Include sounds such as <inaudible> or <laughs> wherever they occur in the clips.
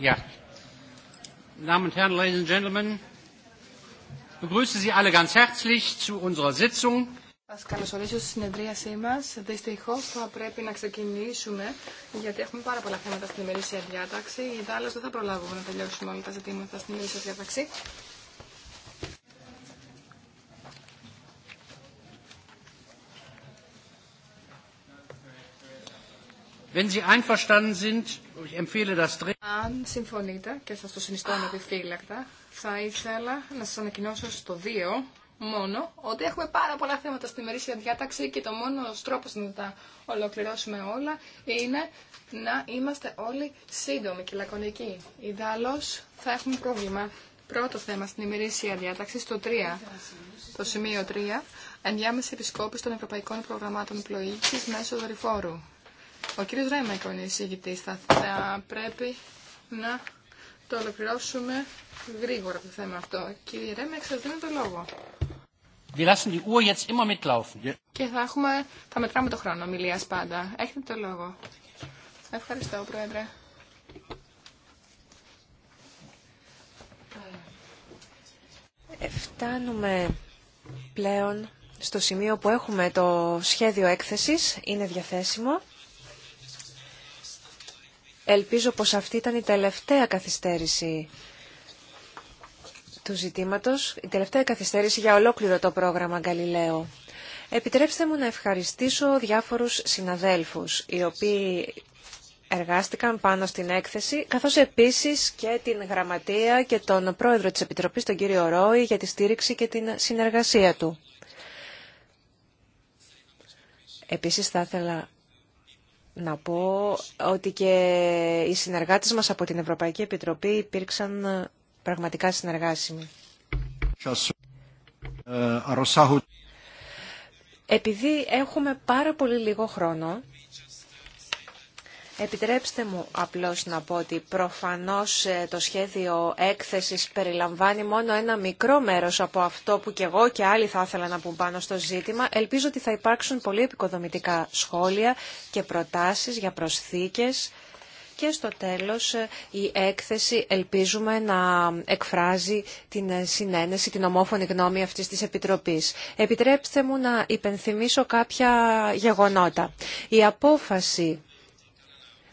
Ja. Damen und Herren, Ladies and Gentlemen, ich begrüße Sie alle ganz herzlich zu unserer Sitzung. Σας καλωσορίσω στη συνεδρίασή μας. Δυστυχώς θα πρέπει να ξεκινήσουμε, γιατί έχουμε πάρα πολλά θέματα στην ημερήσια διάταξη. Ιδάλλως δεν θα προλάβουμε να τελειώσουμε όλα τα ζητήματα στην ημερήσια διάταξη. Wenn Sie einverstanden sind, ich empfehle das Αν συμφωνείτε και σας το συνιστώ επιφύλακτα, θα ήθελα να σας ανακοινώσω στο 2 μόνο ότι έχουμε πάρα πολλά θέματα στην ημερήσια διάταξη και το μόνο τρόπος να τα ολοκληρώσουμε όλα είναι να είμαστε όλοι σύντομοι και λακωνικοί. Ιδάλλως θα έχουμε πρόβλημα. Πρώτο θέμα στην ημερήσια διάταξη, στο 3, το σημείο 3, ενδιάμεση επισκόπηση των ευρωπαϊκών προγραμμάτων πλοήγησης μέσω δορυφόρου. Ο κύριο Ρέμεκον είναι εισηγητής. Θα, θα πρέπει να το ολοκληρώσουμε γρήγορα το θέμα αυτό. Κύριε Ρέμεκ, σας δίνω το λόγο. Και θα, έχουμε, θα μετράμε το χρόνο ομιλία πάντα. Έχετε το λόγο. Ευχαριστώ, Πρόεδρε. Φτάνουμε πλέον στο σημείο που έχουμε το σχέδιο έκθεσης. Είναι διαθέσιμο. Ελπίζω πως αυτή ήταν η τελευταία καθυστέρηση του ζητήματος, η τελευταία καθυστέρηση για ολόκληρο το πρόγραμμα Γαλιλαίο. Επιτρέψτε μου να ευχαριστήσω διάφορους συναδέλφους, οι οποίοι εργάστηκαν πάνω στην έκθεση, καθώς επίσης και την Γραμματεία και τον Πρόεδρο της Επιτροπής, τον κύριο Ρόη, για τη στήριξη και την συνεργασία του. Επίσης θα ήθελα να πω ότι και οι συνεργάτες μας από την Ευρωπαϊκή Επιτροπή υπήρξαν ε, πραγματικά συνεργάσιμοι. Ε, Επειδή έχουμε πάρα πολύ λίγο χρόνο, Επιτρέψτε μου απλώς να πω ότι προφανώς ε, το σχέδιο έκθεσης περιλαμβάνει μόνο ένα μικρό μέρος από αυτό που και εγώ και άλλοι θα ήθελα να πούν πάνω στο ζήτημα. Ελπίζω ότι θα υπάρξουν πολύ επικοδομητικά σχόλια και προτάσεις για προσθήκες. Και στο τέλος ε, η έκθεση ελπίζουμε να εκφράζει την ε, συνένεση, την ομόφωνη γνώμη αυτής της Επιτροπής. Επιτρέψτε μου να υπενθυμίσω κάποια γεγονότα. Η απόφαση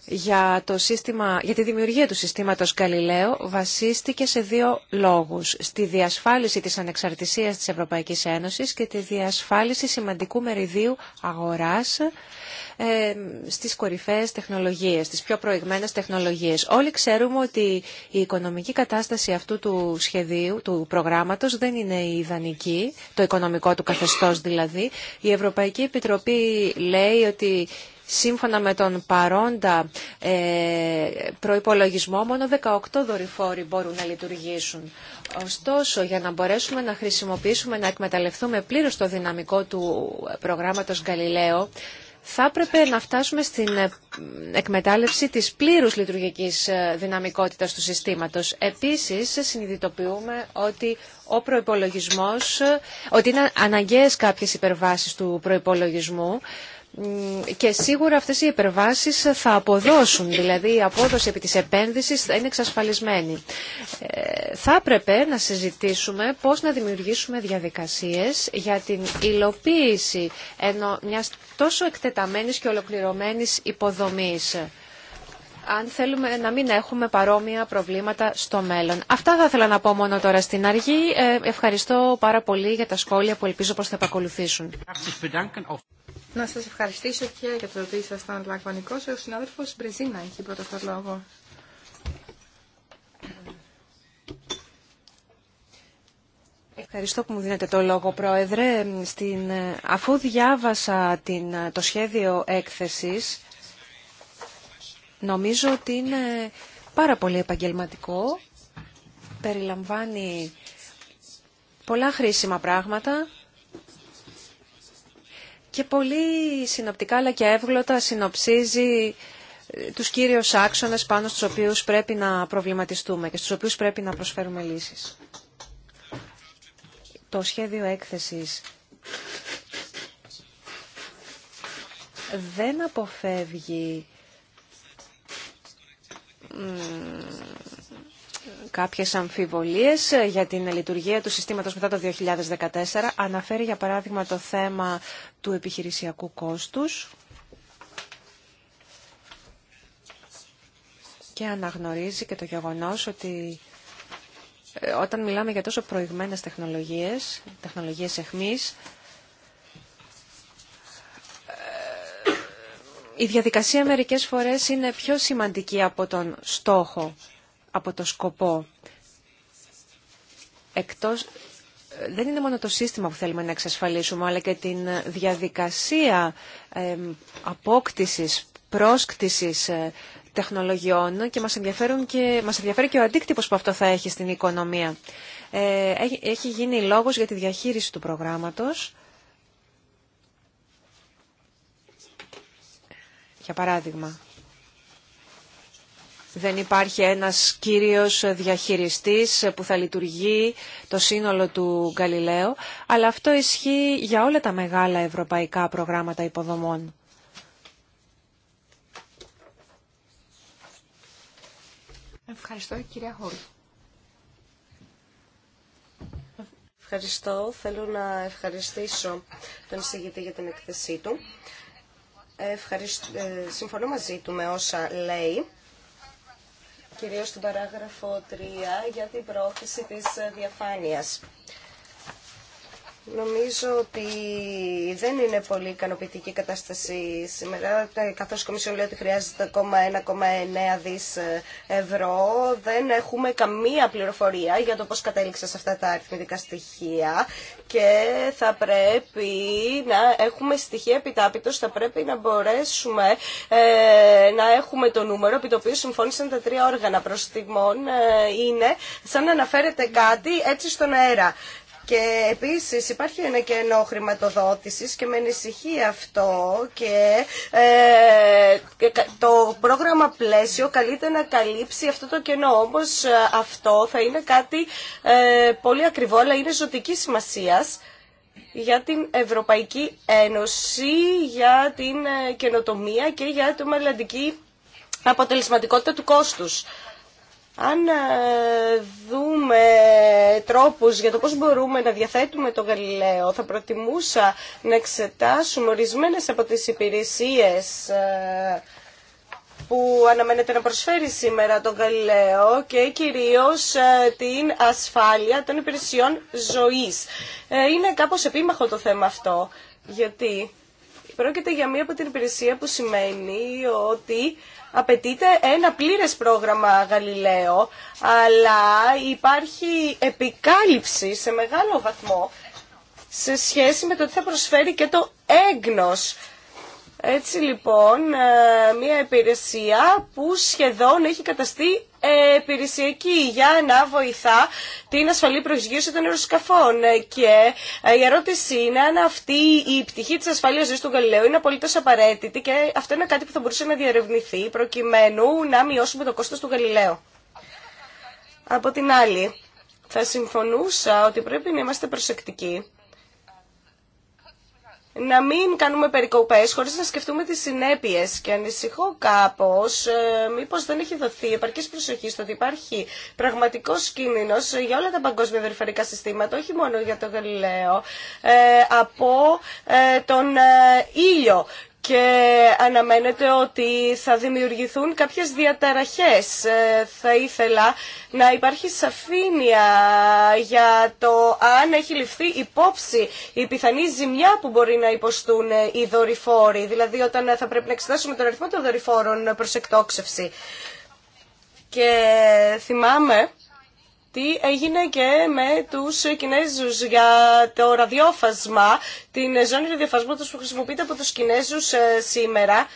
για, το σύστημα, για τη δημιουργία του συστήματος Γαλιλαίο βασίστηκε σε δύο λόγους. Στη διασφάλιση της ανεξαρτησίας της Ευρωπαϊκής Ένωσης και τη διασφάλιση σημαντικού μεριδίου αγοράς ε, στις κορυφαίες τεχνολογίες, στις πιο προηγμένες τεχνολογίες. Όλοι ξέρουμε ότι η οικονομική κατάσταση αυτού του σχεδίου, του προγράμματος δεν είναι η ιδανική, το οικονομικό του καθεστώς δηλαδή. Η Ευρωπαϊκή Επιτροπή λέει ότι Σύμφωνα με τον παρόντα ε, προϋπολογισμό, μόνο 18 δορυφόροι μπορούν να λειτουργήσουν. Ωστόσο, για να μπορέσουμε να χρησιμοποιήσουμε, να εκμεταλλευτούμε πλήρως το δυναμικό του προγράμματος Γαλιλαίο, θα έπρεπε να φτάσουμε στην ε, εκμετάλλευση της πλήρους λειτουργικής ε, δυναμικότητας του συστήματος. Επίσης, συνειδητοποιούμε ότι ο προϋπολογισμός, ότι είναι αναγκαίες κάποιες υπερβάσεις του προϋπολογισμού, και σίγουρα αυτές οι υπερβάσεις θα αποδώσουν, δηλαδή η απόδοση επί της επένδυσης θα είναι εξασφαλισμένη. Ε, θα έπρεπε να συζητήσουμε πώς να δημιουργήσουμε διαδικασίες για την υλοποίηση ενώ μιας τόσο εκτεταμένης και ολοκληρωμένης υποδομής αν θέλουμε να μην έχουμε παρόμοια προβλήματα στο μέλλον. Αυτά θα ήθελα να πω μόνο τώρα στην αρχή. Ε, ευχαριστώ πάρα πολύ για τα σχόλια που ελπίζω πως θα επακολουθήσουν. Να σας ευχαριστήσω και για το ότι ήσασταν λακωνικός. Ο συνάδελφο Μπρεζίνα έχει πρώτο το λόγο. Ευχαριστώ που μου δίνετε το λόγο, Πρόεδρε. Στην, αφού διάβασα την, το σχέδιο έκθεσης, νομίζω ότι είναι πάρα πολύ επαγγελματικό. Περιλαμβάνει πολλά χρήσιμα πράγματα και πολύ συνοπτικά αλλά και εύγλωτα συνοψίζει ε, τους κύριους άξονες πάνω στους οποίους πρέπει να προβληματιστούμε και στους οποίους πρέπει να προσφέρουμε λύσεις. Το σχέδιο έκθεσης δεν αποφεύγει κάποιες αμφιβολίες ε, για την λειτουργία του συστήματος μετά το 2014. Αναφέρει για παράδειγμα το θέμα του επιχειρησιακού κόστους και αναγνωρίζει και το γεγονός ότι ε, όταν μιλάμε για τόσο προηγμένες τεχνολογίες, τεχνολογίες εχμής, ε, η διαδικασία μερικές φορές είναι πιο σημαντική από τον στόχο από το σκοπό. Εκτός, δεν είναι μόνο το σύστημα που θέλουμε να εξασφαλίσουμε, αλλά και την διαδικασία ε, απόκτησης, πρόσκτησης ε, τεχνολογιών και μας, ενδιαφέρουν και μας ενδιαφέρει και ο αντίκτυπος που αυτό θα έχει στην οικονομία. Ε, έχει, έχει γίνει λόγος για τη διαχείριση του προγράμματος. Για παράδειγμα, δεν υπάρχει ένας κύριος διαχειριστής που θα λειτουργεί το σύνολο του Γκαλιλαίου, αλλά αυτό ισχύει για όλα τα μεγάλα ευρωπαϊκά προγράμματα υποδομών. Ευχαριστώ, κυρία Χόλ. Ευχαριστώ. Θέλω να ευχαριστήσω τον εισηγητή για την εκθεσή του. Ευχαριστώ. Ε, συμφωνώ μαζί του με όσα λέει κυρίως στον παράγραφο 3 για την πρόθεση της διαφάνειας. Νομίζω ότι δεν είναι πολύ ικανοποιητική η κατάσταση σήμερα, καθώς η Κομισιόν λέει ότι χρειάζεται ακόμα 1,9 δις ε, ευρώ. Δεν έχουμε καμία πληροφορία για το πώς κατέληξε σε αυτά τα αριθμητικά στοιχεία και θα πρέπει να έχουμε στοιχεία επιτάπητος, θα πρέπει να μπορέσουμε ε, να έχουμε το νούμερο επί το οποίο συμφώνησαν τα τρία όργανα προς τιμών. Ε, είναι σαν να αναφέρεται κάτι έτσι στον αέρα. Και επίσης υπάρχει ένα κενό χρηματοδότησης και με ανησυχεί αυτό και ε, το πρόγραμμα πλαίσιο καλείται να καλύψει αυτό το κενό. Όμως ε, αυτό θα είναι κάτι ε, πολύ ακριβό αλλά είναι ζωτική σημασίας για την Ευρωπαϊκή Ένωση, για την καινοτομία και για τη μελλοντική αποτελεσματικότητα του κόστους. Αν ε, δούμε τρόπους για το πώς μπορούμε να διαθέτουμε το Γαλιλαίο, θα προτιμούσα να εξετάσουμε ορισμένες από τις υπηρεσίες ε, που αναμένεται να προσφέρει σήμερα το Γαλιλαίο και κυρίως ε, την ασφάλεια των υπηρεσιών ζωής. Είναι κάπως επίμαχο το θέμα αυτό, γιατί πρόκειται για μία από την υπηρεσία που σημαίνει ότι απαιτείται ένα πλήρες πρόγραμμα Γαλιλαίο, αλλά υπάρχει επικάλυψη σε μεγάλο βαθμό σε σχέση με το τι θα προσφέρει και το έγνος έτσι λοιπόν, ε, μια υπηρεσία που σχεδόν έχει καταστεί ε, υπηρεσιακή για να βοηθά την ασφαλή προσγείωση των αεροσκαφών. Ε, και η ερώτηση είναι αν αυτή η πτυχή της ασφαλείας ζωής του Γαλιλαίου είναι απολύτως απαραίτητη και αυτό είναι κάτι που θα μπορούσε να διαρευνηθεί προκειμένου να μειώσουμε το κόστος του Γαλιλαίου. Από την άλλη, θα συμφωνούσα ότι πρέπει να είμαστε προσεκτικοί να μην κάνουμε περικοπές χωρίς να σκεφτούμε τις συνέπειες και ανησυχώ κάπως ε, μήπως δεν έχει δοθεί επαρκής προσοχή στο ότι υπάρχει πραγματικός κίνδυνος για όλα τα παγκόσμια περιφερικά συστήματα, όχι μόνο για το Γαλιλαίο, ε, από ε, τον ε, ήλιο και αναμένεται ότι θα δημιουργηθούν κάποιες διαταραχές. Ε, θα ήθελα να υπάρχει σαφήνεια για το αν έχει ληφθεί υπόψη η πιθανή ζημιά που μπορεί να υποστούν ε, οι δορυφόροι, δηλαδή όταν ε, θα πρέπει να εξετάσουμε τον αριθμό των δορυφόρων προς εκτόξευση. Και θυμάμαι τι έγινε και με τους Κινέζους για το ραδιόφασμα, την ζώνη ραδιοφασμού που χρησιμοποιείται από τους Κινέζους ε, σήμερα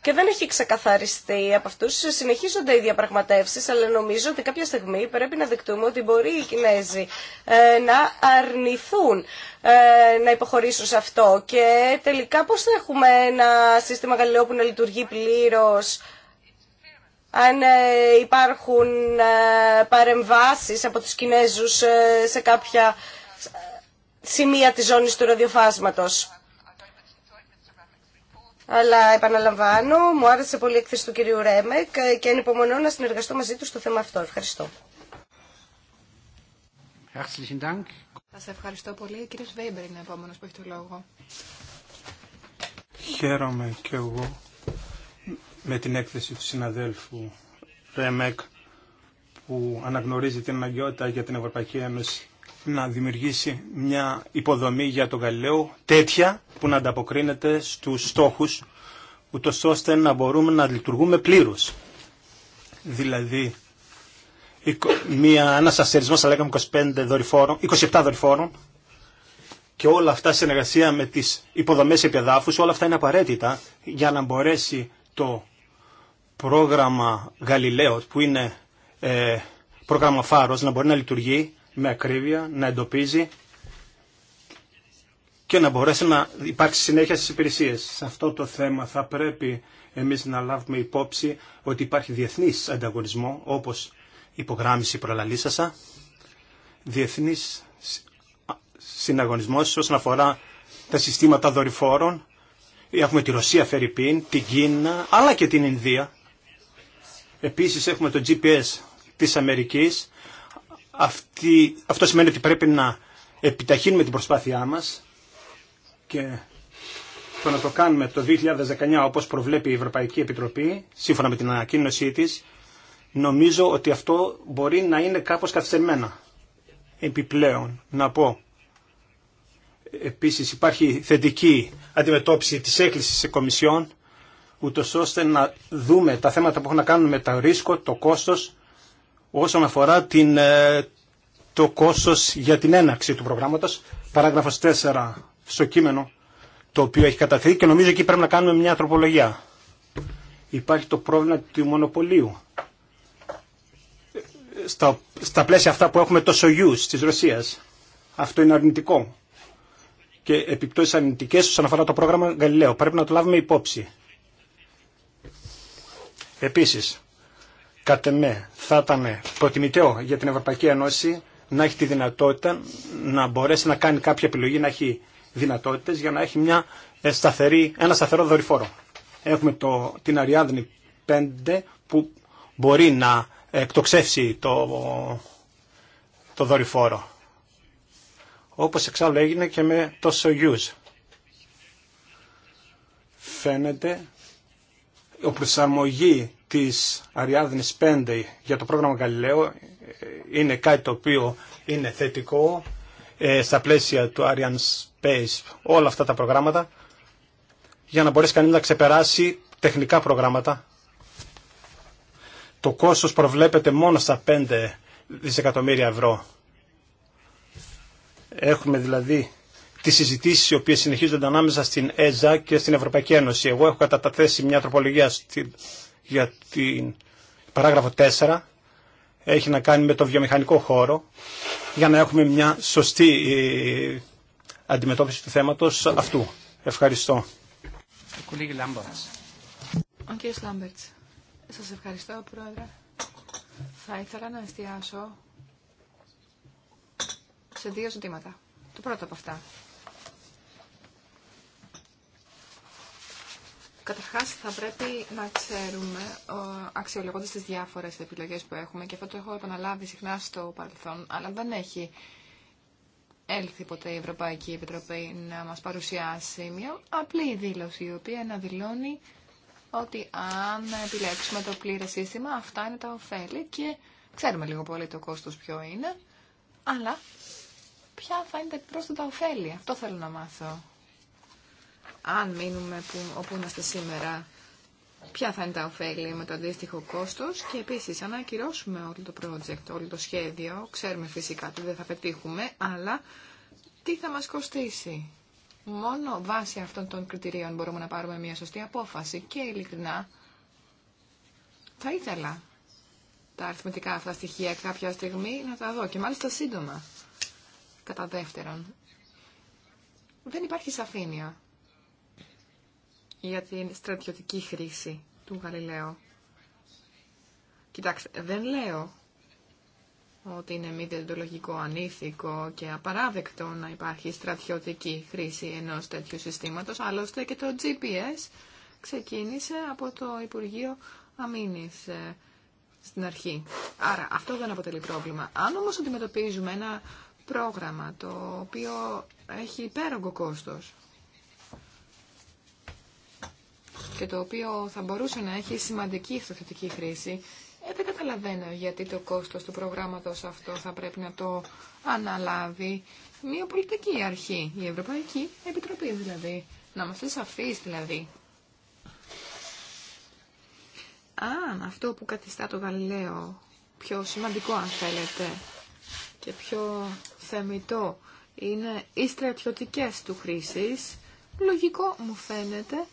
και δεν έχει ξεκαθαριστεί από αυτού. Συνεχίζονται οι διαπραγματεύσει, αλλά νομίζω ότι κάποια στιγμή πρέπει να δεκτούμε ότι μπορεί οι Κινέζοι ε, να αρνηθούν ε, να υποχωρήσουν σε αυτό. Και τελικά πώ θα έχουμε ένα σύστημα Γαλλιό που να λειτουργεί πλήρω αν ε, υπάρχουν ε, παρεμβάσεις από τους Κινέζους ε, σε κάποια σημεία της ζώνης του ραδιοφάσματος. Αλλά επαναλαμβάνω, μου άρεσε πολύ η εκθέση του κυρίου Ρέμεκ και ανυπομονώ να συνεργαστώ μαζί του στο θέμα αυτό. Ευχαριστώ. Σα ευχαριστώ πολύ. Κύριο Βέιμπερ είναι ο επόμενο που έχει το λόγο. Χαίρομαι και εγώ με την έκθεση του συναδέλφου Ρέμεκ που αναγνωρίζει την αναγκαιότητα για την Ευρωπαϊκή Ένωση να δημιουργήσει μια υποδομή για τον Καλλιλέο τέτοια που να ανταποκρίνεται στους στόχους ούτω ώστε να μπορούμε να λειτουργούμε πλήρως. Δηλαδή, μια, ένας αστερισμός, θα λέγαμε 25 δορυφόρων, 27 δορυφόρων και όλα αυτά σε συνεργασία με τις υποδομές επιδάφους, όλα αυτά είναι απαραίτητα για να μπορέσει το πρόγραμμα Γαλιλαίο που είναι ε, πρόγραμμα φάρος να μπορεί να λειτουργεί με ακρίβεια, να εντοπίζει και να μπορέσει να υπάρξει συνέχεια στις υπηρεσίες. Σε αυτό το θέμα θα πρέπει εμείς να λάβουμε υπόψη ότι υπάρχει διεθνής ανταγωνισμό όπως υπογράμμιση προλαλήσασα, διεθνής συναγωνισμός όσον αφορά τα συστήματα δορυφόρων. Έχουμε τη Ρωσία Φερρυπίν, την Κίνα αλλά και την Ινδία Επίσης έχουμε το GPS της Αμερικής. Αυτή, αυτό σημαίνει ότι πρέπει να επιταχύνουμε την προσπάθειά μας και το να το κάνουμε το 2019 όπως προβλέπει η Ευρωπαϊκή Επιτροπή, σύμφωνα με την ανακοίνωσή της, νομίζω ότι αυτό μπορεί να είναι κάπως καθυστερημένα. Επιπλέον, να πω, επίσης υπάρχει θετική αντιμετώπιση της έκκλησης σε κομισιόν ούτως ώστε να δούμε τα θέματα που έχουν να κάνουν με το ρίσκο, το κόστος, όσον αφορά την, ε, το κόστος για την έναρξη του προγράμματος. Παράγραφος 4 στο κείμενο το οποίο έχει καταθεθεί και νομίζω εκεί πρέπει να κάνουμε μια τροπολογία. Υπάρχει το πρόβλημα του μονοπωλίου. Στα, στα πλαίσια αυτά που έχουμε το Σογιούς της Ρωσίας. Αυτό είναι αρνητικό. Και επιπτώσεις αρνητικές όσον αφορά το πρόγραμμα Γαλιλαίου. Πρέπει να το λάβουμε υπόψη. Επίσης, κατ' εμέ, θα ήταν προτιμητέο για την Ευρωπαϊκή Ένωση να έχει τη δυνατότητα να μπορέσει να κάνει κάποια επιλογή, να έχει δυνατότητες για να έχει μια ε, σταθερή, ένα σταθερό δορυφόρο. Έχουμε το, την Αριάδνη 5 που μπορεί να εκτοξεύσει το, το δορυφόρο. Όπως εξάλλου έγινε και με το Soyuz. Φαίνεται προσαρμογή της Αριάδνης 5 για το πρόγραμμα Γαλιλαίο είναι κάτι το οποίο είναι θετικό ε, στα πλαίσια του Arian Space όλα αυτά τα προγράμματα για να μπορέσει κανείς να ξεπεράσει τεχνικά προγράμματα. Το κόστος προβλέπεται μόνο στα 5 δισεκατομμύρια ευρώ. Έχουμε δηλαδή τι συζητήσει οι οποίε συνεχίζονται ανάμεσα στην ΕΖΑ και στην Ευρωπαϊκή Ένωση. Εγώ έχω καταταθέσει μια τροπολογία για την παράγραφο 4, έχει να κάνει με το βιομηχανικό χώρο, για να έχουμε μια σωστή ε, αντιμετώπιση του θέματος αυτού. Ευχαριστώ. Ο κύριος Λάμπερτς, σας ευχαριστώ πρόεδρε. Θα ήθελα να εστιάσω σε δύο ζητήματα. Το πρώτο από αυτά Καταρχά θα πρέπει να ξέρουμε, αξιολογώντα τι διάφορες επιλογές που έχουμε, και αυτό το έχω επαναλάβει συχνά στο παρελθόν, αλλά δεν έχει έλθει ποτέ η Ευρωπαϊκή Επιτροπή να μας παρουσιάσει μια απλή δήλωση, η οποία να δηλώνει ότι αν επιλέξουμε το πλήρες σύστημα, αυτά είναι τα ωφέλη και ξέρουμε λίγο πολύ το κόστο ποιο είναι, αλλά ποια θα είναι τα επιπρόσθετα ωφέλη. Αυτό θέλω να μάθω αν μείνουμε που, όπου είμαστε σήμερα, ποια θα είναι τα ωφέλη με το αντίστοιχο κόστος και επίσης αν ακυρώσουμε όλο το project, όλο το σχέδιο, ξέρουμε φυσικά ότι δεν θα πετύχουμε, αλλά τι θα μας κοστίσει. Μόνο βάσει αυτών των κριτηρίων μπορούμε να πάρουμε μια σωστή απόφαση και ειλικρινά θα ήθελα τα αριθμητικά αυτά στοιχεία κάποια στιγμή να τα δω και μάλιστα σύντομα. Κατά δεύτερον, δεν υπάρχει σαφήνεια για την στρατιωτική χρήση του Γαλιλαίου. Κοιτάξτε, δεν λέω ότι είναι μη διοντολογικό, ανήθικο και απαράδεκτο να υπάρχει στρατιωτική χρήση ενός τέτοιου συστήματος. Άλλωστε και το GPS ξεκίνησε από το Υπουργείο Αμήνης ε, στην αρχή. Άρα αυτό δεν αποτελεί πρόβλημα. Αν όμως αντιμετωπίζουμε ένα πρόγραμμα το οποίο έχει υπέρογκο κόστος, και το οποίο θα μπορούσε να έχει σημαντική στρατιωτική χρήση, ε, δεν καταλαβαίνω γιατί το κόστος του προγράμματος αυτό θα πρέπει να το αναλάβει μια πολιτική αρχή, η Ευρωπαϊκή Επιτροπή δηλαδή. Να είμαστε σαφείς δηλαδή. Α, αυτό που καθιστά το Γαλιλαίο πιο σημαντικό αν θέλετε και πιο θεμητό είναι οι στρατιωτικές του χρήσεις, λογικό μου φαίνεται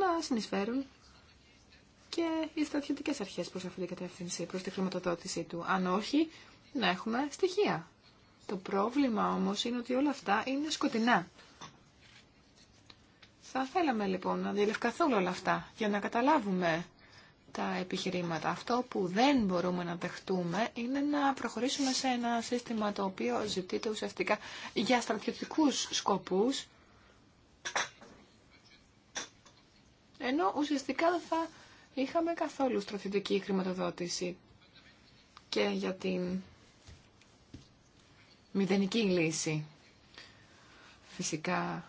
να συνεισφέρουν και οι στρατιωτικέ αρχές προ αυτή την κατεύθυνση, προς τη χρηματοδότησή του. Αν όχι, να έχουμε στοιχεία. Το πρόβλημα όμως είναι ότι όλα αυτά είναι σκοτεινά. Θα θέλαμε λοιπόν να διελευκαθούν όλα αυτά για να καταλάβουμε τα επιχειρήματα. Αυτό που δεν μπορούμε να δεχτούμε είναι να προχωρήσουμε σε ένα σύστημα το οποίο ζητείται ουσιαστικά για στρατιωτικούς σκοπούς ενώ ουσιαστικά δεν θα είχαμε καθόλου στρατιωτική χρηματοδότηση και για την μηδενική λύση. Φυσικά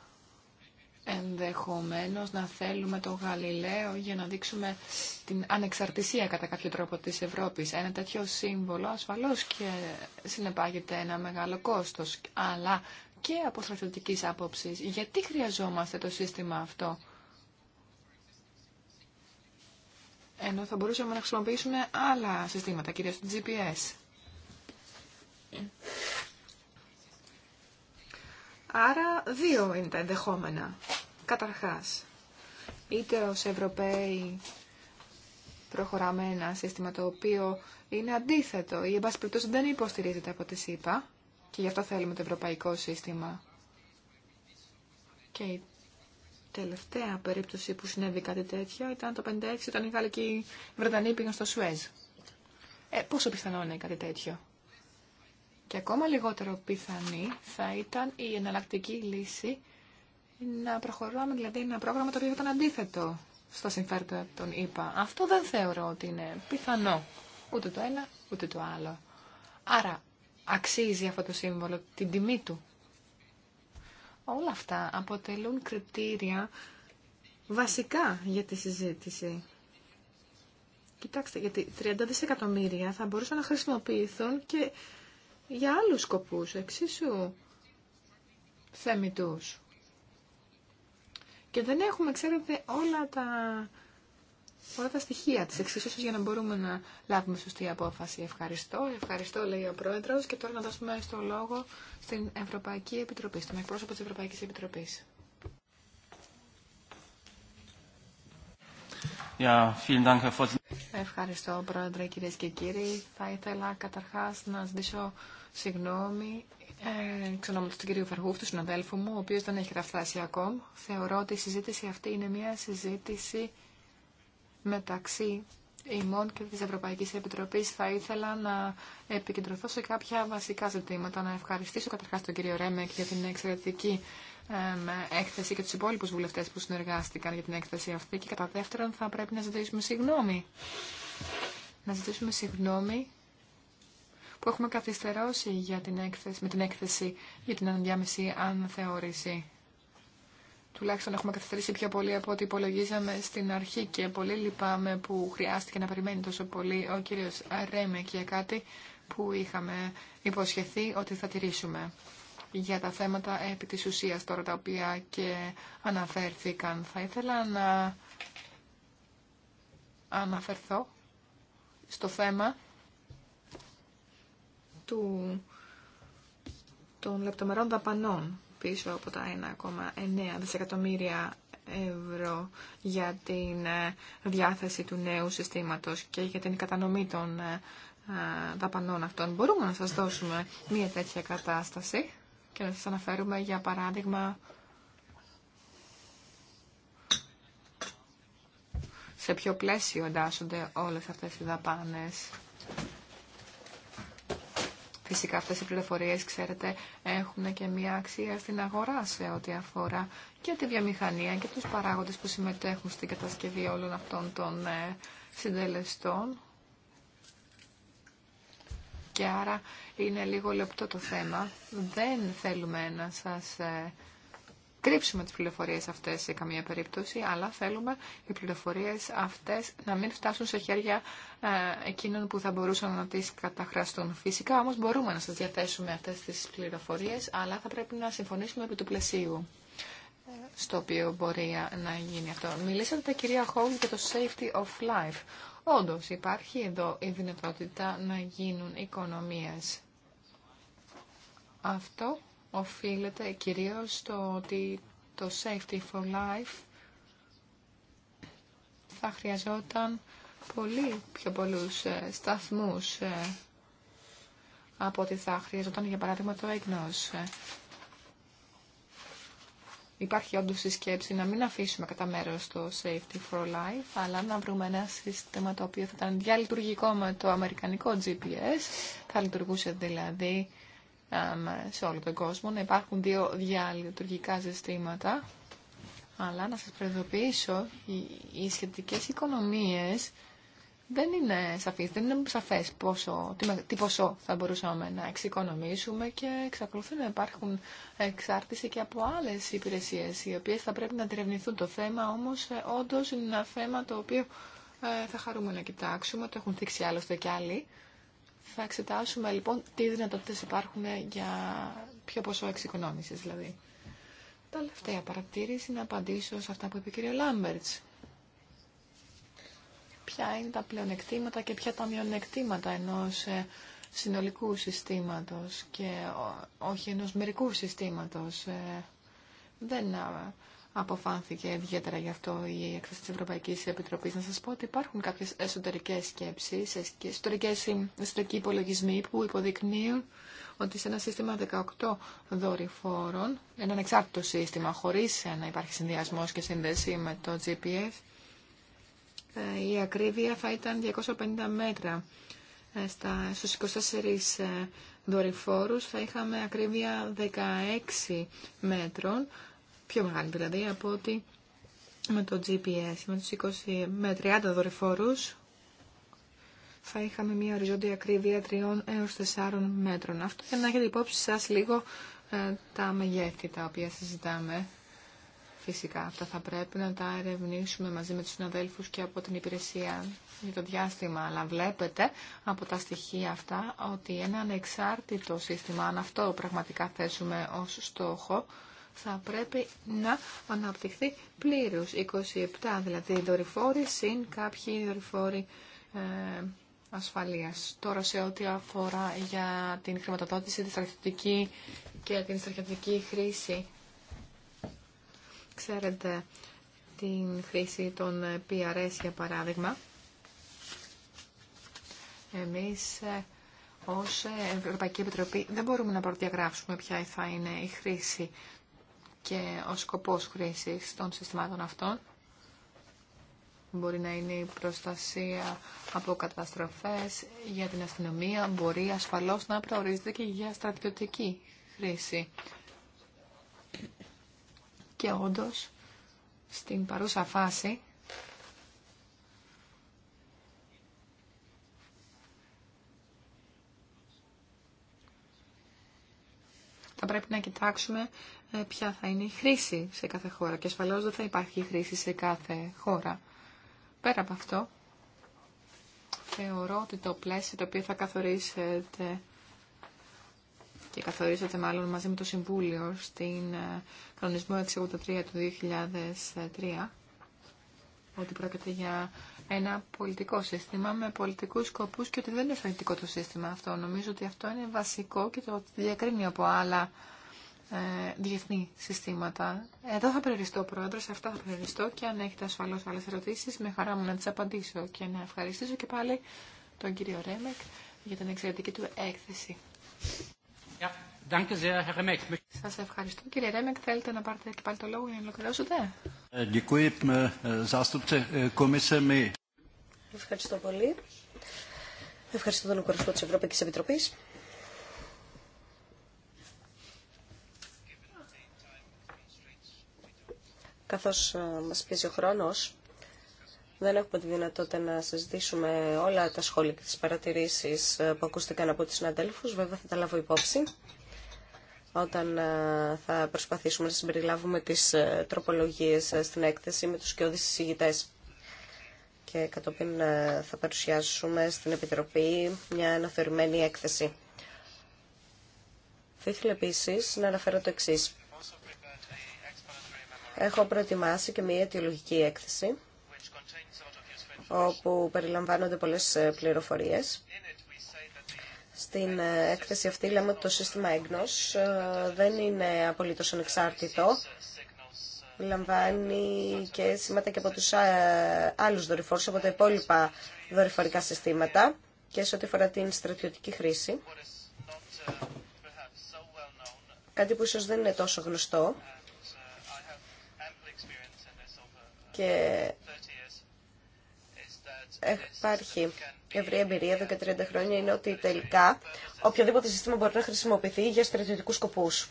ενδεχομένως να θέλουμε το Γαλιλαίο για να δείξουμε την ανεξαρτησία κατά κάποιο τρόπο της Ευρώπης. Ένα τέτοιο σύμβολο ασφαλώς και συνεπάγεται ένα μεγάλο κόστος, αλλά και από στρατιωτικής άποψης. Γιατί χρειαζόμαστε το σύστημα αυτό. Ενώ θα μπορούσαμε να χρησιμοποιήσουμε άλλα συστήματα, κυρίως το GPS. Άρα δύο είναι τα ενδεχόμενα. Καταρχάς, είτε ως Ευρωπαίοι προχωραμένα ένα σύστημα το οποίο είναι αντίθετο ή εν δεν υποστηρίζεται από τη ΣΥΠΑ και γι' αυτό θέλουμε το ευρωπαϊκό σύστημα. Και τελευταία περίπτωση που συνέβη κάτι τέτοιο ήταν το 56 όταν οι Γάλλοι και Βρετανοί πήγαν στο Σουέζ. Ε, πόσο πιθανό είναι κάτι τέτοιο. Και ακόμα λιγότερο πιθανή θα ήταν η εναλλακτική λύση να προχωρούμε, δηλαδή ένα πρόγραμμα το οποίο ήταν αντίθετο στο συμφέροντα των ΗΠΑ. Αυτό δεν θεωρώ ότι είναι πιθανό. Ούτε το ένα, ούτε το άλλο. Άρα αξίζει αυτό το σύμβολο την τιμή του Όλα αυτά αποτελούν κριτήρια βασικά για τη συζήτηση. Κοιτάξτε, γιατί 30 δισεκατομμύρια θα μπορούσαν να χρησιμοποιηθούν και για άλλους σκοπούς, εξίσου θεμητούς. Και δεν έχουμε, ξέρετε, όλα τα όλα τα στοιχεία της εξίσωσης για να μπορούμε να λάβουμε σωστή απόφαση. Ευχαριστώ, ευχαριστώ λέει ο Πρόεδρος και τώρα να δώσουμε στο λόγο στην Ευρωπαϊκή Επιτροπή, στον εκπρόσωπο της Ευρωπαϊκής Επιτροπής. Ευχαριστώ, Πρόεδρε, κυρίε και κύριοι. Θα ήθελα καταρχά να ζητήσω συγγνώμη ε, εξ ονόματο του κυρίου Φαργούφ, του συναδέλφου μου, ο οποίο δεν έχει καταφτάσει ακόμα. Θεωρώ ότι η συζήτηση αυτή είναι μια συζήτηση μεταξύ ημών και της Ευρωπαϊκής Επιτροπής θα ήθελα να επικεντρωθώ σε κάποια βασικά ζητήματα. Να ευχαριστήσω καταρχάς τον κύριο Ρέμεκ για την εξαιρετική έκθεση και τους υπόλοιπους βουλευτές που συνεργάστηκαν για την έκθεση αυτή και κατά δεύτερον θα πρέπει να ζητήσουμε συγγνώμη. Να ζητήσουμε συγγνώμη που έχουμε καθυστερώσει για την έκθεση, με την έκθεση για την ανδιάμεση αν θεώρηση. Τουλάχιστον έχουμε καθυστερήσει πιο πολύ από ό,τι υπολογίζαμε στην αρχή και πολύ λυπάμαι που χρειάστηκε να περιμένει τόσο πολύ ο κύριος Ρέμε και κάτι που είχαμε υποσχεθεί ότι θα τηρήσουμε για τα θέματα επί της ουσίας τώρα τα οποία και αναφέρθηκαν. Θα ήθελα να αναφερθώ στο θέμα του, των λεπτομερών δαπανών πίσω από τα 1,9 δισεκατομμύρια ευρώ για την ε, διάθεση του νέου συστήματος και για την κατανομή των ε, δαπανών αυτών. Μπορούμε να σας δώσουμε μια τέτοια κατάσταση και να σας αναφέρουμε για παράδειγμα σε ποιο πλαίσιο εντάσσονται όλες αυτές οι δαπάνες. Φυσικά αυτές οι πληροφορίες, ξέρετε, έχουν και μία αξία στην αγορά σε ό,τι αφορά και τη βιομηχανία και τους παράγοντες που συμμετέχουν στην κατασκευή όλων αυτών των ε, συντελεστών. Και άρα είναι λίγο λεπτό το θέμα. Δεν θέλουμε να σας ε, κρύψουμε τις πληροφορίες αυτές σε καμία περίπτωση, αλλά θέλουμε οι πληροφορίες αυτές να μην φτάσουν σε χέρια ε, εκείνων που θα μπορούσαν να τις καταχραστούν. Φυσικά όμως μπορούμε να σας διαθέσουμε αυτές τις πληροφορίες, αλλά θα πρέπει να συμφωνήσουμε επί του πλαισίου ε, στο οποίο μπορεί να γίνει αυτό. Μιλήσατε, κυρία Χόγκ, για το safety of life. Όντως, υπάρχει εδώ η δυνατότητα να γίνουν οικονομίες. Αυτό οφείλεται κυρίως στο ότι το Safety for Life θα χρειαζόταν πολύ πιο πολλούς ε, σταθμούς ε, από ότι θα χρειαζόταν για παράδειγμα το έγνος. Ε, υπάρχει όντως η σκέψη να μην αφήσουμε κατά μέρος το Safety for Life, αλλά να βρούμε ένα σύστημα το οποίο θα ήταν διαλειτουργικό με το αμερικανικό GPS, θα λειτουργούσε δηλαδή σε όλο τον κόσμο, να υπάρχουν δύο διαλειτουργικά συστήματα. Αλλά να σας προειδοποιήσω, οι, σχετικές οικονομίες δεν είναι σαφείς, δεν είναι σαφές πόσο, τι, ποσό θα μπορούσαμε να εξοικονομήσουμε και εξακολουθούν να υπάρχουν εξάρτηση και από άλλες υπηρεσίες οι οποίες θα πρέπει να αντιρευνηθούν το θέμα, όμως ε, όντως είναι ένα θέμα το οποίο ε, θα χαρούμε να κοιτάξουμε, το έχουν δείξει άλλωστε και άλλοι. Θα εξετάσουμε λοιπόν τι δυνατότητες υπάρχουν για ποιο ποσό εξοικονόμησης δηλαδή. Τα Τελευταία παρατήρηση να απαντήσω σε αυτά που είπε ο κυρία Λάμπερτς. Ποια είναι τα πλεονεκτήματα και ποια τα μειονεκτήματα ενός ε, συνολικού συστήματος και όχι ενός μερικού συστήματος. Ε, δεν αποφάνθηκε ιδιαίτερα γι' αυτό η έκθεση τη Ευρωπαϊκή Επιτροπής. Να σα πω ότι υπάρχουν κάποιε εσωτερικέ σκέψει εσωτερικέ εσωτερικοί υπολογισμοί που υποδεικνύουν ότι σε ένα σύστημα 18 δορυφόρων, ένα ανεξάρτητο σύστημα χωρί να υπάρχει συνδυασμό και σύνδεση με το GPS, ε, η ακρίβεια θα ήταν 250 μέτρα. Ε, στα, 24 ε, δορυφόρους θα είχαμε ακρίβεια 16 μέτρων πιο μεγάλη δηλαδή από ότι με το GPS, με, τους 20, με 30 δορυφόρους θα είχαμε μια οριζόντια ακρίβεια 3 έως 4 μέτρων. Αυτό για να έχετε υπόψη σας λίγο ε, τα μεγέθη τα οποία συζητάμε. Φυσικά αυτά θα πρέπει να τα ερευνήσουμε μαζί με τους συναδέλφους και από την υπηρεσία για το διάστημα. Αλλά βλέπετε από τα στοιχεία αυτά ότι ένα ανεξάρτητο σύστημα, αν αυτό πραγματικά θέσουμε ως στόχο, θα πρέπει να αναπτυχθεί πλήρως 27, δηλαδή δορυφόροι συν κάποιοι δορυφόροι ε, ασφαλείας. Τώρα σε ό,τι αφορά για την χρηματοδότηση, τη στρατιωτική και την στρατιωτική χρήση, ξέρετε την χρήση των PRS για παράδειγμα, εμείς ε, ως Ευρωπαϊκή Επιτροπή δεν μπορούμε να προδιαγράψουμε ποια θα είναι η χρήση και ο σκοπός χρήσης των συστημάτων αυτών μπορεί να είναι η προστασία από καταστροφές για την αστυνομία, μπορεί ασφαλώς να προορίζεται και για στρατιωτική χρήση. Και όντως, στην παρούσα φάση, θα πρέπει να κοιτάξουμε ε, ποια θα είναι η χρήση σε κάθε χώρα και ασφαλώς δεν θα υπάρχει χρήση σε κάθε χώρα. Πέρα από αυτό, θεωρώ ότι το πλαίσιο το οποίο θα καθορίσετε και καθορίζεται μάλλον μαζί με το Συμβούλιο στην ε, κανονισμό 683 του 2003 ότι πρόκειται για ένα πολιτικό σύστημα με πολιτικούς σκοπούς και ότι δεν είναι φαγητικό το σύστημα αυτό. Νομίζω ότι αυτό είναι βασικό και το διακρίνει από άλλα ε, διεθνή συστήματα. Εδώ θα περιοριστώ, Πρόεδρο, σε αυτά θα περιοριστώ και αν έχετε ασφαλώς άλλες ερωτήσεις, με χαρά μου να τις απαντήσω και να ευχαριστήσω και πάλι τον κύριο Ρέμεκ για την εξαιρετική του έκθεση. Σας ευχαριστώ. Κύριε Ρέμεκ, θέλετε να πάρετε και πάλι το λόγο για να ολοκληρώσετε. Ε, ε, ευχαριστώ πολύ. Ευχαριστώ τον Οικονομικό της Ευρωπαϊκής Επιτροπής. καθώς ε, μας πιέζει ο χρόνος, δεν έχουμε τη δυνατότητα να συζητήσουμε όλα τα σχόλια και τις παρατηρήσεις ε, που ακούστηκαν από τους συναδέλφους. Βέβαια θα τα λάβω υπόψη όταν ε, θα προσπαθήσουμε να συμπεριλάβουμε τις τροπολογίες στην έκθεση με τους σκιώδεις συζητητές. Και κατόπιν θα παρουσιάσουμε στην Επιτροπή μια αναθεωρημένη έκθεση. Θα ήθελα επίσης να αναφέρω το εξής έχω προετοιμάσει και μία αιτιολογική έκθεση όπου περιλαμβάνονται πολλές ε, πληροφορίες. Στην ε, έκθεση αυτή λέμε ότι το σύστημα έγνος ε, δεν είναι απολύτως ανεξάρτητο. Λαμβάνει και σήματα και από τους άλλους δορυφόρους, από τα υπόλοιπα δορυφορικά συστήματα και σε ό,τι αφορά την στρατιωτική χρήση. Κάτι που ίσως δεν είναι τόσο γνωστό και υπάρχει ευρία εμπειρία εδώ και 30 χρόνια είναι ότι τελικά οποιοδήποτε σύστημα μπορεί να χρησιμοποιηθεί για στρατιωτικούς σκοπούς.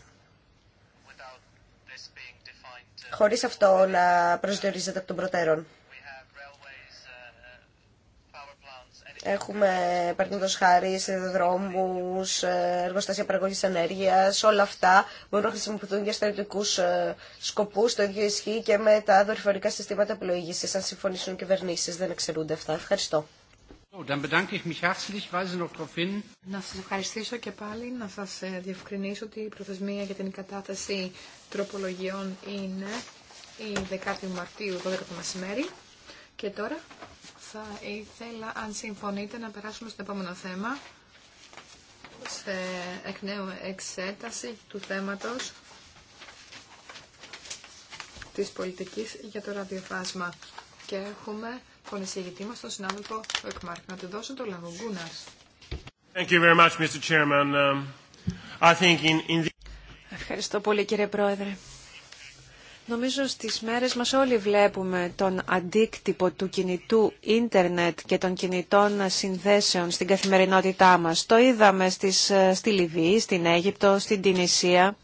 Χωρίς αυτό να προσδιορίζεται από τον προτέρων. Έχουμε παραδείγματο χάρη σε δρόμου, ε, εργοστάσια παραγωγή ενέργεια, όλα αυτά μπορούν να χρησιμοποιηθούν για στρατιωτικού ε, σκοπού. Το ίδιο ισχύει και με τα δορυφορικά συστήματα επιλογή. Αν συμφωνήσουν οι κυβερνήσει, δεν εξαιρούνται αυτά. Ευχαριστώ. Να σας ευχαριστήσω και πάλι να σας ε, διευκρινίσω ότι η προθεσμία για την κατάθεση τροπολογιών είναι η 10η Μαρτίου 12 το μεσημέρι. Και τώρα θα ήθελα, αν συμφωνείτε, να περάσουμε στο επόμενο θέμα, σε εκ νέου εξέταση του θέματος της πολιτικής για το ραδιοφάσμα. Και έχουμε τον εισηγητή μας, τον συνάδελφο Εκμάρκ. Να του δώσω το λόγο. Γκούνας. Ευχαριστώ πολύ κύριε Πρόεδρε. Νομίζω στις μέρες μας όλοι βλέπουμε τον αντίκτυπο του κινητού ίντερνετ και των κινητών συνδέσεων στην καθημερινότητά μας. Το είδαμε στις, στη Λιβύη, στην Αίγυπτο, στην Τινησία.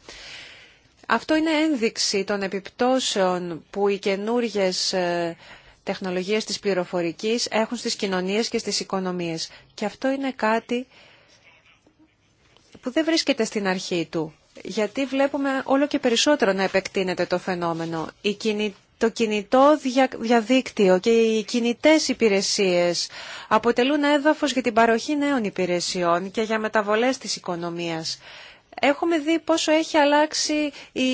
Αυτό είναι ένδειξη των επιπτώσεων που οι καινούργιες ε, τεχνολογίες της πληροφορικής έχουν στις κοινωνίες και στις οικονομίες. Και αυτό είναι κάτι που δεν βρίσκεται στην αρχή του γιατί βλέπουμε όλο και περισσότερο να επεκτείνεται το φαινόμενο. Η το κινητό διαδίκτυο και οι κινητές υπηρεσίες αποτελούν έδαφος για την παροχή νέων υπηρεσιών και για μεταβολές της οικονομίας. Έχουμε δει πόσο έχει αλλάξει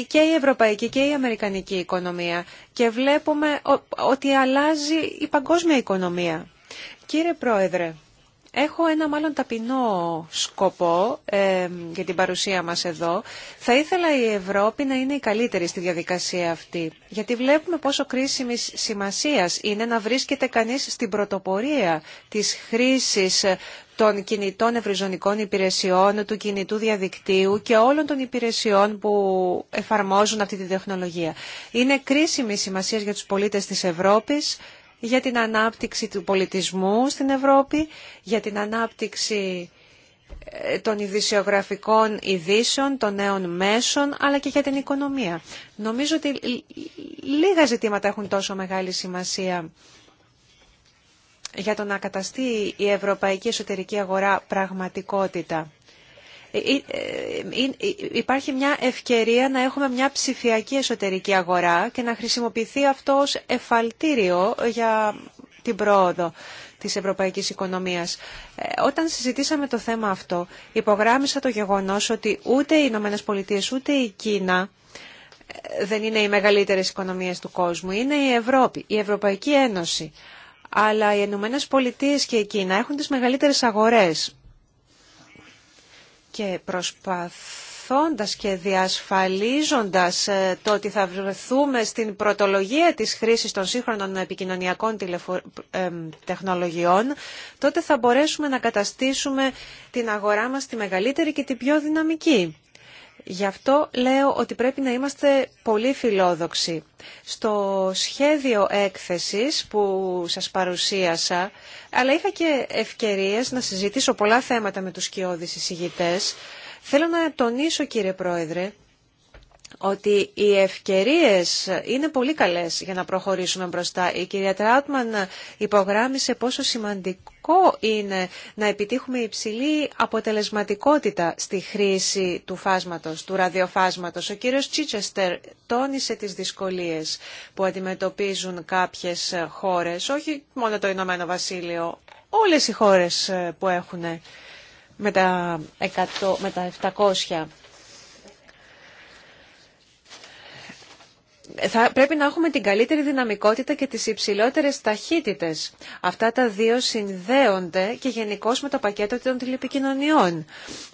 και η ευρωπαϊκή και η αμερικανική οικονομία και βλέπουμε ότι αλλάζει η παγκόσμια οικονομία. Κύριε Πρόεδρε, Έχω ένα μάλλον ταπεινό σκοπό ε, για την παρουσία μας εδώ. Θα ήθελα η Ευρώπη να είναι η καλύτερη στη διαδικασία αυτή. Γιατί βλέπουμε πόσο κρίσιμη σημασία είναι να βρίσκεται κανείς στην πρωτοπορία της χρήσης ε, των κινητών ευρυζωνικών υπηρεσιών, του κινητού διαδικτύου και όλων των υπηρεσιών που εφαρμόζουν αυτή τη τεχνολογία. Είναι κρίσιμη σημασία για τους πολίτες της Ευρώπης για την ανάπτυξη του πολιτισμού στην Ευρώπη, για την ανάπτυξη ε, των ειδησιογραφικών ειδήσεων, των νέων μέσων, αλλά και για την οικονομία. Νομίζω ότι λίγα ζητήματα έχουν τόσο μεγάλη σημασία για το να καταστεί η ευρωπαϊκή εσωτερική αγορά πραγματικότητα. Ε, ε, ε, υπάρχει μια ευκαιρία να έχουμε μια ψηφιακή εσωτερική αγορά και να χρησιμοποιηθεί αυτό ως εφαλτήριο για την πρόοδο της ευρωπαϊκής οικονομίας. Όταν συζητήσαμε το θέμα αυτό, υπογράμμισα το γεγονός ότι ούτε οι Ηνωμένε Πολιτείε ούτε η Κίνα δεν είναι οι μεγαλύτερες οικονομίες του κόσμου, είναι η Ευρώπη, η Ευρωπαϊκή Ένωση. Αλλά οι Ηνωμένε Πολιτείε και η Κίνα έχουν τις μεγαλύτερες αγορές και προσπαθώντας και διασφαλίζοντας ε, το ότι θα βρεθούμε στην πρωτολογία της χρήσης των σύγχρονων επικοινωνιακών τεχνολογιών, τότε θα μπορέσουμε να καταστήσουμε την αγορά μας τη μεγαλύτερη και την πιο δυναμική. Γι' αυτό λέω ότι πρέπει να είμαστε πολύ φιλόδοξοι. Στο σχέδιο έκθεσης που σας παρουσίασα, αλλά είχα και ευκαιρίες να συζητήσω πολλά θέματα με τους κοιόδης εισηγητές, θέλω να τονίσω κύριε Πρόεδρε ότι οι ευκαιρίες είναι πολύ καλές για να προχωρήσουμε μπροστά. Η κυρία Τράουτμαν υπογράμμισε πόσο σημαντικό είναι να επιτύχουμε υψηλή αποτελεσματικότητα στη χρήση του φάσματος, του ραδιοφάσματος. Ο κύριος Τσίτσεστερ τόνισε τις δυσκολίες που αντιμετωπίζουν κάποιες χώρες, όχι μόνο το Ηνωμένο Βασίλειο, όλες οι χώρες που έχουν με τα, 100, με τα 700 θα πρέπει να έχουμε την καλύτερη δυναμικότητα και τις υψηλότερες ταχύτητες. Αυτά τα δύο συνδέονται και γενικώ με το πακέτο των τηλεπικοινωνιών.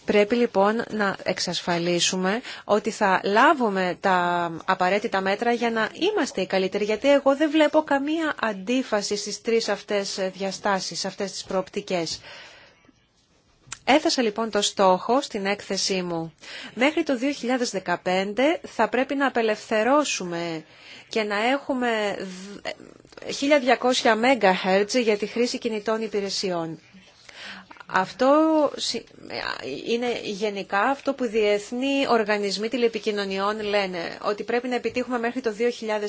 Πρέπει λοιπόν να εξασφαλίσουμε ότι θα λάβουμε τα απαραίτητα μέτρα για να είμαστε οι καλύτεροι, γιατί εγώ δεν βλέπω καμία αντίφαση στις τρεις αυτές διαστάσεις, αυτές τις προοπτικές. Έθεσα λοιπόν το στόχο στην έκθεσή μου. Μέχρι το 2015 θα πρέπει να απελευθερώσουμε και να έχουμε 1200 MHz ε, για τη χρήση κινητών υπηρεσιών. Αυτό είναι γενικά αυτό που διεθνεί διεθνοί οργανισμοί τηλεπικοινωνιών λένε, ότι πρέπει να επιτύχουμε μέχρι το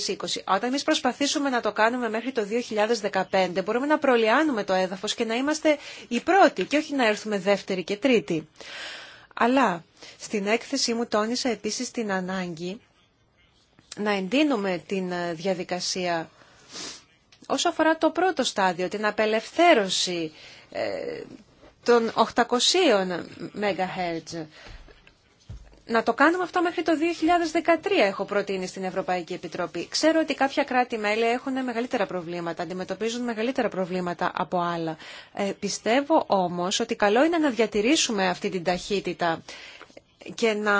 2020. Όταν εμείς προσπαθήσουμε να το κάνουμε μέχρι το 2015, μπορούμε να προλιάνουμε το έδαφος και να είμαστε οι πρώτοι και όχι να έρθουμε δεύτεροι και τρίτοι. Αλλά στην έκθεσή μου τόνισα επίσης την ανάγκη να εντείνουμε την ε, διαδικασία όσο αφορά το πρώτο στάδιο, την απελευθέρωση ε, των 800 MHz. Να το κάνουμε αυτό μέχρι το 2013, έχω προτείνει στην Ευρωπαϊκή Επιτροπή. Ξέρω ότι κάποια κράτη-μέλη έχουν μεγαλύτερα προβλήματα, αντιμετωπίζουν μεγαλύτερα προβλήματα από άλλα. Ε, πιστεύω όμως ότι καλό είναι να διατηρήσουμε αυτή την ταχύτητα και να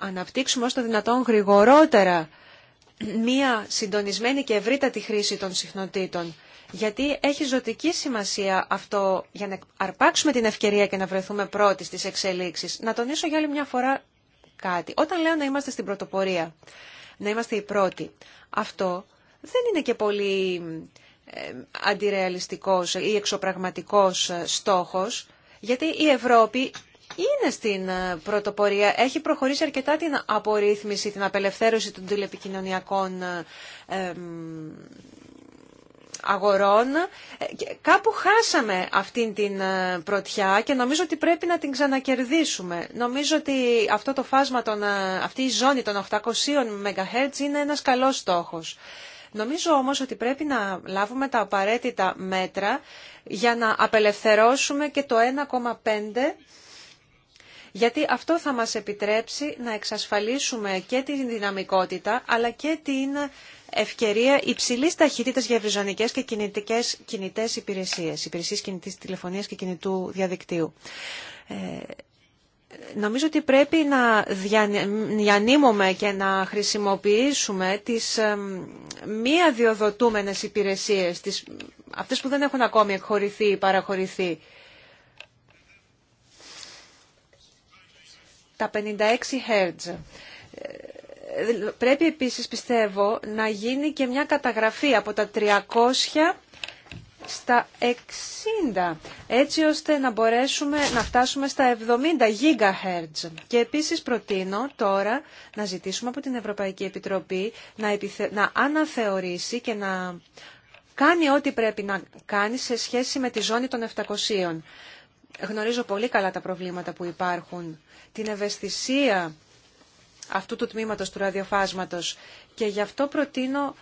αναπτύξουμε όσο το δυνατόν γρηγορότερα μία συντονισμένη και ευρύτατη χρήση των συχνοτήτων γιατί έχει ζωτική σημασία αυτό για να αρπάξουμε την ευκαιρία και να βρεθούμε πρώτοι στις εξελίξεις. Να τονίσω για άλλη μια φορά κάτι. Όταν λέω να είμαστε στην πρωτοπορία, να είμαστε οι πρώτοι, αυτό δεν είναι και πολύ ε, αντιρεαλιστικός ή εξωπραγματικός ε, στόχος, γιατί η Ευρώπη είναι στην ε, πρωτοπορία, έχει προχωρήσει αρκετά την απορρίθμιση, την απελευθέρωση των τηλεπικοινωνιακών αγορών. Ε, κάπου χάσαμε αυτήν την ε, πρωτιά και νομίζω ότι πρέπει να την ξανακερδίσουμε. Νομίζω ότι αυτό το φάσμα, των, ε, αυτή η ζώνη των 800 MHz είναι ένας καλός στόχος. Νομίζω όμως ότι πρέπει να λάβουμε τα απαραίτητα μέτρα για να απελευθερώσουμε και το 1,5 γιατί αυτό θα μας επιτρέψει να εξασφαλίσουμε και τη δυναμικότητα αλλά και την ευκαιρία υψηλής ταχύτητας για ευρυζωνικές και κινητικές, κινητές υπηρεσίες, υπηρεσίες κινητής τηλεφωνίας και κινητού διαδικτύου. Ε, νομίζω ότι πρέπει να διανύμουμε και να χρησιμοποιήσουμε τις μη αδειοδοτούμενες υπηρεσίες, τις, αυτές που δεν έχουν ακόμη εκχωρηθεί ή παραχωρηθεί. Τα 56 Hz πρέπει επίσης πιστεύω να γίνει και μια καταγραφή από τα 300 στα 60, έτσι ώστε να μπορέσουμε να φτάσουμε στα 70 GHz. Και επίσης προτείνω τώρα να ζητήσουμε από την Ευρωπαϊκή Επιτροπή να, να αναθεωρήσει και να κάνει ό,τι πρέπει να κάνει σε σχέση με τη ζώνη των 700. Γνωρίζω πολύ καλά τα προβλήματα που υπάρχουν, την ευαισθησία αυτού του τμήματος του ραδιοφάσματος και γι' αυτό προτείνω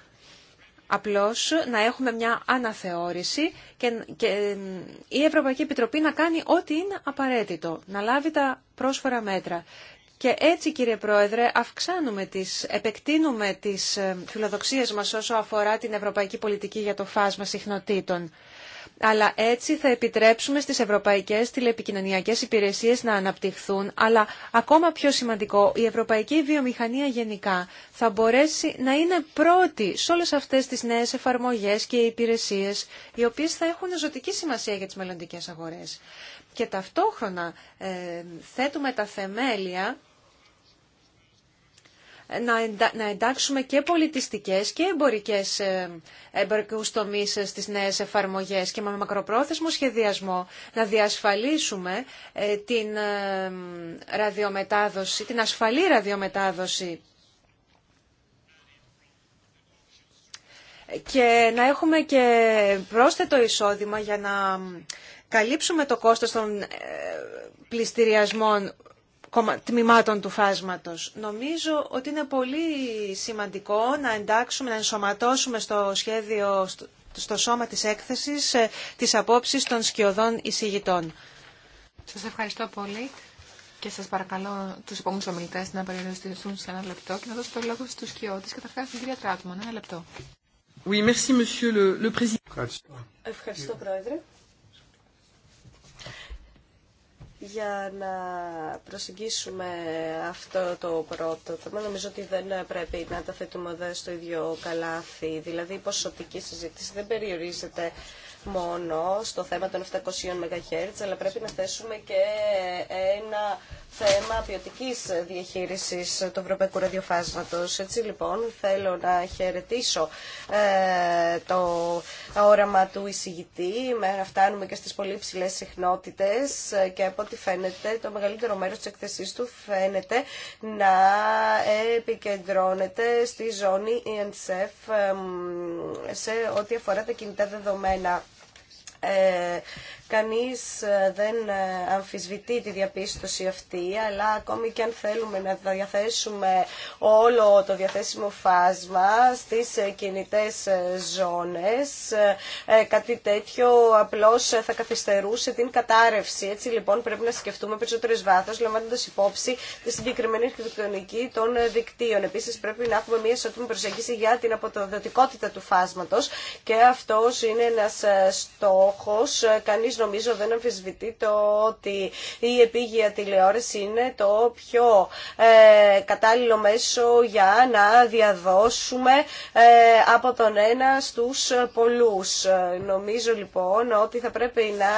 απλώς να έχουμε μια αναθεώρηση και, η Ευρωπαϊκή Επιτροπή να κάνει ό,τι είναι απαραίτητο, να λάβει τα πρόσφορα μέτρα. Και έτσι κύριε Πρόεδρε αυξάνουμε τις, επεκτείνουμε τις ε, φιλοδοξίες μας όσο αφορά την ευρωπαϊκή πολιτική για το φάσμα συχνοτήτων αλλά έτσι θα επιτρέψουμε στις ευρωπαϊκές τηλεπικοινωνιακές υπηρεσίες να αναπτυχθούν, αλλά ακόμα πιο σημαντικό, η ευρωπαϊκή βιομηχανία γενικά θα μπορέσει να είναι πρώτη σε όλες αυτές τις νέες εφαρμογές και υπηρεσίες, οι οποίες θα έχουν ζωτική σημασία για τις μελλοντικές αγορές. Και ταυτόχρονα ε, θέτουμε τα θεμέλια να εντάξουμε και πολιτιστικές και εμπορικές ε, εμπορικούς τομείς ε, στις νέες εφαρμογές και με μακροπρόθεσμο σχεδιασμό να διασφαλίσουμε ε, την, ραδιομετάδοση, την ασφαλή ραδιομετάδοση και να έχουμε και πρόσθετο εισόδημα για να καλύψουμε το κόστος των πληστηριασμών τμήματων του φάσματος. Νομίζω ότι είναι πολύ σημαντικό να εντάξουμε, να ενσωματώσουμε στο σχέδιο, στο σώμα της έκθεσης, ε, τις απόψεις των σκιωδών εισηγητών. Σας ευχαριστώ πολύ και σας παρακαλώ τους επόμενους ομιλητές να περιοριστούν σε ένα λεπτό και να δώσω το λόγο στους σκιώδες. Καταρχάς, την κυρία Τράτμαν, ένα λεπτό. Ευχαριστώ, Πρόεδρε. για να προσεγγίσουμε αυτό το πρώτο θέμα, νομίζω ότι δεν πρέπει να τα θέτουμε εδώ στο ίδιο καλάθι. Δηλαδή η ποσοτική συζήτηση δεν περιορίζεται μόνο στο θέμα των 700 MHz, αλλά πρέπει να θέσουμε και ένα θέμα ποιοτική διαχείριση του Ευρωπαϊκού Ραδιοφάσματο. Έτσι λοιπόν, θέλω να χαιρετήσω ε, το όραμα του εισηγητή. μερα φτάνουμε και στι πολύ ψηλέ συχνότητε ε, και από ό,τι φαίνεται, το μεγαλύτερο μέρο τη εκθεσή του φαίνεται να επικεντρώνεται στη ζώνη ENSF ε, σε ό,τι αφορά τα κινητά δεδομένα. Ε, Κανείς ε, δεν ε, αμφισβητεί τη διαπίστωση αυτή, αλλά ακόμη και αν θέλουμε να διαθέσουμε όλο το διαθέσιμο φάσμα στις ε, κινητές ζώνες, κάτι τέτοιο απλώς θα καθυστερούσε την κατάρρευση. Έτσι λοιπόν πρέπει να σκεφτούμε περισσότερες βάθος, λαμβάνοντα υπόψη τη συγκεκριμένη αρχιτεκτονική των δικτύων. Επίσης πρέπει να έχουμε μια ισότιμη προσέγγιση για την αποδοτικότητα του φάσματος και αυτός είναι ένας στόχος. Κανείς νομίζω δεν αμφισβητεί το ότι η επίγεια τηλεόραση είναι το πιο ε, κατάλληλο μέσο για να διαδώσουμε ε, από τον ένα στους πολλούς. Νομίζω λοιπόν ότι θα πρέπει να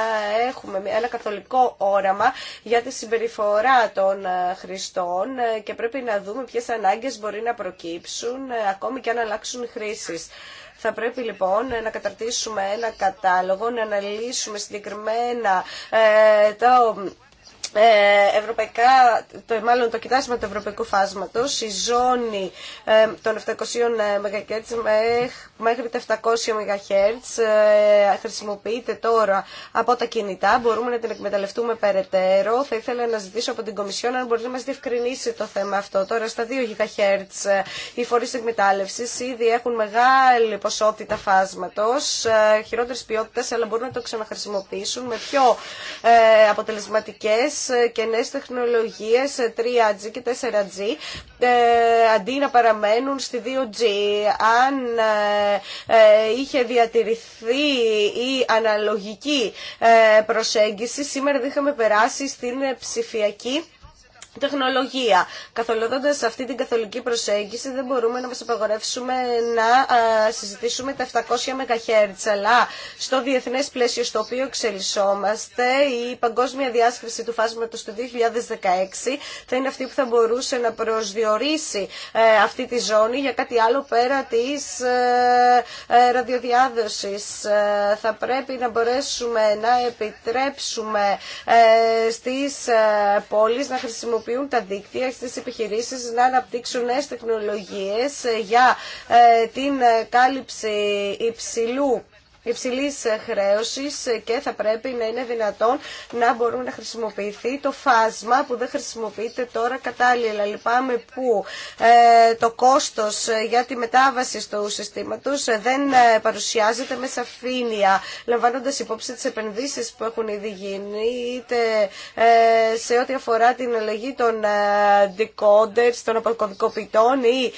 έχουμε ένα καθολικό όραμα για τη συμπεριφορά των ε, χρηστών ε, και πρέπει να δούμε ποιες ανάγκες μπορεί να προκύψουν ακόμη και αν αλλάξουν χρήσεις. Θα πρέπει λοιπόν να καταρτήσουμε ένα κατάλογο, να αναλύσουμε συγκεκριμένα ε, το ε, ευρωπαϊκά, το, μάλλον το κοιτάσμα του ευρωπαϊκού φάσματος, η ζώνη ε, των 700 MHz ε, μέχρι τα 700 MHz ε, χρησιμοποιείται τώρα από τα κινητά, μπορούμε να την εκμεταλλευτούμε περαιτέρω. Θα ήθελα να ζητήσω από την Κομισιόν αν μπορεί να μας διευκρινίσει το θέμα αυτό. Τώρα στα 2 GHz ε, οι φορείς εκμετάλλευση. ήδη έχουν μεγάλη ποσότητα φάσματος, ε, χειρότερης αλλά μπορούν να το ξαναχρησιμοποιήσουν με πιο ε, αποτελεσματικές ε, ε, και νέες τεχνολογίες 3G και 4G αντί να παραμένουν στη 2G. Αν ε, είχε διατηρηθεί η αναλογική προσέγγιση, σήμερα δεν είχαμε περάσει στην ψηφιακή τεχνολογία. σε αυτή την καθολική προσέγγιση δεν μπορούμε να μα απαγορεύσουμε να συζητήσουμε τα 700 MHz, αλλά στο διεθνές πλαίσιο στο οποίο εξελισσόμαστε η παγκόσμια διάσκεψη του φάσματος του 2016 θα είναι αυτή που θα μπορούσε να προσδιορίσει ε, αυτή τη ζώνη για κάτι άλλο πέρα της ε, ε, ραδιοδιάδοσης. Θα πρέπει να μπορέσουμε να επιτρέψουμε στις πόλει να χρησιμοποιήσουμε χρησιμοποιούν τα δίκτυα στις επιχειρήσεις να αναπτύξουν νέες τεχνολογίες ε, για ε, την ε, κάλυψη υψηλού υψηλής χρέωσης και θα πρέπει να είναι δυνατόν να μπορούν να χρησιμοποιηθεί το φάσμα που δεν χρησιμοποιείται τώρα κατάλληλα. Λυπάμαι που ε, το κόστος για τη μετάβαση στο συστήματος ε, δεν ε, παρουσιάζεται με σαφήνεια, λαμβάνοντας υπόψη τις επενδύσεις που έχουν ήδη γίνει, είτε σε ό,τι αφορά την αλλαγή των decoders, των αποκωδικοποιητών ή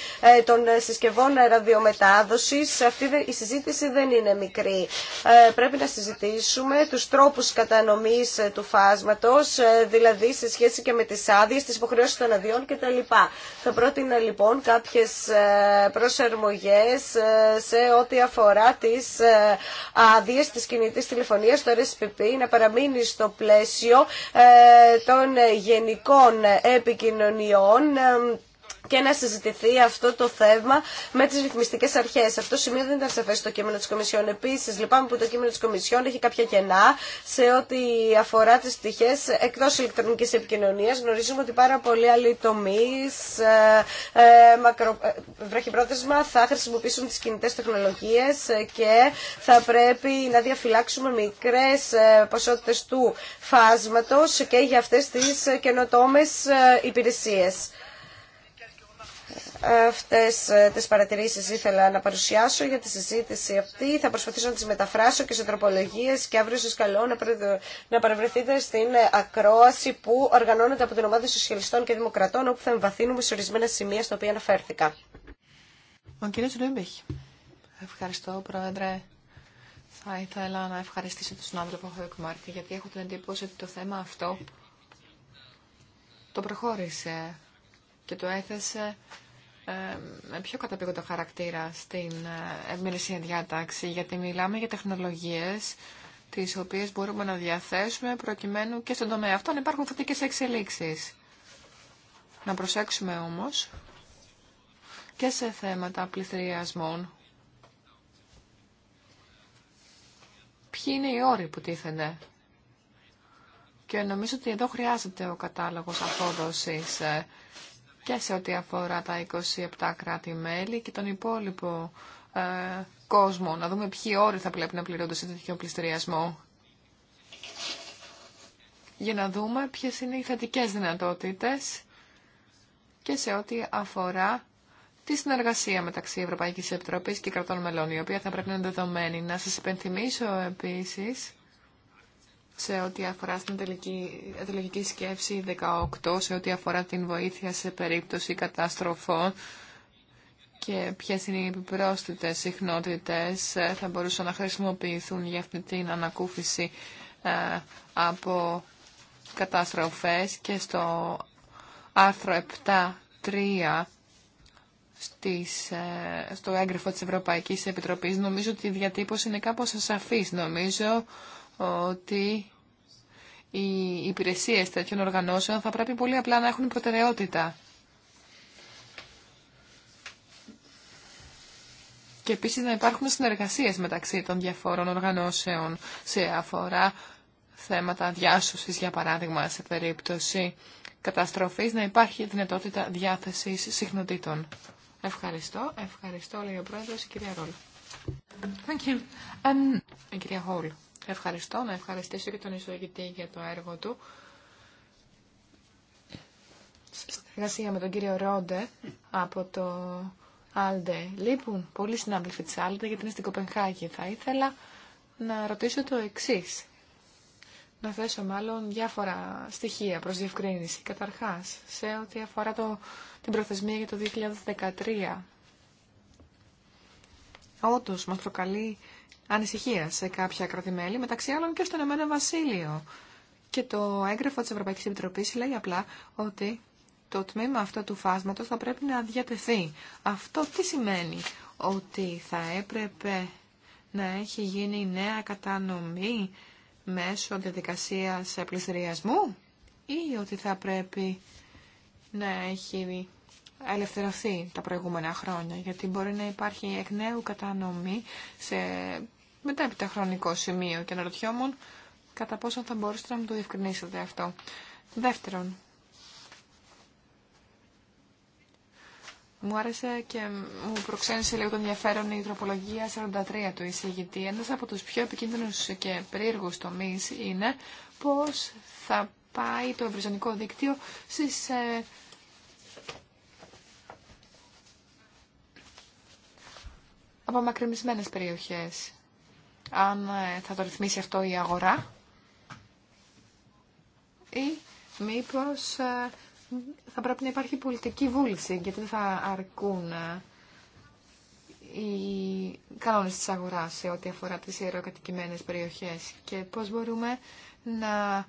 των συσκευών ραδιομετάδοσης. Αυτή η συζήτηση δεν είναι μικρή. Ε, πρέπει να συζητήσουμε τους τρόπους κατανομής ε, του φάσματος, ε, δηλαδή σε σχέση και με τις άδειες, τις υποχρεώσεις των αδειών κτλ. Θα πρότεινα λοιπόν κάποιες προσαρμογές σε ό,τι αφορά τις άδειες της κινητής τηλεφωνίας, το RSPP, να παραμείνει στο πλαίσιο των γενικών επικοινωνιών και να συζητηθεί αυτό το θέμα με τι ρυθμιστικέ αρχέ. Αυτό σημείο δεν ήταν σαφέ στο κείμενο τη Κομισιόν. Επίση, λυπάμαι που το κείμενο τη Κομισιόν έχει κάποια κενά σε ό,τι αφορά τι πτυχέ εκτό ηλεκτρονική επικοινωνία. Γνωρίζουμε ότι πάρα πολλοί άλλοι τομεί ε, ε, μακρο... Ε, βραχυπρόθεσμα θα χρησιμοποιήσουν τι κινητέ τεχνολογίε ε, και θα πρέπει να διαφυλάξουμε μικρέ ποσότητε του φάσματο και για αυτέ τι καινοτόμε υπηρεσίε. Αυτές ε, τις παρατηρήσεις ήθελα να παρουσιάσω για τη συζήτηση αυτή. Θα προσπαθήσω να τις μεταφράσω και σε τροπολογίες και αύριο σας καλώ να παρευρεθείτε στην ακρόαση που οργανώνεται από την Ομάδα Σοσιαλιστών και Δημοκρατών όπου θα εμβαθύνουμε σε ορισμένα σημεία στα οποία αναφέρθηκα. Ο κύριος Ρούμπιχ. Ευχαριστώ, Πρόεδρε. Θα ήθελα να ευχαριστήσω τον συνάδελφο Χοϊκμάρτη γιατί έχω την εντύπωση ότι το θέμα αυτό το προχώρησε και το έθεσε ε, με πιο καταπήγοντα χαρακτήρα στην ευμερησία διάταξη, γιατί μιλάμε για τεχνολογίες τις οποίες μπορούμε να διαθέσουμε προκειμένου και στον τομέα αυτό να υπάρχουν θετικές εξελίξεις. Να προσέξουμε όμως και σε θέματα πληθυριασμών. Ποιοι είναι οι όροι που τίθενται. Και νομίζω ότι εδώ χρειάζεται ο κατάλογος απόδοσης ε, και σε ό,τι αφορά τα 27 κράτη-μέλη και τον υπόλοιπο ε, κόσμο. Να δούμε ποιοι όροι θα πρέπει να πληρώνται σε τέτοιο πληστηριασμό. Για να δούμε ποιες είναι οι θετικέ δυνατότητες και σε ό,τι αφορά τη συνεργασία μεταξύ Ευρωπαϊκής Επιτροπής και κρατών μελών, η οποία θα πρέπει να είναι δεδομένη. Να σας υπενθυμίσω επίσης σε ό,τι αφορά στην τελική σκέψη 18, σε ό,τι αφορά την βοήθεια σε περίπτωση καταστροφών και ποιες είναι οι επιπρόσθετες συχνότητες ε, θα μπορούσαν να χρησιμοποιηθούν για αυτή την ανακούφιση ε, από καταστροφές και στο άρθρο 7.3 στις, ε, στο έγγραφο της Ευρωπαϊκής Επιτροπής. Νομίζω ότι η διατύπωση είναι κάπως ασαφής. Νομίζω ότι οι υπηρεσίε τέτοιων οργανώσεων θα πρέπει πολύ απλά να έχουν προτεραιότητα. Και επίσης να υπάρχουν συνεργασίες μεταξύ των διαφόρων οργανώσεων σε αφορά θέματα διάσωσης, για παράδειγμα, σε περίπτωση καταστροφής, να υπάρχει δυνατότητα διάθεσης συχνοτήτων. Ευχαριστώ. Ευχαριστώ, λέει ο πρόεδρος, η κυρία Ρόλ. Thank um, Η κυρία Χόλ. Ευχαριστώ. Να ευχαριστήσω και τον Ισογητή για το έργο του. Συνεργασία με τον κύριο Ρόντε από το Άλντε. Λείπουν πολλοί συνάδελφοι τη Άλντε γιατί είναι στην Κοπενχάγη. Θα ήθελα να ρωτήσω το εξή. Να θέσω μάλλον διάφορα στοιχεία προς διευκρίνηση. Καταρχάς, σε ό,τι αφορά το, την προθεσμία για το 2013. Όντω μας προκαλεί ανησυχία σε κάποια κρατημέλη, μεταξύ άλλων και στον Εμένο Βασίλειο. Και το έγγραφο της Ευρωπαϊκής Επιτροπής λέει απλά ότι το τμήμα αυτό του φάσματος θα πρέπει να διατεθεί. Αυτό τι σημαίνει, ότι θα έπρεπε να έχει γίνει νέα κατανομή μέσω διαδικασίας πληστηριασμού ή ότι θα πρέπει να έχει ελευθερωθεί τα προηγούμενα χρόνια, γιατί μπορεί να υπάρχει εκ νέου κατανομή σε μετέπειτα χρονικό σημείο και ρωτιόμουν κατά πόσο θα μπορούσατε να μου το διευκρινίσετε αυτό. Δεύτερον, Μου άρεσε και μου προξένησε λίγο το ενδιαφέρον η τροπολογία 43 του εισηγητή. Ένα από τους πιο επικίνδυνους και περίεργους τομεί είναι πώς θα πάει το ευρυζωνικό δίκτυο στις ε, από μακρυμισμένες περιοχές. Αν ε, θα το ρυθμίσει αυτό η αγορά ή μήπως ε, θα πρέπει να υπάρχει πολιτική βούληση γιατί δεν θα αρκούν ε, οι κανόνες της αγοράς σε ό,τι αφορά τις ιεροκατοικημένες περιοχές και πώς μπορούμε να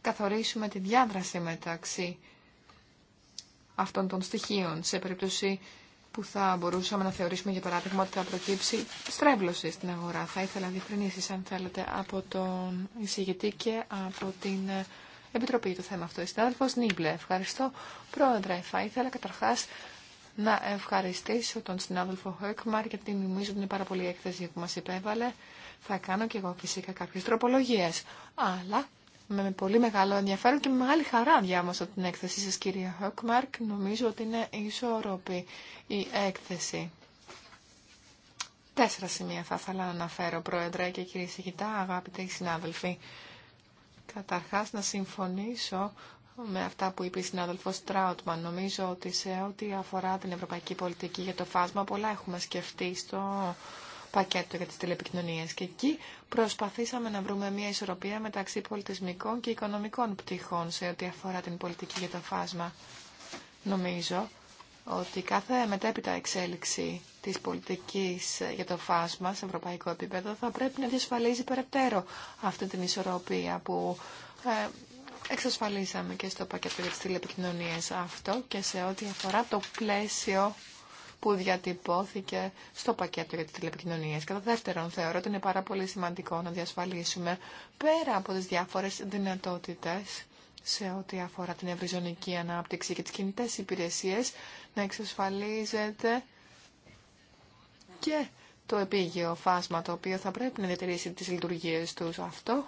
καθορίσουμε τη διάδραση μεταξύ αυτών των στοιχείων σε περίπτωση που θα μπορούσαμε να θεωρήσουμε για παράδειγμα ότι θα προκύψει στρέβλωση στην αγορά. Θα ήθελα διευκρινήσεις αν θέλετε από τον εισηγητή και από την ε, Επιτροπή για το θέμα αυτό. Η Νίμπλε, ευχαριστώ. Πρόεδρε, θα ήθελα καταρχά να ευχαριστήσω τον συνάδελφο Χέκμαρ, γιατί νομίζω ότι είναι πάρα πολύ έκθεση που μα υπέβαλε. Θα κάνω και εγώ φυσικά κάποιε τροπολογίε. Αλλά με πολύ μεγάλο ενδιαφέρον και με μεγάλη χαρά διάβασα την έκθεση σας κυρία Χόκμαρκ. Νομίζω ότι είναι ισορροπή η έκθεση. Τέσσερα σημεία θα ήθελα να αναφέρω, Πρόεδρε και κύριε Σιγητά, αγαπητοί συνάδελφοι. Καταρχάς, να συμφωνήσω με αυτά που είπε η συνάδελφο Τράουτμαν. Νομίζω ότι σε ό,τι αφορά την ευρωπαϊκή πολιτική για το φάσμα, πολλά έχουμε σκεφτεί στο πακέτο για τις τηλεπικοινωνίες και εκεί προσπαθήσαμε να βρούμε μια ισορροπία μεταξύ πολιτισμικών και οικονομικών πτυχών σε ό,τι αφορά την πολιτική για το φάσμα. Νομίζω ότι κάθε μετέπειτα εξέλιξη της πολιτικής για το φάσμα σε ευρωπαϊκό επίπεδο θα πρέπει να διασφαλίζει περαιτέρω αυτή την ισορροπία που ε, εξασφαλίσαμε και στο πακέτο για τις τηλεπικοινωνίες αυτό και σε ό,τι αφορά το πλαίσιο που διατυπώθηκε στο πακέτο για τις τηλεπικοινωνίες. Κατά δεύτερον, θεωρώ ότι είναι πάρα πολύ σημαντικό να διασφαλίσουμε πέρα από τις διάφορες δυνατότητες σε ό,τι αφορά την ευρυζωνική ανάπτυξη και τις κινητές υπηρεσίες, να εξασφαλίζεται και το επίγειο φάσμα το οποίο θα πρέπει να διατηρήσει τις λειτουργίες τους. Αυτό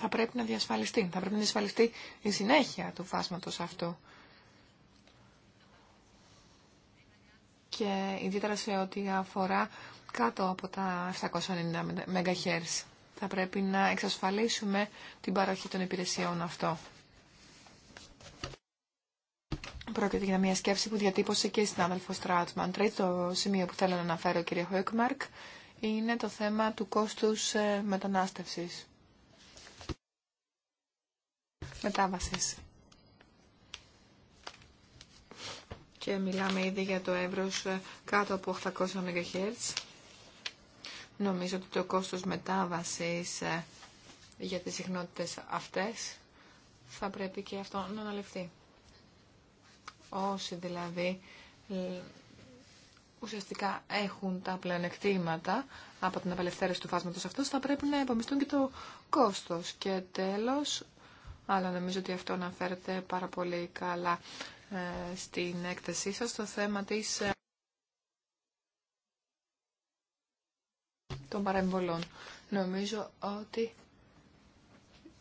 θα πρέπει να διασφαλιστεί. Θα πρέπει να διασφαλιστεί η συνέχεια του φάσματος αυτού. Και ιδιαίτερα σε ό,τι αφορά κάτω από τα 790 MHz. Θα πρέπει να εξασφαλίσουμε την παροχή των υπηρεσιών αυτό. Πρόκειται για μια σκέψη που διατύπωσε και η συνάδελφο Στράτσμαν. Τρίτο σημείο που θέλω να αναφέρω, κύριε Χόικμαρκ, είναι το θέμα του κόστους ε, μετανάστευσης μετάβασης. Και μιλάμε ήδη για το εύρος ε, κάτω από 800 MHz. Νομίζω ότι το κόστος μετάβασης ε, για τις συχνότητες αυτές θα πρέπει και αυτό να αναλυφθεί. Όσοι δηλαδή ε, ουσιαστικά έχουν τα πλεονεκτήματα από την απελευθέρωση του φάσματος αυτός θα πρέπει να επομιστούν και το κόστος. Και τέλος, αλλά νομίζω ότι αυτό αναφέρεται πάρα πολύ καλά ε, στην έκθεσή σας το θέμα της ε, των παρεμβολών. Νομίζω ότι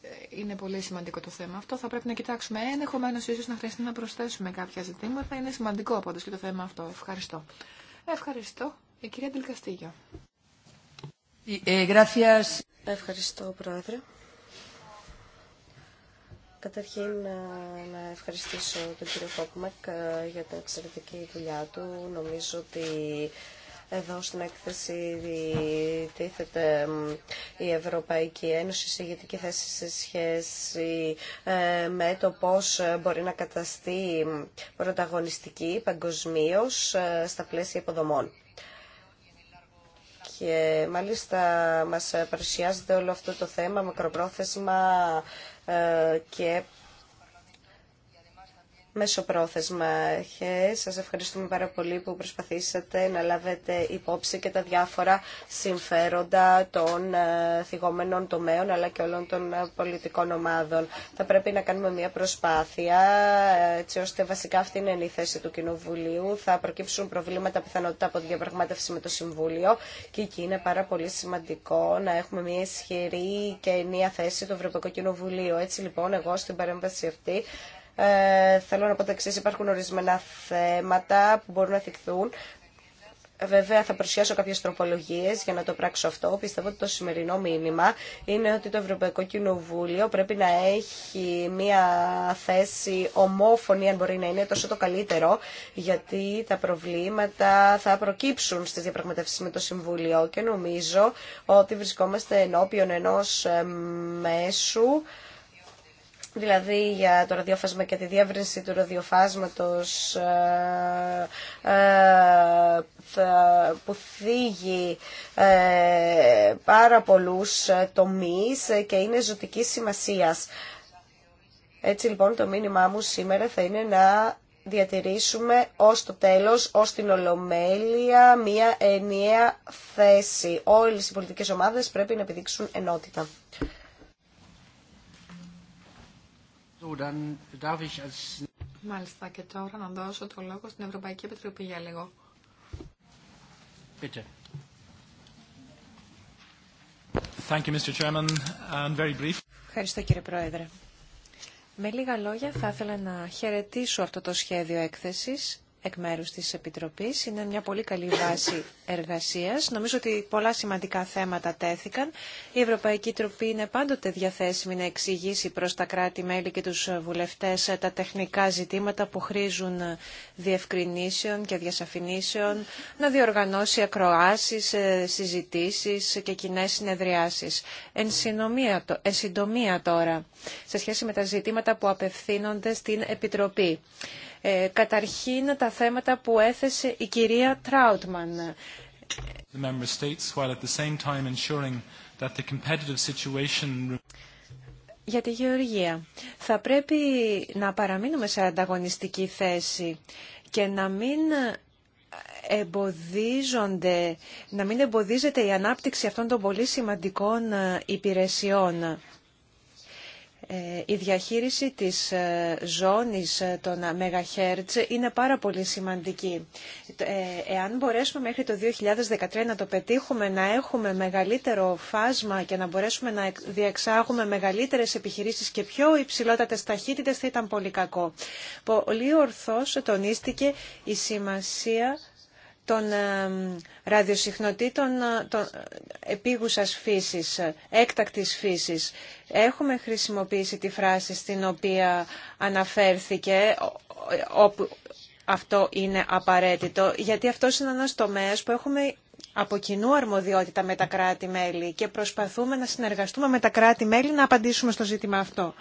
ε, είναι πολύ σημαντικό το θέμα αυτό. Θα πρέπει να κοιτάξουμε. Ενδεχομένω, ίσω να χρειαστεί να προσθέσουμε κάποια ζητήματα. Είναι σημαντικό πάντω και το θέμα αυτό. Ευχαριστώ. Ευχαριστώ. Η κυρία Τελκαστήγιο. Ευχαριστώ, Πρόεδρε. Καταρχήν ε, να ευχαριστήσω τον κύριο Κόκμακ ε, για την εξαιρετική δουλειά του. Νομίζω ότι εδώ στην έκθεση τίθεται η Ευρωπαϊκή Ένωση σε ηγετική θέση σε σχέση ε, με το πώς μπορεί να καταστεί πρωταγωνιστική παγκοσμίω στα πλαίσια υποδομών. Και μάλιστα μας παρουσιάζεται όλο αυτό το θέμα μακροπρόθεσμα ε, και μεσοπρόθεσμα. Και σας ευχαριστούμε πάρα πολύ που προσπαθήσατε να λάβετε υπόψη και τα διάφορα συμφέροντα των ε, θυγόμενων τομέων αλλά και όλων των ε, πολιτικών ομάδων. Θα πρέπει να κάνουμε μια προσπάθεια ε, έτσι ώστε βασικά αυτή είναι η θέση του Κοινοβουλίου. Θα προκύψουν προβλήματα πιθανότητα από διαπραγμάτευση με το Συμβούλιο και εκεί είναι πάρα πολύ σημαντικό να έχουμε μια ισχυρή και ενία θέση του Ευρωπαϊκού Κοινοβουλίου. Έτσι λοιπόν εγώ στην παρέμβαση αυτή ε, θέλω να πω τα εξή, υπάρχουν ορισμένα θέματα που μπορούν να θυκθούν. Βέβαια θα προσιάσω κάποιε τροπολογίες για να το πράξω αυτό. Πιστεύω ότι το σημερινό μήνυμα είναι ότι το Ευρωπαϊκό Κοινοβούλιο πρέπει να έχει μια θέση ομόφωνη, αν μπορεί να είναι τόσο το καλύτερο, γιατί τα προβλήματα θα προκύψουν στι διαπραγματεύσει με το Συμβούλιο και νομίζω ότι βρισκόμαστε ενώπιον ενό μέσου δηλαδή για το ραδιόφασμα και τη διεύρυνση του ραδιοφάσματος ε, ε, που θίγει ε, πάρα πολλούς τομείς και είναι ζωτική σημασίας. Έτσι λοιπόν το μήνυμά μου σήμερα θα είναι να διατηρήσουμε ως το τέλος, ως την Ολομέλεια, μία ενιαία θέση. Όλες οι πολιτικές ομάδες πρέπει να επιδείξουν ενότητα. Μάλιστα και τώρα να δώσω το λόγο στην Ευρωπαϊκή Επιτροπή για λίγο. Thank you, Mr. Chairman. And very brief. Ευχαριστώ κύριε Πρόεδρε. Με λίγα λόγια θα ήθελα να χαιρετήσω αυτό το σχέδιο έκθεσης εκ μέρους της Επιτροπής. Είναι μια πολύ καλή βάση εργασίας. Νομίζω ότι πολλά σημαντικά θέματα τέθηκαν. Η Ευρωπαϊκή Τροπή είναι πάντοτε διαθέσιμη να εξηγήσει προς τα κράτη-μέλη και τους βουλευτές τα τεχνικά ζητήματα που χρήζουν διευκρινήσεων και διασαφηνήσεων, να διοργανώσει ακροάσεις, ε, συζητήσεις και κοινέ συνεδριάσεις. Εν, εν συντομία τώρα, σε σχέση με τα ζητήματα που απευθύνονται στην Επιτροπή. Ε, καταρχήν τα θέματα που έθεσε η κυρία Τράουτμαν. για τη γεωργία. Θα πρέπει να παραμείνουμε σε ανταγωνιστική θέση και να μην εμποδίζονται, να μην εμποδίζεται η ανάπτυξη αυτών των πολύ σημαντικών ε, υπηρεσιών. Ε, η διαχείριση της ε, ζώνης ε, των MHz είναι πάρα πολύ σημαντική. Εάν μπορέσουμε μέχρι το 2013 να το πετύχουμε, να έχουμε μεγαλύτερο φάσμα και να μπορέσουμε να διεξάγουμε μεγαλύτερες επιχειρήσεις και πιο υψηλότατες ταχύτητες θα ήταν πολύ κακό. Πολύ ορθώς τονίστηκε η σημασία των ε, ραδιοσυχνοτήτων ε, των ε, επίγουσας φύσης, έκτακτης φύσης. Έχουμε χρησιμοποιήσει τη φράση στην οποία αναφέρθηκε όπου αυτό είναι απαραίτητο, γιατί αυτό είναι ένας τομέας που έχουμε από κοινού αρμοδιότητα με τα κράτη-μέλη και προσπαθούμε να συνεργαστούμε με τα κράτη-μέλη να απαντήσουμε στο ζήτημα αυτό.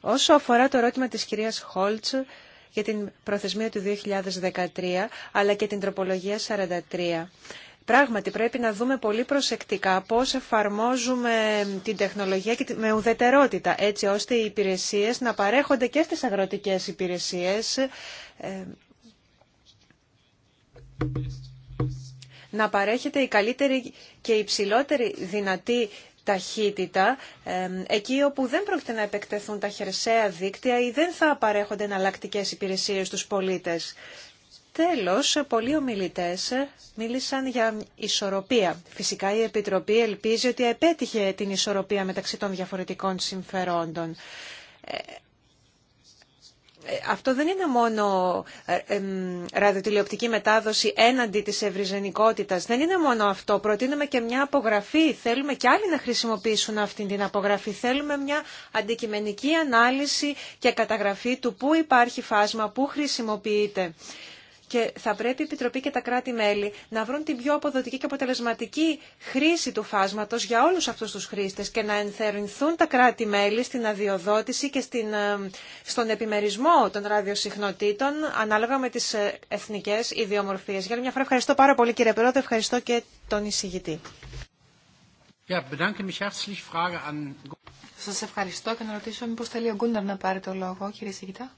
Όσο αφορά το ερώτημα της κυρίας Χόλτς, για την προθεσμία του 2013, αλλά και την τροπολογία 43. Πράγματι, πρέπει να δούμε πολύ προσεκτικά πώς εφαρμόζουμε την τεχνολογία με ουδετερότητα, έτσι ώστε οι υπηρεσίες να παρέχονται και στις αγροτικές υπηρεσίες, ε, να παρέχεται η καλύτερη και η υψηλότερη δυνατή ταχύτητα εκεί όπου δεν πρόκειται να επεκτεθούν τα χερσαία δίκτυα ή δεν θα παρέχονται εναλλακτικέ υπηρεσίες στους πολίτες. Τέλος, πολλοί ομιλητές μίλησαν για ισορροπία. Φυσικά η Επιτροπή ελπίζει ότι επέτυχε την ισορροπία μεταξύ των διαφορετικών συμφερόντων. Ε, ε, αυτό δεν είναι μόνο ε, ραδιοτηλεοπτική μετάδοση έναντι της ευρυζενικότητας. Δεν είναι μόνο αυτό. Προτείνουμε και μια απογραφή. Θέλουμε και άλλοι να χρησιμοποιήσουν αυτή την απογραφή. Θέλουμε μια αντικειμενική ανάλυση και καταγραφή του πού υπάρχει φάσμα, πού χρησιμοποιείται. Και θα πρέπει η Επιτροπή και τα κράτη-μέλη να βρουν την πιο αποδοτική και αποτελεσματική χρήση του φάσματος για όλους αυτούς τους χρήστες και να ενθερρυνθούν τα κράτη-μέλη στην αδειοδότηση και στην, ε, στον επιμερισμό των ραδιοσυχνοτήτων ανάλογα με τις ε, εθνικές ιδιομορφίες. Για μια φορά ευχαριστώ πάρα πολύ κύριε Περότε, ευχαριστώ και τον εισηγητή. Σας ευχαριστώ και να ρωτήσω μήπως θέλει ο Γκούνταρ να πάρει το λόγο, κύριε Σιγητά.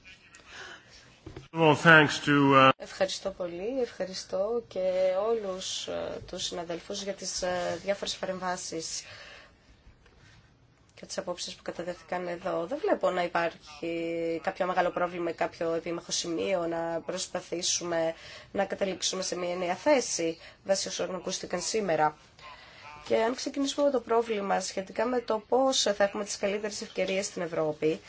Uh, ευχαριστώ πολύ. Ευχαριστώ και όλους ε, τους συναδελφούς για τις ε, διάφορες παρεμβάσεις και τις απόψεις που καταδέχθηκαν εδώ. Δεν βλέπω να υπάρχει κάποιο μεγάλο πρόβλημα ή κάποιο επίμαχο σημείο να προσπαθήσουμε να καταλήξουμε σε μια νέα θέση βάσει όσων ακούστηκαν σήμερα. Και αν ξεκινήσουμε με το πρόβλημα σχετικά με το πώς θα έχουμε τις καλύτερες ευκαιρίες στην Ευρώπη,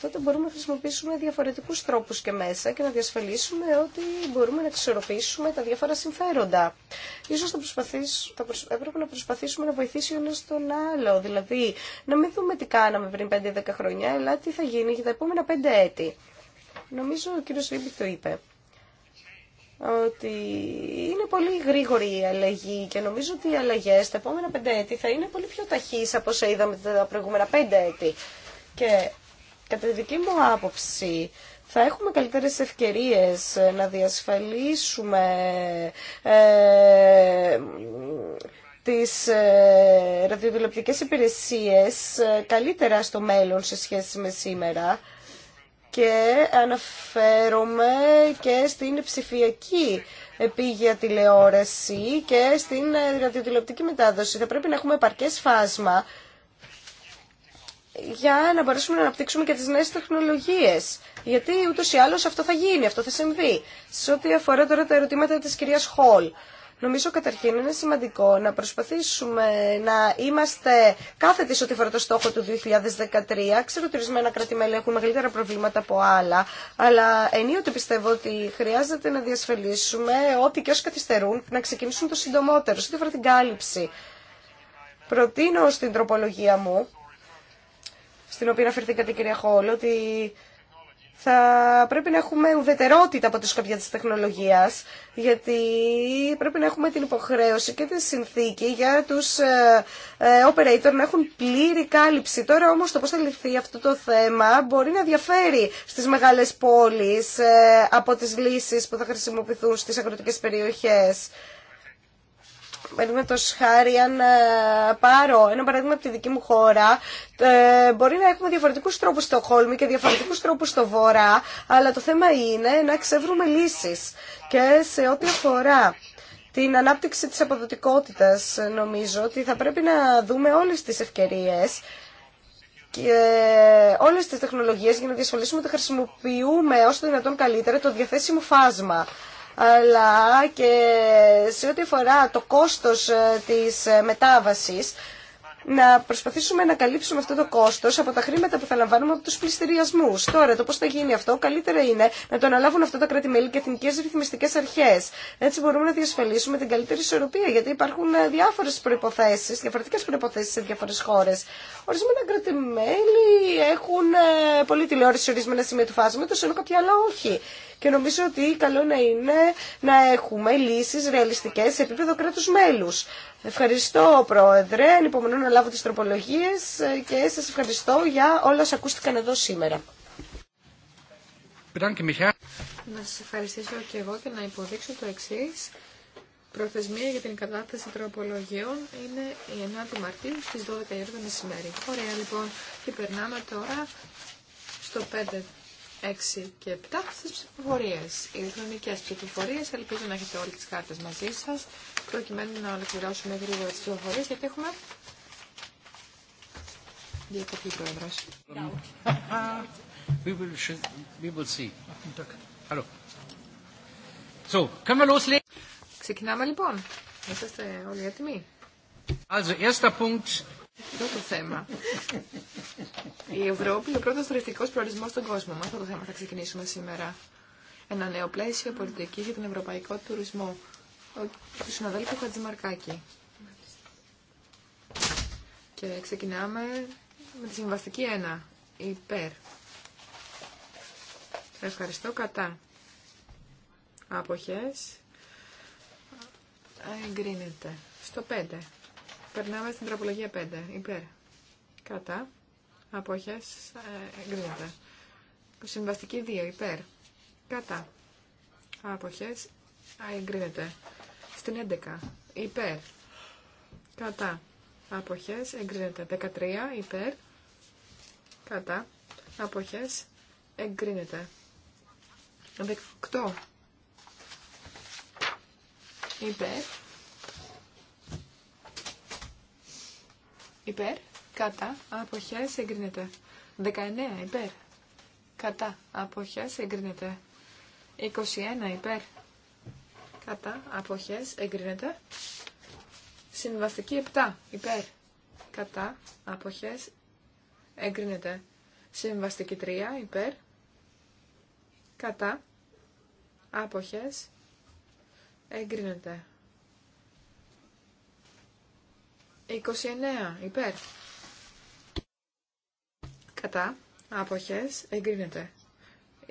τότε μπορούμε να χρησιμοποιήσουμε διαφορετικού τρόπου και μέσα και να διασφαλίσουμε ότι μπορούμε να εξορροπήσουμε τα διάφορα συμφέροντα. Σω θα θα έπρεπε να προσπαθήσουμε να βοηθήσει ο ένα τον άλλο, δηλαδή να μην δούμε τι κάναμε πριν 5-10 χρόνια, αλλά τι θα γίνει για τα επόμενα 5 έτη. Νομίζω ο κύριο Ρίμπη το είπε ότι είναι πολύ γρήγορη η αλλαγή και νομίζω ότι οι αλλαγέ τα επόμενα πέντε έτη θα είναι πολύ πιο ταχύ από όσα είδαμε τα προηγούμενα πέντε έτη. Και Κατά τη δική μου άποψη, θα έχουμε καλύτερες ευκαιρίες ε, να διασφαλίσουμε ε, τις ε, υπηρεσίες ε, καλύτερα στο μέλλον σε σχέση με σήμερα και αναφέρομαι και στην ψηφιακή επίγεια τηλεόραση και στην ε, ραδιοτηλεοπτική μετάδοση. Θα πρέπει να έχουμε επαρκές φάσμα για να μπορέσουμε να αναπτύξουμε και τις νέες τεχνολογίες. Γιατί ούτως ή άλλως αυτό θα γίνει, αυτό θα συμβεί. Σε ό,τι αφορά τώρα τα ερωτήματα της κυρίας Χολ. Νομίζω καταρχήν είναι σημαντικό να προσπαθήσουμε να είμαστε κάθετοι σε ό,τι φορά το στόχο του 2013. Ξέρω ότι ορισμένα κρατημέλη έχουν μεγαλύτερα προβλήματα από άλλα, αλλά ενίοτε πιστεύω ότι χρειάζεται να διασφαλίσουμε ότι και όσοι καθυστερούν να ξεκινήσουν το συντομότερο, σε ό,τι φορά την κάλυψη. Προτείνω στην τροπολογία μου στην οποία αναφερθήκατε κυρία Χόλ, ότι θα πρέπει να έχουμε ουδετερότητα από τη σκοπιά της τεχνολογίας, γιατί πρέπει να έχουμε την υποχρέωση και τη συνθήκη για τους ε, ε, operator να έχουν πλήρη κάλυψη. Τώρα όμως το πώς θα λυθεί αυτό το θέμα μπορεί να διαφέρει στις μεγάλες πόλεις ε, από τις λύσεις που θα χρησιμοποιηθούν στις αγροτικές περιοχές. Παραδείγματο χάρη, αν ε, πάρω ένα παράδειγμα από τη δική μου χώρα, ε, μπορεί να έχουμε διαφορετικού τρόπου στο Χόλμη και διαφορετικού τρόπου στο Βορρά, αλλά το θέμα είναι να ξεύρουμε λύσει. Και σε ό,τι αφορά την ανάπτυξη της αποδοτικότητας, νομίζω ότι θα πρέπει να δούμε όλες τις ευκαιρίες και όλες τις τεχνολογίες για να διασφαλίσουμε ότι χρησιμοποιούμε όσο το δυνατόν καλύτερα το διαθέσιμο φάσμα αλλά και σε ό,τι αφορά το κόστος ε, της ε, μετάβασης, να προσπαθήσουμε να καλύψουμε αυτό το κόστος από τα χρήματα που θα λαμβάνουμε από τους πληστηριασμούς. Τώρα, το πώς θα γίνει αυτό, καλύτερα είναι να το αναλάβουν αυτό τα κρατη και εθνικές ρυθμιστικές αρχές. Έτσι μπορούμε να διασφαλίσουμε την καλύτερη ισορροπία, γιατί υπάρχουν ε, διάφορες προϋποθέσεις, διαφορετικές προϋποθέσεις σε διάφορες χώρες. Ορισμένα κράτη-μέλη έχουν πολλή τηλεόραση ορισμένα σημεία του φάσματος, ενώ κάποια άλλα όχι και νομίζω ότι καλό να είναι να έχουμε λύσεις ρεαλιστικές σε επίπεδο κράτους μέλους. Ευχαριστώ Πρόεδρε, ανυπομονώ να λάβω τις τροπολογίες και σας ευχαριστώ για όλα όσα ακούστηκαν εδώ σήμερα. Να σας ευχαριστήσω και εγώ και να υποδείξω το εξής. Προθεσμία για την κατάθεση τροπολογιών είναι η 9η Μαρτίου στις 12 η ώρα μεσημέρι. Ωραία λοιπόν και περνάμε τώρα στο 5 6 και 7 στις ψηφοφορίες. Ηλεκτρονικές ψηφοφορίες. Ελπίζω να έχετε όλες τις κάρτες μαζί σας, προκειμένου να ολοκληρώσουμε γρήγορα τις ψηφοφορίες, γιατί έχουμε... Διακοπή πρόεδρος. <laughs> We will, we will see. Hello. So, können wir loslegen? Ξεκινάμε λοιπόν. Είσαστε όλοι έτοιμοι. Also, erster Punkt αυτό το θέμα. Η Ευρώπη είναι ο πρώτο τουριστικό προορισμό στον κόσμο. Με αυτό το θέμα θα ξεκινήσουμε σήμερα. Ένα νέο πλαίσιο πολιτική για τον ευρωπαϊκό τουρισμό. Ο, του συναδέλφου Χατζημαρκάκη. Και ξεκινάμε με τη συμβαστική 1. Υπέρ. Ευχαριστώ. Κατά. Αποχές. Εγκρίνεται. Στο 5. Περνάμε στην τραπολογία 5. Υπέρ. Κατά. απόχέ. Ε, εγκρίνεται. Συμβαστική 2. Υπέρ. Κατά. άποχέ. Εγκρίνεται. Στην 11. Υπέρ. Κατά. Αποχέ, Εγκρίνεται. 13. Υπέρ. Κατά. Αποχέ. Εγκρίνεται. 18. Υπέρ υπέρ, κατά, αποχές, εγκρίνεται. 19 υπέρ, κατά, αποχές, εγκρίνεται. 21 υπέρ, κατά, αποχές, εγκρίνεται. Συμβαστική 7 υπέρ, κατά, αποχές, εγκρίνεται. Συμβαστική 3 υπέρ, κατά, άποχες, εγκρίνεται. 29 υπέρ. Κατά. Αποχές. Εγκρίνεται.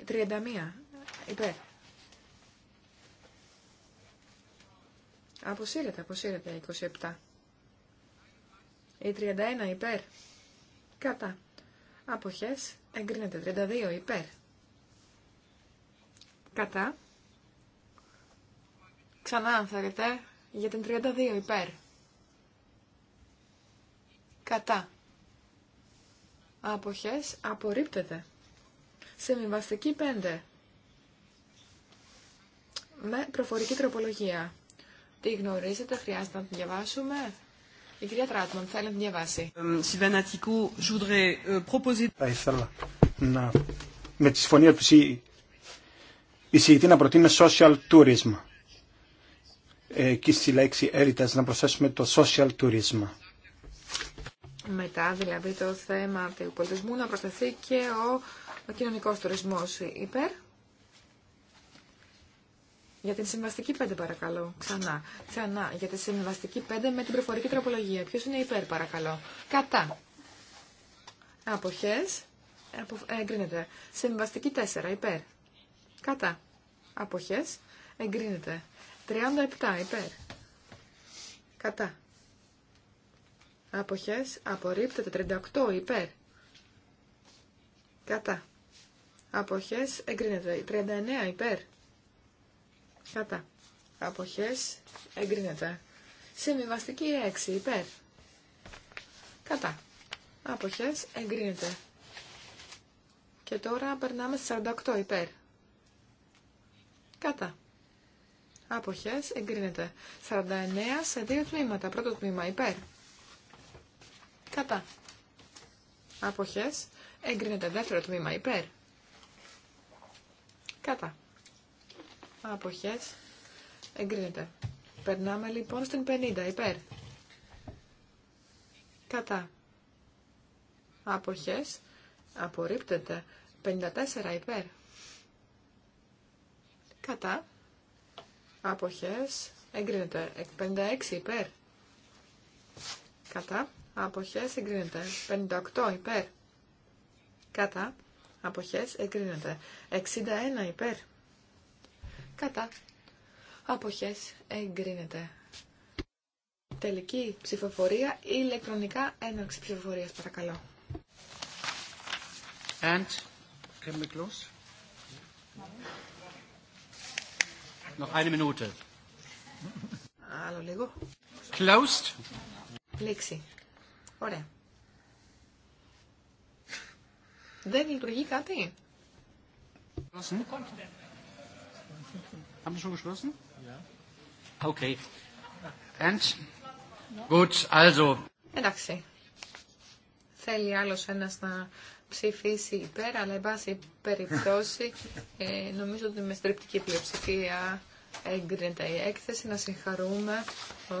31 υπέρ. Αποσύρεται, αποσύρεται 27. Η 31 υπέρ. Κατά. Αποχές. Εγκρίνεται 32 υπέρ. Κατά. Ξανά θα θέλετε για την 32 υπέρ κατά αποχές απορρίπτεται. Σεμιβαστική 5 με προφορική τροπολογία. Τη γνωρίζετε, χρειάζεται να τη διαβάσουμε. Η κυρία Τράτμαν θέλει να τη διαβάσει. Ε, Θα ήθελα να, με τη συμφωνία του εισηγητή να προτείνει social tourism. Εκεί στη λέξη έρητας να προσθέσουμε το social tourism μετά δηλαδή το θέμα του πολιτισμού να προσταθεί και ο, ο κοινωνικός τουρισμός υπέρ. Για την συμβαστική 5 παρακαλώ. Ξανά. Ξανά. Για τη συμβαστική 5 με την προφορική τροπολογία. Ποιος είναι υπέρ παρακαλώ. Κατά. Αποχές. Εγκρίνεται. Συμβαστική 4 υπέρ. Κατά. Αποχές. Εγκρίνεται. 37 υπέρ. Κατά. Αποχές απορρίπτεται 38 υπέρ. Κατά. Αποχές εγκρίνεται 39 υπέρ. Κατά. Αποχές εγκρίνεται. Συμβιβαστική 6 υπέρ. Κατά. Αποχές εγκρίνεται. Και τώρα περνάμε στις 48 υπέρ. Κατά. Αποχές εγκρίνεται. 49 σε δύο τμήματα. Πρώτο τμήμα υπέρ. Κατά. Αποχές. Εγκρίνεται δεύτερο τμήμα υπέρ. Κατά. Αποχές. Εγκρίνεται. Περνάμε λοιπόν στην 50 υπέρ. Κατά. Αποχές. Απορρίπτεται. 54 υπέρ. Κατά. Αποχές. Εγκρίνεται. 56 υπέρ. Κατά αποχές εγκρίνεται. 58 υπέρ. Κατά. Αποχές εγκρίνεται. 61 υπέρ. Κατά. Αποχές εγκρίνεται. Τελική ψηφοφορία ηλεκτρονικά έναρξη ψηφοφορίας παρακαλώ. And can we close? Noch eine Minute. Άλλο λίγο. Closed. Λήξη. Ωραία. Δεν λειτουργεί κάτι. Εντάξει. Θέλει άλλο ένα να ψηφίσει υπέρ, αλλά εν πάση περιπτώσει ε, νομίζω ότι με στριπτική πλειοψηφία εγκρίνεται η έκθεση, να συγχαρούμε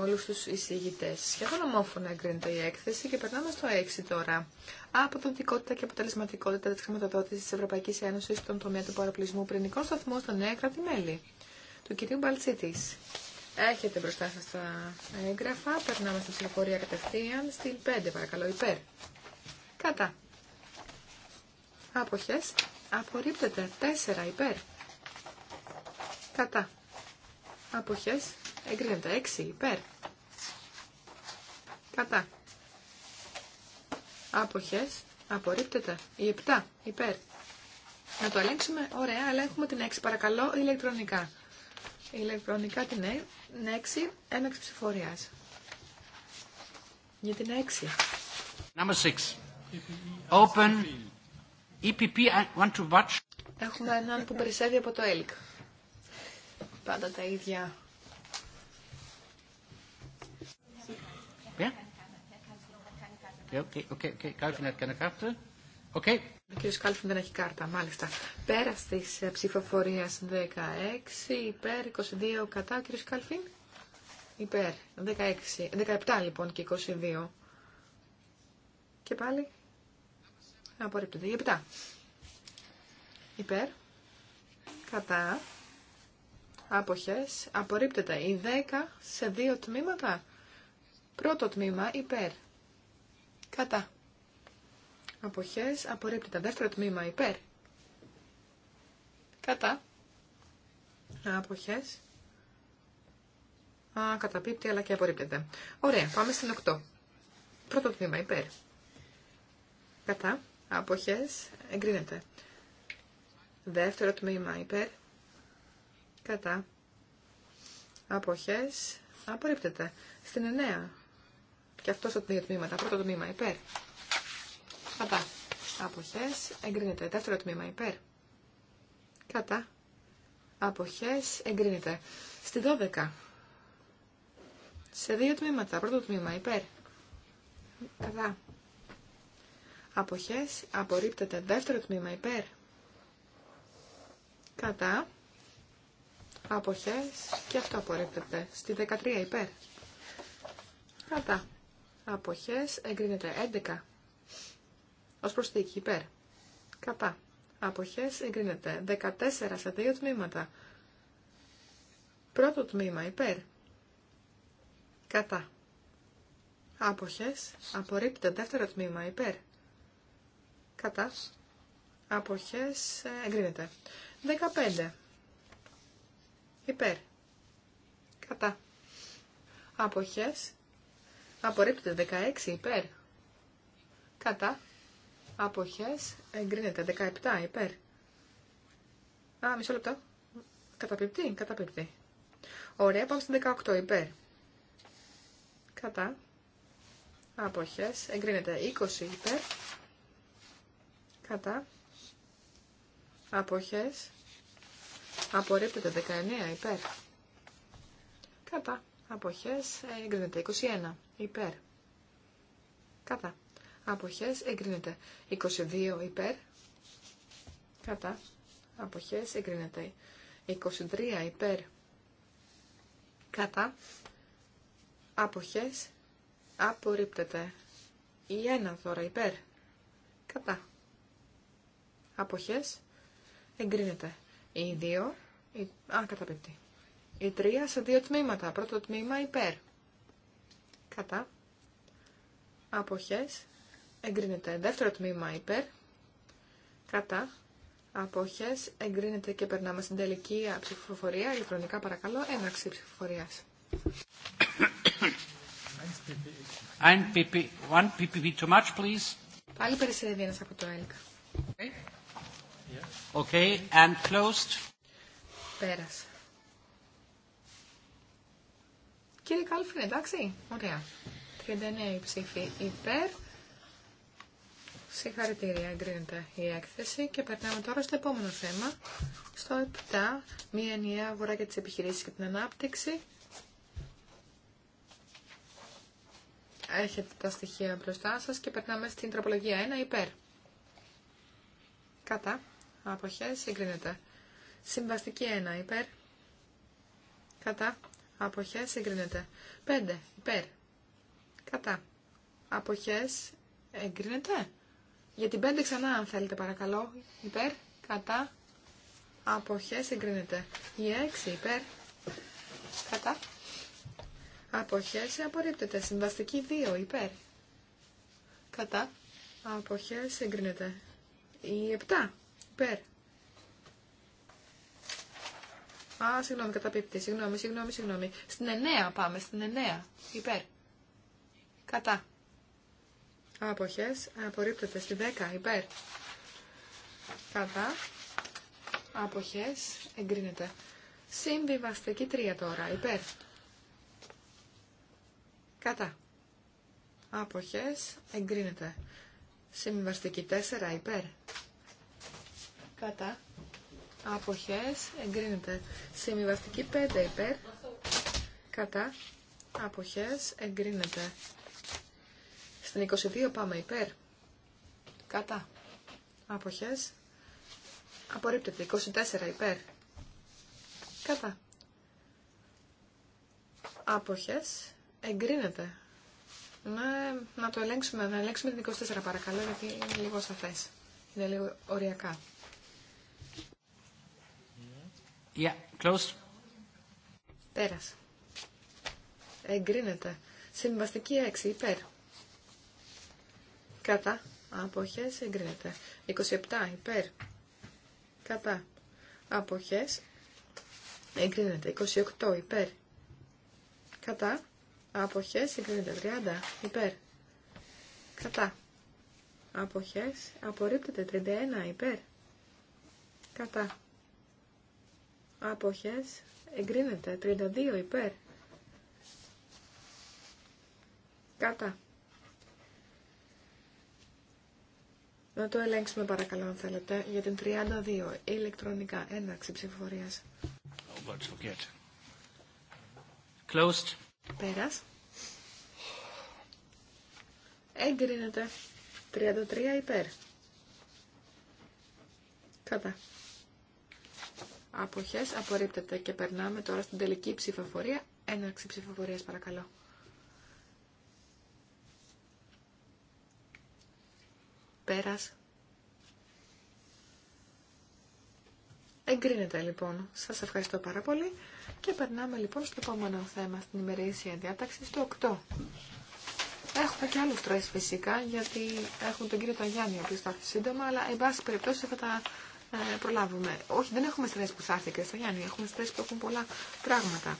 όλους τους εισηγητές. Σχεδόν ομόφωνα εγκρίνεται η έκθεση και περνάμε στο 6 τώρα. Αποδοτικότητα και αποτελεσματικότητα της χρηματοδότησης της Ευρωπαϊκής Ένωσης στον τομέα του παραπλησμού πυρηνικών σταθμών στα νέα κράτη-μέλη. Του κ. Μπαλτσίτης. Έχετε μπροστά σας τα έγγραφα. Περνάμε στην ψηφοφορία κατευθείαν. Στην 5 παρακαλώ υπέρ. Κατά. Αποχές. Απορρίπτεται. 4 υπέρ. Κατά. Αποχές. Εγκρίνεται. 6 υπέρ. Κατά. Αποχές. Απορρίπτεται. Η 7 υπέρ. Να το ελέγξουμε. Ωραία. έχουμε την 6. Παρακαλώ ηλεκτρονικά. Ηλεκτρονικά την 6. Ε- Έναξη ψηφορίας. Για την 6. Number 6. Open. EPP, I uh, want to watch. Έχουμε έναν που περισσεύει από το ΕΛΚ πάντα τα ίδια. Ο κ. Κάλφιν δεν έχει κάρτα, μάλιστα. Πέρα τη ε, ψηφοφορία 16, υπέρ 22 κατά, ο κ. Κάλφιν. Υπέρ 16, 17 λοιπόν και 22. Και πάλι. Απορρίπτεται, 7. Υπέρ. Κατά αποχές απορρίπτεται. Η 10 σε δύο τμήματα. Πρώτο τμήμα υπέρ. Κατά. Αποχές απορρίπτεται. Δεύτερο τμήμα υπέρ. Κατά. Αποχές. Α, καταπίπτει αλλά και απορρίπτεται. Ωραία, πάμε στην 8. Πρώτο τμήμα υπέρ. Κατά. Αποχές εγκρίνεται. Δεύτερο τμήμα υπέρ κατά αποχές απορρίπτεται. Στην εννέα. Και αυτό στα δύο τμήματα. Πρώτο τμήμα υπέρ. Κατά αποχές εγκρίνεται. Δεύτερο τμήμα υπέρ. Κατά αποχές εγκρίνεται. Στη δώδεκα Σε δύο τμήματα. Πρώτο τμήμα υπέρ. Κατά. Αποχές απορρίπτεται. Δεύτερο τμήμα υπέρ. Κατά αποχές και αυτό απορρίπτεται. Στη 13 υπέρ. Κατά. Αποχές εγκρίνεται 11. Ως προσθήκη υπέρ. Κατά. Αποχές εγκρίνεται 14 σε δύο τμήματα. Πρώτο τμήμα υπέρ. Κατά. Άποχες. Απορρίπτεται δεύτερο τμήμα υπέρ. Κατά. Άποχες. Εγκρίνεται. 15. Υπέρ. Κατά. Αποχές. Απορρίπτεται 16 υπέρ. Κατά. Αποχές. Εγκρίνεται 17 υπέρ. Α, μισό λεπτό. Καταπληκτή, καταπληκτή. Ωραία, πάμε στην 18 υπέρ. Κατά. Αποχές. Εγκρίνεται 20 υπέρ. Κατά. Αποχές. Απορρίπτεται 19 υπέρ. Κατά. Αποχές εγκρίνεται 21 υπέρ. Κατά. Αποχές εγκρίνεται 22 υπέρ. Κατά. Αποχές εγκρίνεται 23 υπέρ. Κατά. Αποχές απορρίπτεται. Η 1 τώρα υπέρ. Κατά. Αποχές εγκρίνεται. Η δύο, Η... Α, Οι Η τρία σε δύο τμήματα. Πρώτο τμήμα υπέρ. Κατά. Αποχές. Εγκρίνεται. Δεύτερο τμήμα υπέρ. Κατά. Αποχές. Εγκρίνεται και περνάμε στην τελική ψηφοφορία. Ηλεκτρονικά παρακαλώ. έναξη ψηφοφορίας. One one too much, please. Πάλι περισσεύει ένας από το ΕΛΚ. Okay, and closed. Πέρασε. Κύριε Κάλφιν, εντάξει, ωραία. 39 ψήφοι υπέρ. Συγχαρητήρια, εγκρίνεται η έκθεση και περνάμε τώρα στο επόμενο θέμα, στο 7, μία ενιαία αγορά για τις επιχειρήσεις και την ανάπτυξη. Έχετε τα στοιχεία μπροστά σας και περνάμε στην τροπολογία 1, υπέρ. Κατά αποχές συγκρίνεται. Συμβαστική 1 υπέρ, κατά, απόχέ εγκρίνεται. 5 υπέρ, κατά, Αποχέ. εγκρίνεται. Για την 5 ξανά αν θέλετε παρακαλώ, υπέρ, κατά, απόχέ εγκρίνεται. Η 6 υπέρ, κατά, αποχές απορρίπτεται. Συμβαστική 2 υπέρ, κατά, Αποχέ εγκρίνεται. Η 7 Υπέρ. Α, συγγνώμη, καταπίπτει. Συγγνώμη, συγγνώμη, συγγνώμη. Στην 9 πάμε, στην 9. Υπέρ. Κατά. Αποχέ, Απορρίπτεται. Στην 10. Υπέρ. Κατά. άποχέ, Εγκρίνεται. Συμβιβαστική 3 τώρα. Υπέρ. Κατά. Αποχέ, Εγκρίνεται. Συμβιβαστική 4. Υπέρ κατά αποχές εγκρίνεται. Συμβιβαστική 5 υπέρ κατά αποχές εγκρίνεται. Στην 22 πάμε υπέρ κατά αποχές απορρίπτεται. 24 υπέρ κατά άποχες εγκρίνεται. Ναι, να το ελέγξουμε, να ελέγξουμε την 24 παρακαλώ, γιατί είναι λίγο σαφές. Είναι λίγο οριακά. Yeah, Πέρασε. Εγκρίνεται. Συμβαστική 6 υπέρ. Κατά. Αποχές εγκρίνεται. 27 υπέρ. Κατά. Αποχές εγκρίνεται. 28 υπέρ. Κατά. Αποχές εγκρίνεται. 30 υπέρ. Κατά. Αποχές απορρίπτεται. 31 υπέρ. Κατά. Αποχές. Εγκρίνεται. 32 υπέρ. Κατά. Να το ελέγξουμε παρακαλώ αν θέλετε για την 32 ηλεκτρονικά έναξη ψηφοφορίας. Oh, Closed. Πέρας. Εγκρίνεται. 33 υπέρ. Κατά. Αποχές απορρίπτεται και περνάμε τώρα στην τελική ψηφοφορία. Έναρξη ψηφοφορίας παρακαλώ. Πέρας. Εγκρίνεται λοιπόν. Σας ευχαριστώ πάρα πολύ και περνάμε λοιπόν στο επόμενο θέμα στην ημερήσια διάταξη στο 8. Έχουμε και άλλους τρεις φυσικά γιατί έχουν τον κύριο Ταγιάννη ο οποίος θα έρθει σύντομα αλλά εν πάση περιπτώσει θα τα ε, προλάβουμε. Όχι, δεν έχουμε στρες που θα έρθει και Γιάννη, έχουμε στρες που έχουν πολλά πράγματα.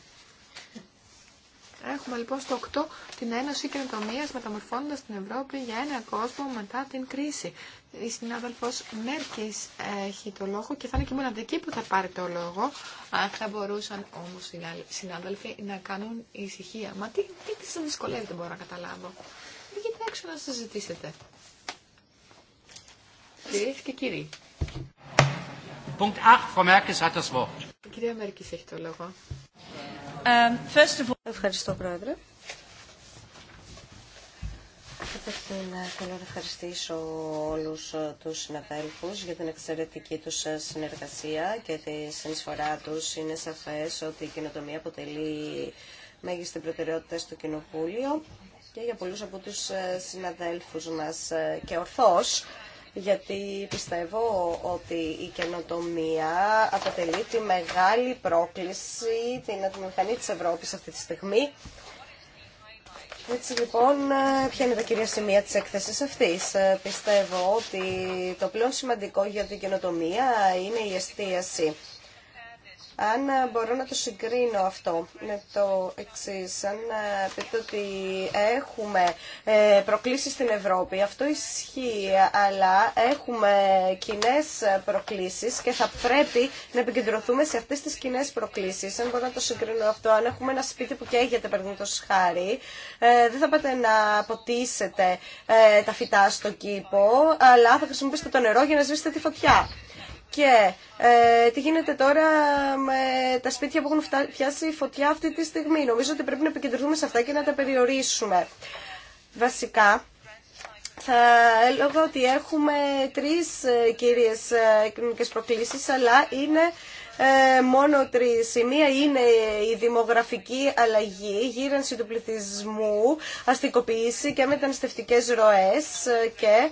Έχουμε λοιπόν στο 8 την Ένωση κεντομία μεταμορφώνοντα την Ευρώπη για ένα κόσμο μετά την κρίση. Η συνάδελφο Μέρκη έχει το λόγο και θα είναι και η μοναδική που θα πάρει το λόγο. Αν θα μπορούσαν όμω οι συνάδελφοι να κάνουν ησυχία. Μα τι, τι σα δυσκολεύεται μπορώ να καταλάβω. Βγείτε έξω να συζητήσετε. Κυρίε και κύριοι κυρία Μέρκης έχει το λόγο. Um, Ευχαριστώ, Πρόεδρε. Καταρχήν, θέλω να ευχαριστήσω όλους ε, τους συναδέλφους για την εξαιρετική τους ε, συνεργασία και τη συνεισφορά τους. Είναι σαφές ότι η κοινοτομία αποτελεί μέγιστη προτεραιότητα στο Κοινοβούλιο και για πολλούς από τους ε, συναδέλφους μας και ορθώς γιατί πιστεύω ότι η καινοτομία αποτελεί τη μεγάλη πρόκληση, την μηχανή της Ευρώπης αυτή τη στιγμή. Έτσι λοιπόν, ποια είναι τα κυρία σημεία της έκθεσης αυτής. Ε, πιστεύω ότι το πλέον σημαντικό για την καινοτομία είναι η εστίαση αν μπορώ να το συγκρίνω αυτό με το εξή, αν ε, πείτε ότι έχουμε ε, προκλήσεις στην Ευρώπη, αυτό ισχύει, αλλά έχουμε κοινέ προκλήσεις και θα πρέπει να επικεντρωθούμε σε αυτές τις κοινέ προκλήσεις. Αν μπορώ να το συγκρίνω αυτό, αν έχουμε ένα σπίτι που καίγεται, παραδείγματο χάρη, ε, δεν θα πάτε να ποτίσετε τα φυτά στο κήπο, αλλά θα χρησιμοποιήσετε το νερό για να σβήσετε τη φωτιά. Και ε, τι γίνεται τώρα με τα σπίτια που έχουν φτιάσει φωτιά αυτή τη στιγμή. Νομίζω ότι πρέπει να επικεντρωθούμε σε αυτά και να τα περιορίσουμε. Βασικά, θα έλεγα ότι έχουμε τρεις ε, κύριες ε, κοινωνικές προκλήσεις, αλλά είναι μόνο τρεις. Η μία είναι η δημογραφική αλλαγή, η γύρανση του πληθυσμού, αστικοποίηση και μεταναστευτικές ροές και...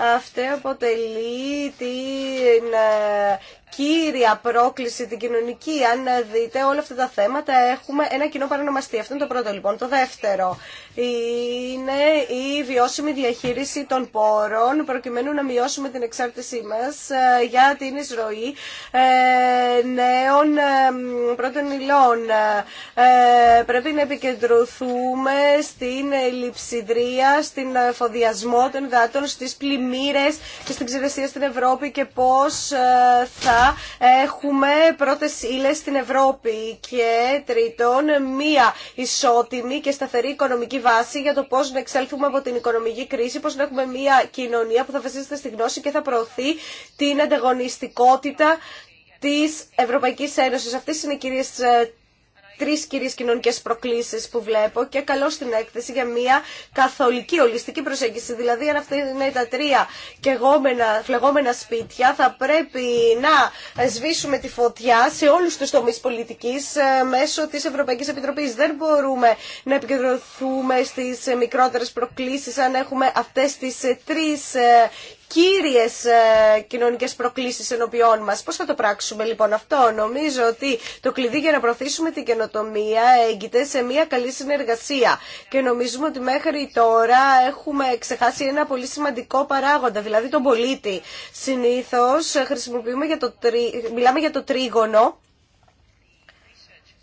Αυτό αποτελεί την ε, κύρια πρόκληση την κοινωνική. Αν δείτε όλα αυτά τα θέματα έχουμε ένα κοινό παρανομαστή. Αυτό είναι το πρώτο λοιπόν. Το δεύτερο είναι η βιώσιμη διαχείριση των πόρων προκειμένου να μειώσουμε την εξάρτησή μας ε, για την εισρωή ε, νέων ε, πρώτων υλών. Πρέπει να επικεντρωθούμε στην λειψιδρία, στην φοδιασμό των υδάτων, στι πλημμύρε και στην ξηρεσία στην Ευρώπη και πώς θα έχουμε πρώτες ύλες στην Ευρώπη και τρίτον μία ισότιμη και σταθερή οικονομική βάση για το πώς να εξέλθουμε από την οικονομική κρίση, πώς να έχουμε μία κοινωνία που θα βασίζεται στη γνώση και θα προωθεί την ανταγωνιστικότητα της Ευρωπαϊκής Ένωσης. Αυτές είναι οι κυρίες ε, Τρει κυρίε κοινωνικέ προκλήσεις που βλέπω και καλώ στην έκθεση για μια καθολική ολιστική προσέγγιση. Δηλαδή αν αυτά είναι τα τρία κεγόμενα, φλεγόμενα σπίτια θα πρέπει να σβήσουμε τη φωτιά σε όλους τους τομείς πολιτικής ε, μέσω της Ευρωπαϊκής Επιτροπής. Δεν μπορούμε να επικεντρωθούμε στις μικρότερες προκλήσει αν έχουμε αυτέ τι ε, τρει. Ε, κύριες ε, κοινωνικές προκλήσεις ενωπιών μας. Πώς θα το πράξουμε λοιπόν αυτό. Νομίζω ότι το κλειδί για να προωθήσουμε την καινοτομία έγκυται σε μια καλή συνεργασία. Και νομίζουμε ότι μέχρι τώρα έχουμε ξεχάσει ένα πολύ σημαντικό παράγοντα, δηλαδή τον πολίτη. Συνήθως ε, χρησιμοποιούμε για το μιλάμε για το τρίγωνο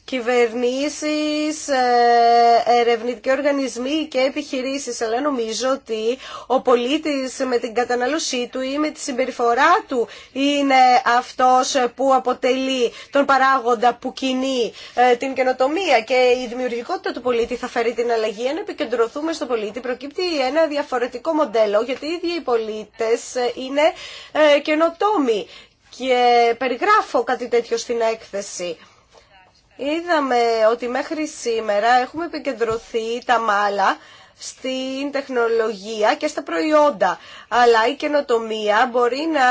κυβερνήσεις, ε, ερευνητικοί οργανισμοί και επιχειρήσεις. Αλλά νομίζω ότι ο πολίτης με την κατανάλωσή του ή με τη συμπεριφορά του είναι αυτός που αποτελεί τον παράγοντα που κινεί ε, την καινοτομία και η δημιουργικότητα του πολίτη θα φέρει την αλλαγή. Αν επικεντρωθούμε στον πολίτη προκύπτει ένα διαφορετικό μοντέλο γιατί οι ίδιοι οι πολίτες ε, είναι καινοτόμοι και περιγράφω κάτι τέτοιο στην έκθεση. Είδαμε ότι μέχρι σήμερα έχουμε επικεντρωθεί τα μάλα στην τεχνολογία και στα προϊόντα. Αλλά η καινοτομία μπορεί να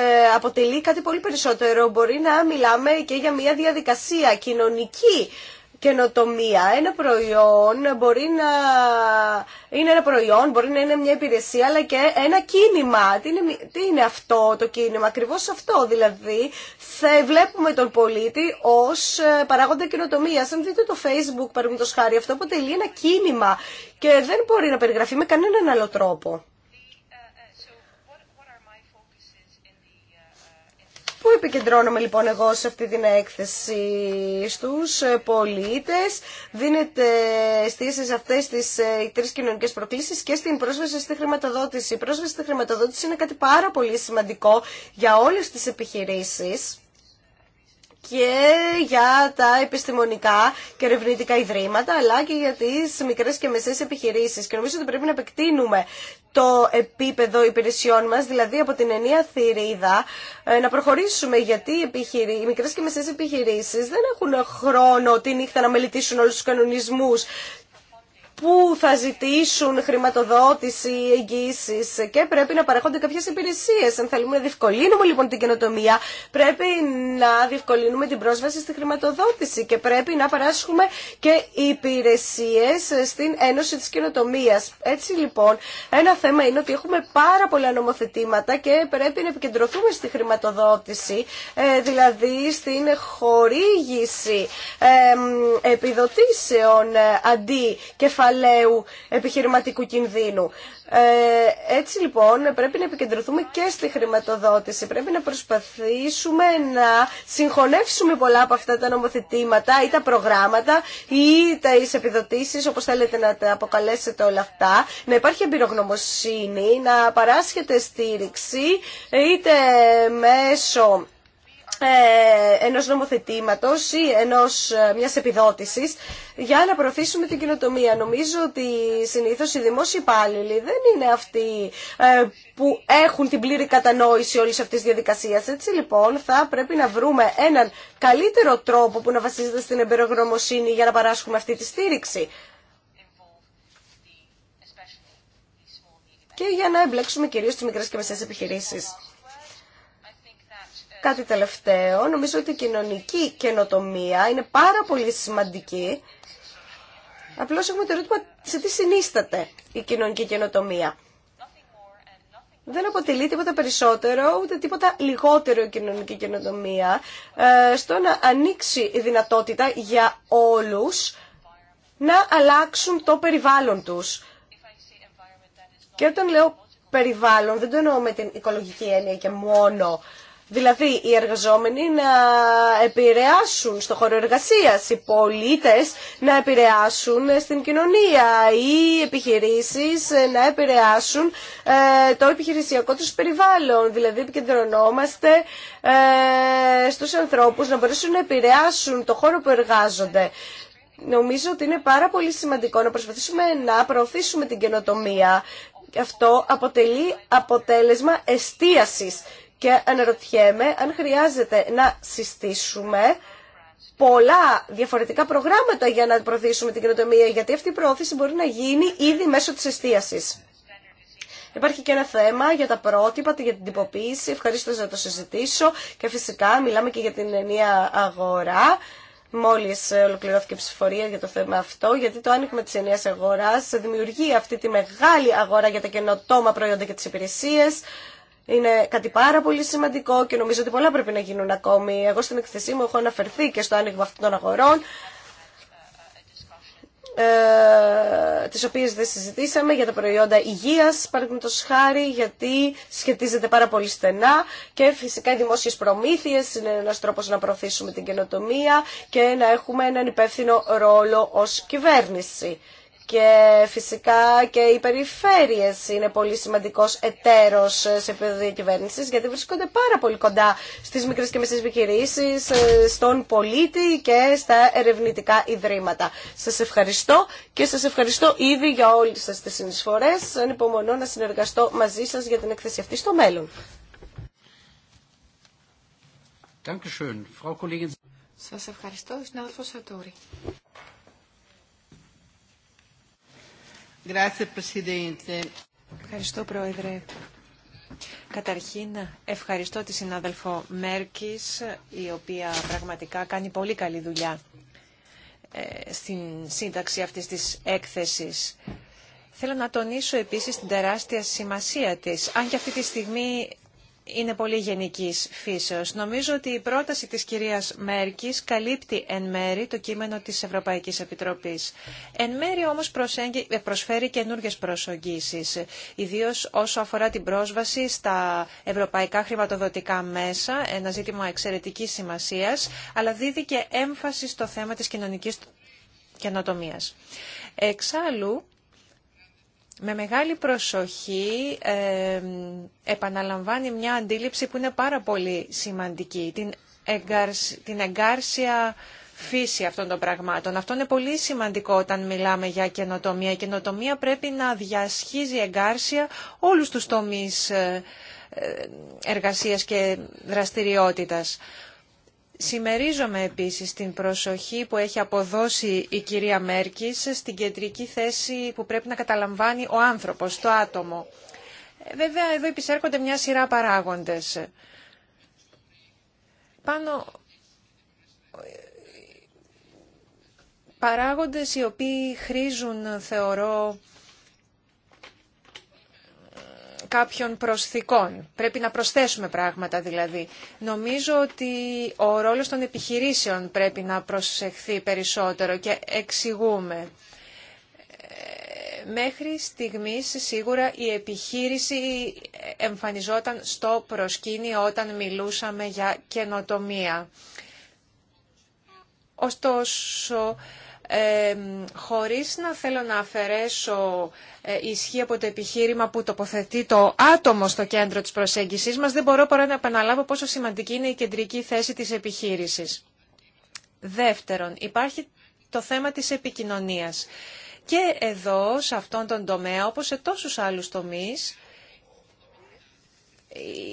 ε, αποτελεί κάτι πολύ περισσότερο. Μπορεί να μιλάμε και για μια διαδικασία κοινωνική καινοτομία. Ένα προϊόν μπορεί να είναι ένα προϊόν, μπορεί να είναι μια υπηρεσία, αλλά και ένα κίνημα. Τι είναι, τι είναι αυτό το κίνημα, ακριβώ αυτό δηλαδή. Θα βλέπουμε τον πολίτη ω ε, παράγοντα καινοτομία. Αν δείτε το Facebook, παραδείγματο χάρη, αυτό αποτελεί ένα κίνημα και δεν μπορεί να περιγραφεί με κανέναν άλλο τρόπο. Πού επικεντρώνομαι λοιπόν εγώ σε αυτή την έκθεση στους ε, πολίτες, δίνεται στήσεις αυτές τις ε, τρεις κοινωνικές προκλήσεις και στην πρόσβαση στη χρηματοδότηση. Η πρόσβαση στη χρηματοδότηση είναι κάτι πάρα πολύ σημαντικό για όλες τις επιχειρήσεις και για τα επιστημονικά και ερευνητικά ιδρύματα, αλλά και για τι μικρέ και μεσέ επιχειρήσεις. Και νομίζω ότι πρέπει να επεκτείνουμε το επίπεδο υπηρεσιών μας, δηλαδή από την ενία θηρίδα, ε, να προχωρήσουμε γιατί οι, επιχειρή... μικρές και μεσέ επιχειρήσεις δεν έχουν χρόνο τη νύχτα να μελετήσουν όλους τους κανονισμού που θα ζητήσουν χρηματοδότηση, εγγύσει και πρέπει να παρέχονται κάποιε υπηρεσίε. Αν θέλουμε να διευκολύνουμε λοιπόν την καινοτομία, πρέπει να διευκολύνουμε την πρόσβαση στη χρηματοδότηση και πρέπει να παράσχουμε και υπηρεσίε στην Ένωση τη Καινοτομία. Έτσι λοιπόν, ένα θέμα είναι ότι έχουμε πάρα πολλά νομοθετήματα και πρέπει να επικεντρωθούμε στη χρηματοδότηση, ε, δηλαδή στην χορήγηση ε, επιδοτήσεων ε, αντί κεφαλαίων κεφαλαίου επιχειρηματικού κινδύνου. Ε, έτσι λοιπόν πρέπει να επικεντρωθούμε και στη χρηματοδότηση. Πρέπει να προσπαθήσουμε να συγχωνεύσουμε πολλά από αυτά τα νομοθετήματα ή τα προγράμματα ή τα επιδοτήσει όπως θέλετε να τα αποκαλέσετε όλα αυτά. Να υπάρχει εμπειρογνωμοσύνη, να παράσχεται στήριξη είτε μέσω ε, ενός νομοθετήματος ή ενός, ε, μιας επιδότησης για να προωθήσουμε την κοινοτομία. Νομίζω ότι συνήθως οι δημόσιοι υπάλληλοι δεν είναι αυτοί ε, που έχουν την πλήρη κατανόηση όλης αυτής της διαδικασίας. Έτσι λοιπόν θα πρέπει να βρούμε έναν καλύτερο τρόπο που να βασίζεται στην εμπειρογνωμοσύνη για να παράσχουμε αυτή τη στήριξη. και για να εμπλέξουμε κυρίως τις μικρές και μεσαίες επιχειρήσεις. Κάτι τελευταίο, νομίζω ότι η κοινωνική καινοτομία είναι πάρα πολύ σημαντική. Απλώς έχουμε το ερώτημα σε τι συνίσταται η κοινωνική καινοτομία. Δεν αποτελεί τίποτα περισσότερο, ούτε τίποτα λιγότερο η κοινωνική καινοτομία ε, στο να ανοίξει η δυνατότητα για όλους να αλλάξουν το περιβάλλον τους. Και όταν λέω περιβάλλον δεν το εννοώ με την οικολογική έννοια και μόνο δηλαδή οι εργαζόμενοι να επηρεάσουν στο χώρο εργασία. οι πολίτες να επηρεάσουν στην κοινωνία, οι επιχειρήσεις να επηρεάσουν ε, το επιχειρησιακό τους περιβάλλον. Δηλαδή επικεντρωνόμαστε ε, στους ανθρώπους να μπορέσουν να επηρεάσουν το χώρο που εργάζονται. Νομίζω ότι είναι πάρα πολύ σημαντικό να προσπαθήσουμε να προωθήσουμε την καινοτομία. Αυτό αποτελεί αποτέλεσμα εστίασης και αναρωτιέμαι αν χρειάζεται να συστήσουμε πολλά διαφορετικά προγράμματα για να προωθήσουμε την καινοτομία, γιατί αυτή η προώθηση μπορεί να γίνει ήδη μέσω της εστίασης. Υπάρχει και ένα θέμα για τα πρότυπα, για την τυποποίηση. Ευχαρίστω να το συζητήσω. Και φυσικά μιλάμε και για την ενιαία αγορά. Μόλις ε, ολοκληρώθηκε η ψηφορία για το θέμα αυτό, γιατί το άνοιγμα τη ενιαία αγορά δημιουργεί αυτή τη μεγάλη αγορά για τα καινοτόμα προϊόντα και τις υπηρεσίε. Είναι κάτι πάρα πολύ σημαντικό και νομίζω ότι πολλά πρέπει να γίνουν ακόμη. Εγώ στην εκθεσή μου έχω αναφερθεί και στο άνοιγμα αυτών των αγορών, ε, τις οποίες δεν συζητήσαμε για τα προϊόντα υγείας, παραδείγματος χάρη, γιατί σχετίζεται πάρα πολύ στενά και φυσικά οι δημόσιες προμήθειες είναι ένας τρόπος να προωθήσουμε την καινοτομία και να έχουμε έναν υπεύθυνο ρόλο ως κυβέρνηση και φυσικά και οι περιφέρειες είναι πολύ σημαντικός εταίρος σε επίπεδο διακυβέρνησης γιατί βρίσκονται πάρα πολύ κοντά στις μικρές και μεσές επιχειρήσεις, ε, στον πολίτη και στα ερευνητικά ιδρύματα. Σας ευχαριστώ και σας ευχαριστώ ήδη για όλες σας τις συνεισφορές. Ανυπομονώ να συνεργαστώ μαζί σας για την εκθέση αυτή στο μέλλον. Σας ευχαριστώ, συνάδελφος Σατούρη. Ευχαριστώ, Πρόεδρε. Καταρχήν, ευχαριστώ τη συνάδελφο Μέρκης, η οποία πραγματικά κάνει πολύ καλή δουλειά ε, στην σύνταξη αυτής της έκθεσης. Θέλω να τονίσω επίσης την τεράστια σημασία της, αν και αυτή τη στιγμή είναι πολύ γενική φύσεως. Νομίζω ότι η πρόταση της κυρίας Μέρκη καλύπτει εν μέρη το κείμενο της Ευρωπαϊκής Επιτροπή. Εν μέρη όμως ε, προσφέρει καινούργιε προσογγίσεις, ιδίως όσο αφορά την πρόσβαση στα ευρωπαϊκά χρηματοδοτικά μέσα, ένα ζήτημα εξαιρετικής σημασίας, αλλά δίδει και έμφαση στο θέμα τη κοινωνική καινοτομία. Εξάλλου, με μεγάλη προσοχή ε, επαναλαμβάνει μια αντίληψη που είναι πάρα πολύ σημαντική, την, την εγκάρσια φύση αυτών των πραγμάτων. Αυτό είναι πολύ σημαντικό όταν μιλάμε για καινοτομία. Η καινοτομία πρέπει να διασχίζει εγκάρσια όλους τους τομείς ε, ε, εργασίας και δραστηριότητας. Σημερίζομαι επίσης την προσοχή που έχει αποδώσει η κυρία Μέρκης στην κεντρική θέση που πρέπει να καταλαμβάνει ο άνθρωπος, το άτομο. Ε, βέβαια, εδώ επισέρχονται μια σειρά παράγοντες. Πάνω ε, παράγοντες οι οποίοι χρήζουν, θεωρώ, κάποιων προσθήκων. Πρέπει να προσθέσουμε πράγματα δηλαδή. Νομίζω ότι ο ρόλος των επιχειρήσεων πρέπει να προσεχθεί περισσότερο και εξηγούμε. Ε, μέχρι στιγμής σίγουρα η επιχείρηση εμφανιζόταν στο προσκήνιο όταν μιλούσαμε για καινοτομία. Ωστόσο, ε, χωρίς να θέλω να αφαιρέσω ε, ισχύ από το επιχείρημα που τοποθετεί το άτομο στο κέντρο της προσέγγισης μας, δεν μπορώ παρά να επαναλάβω πόσο σημαντική είναι η κεντρική θέση της επιχείρησης. Δεύτερον, υπάρχει το θέμα της επικοινωνίας. Και εδώ, σε αυτόν τον τομέα, όπως σε τόσους άλλους τομείς,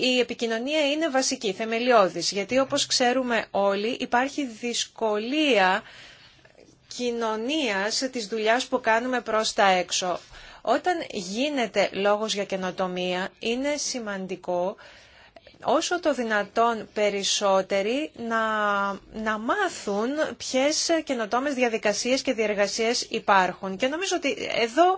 η επικοινωνία είναι βασική, θεμελιώδης, γιατί όπως ξέρουμε όλοι υπάρχει δυσκολία κοινωνίας της δουλειάς που κάνουμε προς τα έξω. Όταν γίνεται λόγος για καινοτομία, είναι σημαντικό όσο το δυνατόν περισσότεροι να, να μάθουν ποιες καινοτόμες διαδικασίες και διεργασίες υπάρχουν. Και νομίζω ότι εδώ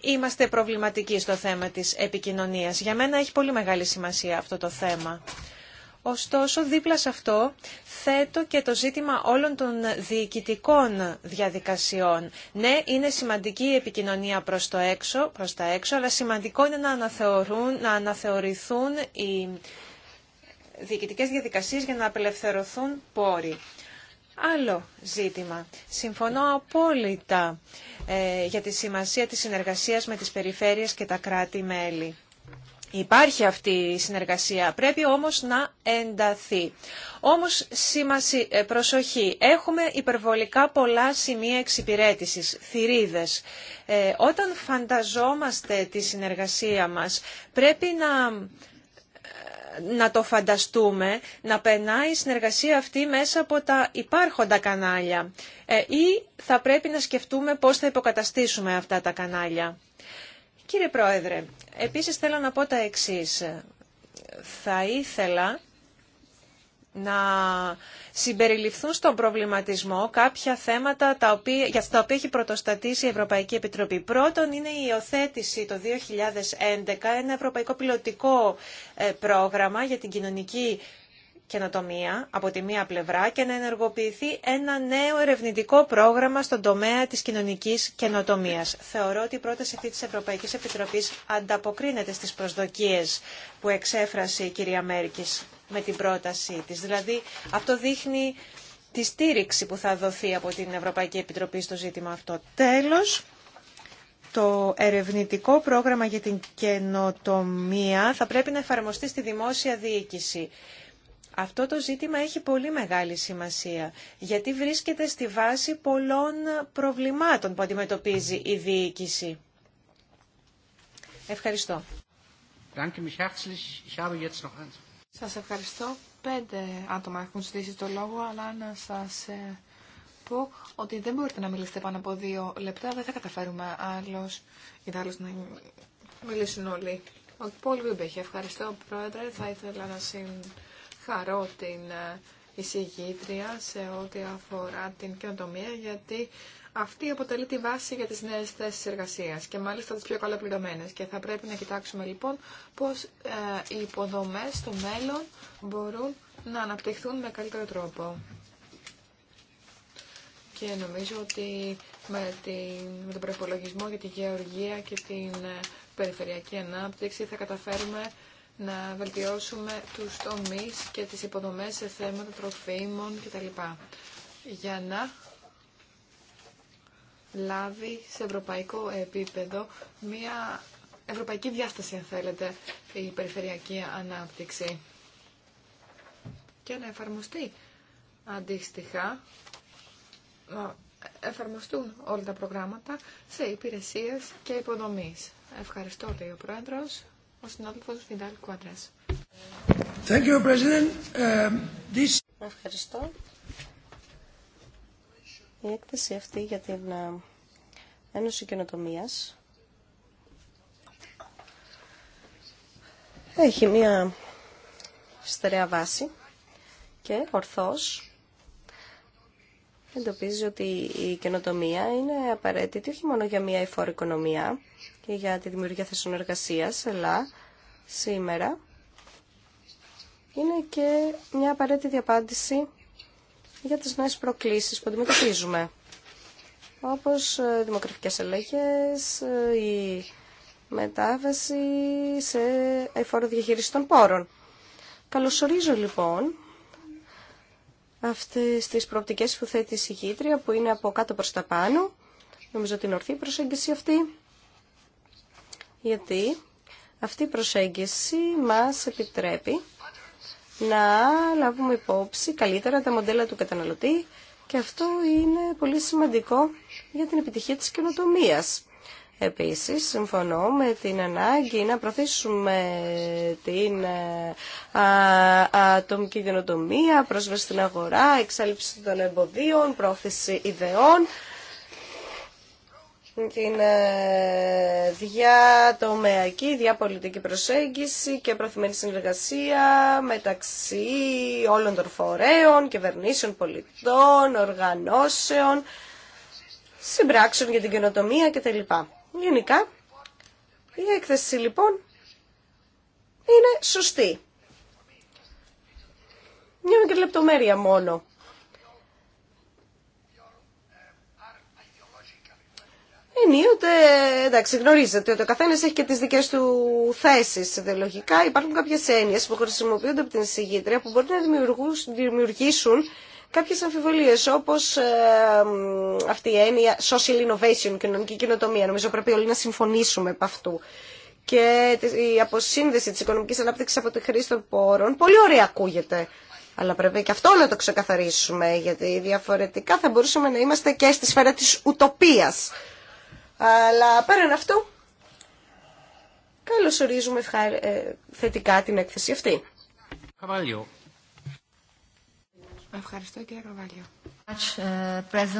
είμαστε προβληματικοί στο θέμα της επικοινωνίας. Για μένα έχει πολύ μεγάλη σημασία αυτό το θέμα. Ωστόσο, δίπλα σε αυτό θέτω και το ζήτημα όλων των διοικητικών διαδικασιών. Ναι, είναι σημαντική η επικοινωνία προς, το έξω, προς τα έξω, αλλά σημαντικό είναι να, αναθεωρούν, να αναθεωρηθούν οι διοικητικές διαδικασίες για να απελευθερωθούν πόροι. Άλλο ζήτημα. Συμφωνώ απόλυτα ε, για τη σημασία της συνεργασίας με τις περιφέρειες και τα κράτη-μέλη. Υπάρχει αυτή η συνεργασία, πρέπει όμως να ενταθεί. Όμως σήμαση, ε, προσοχή, έχουμε υπερβολικά πολλά σημεία εξυπηρέτησης, θηρίδες. Ε, όταν φανταζόμαστε τη συνεργασία μας, πρέπει να ε, να το φανταστούμε, να περνάει η συνεργασία αυτή μέσα από τα υπάρχοντα κανάλια ή θα πρέπει να σκεφτούμε πώς θα υποκαταστήσουμε αυτά τα κανάλια. Κύριε Πρόεδρε, επίσης θέλω να πω τα εξής. Θα ήθελα να συμπεριληφθούν στον προβληματισμό κάποια θέματα τα οποία, για τα οποία έχει πρωτοστατήσει η Ευρωπαϊκή Επιτροπή. Πρώτον είναι η υιοθέτηση το 2011 ένα ευρωπαϊκό πιλωτικό ε, πρόγραμμα για την κοινωνική καινοτομία από τη μία πλευρά και να ενεργοποιηθεί ένα νέο ερευνητικό πρόγραμμα στον τομέα της κοινωνικής καινοτομίας. Θεωρώ ότι η πρόταση αυτή της Ευρωπαϊκής Επιτροπής ανταποκρίνεται στις προσδοκίες που εξέφρασε η κυρία Μέρκης με την πρότασή της. Δηλαδή αυτό δείχνει τη στήριξη που θα δοθεί από την Ευρωπαϊκή Επιτροπή στο ζήτημα αυτό. Τέλος, το ερευνητικό πρόγραμμα για την καινοτομία θα πρέπει να εφαρμοστεί στη δημόσια διοίκηση. Αυτό το ζήτημα έχει πολύ μεγάλη σημασία, γιατί βρίσκεται στη βάση πολλών προβλημάτων που αντιμετωπίζει η διοίκηση. Ευχαριστώ. Σας ευχαριστώ. Πέντε άτομα έχουν στήσει το λόγο, αλλά να σας ε, πω ότι δεν μπορείτε να μιλήσετε πάνω από δύο λεπτά. Δεν θα καταφέρουμε άλλος ή άλλος να μιλήσουν όλοι. Ο Πολ ευχαριστώ πρόεδρε. Θα ήθελα να χαρώ την ε, εισηγήτρια σε ό,τι αφορά την καινοτομία, γιατί αυτή αποτελεί τη βάση για τις νέες θέσεις εργασίας και μάλιστα τις πιο καλοπληρωμένες. Και θα πρέπει να κοιτάξουμε λοιπόν πώς ε, οι υποδομές στο μέλλον μπορούν να αναπτυχθούν με καλύτερο τρόπο. Και νομίζω ότι με, την, με τον προπολογισμό για τη γεωργία και την ε, περιφερειακή ανάπτυξη θα καταφέρουμε να βελτιώσουμε τους τομείς και τις υποδομές σε θέματα τροφίμων κτλ. Για να λάβει σε ευρωπαϊκό επίπεδο μια ευρωπαϊκή διάσταση, αν θέλετε, η περιφερειακή ανάπτυξη και να εφαρμοστεί αντίστοιχα να εφαρμοστούν όλα τα προγράμματα σε υπηρεσίες και υποδομής. Ευχαριστώ, λέει ο Πρόεδρος ο συνάδελφος um, Ευχαριστώ. Η έκθεση αυτή για την ε, Ένωση καινοτομία. έχει μία στερεά βάση και ορθώς εντοπίζει ότι η καινοτομία είναι απαραίτητη όχι μόνο για μία εφορ οικονομία, και για τη δημιουργία θέσεων εργασία, αλλά σήμερα είναι και μια απαραίτητη απάντηση για τις νέες προκλήσεις που αντιμετωπίζουμε, όπως ε, δημοκρατικές ελέγχες, ε, η μετάβαση σε εφόρο διαχείριση των πόρων. Καλωσορίζω λοιπόν αυτές τις προοπτικές που θέτει η συγκήτρια, που είναι από κάτω προς τα πάνω. Νομίζω ότι είναι ορθή η προσέγγιση αυτή γιατί αυτή η προσέγγιση μας επιτρέπει να λάβουμε υπόψη καλύτερα τα μοντέλα του καταναλωτή και αυτό είναι πολύ σημαντικό για την επιτυχία της καινοτομία. Επίσης, συμφωνώ με την ανάγκη να προωθήσουμε την ε, ατομική καινοτομία, πρόσβαση στην αγορά, εξάλληψη των εμποδίων, πρόθεση ιδεών την ε, διατομεακή, διαπολιτική προσέγγιση και προθυμένη συνεργασία μεταξύ όλων των φορέων, κυβερνήσεων, πολιτών, οργανώσεων, συμπράξεων για την καινοτομία κτλ. Γενικά, η έκθεση λοιπόν είναι σωστή. Μια μικρή λεπτομέρεια μόνο ότι, εντάξει, γνωρίζετε ότι ο καθένα έχει και τι δικέ του θέσει. Ιδεολογικά υπάρχουν κάποιε έννοιε που χρησιμοποιούνται από την εισηγήτρια που μπορεί να δημιουργήσουν κάποιε αμφιβολίε, όπω ε, αυτή η έννοια social innovation, κοινωνική κοινοτομία. Νομίζω πρέπει όλοι να συμφωνήσουμε από αυτού. Και η αποσύνδεση τη οικονομική ανάπτυξη από τη χρήση των πόρων πολύ ωραία ακούγεται. Αλλά πρέπει και αυτό να το ξεκαθαρίσουμε, γιατί διαφορετικά θα μπορούσαμε να είμαστε και στη σφαίρα της ουτοπία. Αλλά πέραν αυτού, καλωσορίζουμε ε, θετικά την έκθεση αυτή. Καβάλιο. Ευχαριστώ κύριε Καβάλιο.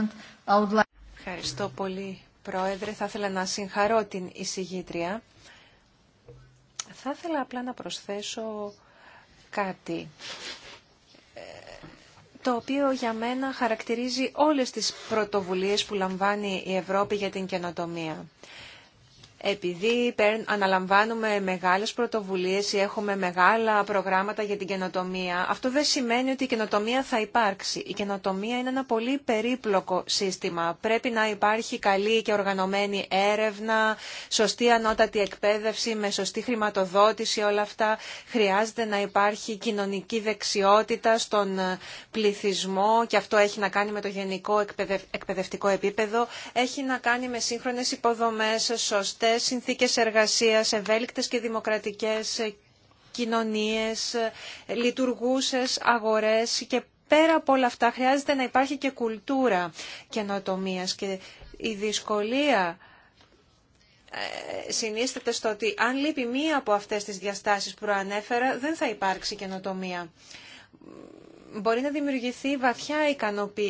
Uh, Ευχαριστώ πολύ Πρόεδρε. Θα ήθελα να συγχαρώ την εισηγήτρια. Θα ήθελα απλά να προσθέσω κάτι το οποίο για μένα χαρακτηρίζει όλες τις πρωτοβουλίες που λαμβάνει η Ευρώπη για την καινοτομία επειδή αναλαμβάνουμε μεγάλες πρωτοβουλίες ή έχουμε μεγάλα προγράμματα για την καινοτομία, αυτό δεν σημαίνει ότι η καινοτομία θα υπάρξει. Η καινοτομία είναι ένα πολύ περίπλοκο σύστημα. Πρέπει να υπάρχει καλή και οργανωμένη έρευνα, σωστή ανώτατη εκπαίδευση με σωστή χρηματοδότηση, όλα αυτά. Χρειάζεται να υπάρχει κοινωνική δεξιότητα στον ε, πληθυσμό και αυτό έχει να κάνει με το γενικό εκπαιδευτικό επίπεδο. Έχει να κάνει με σύγχρονες υποδομές, σωστέ συνθήκες εργασίας, ευέλικτες και δημοκρατικές κοινωνίες, λειτουργούσες αγορές και πέρα από όλα αυτά χρειάζεται να υπάρχει και κουλτούρα καινοτομία και η δυσκολία ε, συνίσταται στο ότι αν λείπει μία από αυτές τις διαστάσεις που προανέφερα δεν θα υπάρξει καινοτομία μπορεί να δημιουργηθεί βαθιά,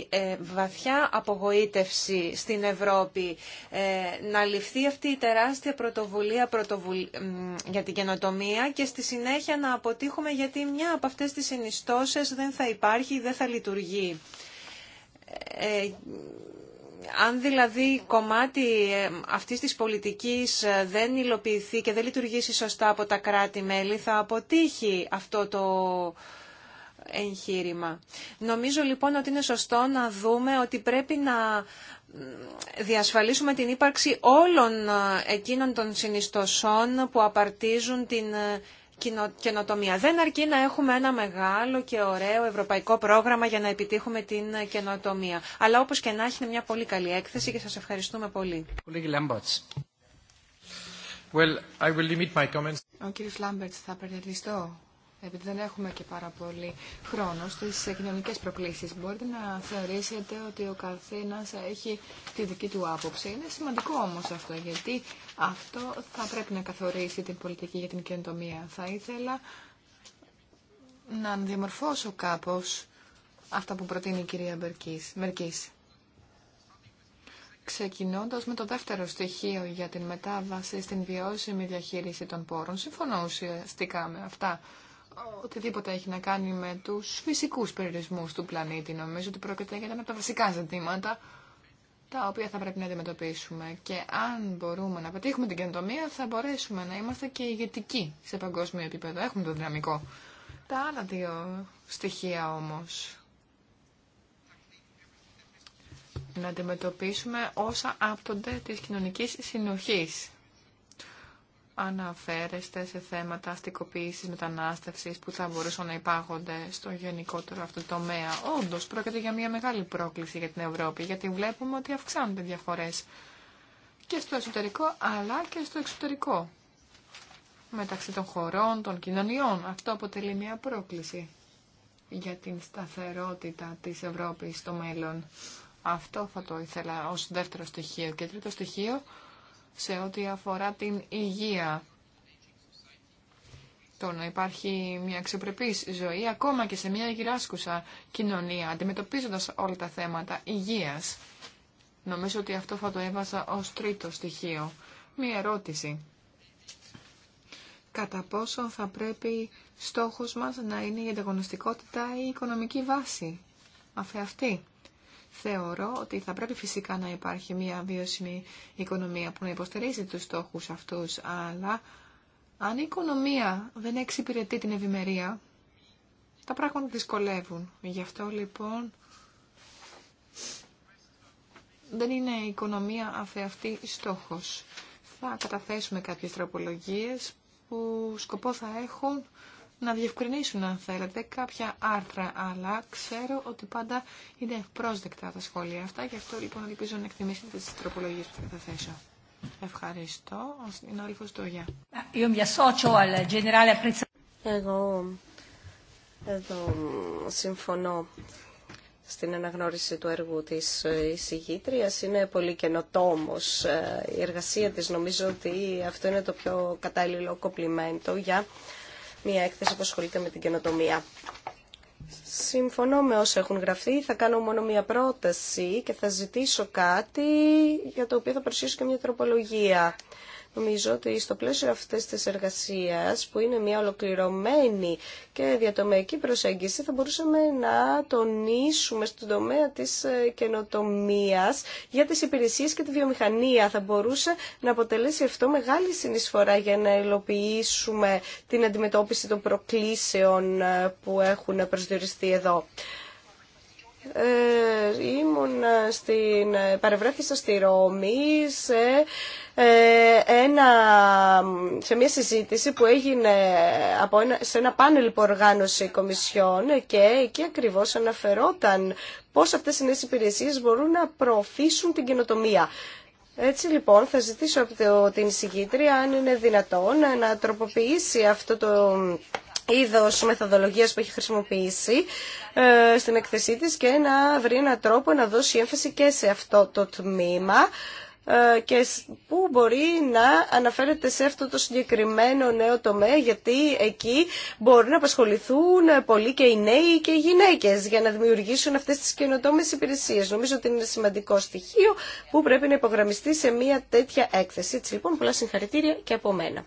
ε, βαθιά απογοήτευση στην Ευρώπη. Ε, να ληφθεί αυτή η τεράστια πρωτοβουλία, για την καινοτομία και στη συνέχεια να αποτύχουμε γιατί μια από αυτές τις συνιστώσεις δεν θα υπάρχει, δεν θα λειτουργεί. Ε, αν δηλαδή κομμάτι ε, αυτής της πολιτικής δεν υλοποιηθεί και δεν λειτουργήσει σωστά από τα κράτη-μέλη, θα αποτύχει αυτό το εγχείρημα. Νομίζω λοιπόν ότι είναι σωστό να δούμε ότι πρέπει να διασφαλίσουμε την ύπαρξη όλων ε, εκείνων των συνιστοσών που απαρτίζουν την ε, καινοτομία. Δεν αρκεί να έχουμε ένα μεγάλο και ωραίο ευρωπαϊκό πρόγραμμα για να επιτύχουμε την ε, καινοτομία. Αλλά όπως και να έχει είναι μια πολύ καλή έκθεση και σας ευχαριστούμε πολύ. Ο κύριος Λάμπερτς θα επειδή δεν έχουμε και πάρα πολύ χρόνο, στις κοινωνικές προκλήσεις. Μπορείτε να θεωρήσετε ότι ο καθένας έχει τη δική του άποψη. Είναι σημαντικό όμως αυτό, γιατί αυτό θα πρέπει να καθορίσει την πολιτική για την καινοτομία. Θα ήθελα να διαμορφώσω κάπως αυτά που προτείνει η κυρία Μερκής. Ξεκινώντας με το δεύτερο στοιχείο για την μετάβαση στην βιώσιμη διαχείριση των πόρων, συμφωνώ ουσιαστικά με αυτά οτιδήποτε έχει να κάνει με τους φυσικούς περιορισμούς του πλανήτη. Νομίζω ότι πρόκειται για ένα από τα βασικά ζητήματα τα οποία θα πρέπει να αντιμετωπίσουμε. Και αν μπορούμε να πετύχουμε την καινοτομία, θα μπορέσουμε να είμαστε και ηγετικοί σε παγκόσμιο επίπεδο. Έχουμε το δυναμικό. Τα άλλα δύο στοιχεία όμως. Να αντιμετωπίσουμε όσα άπτονται της κοινωνικής συνοχής αναφέρεστε σε θέματα αστικοποίησης μετανάστευσης που θα μπορούσαν να υπάγονται στο γενικότερο αυτό το τομέα. Όντως, πρόκειται για μια μεγάλη πρόκληση για την Ευρώπη, γιατί βλέπουμε ότι αυξάνονται διαφορές και στο εσωτερικό αλλά και στο εξωτερικό μεταξύ των χωρών, των κοινωνιών. Αυτό αποτελεί μια πρόκληση για την σταθερότητα της Ευρώπης στο μέλλον. Αυτό θα το ήθελα ως δεύτερο στοιχείο. Και τρίτο στοιχείο, σε ό,τι αφορά την υγεία. Το να υπάρχει μια αξιοπρεπής ζωή, ακόμα και σε μια γυράσκουσα κοινωνία, αντιμετωπίζοντας όλα τα θέματα υγείας. Νομίζω ότι αυτό θα το έβαζα ως τρίτο στοιχείο. Μία ερώτηση. Κατά πόσο θα πρέπει στόχος μας να είναι η ανταγωνιστικότητα ή η οικονομική βάση. Αφε αυτή. Θεωρώ ότι θα πρέπει φυσικά να υπάρχει μια βιώσιμη οικονομία που να υποστηρίζει τους στόχους αυτούς, αλλά αν η οικονομία δεν εξυπηρετεί την ευημερία, τα πράγματα δυσκολεύουν. Γι' αυτό λοιπόν δεν είναι η οικονομία αυτή στόχος. Θα καταθέσουμε κάποιες τροπολογίες που σκοπό θα έχουν να διευκρινίσουν αν θέλετε κάποια άρθρα, αλλά ξέρω ότι πάντα είναι ευπρόσδεκτα τα σχόλια αυτά γι' αυτό λοιπόν ελπίζω να εκτιμήσετε τις τροπολογίες που θα θέσω. Ευχαριστώ. όλη Εγώ εδώ συμφωνώ στην αναγνώριση του έργου της ε, εισηγήτριας. Είναι πολύ καινοτόμος ε, η εργασία της. Νομίζω ότι αυτό είναι το πιο κατάλληλο κομπλιμέντο για μια έκθεση που ασχολείται με την καινοτομία. Συμφωνώ με όσα έχουν γραφτεί. Θα κάνω μόνο μία πρόταση και θα ζητήσω κάτι για το οποίο θα παρουσιάσω και μια τροπολογία. Νομίζω ότι στο πλαίσιο αυτής της εργασίας, που είναι μια ολοκληρωμένη και διατομεϊκή προσέγγιση, θα μπορούσαμε να τονίσουμε στον τομέα της ε, καινοτομίας για τις υπηρεσίες και τη βιομηχανία. Θα μπορούσε να αποτελέσει αυτό μεγάλη συνεισφορά για να υλοποιήσουμε την αντιμετώπιση των προκλήσεων ε, που έχουν προσδιοριστεί εδώ. Ε, ήμουν στην, παρευρέθησα στη Ρώμη ε, ένα, σε μια συζήτηση που έγινε από σε ένα πάνελ που οργάνωσε η Κομισιόν και εκεί ακριβώς αναφερόταν πώς αυτές οι νέες υπηρεσίες μπορούν να προωθήσουν την καινοτομία. Έτσι λοιπόν θα ζητήσω από την συγκήτρια αν είναι δυνατόν να τροποποιήσει αυτό το είδος μεθοδολογίας που έχει χρησιμοποιήσει ε, στην εκθεσή της και να βρει έναν τρόπο να δώσει έμφαση και σε αυτό το τμήμα ε, και που μπορεί να αναφέρεται σε αυτό το συγκεκριμένο νέο τομέα γιατί εκεί μπορούν να απασχοληθούν πολλοί και οι νέοι και οι γυναίκες για να δημιουργήσουν αυτές τις καινοτόμες υπηρεσίες. Νομίζω ότι είναι σημαντικό στοιχείο που πρέπει να υπογραμμιστεί σε μια τέτοια έκθεση. Έτσι λοιπόν πολλά συγχαρητήρια και από μένα.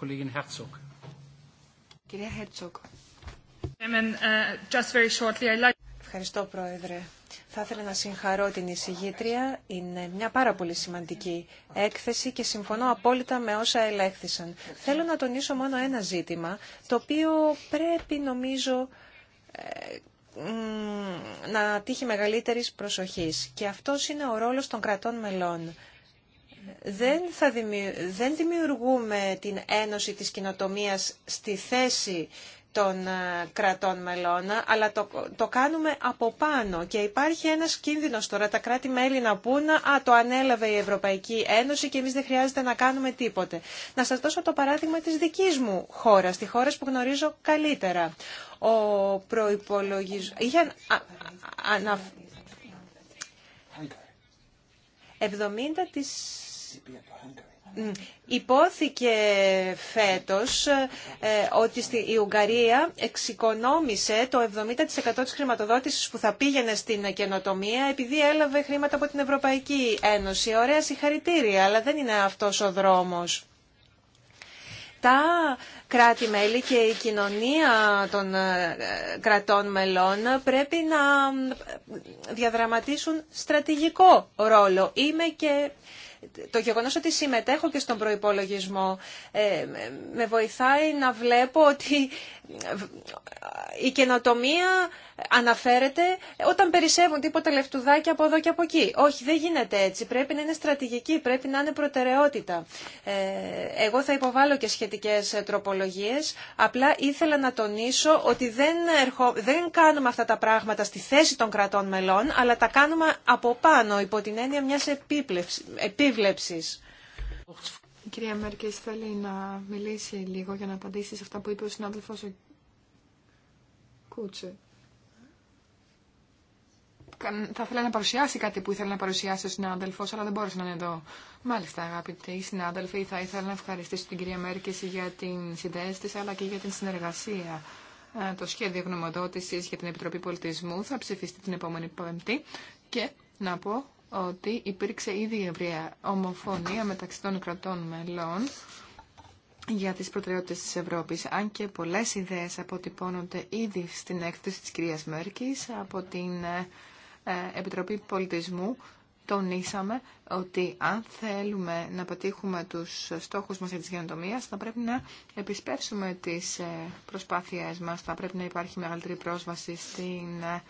Kollegin Herzog. Ευχαριστώ, Πρόεδρε. Θα ήθελα να συγχαρώ την εισηγήτρια. Είναι μια πάρα πολύ σημαντική έκθεση και συμφωνώ απόλυτα με όσα ελέγχθησαν. Θέλω να τονίσω μόνο ένα ζήτημα, το οποίο πρέπει νομίζω ε, να τύχει μεγαλύτερης προσοχής. Και αυτό είναι ο ρόλος των κρατών μελών. Δεν, θα δημιουργούμε την ένωση της κοινοτομίας στη θέση των ε, κρατών μελών, αλλά το, το κάνουμε από πάνω και υπάρχει ένας κίνδυνος τώρα τα κράτη-μέλη να πούν «Α, το ανέλαβε η Ευρωπαϊκή Ένωση και εμείς δεν χρειάζεται να κάνουμε τίποτε». Να σας δώσω το παράδειγμα της δικής μου χώρας, τη χώρα που γνωρίζω καλύτερα. Ο προϋπολογισμός... Είχε... 70 της... Υπόθηκε φέτος ε, ότι η Ουγγαρία εξοικονόμησε το 70% της χρηματοδότησης που θα πήγαινε στην καινοτομία επειδή έλαβε χρήματα από την Ευρωπαϊκή Ένωση. Ωραία συγχαρητήρια, αλλά δεν είναι αυτός ο δρόμος. Τα κράτη-μέλη και η κοινωνία των ε, κρατών μελών πρέπει να ε, διαδραματίσουν στρατηγικό ρόλο. Είμαι και το γεγονός ότι συμμετέχω και στον προϋπολογισμό ε, με βοηθάει να βλέπω ότι η καινοτομία αναφέρεται όταν περισσεύουν τίποτα λεφτουδάκια από εδώ και από εκεί. Όχι, δεν γίνεται έτσι. Πρέπει να είναι στρατηγική, πρέπει να είναι προτεραιότητα. Ε, εγώ θα υποβάλω και σχετικές ε, τροπολογίες. Απλά ήθελα να τονίσω ότι δεν, δεν κάνουμε αυτά τα πράγματα στη θέση των κρατών μελών, αλλά τα κάνουμε από πάνω, υπό την έννοια μιας επίβλεψης. Η κυρία Μέρκε, θέλει να μιλήσει λίγο για να απαντήσει σε αυτά που είπε ο συνάδελφος Κούτσε θα ήθελα να παρουσιάσει κάτι που ήθελα να παρουσιάσει ο συνάδελφο, αλλά δεν μπόρεσε να είναι εδώ. Μάλιστα, αγαπητοί συνάδελφοι, θα ήθελα να ευχαριστήσω την κυρία Μέρκη για την συνδέση τη, αλλά και για την συνεργασία. Ε, το σχέδιο γνωμοδότηση για την Επιτροπή Πολιτισμού θα ψηφιστεί την επόμενη Πέμπτη και να πω ότι υπήρξε ήδη ευρεία ομοφωνία μεταξύ των κρατών μελών για τις προτεραιότητες της Ευρώπης, αν και πολλές ιδέες αποτυπώνονται ήδη στην έκθεση της κυρίας Μέρκης από την ε, ε, Επιτροπή Πολιτισμού τονίσαμε ότι αν θέλουμε να πετύχουμε τους στόχους μας για τις γενοτομίες θα πρέπει να επισπεύσουμε τις ε, προσπάθειές μας, θα πρέπει να υπάρχει μεγαλύτερη πρόσβαση στην ε,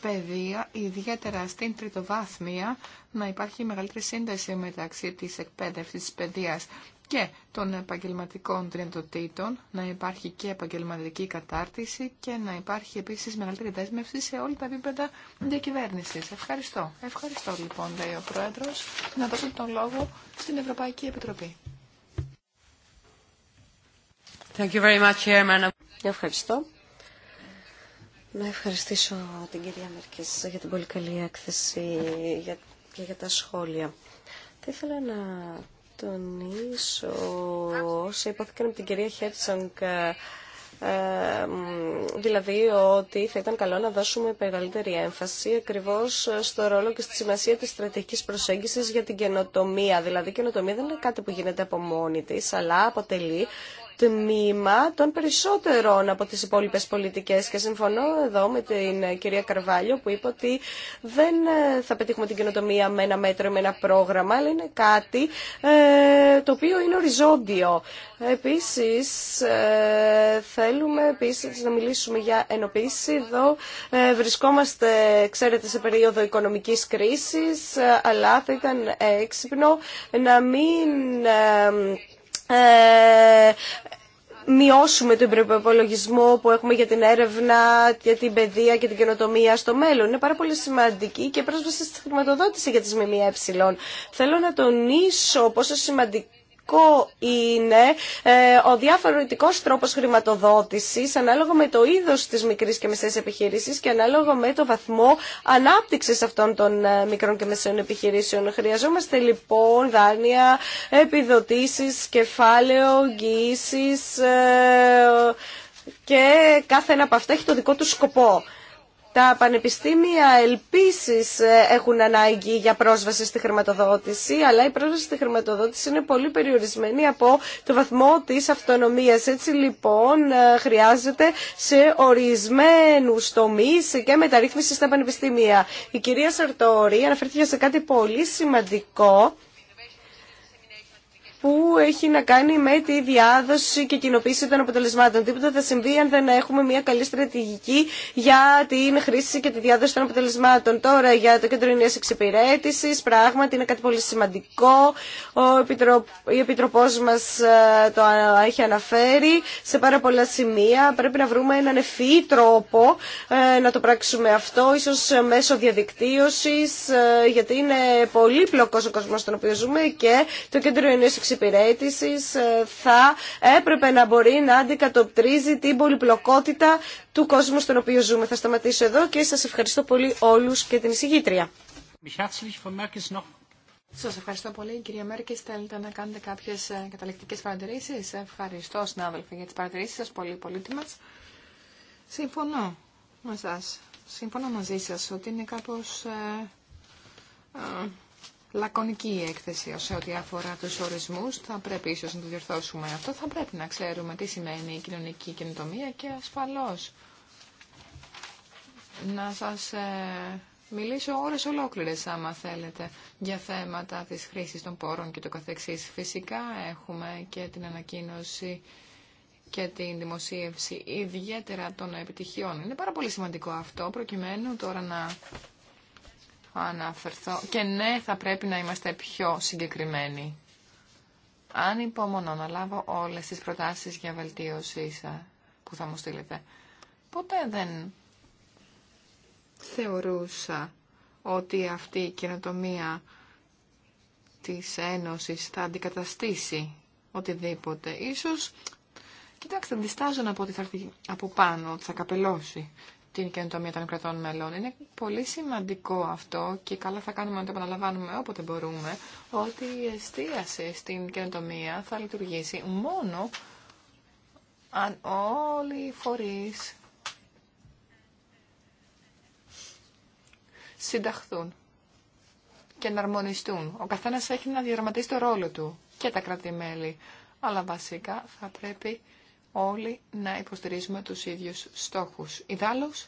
παιδεία, ιδιαίτερα στην τριτοβάθμια, να υπάρχει μεγαλύτερη σύνδεση μεταξύ της εκπαίδευσης της παιδείας και των επαγγελματικών τριεντοτήτων, να υπάρχει και επαγγελματική κατάρτιση και να υπάρχει επίσης μεγαλύτερη δέσμευση σε όλα τα επίπεδα διακυβέρνηση. Ευχαριστώ. Ευχαριστώ λοιπόν, λέει ο Πρόεδρος, να δώσω τον λόγο στην Ευρωπαϊκή Επιτροπή. Thank you very much, Ευχαριστώ. Να ευχαριστήσω την κυρία Μερκής για την πολύ καλή έκθεση και για τα σχόλια. Θα ήθελα να τονίσω όσα υπόθηκαν από την κυρία Χέρτσανγκ ε, δηλαδή ότι θα ήταν καλό να δώσουμε μεγαλύτερη έμφαση ακριβώς στο ρόλο και στη σημασία της στρατηγικής προσέγγισης για την καινοτομία. Δηλαδή η καινοτομία δεν είναι κάτι που γίνεται από μόνη της, αλλά αποτελεί τμήμα των περισσότερων από τις υπόλοιπες πολιτικές και συμφωνώ εδώ με την κυρία Καρβάλιο που είπε ότι δεν ε, θα πετύχουμε την καινοτομία με ένα μέτρο ή με ένα πρόγραμμα αλλά είναι κάτι ε, το οποίο είναι οριζόντιο. Επίσης ε, θέλουμε επίσης να μιλήσουμε για ενοποίηση. Εδώ βρισκόμαστε ξέρετε σε περίοδο οικονομικής κρίσης αλλά θα ήταν έξυπνο να μην ε, μειώσουμε τον προπολογισμό που έχουμε για την έρευνα, για την παιδεία και την καινοτομία στο μέλλον. Είναι πάρα πολύ σημαντική και πρόσβαση στη χρηματοδότηση για τις ΜΜΕ. Θέλω να τονίσω πόσο σημαντικό σημαντικό είναι ε, ο διαφορετικό τρόπο χρηματοδότησης ανάλογα με το είδο τη μικρή και μεσαίας επιχειρήσης και ανάλογα με το βαθμό ανάπτυξης αυτών των ε, μικρών και μεσαίων επιχειρήσεων. Χρειαζόμαστε λοιπόν δάνεια, επιδοτήσεις, κεφάλαιο, Ε, και κάθε ένα από αυτά έχει το δικό του σκοπό. Τα πανεπιστήμια ελπίσεις ε, έχουν ανάγκη για πρόσβαση στη χρηματοδότηση, αλλά η πρόσβαση στη χρηματοδότηση είναι πολύ περιορισμένη από το βαθμό της αυτονομίας. Έτσι λοιπόν ε, χρειάζεται σε ορισμένους τομείς και μεταρρύθμιση στα πανεπιστήμια. Η κυρία Σαρτόρη αναφέρθηκε σε κάτι πολύ σημαντικό που έχει να κάνει με τη διάδοση και κοινοποίηση των αποτελεσμάτων. Τίποτα θα συμβεί αν δεν έχουμε μια καλή στρατηγική για την χρήση και τη διάδοση των αποτελεσμάτων. Τώρα για το κέντρο ενιαία εξυπηρέτηση, πράγματι είναι κάτι πολύ σημαντικό. Ο Επιτροπ... Επιτροπό μα ε, το έχει αναφέρει σε πάρα πολλά σημεία. Πρέπει να βρούμε έναν ευφύ τρόπο ε, να το πράξουμε αυτό, ίσω μέσω διαδικτύωση, ε, γιατί είναι πολύπλοκο ο κόσμο στον οποίο ζούμε και το κέντρο Ινέα εξυπηρέτηση εξυπηρέτησης ε, θα έπρεπε να μπορεί να αντικατοπτρίζει την πολυπλοκότητα του κόσμου στον οποίο ζούμε. Θα σταματήσω εδώ και σας ευχαριστώ πολύ όλους και την εισηγήτρια. Σα ευχαριστώ πολύ, κυρία Μέρκη. Θέλετε να κάνετε κάποιε καταληκτικέ παρατηρήσει. Ευχαριστώ, συνάδελφοι, για τι παρατηρήσει σα, πολύ πολύτιμε. Συμφωνώ Συμφωνώ μαζί σα ότι είναι κάπω ε, ε, λακωνική η έκθεση σε ό,τι αφορά του ορισμού. Θα πρέπει ίσω να το διορθώσουμε αυτό. Θα πρέπει να ξέρουμε τι σημαίνει η κοινωνική καινοτομία και ασφαλώ. να σας ε, μιλήσω ώρες ολόκληρε, άμα θέλετε για θέματα τη χρήση των πόρων και το καθεξής. Φυσικά έχουμε και την ανακοίνωση και την δημοσίευση ιδιαίτερα των επιτυχιών. Είναι πάρα πολύ σημαντικό αυτό προκειμένου τώρα να αναφερθώ. Και ναι, θα πρέπει να είμαστε πιο συγκεκριμένοι. Αν υπομονώ να λάβω όλες τις προτάσεις για βελτίωση που θα μου στείλετε, ποτέ δεν θεωρούσα ότι αυτή η καινοτομία της Ένωσης θα αντικαταστήσει οτιδήποτε. Ίσως, κοιτάξτε, διστάζω να πω ότι θα έρθει από πάνω, ότι θα καπελώσει την καινοτομία των κρατών μελών. Είναι πολύ σημαντικό αυτό και καλά θα κάνουμε να το επαναλαμβάνουμε όποτε μπορούμε, ότι η εστίαση στην καινοτομία θα λειτουργήσει μόνο αν όλοι οι φορείς συνταχθούν και να αρμονιστούν. Ο καθένας έχει να διαρματίσει το ρόλο του και τα κρατημέλη. Αλλά βασικά θα πρέπει όλοι να υποστηρίζουμε τους ίδιους στόχους. Ιδάλλως,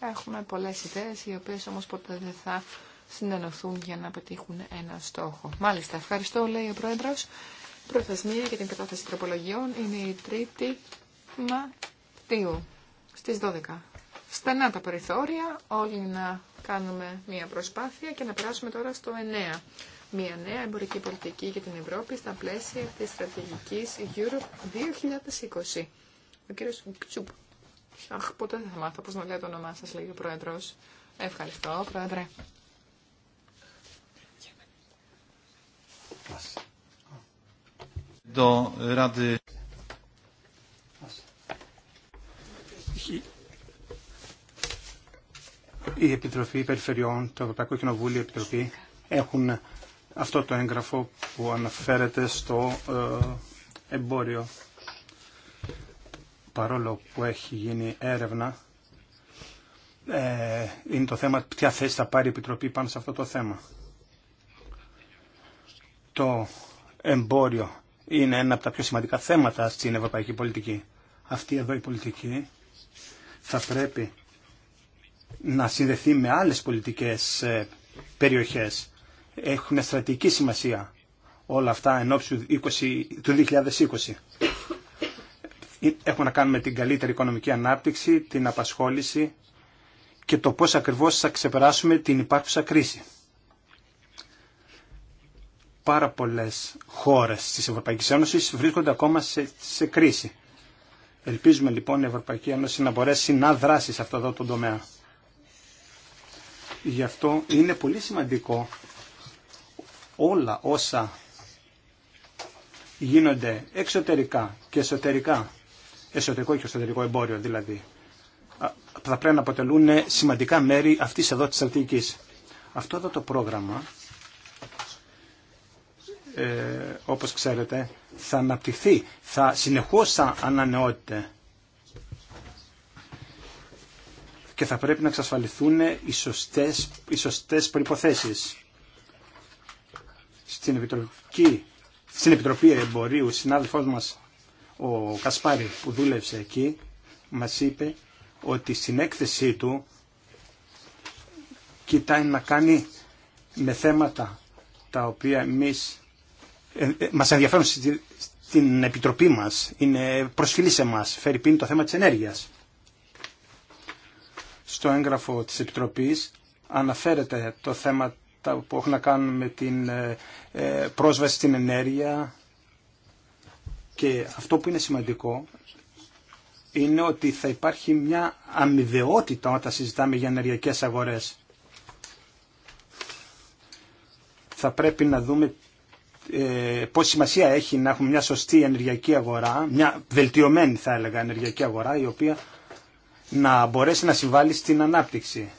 έχουμε πολλές ιδέες, οι οποίες όμως ποτέ δεν θα συνενωθούν για να πετύχουν ένα στόχο. Μάλιστα, ευχαριστώ, λέει ο Πρόεδρος. Προθεσμία για την κατάθεση τροπολογιών είναι η 3η Μαρτίου στις 12. Στενά τα περιθώρια, όλοι να κάνουμε μία προσπάθεια και να περάσουμε τώρα στο 9 μια νέα εμπορική πολιτική για την Ευρώπη στα πλαίσια της στρατηγικής Europe 2020. Ο κύριος Κτσουπ. Αχ, ποτέ δεν θα μάθω πώς να λέω το όνομά σας, λέει ο Πρόεδρος. Ευχαριστώ, Πρόεδρε. Η Επιτροφή Περιφερειών, το Ευρωπαϊκό Κοινοβούλιο, η Επιτροπή έχουν αυτό το έγγραφο που αναφέρεται στο ε, εμπόριο. Παρόλο που έχει γίνει έρευνα, ε, είναι το θέμα ποια θέση θα πάρει η Επιτροπή πάνω σε αυτό το θέμα. Το εμπόριο είναι ένα από τα πιο σημαντικά θέματα στην ευρωπαϊκή πολιτική. Αυτή εδώ η πολιτική θα πρέπει να συνδεθεί με άλλες πολιτικές ε, περιοχές έχουν στρατηγική σημασία όλα αυτά εν ώψη του 2020. Ε, έχουμε να κάνουμε την καλύτερη οικονομική ανάπτυξη, την απασχόληση και το πώς ακριβώς θα ξεπεράσουμε την υπάρχουσα κρίση. Πάρα πολλές χώρες της Ευρωπαϊκής Ένωσης βρίσκονται ακόμα σε, κρίση. Ελπίζουμε λοιπόν η Ευρωπαϊκή Ένωση να μπορέσει να δράσει σε αυτό εδώ τομέα. Γι' αυτό είναι πολύ σημαντικό όλα όσα γίνονται εξωτερικά και εσωτερικά, εσωτερικό και εσωτερικό εμπόριο δηλαδή, θα πρέπει να αποτελούν σημαντικά μέρη αυτής εδώ της στρατηγικής. Αυτό εδώ το πρόγραμμα, ε, όπως ξέρετε, θα αναπτυχθεί, θα συνεχώς θα και θα πρέπει να εξασφαλιστούν οι σωστές, οι σωστές προϋποθέσεις στην Επιτροπή, στην Επιτροπή Εμπορίου, ο συνάδελφός μας ο Κασπάρη που δούλευσε εκεί, μας είπε ότι στην έκθεσή του κοιτάει να κάνει με θέματα τα οποία εμείς ε, ε, μας ενδιαφέρουν στην Επιτροπή μας, είναι προσφυλή σε μας, φέρει πίνει το θέμα της ενέργειας. Στο έγγραφο της Επιτροπής αναφέρεται το θέμα τα που έχουν να κάνουν με την ε, ε, πρόσβαση στην ενέργεια και αυτό που είναι σημαντικό είναι ότι θα υπάρχει μια αμοιβαιότητα όταν συζητάμε για ενεργειακές αγορές. Θα πρέπει να δούμε ε, πόση σημασία έχει να έχουμε μια σωστή ενεργειακή αγορά, μια βελτιωμένη θα έλεγα ενεργειακή αγορά, η οποία να μπορέσει να συμβάλλει στην ανάπτυξη.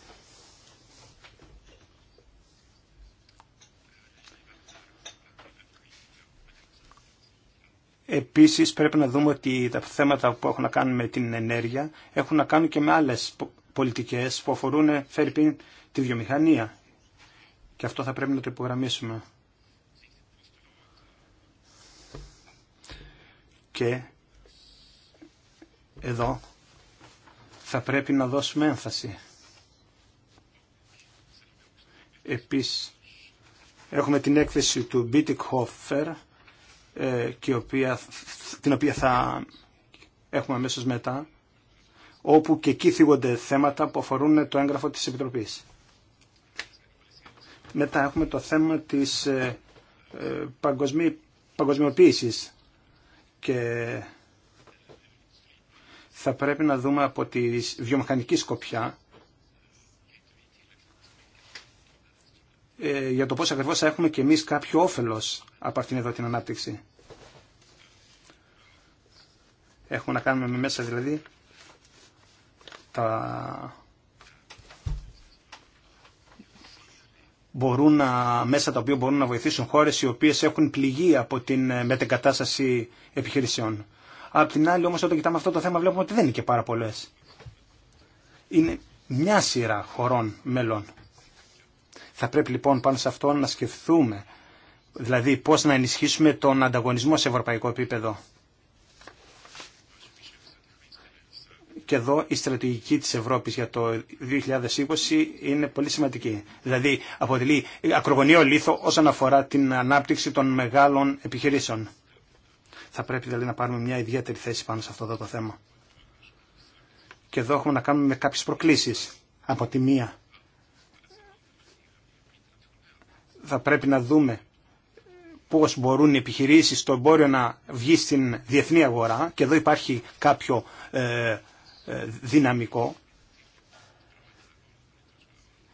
Επίσης πρέπει να δούμε ότι τα θέματα που έχουν να κάνουν με την ενέργεια έχουν να κάνουν και με άλλες πολιτικές που αφορούν φέρει τη βιομηχανία. Και αυτό θα πρέπει να το υπογραμμίσουμε. Και εδώ θα πρέπει να δώσουμε έμφαση. Επίσης, έχουμε την έκθεση του Μπίτικ ε, και οποία, την οποία θα έχουμε αμέσω μετά, όπου και εκεί θίγονται θέματα που αφορούν το έγγραφο της Επιτροπής. Μετά έχουμε το θέμα της ε, ε παγκοσμιοποίησης και θα πρέπει να δούμε από τη βιομηχανική σκοπιά Ε, για το πώς ακριβώς θα έχουμε και εμείς κάποιο όφελος από αυτήν εδώ την ανάπτυξη. Έχουμε να κάνουμε με μέσα δηλαδή τα... Μπορούν να, μέσα τα οποία μπορούν να βοηθήσουν χώρες οι οποίες έχουν πληγεί από την ε, μετεγκατάσταση επιχειρησιών. Απ' την άλλη όμως όταν κοιτάμε αυτό το θέμα βλέπουμε ότι δεν είναι και πάρα πολλές. Είναι μια σειρά χωρών μελών θα πρέπει λοιπόν πάνω σε αυτό να σκεφτούμε, δηλαδή πώς να ενισχύσουμε τον ανταγωνισμό σε ευρωπαϊκό επίπεδο. Και εδώ η στρατηγική της Ευρώπης για το 2020 είναι πολύ σημαντική. Δηλαδή αποτελεί ακρογωνίο λίθο όσον αφορά την ανάπτυξη των μεγάλων επιχειρήσεων. Θα πρέπει δηλαδή να πάρουμε μια ιδιαίτερη θέση πάνω σε αυτό εδώ το θέμα. Και εδώ έχουμε να κάνουμε με κάποιες προκλήσεις. Από τη μία θα πρέπει να δούμε πώς μπορούν οι επιχειρήσεις στο εμπόριο να βγει στην διεθνή αγορά και εδώ υπάρχει κάποιο ε, ε, δυναμικό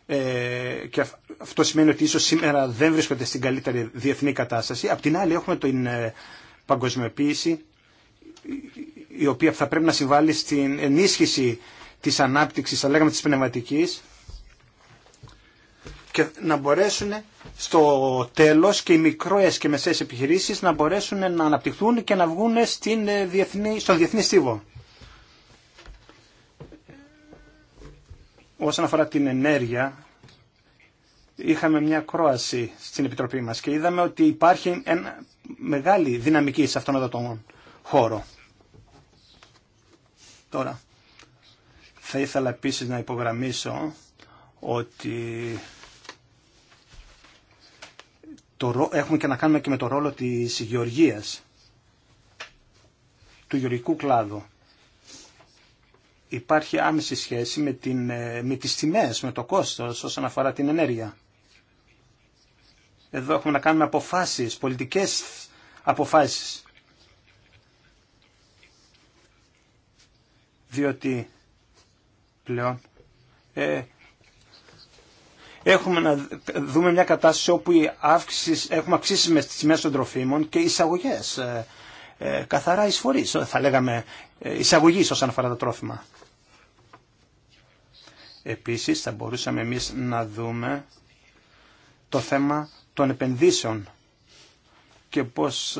ε, και αυτό σημαίνει ότι ίσως σήμερα δεν βρίσκονται στην καλύτερη διεθνή κατάσταση. Απ' την άλλη έχουμε την παγκοσμιοποίηση η οποία θα πρέπει να συμβάλλει στην ενίσχυση της ανάπτυξης, θα λέγαμε της πνευματικής και να μπορέσουν στο τέλος και οι μικρές και μεσαίες επιχειρήσεις να μπορέσουν να αναπτυχθούν και να βγουν ε, στον διεθνή στίβο. Όσον αφορά την ενέργεια, είχαμε μια κρόαση στην Επιτροπή μας και είδαμε ότι υπάρχει ένα μεγάλη δυναμική σε αυτόν τον χώρο. Τώρα, θα ήθελα επίσης να υπογραμμίσω ότι το, έχουμε και να κάνουμε και με το ρόλο της γεωργίας, του γεωργικού κλάδου. Υπάρχει άμεση σχέση με, την, ε, με τις τιμές, με το κόστος όσον αφορά την ενέργεια. Εδώ έχουμε να κάνουμε αποφάσεις, πολιτικές αποφάσεις. Διότι πλέον ε, έχουμε να δούμε μια κατάσταση όπου η έχουμε αυξήσει με τις τιμές των τροφίμων και εισαγωγές, ε, ε, καθαρά εισφορείς, θα λέγαμε ε, εισαγωγής όσον αφορά το τρόφιμα. Επίσης θα μπορούσαμε εμείς να δούμε το θέμα των επενδύσεων και πώς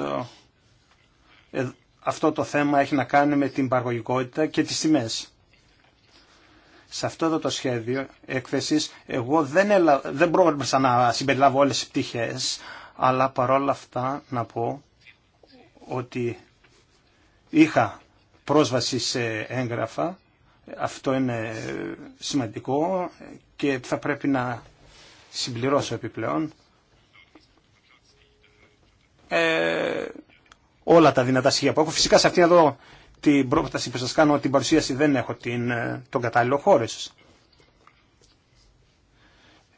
ε, ε, αυτό το θέμα έχει να κάνει με την παραγωγικότητα και τις τιμές σε αυτό εδώ το σχέδιο έκθεση. εγώ δεν, ελα... δεν να συμπεριλάβω όλες τις πτυχές αλλά παρόλα αυτά να πω ότι είχα πρόσβαση σε έγγραφα αυτό είναι σημαντικό και θα πρέπει να συμπληρώσω επιπλέον ε, όλα τα δυνατά σχέδια που έχω. Φυσικά σε αυτήν εδώ την πρόταση που σας κάνω, την παρουσίαση δεν έχω την, ε, τον κατάλληλο χώρο σας.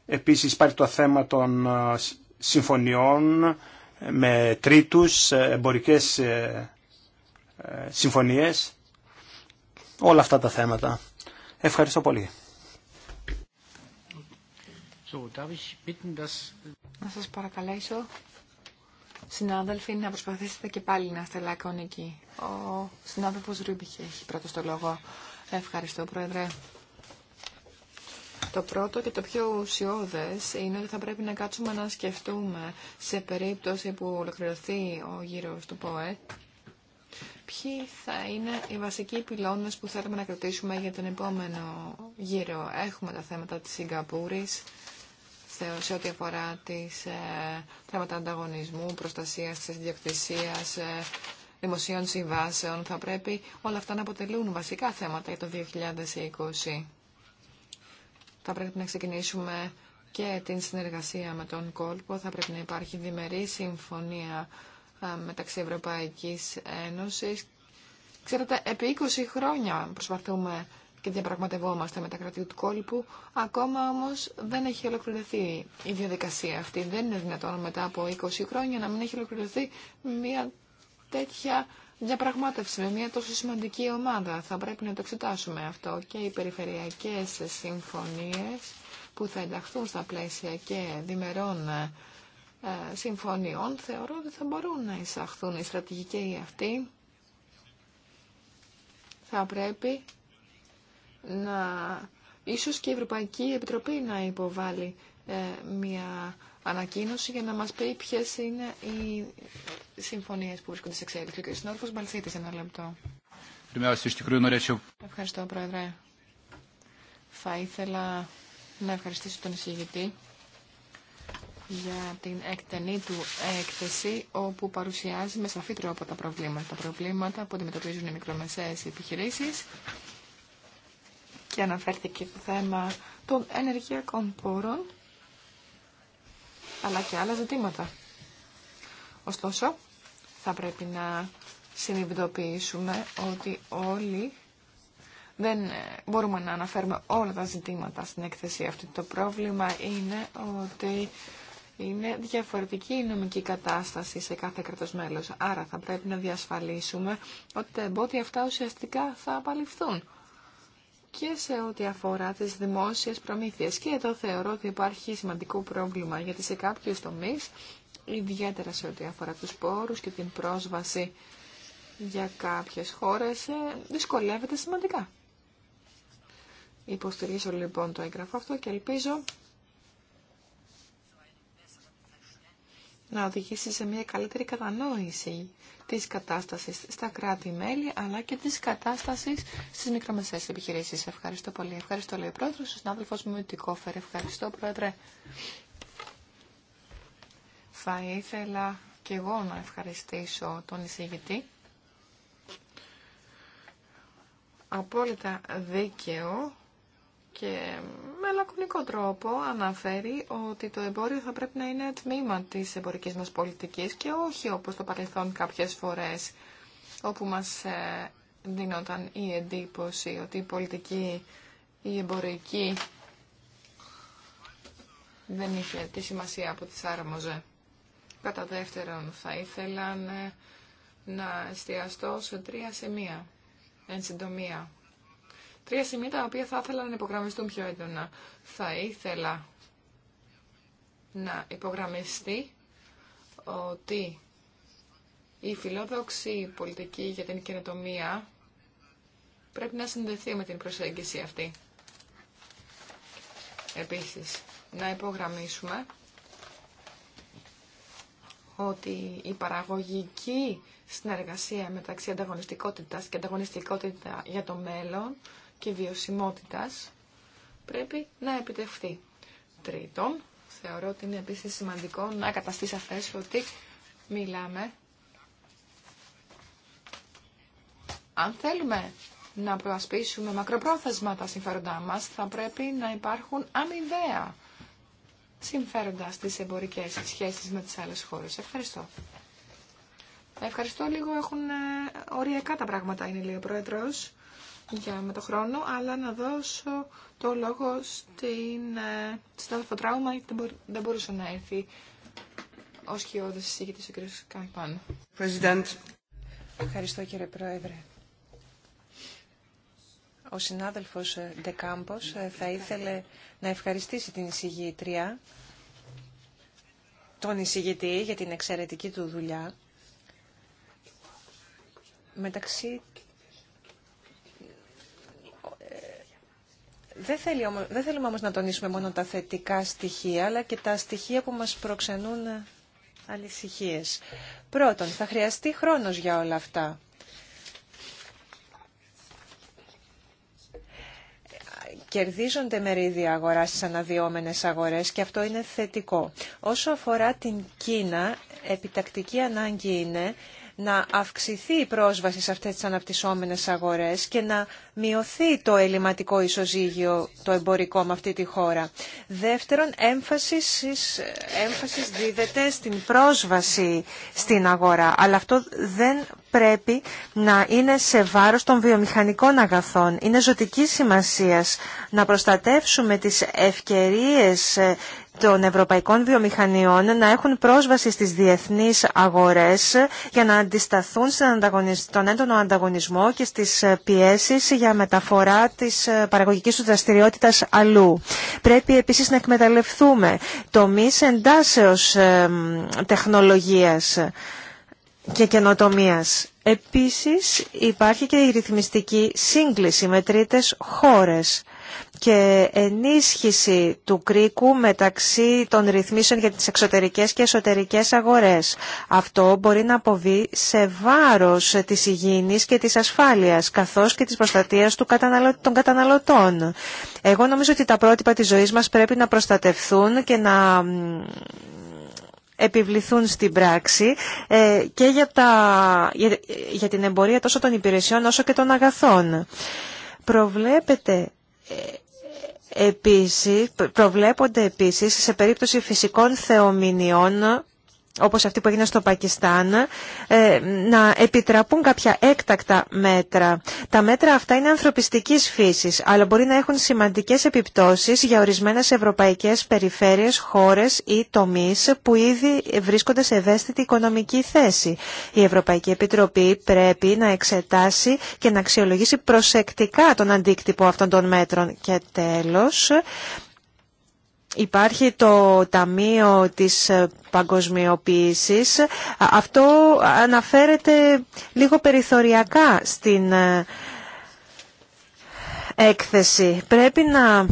Επίσης υπάρχει το θέμα των ε, συμφωνιών ε, με τρίτους, εμπορικές συμφωνίες, όλα αυτά τα θέματα. Ευχαριστώ πολύ. Να σας παρακαλέσω Συνάδελφοι, να προσπαθήσετε και πάλι να είστε λακωνικοί. Ο συνάδελφο Ρούμπιχ έχει πρώτο το λόγο. Ευχαριστώ, Πρόεδρε. Το πρώτο και το πιο ουσιώδε είναι ότι θα πρέπει να κάτσουμε να σκεφτούμε σε περίπτωση που ολοκληρωθεί ο γύρος του ΠΟΕ ποιοι θα είναι οι βασικοί πυλώνες που θέλουμε να κρατήσουμε για τον επόμενο γύρο. Έχουμε τα θέματα της Σιγκαπούρης, σε ό,τι αφορά τις ε, θέματα ανταγωνισμού, προστασίας της ιδιοκτησίας, ε, δημοσίων συμβάσεων. Θα πρέπει όλα αυτά να αποτελούν βασικά θέματα για το 2020. Θα πρέπει να ξεκινήσουμε και την συνεργασία με τον κόλπο. Θα πρέπει να υπάρχει διμερή συμφωνία ε, μεταξύ Ευρωπαϊκής Ένωσης. Ξέρετε, επί 20 χρόνια προσπαθούμε και διαπραγματευόμαστε με τα κρατή του κόλπου. Ακόμα όμως δεν έχει ολοκληρωθεί η διαδικασία αυτή. Δεν είναι δυνατόν μετά από 20 χρόνια να μην έχει ολοκληρωθεί μια τέτοια διαπραγμάτευση με μια τόσο σημαντική ομάδα. Θα πρέπει να το εξετάσουμε αυτό και οι περιφερειακές συμφωνίες που θα ενταχθούν στα πλαίσια και διμερών ε, συμφωνιών θεωρώ ότι θα μπορούν να εισαχθούν οι στρατηγικοί αυτοί. Θα πρέπει να ίσως και η Ευρωπαϊκή Επιτροπή να υποβάλει ε, μια ανακοίνωση για να μας πει ποιες είναι οι συμφωνίες που βρίσκονται σε εξέλιξη. Ο κ. Συνόρφος Μπαλσίτης, ένα λεπτό. Ευχαριστώ, Πρόεδρε. Θα ήθελα να ευχαριστήσω τον εισηγητή για την εκτενή του έκθεση όπου παρουσιάζει με σαφή τρόπο τα προβλήματα. Τα προβλήματα που αντιμετωπίζουν οι μικρομεσαίες επιχειρήσεις και αναφέρθηκε το θέμα των ενεργειακών πόρων, αλλά και άλλα ζητήματα. Ωστόσο, θα πρέπει να συνειδητοποιήσουμε ότι όλοι δεν ε, μπορούμε να αναφέρουμε όλα τα ζητήματα στην έκθεση αυτή. Το πρόβλημα είναι ότι είναι διαφορετική η νομική κατάσταση σε κάθε κρατος μέλος. Άρα θα πρέπει να διασφαλίσουμε ότι τα εμπόδια αυτά ουσιαστικά θα απαλληφθούν και σε ό,τι αφορά τις δημόσιες προμήθειες. Και εδώ θεωρώ ότι υπάρχει σημαντικό πρόβλημα, γιατί σε κάποιους τομείς, ιδιαίτερα σε ό,τι αφορά τους πόρους και την πρόσβαση για κάποιες χώρες, ε, δυσκολεύεται σημαντικά. Υποστηρίζω λοιπόν το έγγραφο αυτό και ελπίζω να οδηγήσει σε μια καλύτερη κατανόηση της κατάστασης στα κράτη-μέλη, αλλά και της κατάστασης στις μικρομεσαίες επιχειρήσεις. Ευχαριστώ πολύ. Ευχαριστώ, λέει ο Πρόεδρος, ο συνάδελφος μου Τικόφερ. Ευχαριστώ, Πρόεδρε. Θα ήθελα και εγώ να ευχαριστήσω τον εισηγητή. Απόλυτα δίκαιο και με λακωνικό τρόπο αναφέρει ότι το εμπόριο θα πρέπει να είναι τμήμα της εμπορικής μας πολιτικής και όχι όπως το παρελθόν κάποιες φορές όπου μας ε, δίνονταν η εντύπωση ότι η πολιτική, η εμπορική δεν είχε τη σημασία που της άρμοζε. Κατά δεύτερον, θα ήθελα ε, να εστιαστώ σε τρία σημεία, εν συντομία. Τρία σημεία τα οποία θα ήθελα να υπογραμμιστούν πιο έντονα. Θα ήθελα να υπογραμμιστεί ότι η φιλόδοξη πολιτική για την καινοτομία πρέπει να συνδεθεί με την προσέγγιση αυτή. Επίσης, να υπογραμμίσουμε ότι η παραγωγική συνεργασία μεταξύ ανταγωνιστικότητας και ανταγωνιστικότητα για το μέλλον και βιωσιμότητας πρέπει να επιτευχθεί. Τρίτον, θεωρώ ότι είναι επίσης σημαντικό να καταστεί σαφές ότι μιλάμε αν θέλουμε να προασπίσουμε μακροπρόθεσμα τα συμφέροντά μας, θα πρέπει να υπάρχουν αμοιβαία συμφέροντα στις εμπορικές σχέσεις με τις άλλες χώρες. Ευχαριστώ. Ευχαριστώ λίγο, έχουν ε, οριακά τα πράγματα, είναι λέει ο Πρόεδρος για με το χρόνο, αλλά να δώσω το λόγο στην ε, συνάδελφο γιατί δεν μπορούσε να έρθει ω χειόδηση συζήτηση ο κ. Καμπάν. Ευχαριστώ κύριε Πρόεδρε. Ο συνάδελφος Ντεκάμπος ε, θα ήθελε να ευχαριστήσει την εισηγήτρια, τον εισηγητή για την εξαιρετική του δουλειά. Μεταξύ Δεν, θέλουμε όμως να τονίσουμε μόνο τα θετικά στοιχεία, αλλά και τα στοιχεία που μας προξενούν ε, αλησυχίες. Πρώτον, θα χρειαστεί χρόνος για όλα αυτά. Κερδίζονται μερίδια αγορά στις αναδυόμενες αγορές και αυτό είναι θετικό. Όσο αφορά την Κίνα, επιτακτική ανάγκη είναι να αυξηθεί η πρόσβαση σε αυτές τις αναπτυσσόμενες αγορές και να μειωθεί το ελληματικό ισοζύγιο το εμπορικό με αυτή τη χώρα. Δεύτερον, έμφαση δίδεται στην πρόσβαση στην αγορά, αλλά αυτό δεν πρέπει να είναι σε βάρος των βιομηχανικών αγαθών. Είναι ζωτική σημασίας να προστατεύσουμε τις ευκαιρίες ε, των ευρωπαϊκών βιομηχανιών να έχουν πρόσβαση στις διεθνείς αγορές για να αντισταθούν στον έντονο ανταγωνισμό και στις πιέσεις για μεταφορά της ε, παραγωγικής του δραστηριότητας αλλού. Πρέπει επίσης να εκμεταλλευτούμε τομείς εντάσεως ε, τεχνολογίας και καινοτομίας. Επίσης υπάρχει και η ρυθμιστική σύγκληση με τρίτες χώρες και ενίσχυση του κρίκου μεταξύ των ρυθμίσεων για τις εξωτερικές και εσωτερικές αγορές. Αυτό μπορεί να αποβεί σε βάρος της υγιεινής και της ασφάλειας, καθώς και της προστατείας των καταναλωτών. Εγώ νομίζω ότι τα πρότυπα της ζωής μας πρέπει να προστατευθούν και να επιβληθούν στην πράξη ε, και για, τα, για την εμπορία τόσο των υπηρεσιών όσο και των αγαθών. Προβλέπετε Επίσης, προβλέπονται επίσης σε περίπτωση φυσικών θεομηνιών όπως αυτή που έγινε στο Πακιστάν, ε, να επιτραπούν κάποια έκτακτα μέτρα. Τα μέτρα αυτά είναι ανθρωπιστικής φύσης, αλλά μπορεί να έχουν σημαντικές επιπτώσεις για ορισμένες ευρωπαϊκές περιφέρειες, χώρες ή τομείς που ήδη βρίσκονται σε ευαίσθητη οικονομική θέση. Η Ευρωπαϊκή Επιτροπή πρέπει να εξετάσει και να αξιολογήσει προσεκτικά τον αντίκτυπο αυτών των μέτρων. Και τέλος, Υπάρχει το Ταμείο της ε, Παγκοσμιοποίησης. Αυτό αναφέρεται λίγο περιθωριακά στην ε, έκθεση. Πρέπει να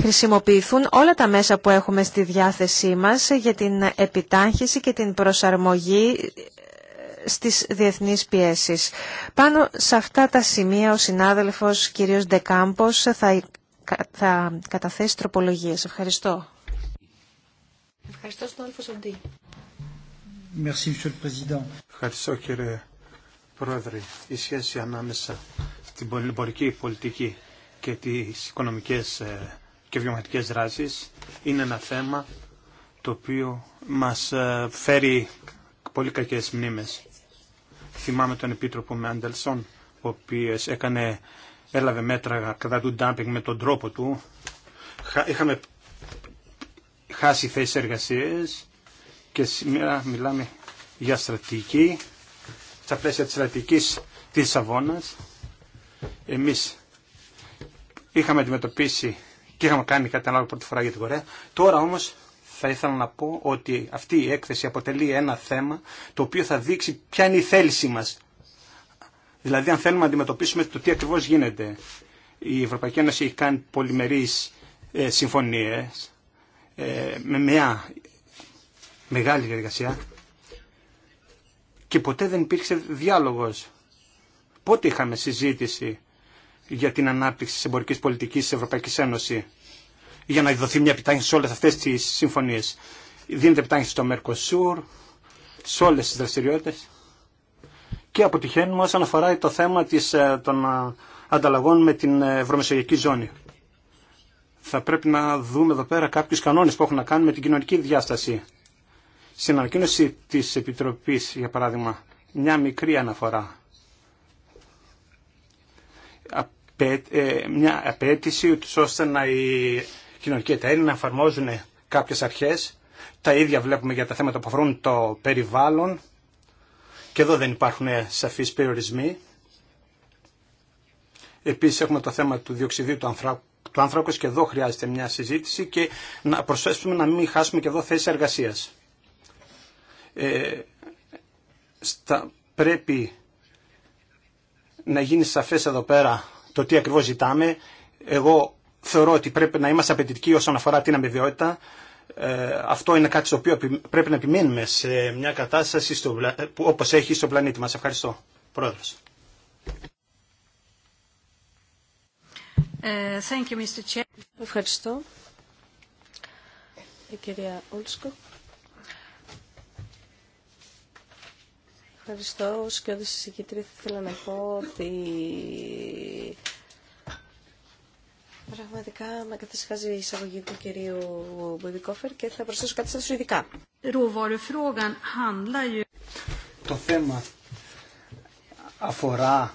χρησιμοποιηθούν όλα τα μέσα που έχουμε στη διάθεσή μας για την επιτάχυση και την προσαρμογή ε, στις διεθνείς πιέσεις. Πάνω σε αυτά τα σημεία ο συνάδελφος κ. Ντεκάμπος θα θα καταθέσει τροπολογίε. Ευχαριστώ. Ευχαριστώ στον Ευχαριστώ κύριε Πρόεδρε. Η σχέση ανάμεσα στην πολυμπορική πολιτική και τι οικονομικέ ε, και βιωματικέ δράσει είναι ένα θέμα το οποίο μα ε, φέρει πολύ κακές μνήμε. Θυμάμαι τον Επίτροπο Μέντελσον, ο οποίο έκανε έλαβε μέτρα κατά του ντάμπινγκ με τον τρόπο του. Είχαμε χάσει θέσει εργασίες και σήμερα μιλάμε για στρατηγική. Στα πλαίσια τη στρατηγικής της Σαββόνα, εμείς είχαμε αντιμετωπίσει και είχαμε κάνει κάτι ανάλογο πρώτη φορά για την Κορέα. Τώρα όμως θα ήθελα να πω ότι αυτή η έκθεση αποτελεί ένα θέμα το οποίο θα δείξει ποια είναι η θέλησή μας Δηλαδή αν θέλουμε να αντιμετωπίσουμε το τι ακριβώ γίνεται. Η Ευρωπαϊκή Ένωση έχει κάνει πολυμερεί ε, συμφωνίες ε, με μια μεγάλη διαδικασία και ποτέ δεν υπήρξε διάλογος. Πότε είχαμε συζήτηση για την ανάπτυξη της εμπορικής πολιτικής της Ευρωπαϊκής Ένωσης για να δοθεί μια επιτάχυνση σε όλες αυτές τις συμφωνίες. Δίνεται επιτάχυνση στο Mercosur, σε όλε τι δραστηριότητε και αποτυχαίνουμε όσον αφορά το θέμα της, ε, των ε, ανταλλαγών με την ε, ευρωμεσογειακή ζώνη. Θα πρέπει να δούμε εδώ πέρα κάποιους κανόνες που έχουν να κάνουν με την κοινωνική διάσταση. Στην ανακοίνωση της Επιτροπής, για παράδειγμα, μια μικρή αναφορά. Μια απέτηση ώστε να οι κοινωνικοί εταίροι να εφαρμόζουν κάποιες αρχές. Τα ίδια βλέπουμε για τα θέματα που αφορούν το περιβάλλον, και εδώ δεν υπάρχουν σαφείς περιορισμοί. Επίσης έχουμε το θέμα του διοξιδίου του ανθράκου και εδώ χρειάζεται μια συζήτηση και να προσθέσουμε να μην χάσουμε και εδώ θέση εργασίας. Ε, στα, πρέπει να γίνει σαφές εδώ πέρα το τι ακριβώς ζητάμε. Εγώ θεωρώ ότι πρέπει να είμαστε απαιτητικοί όσον αφορά την αμοιβαιότητα. Ε, αυτό είναι κάτι στο οποίο πρέπει να επιμένουμε σε μια κατάσταση στο, που όπως έχει στο πλανήτη μας. Ευχαριστώ. Πρόεδρος. Ε, thank you, Mr. Ευχαριστώ. Η κυρία Όλσκο. Ευχαριστώ. Ως και να πω ότι Πραγματικά με καθυσχάζει η εισαγωγή του κυρίου Μπουδικόφερ και θα προσθέσω κάτι στα σουηδικά. Το θέμα αφορά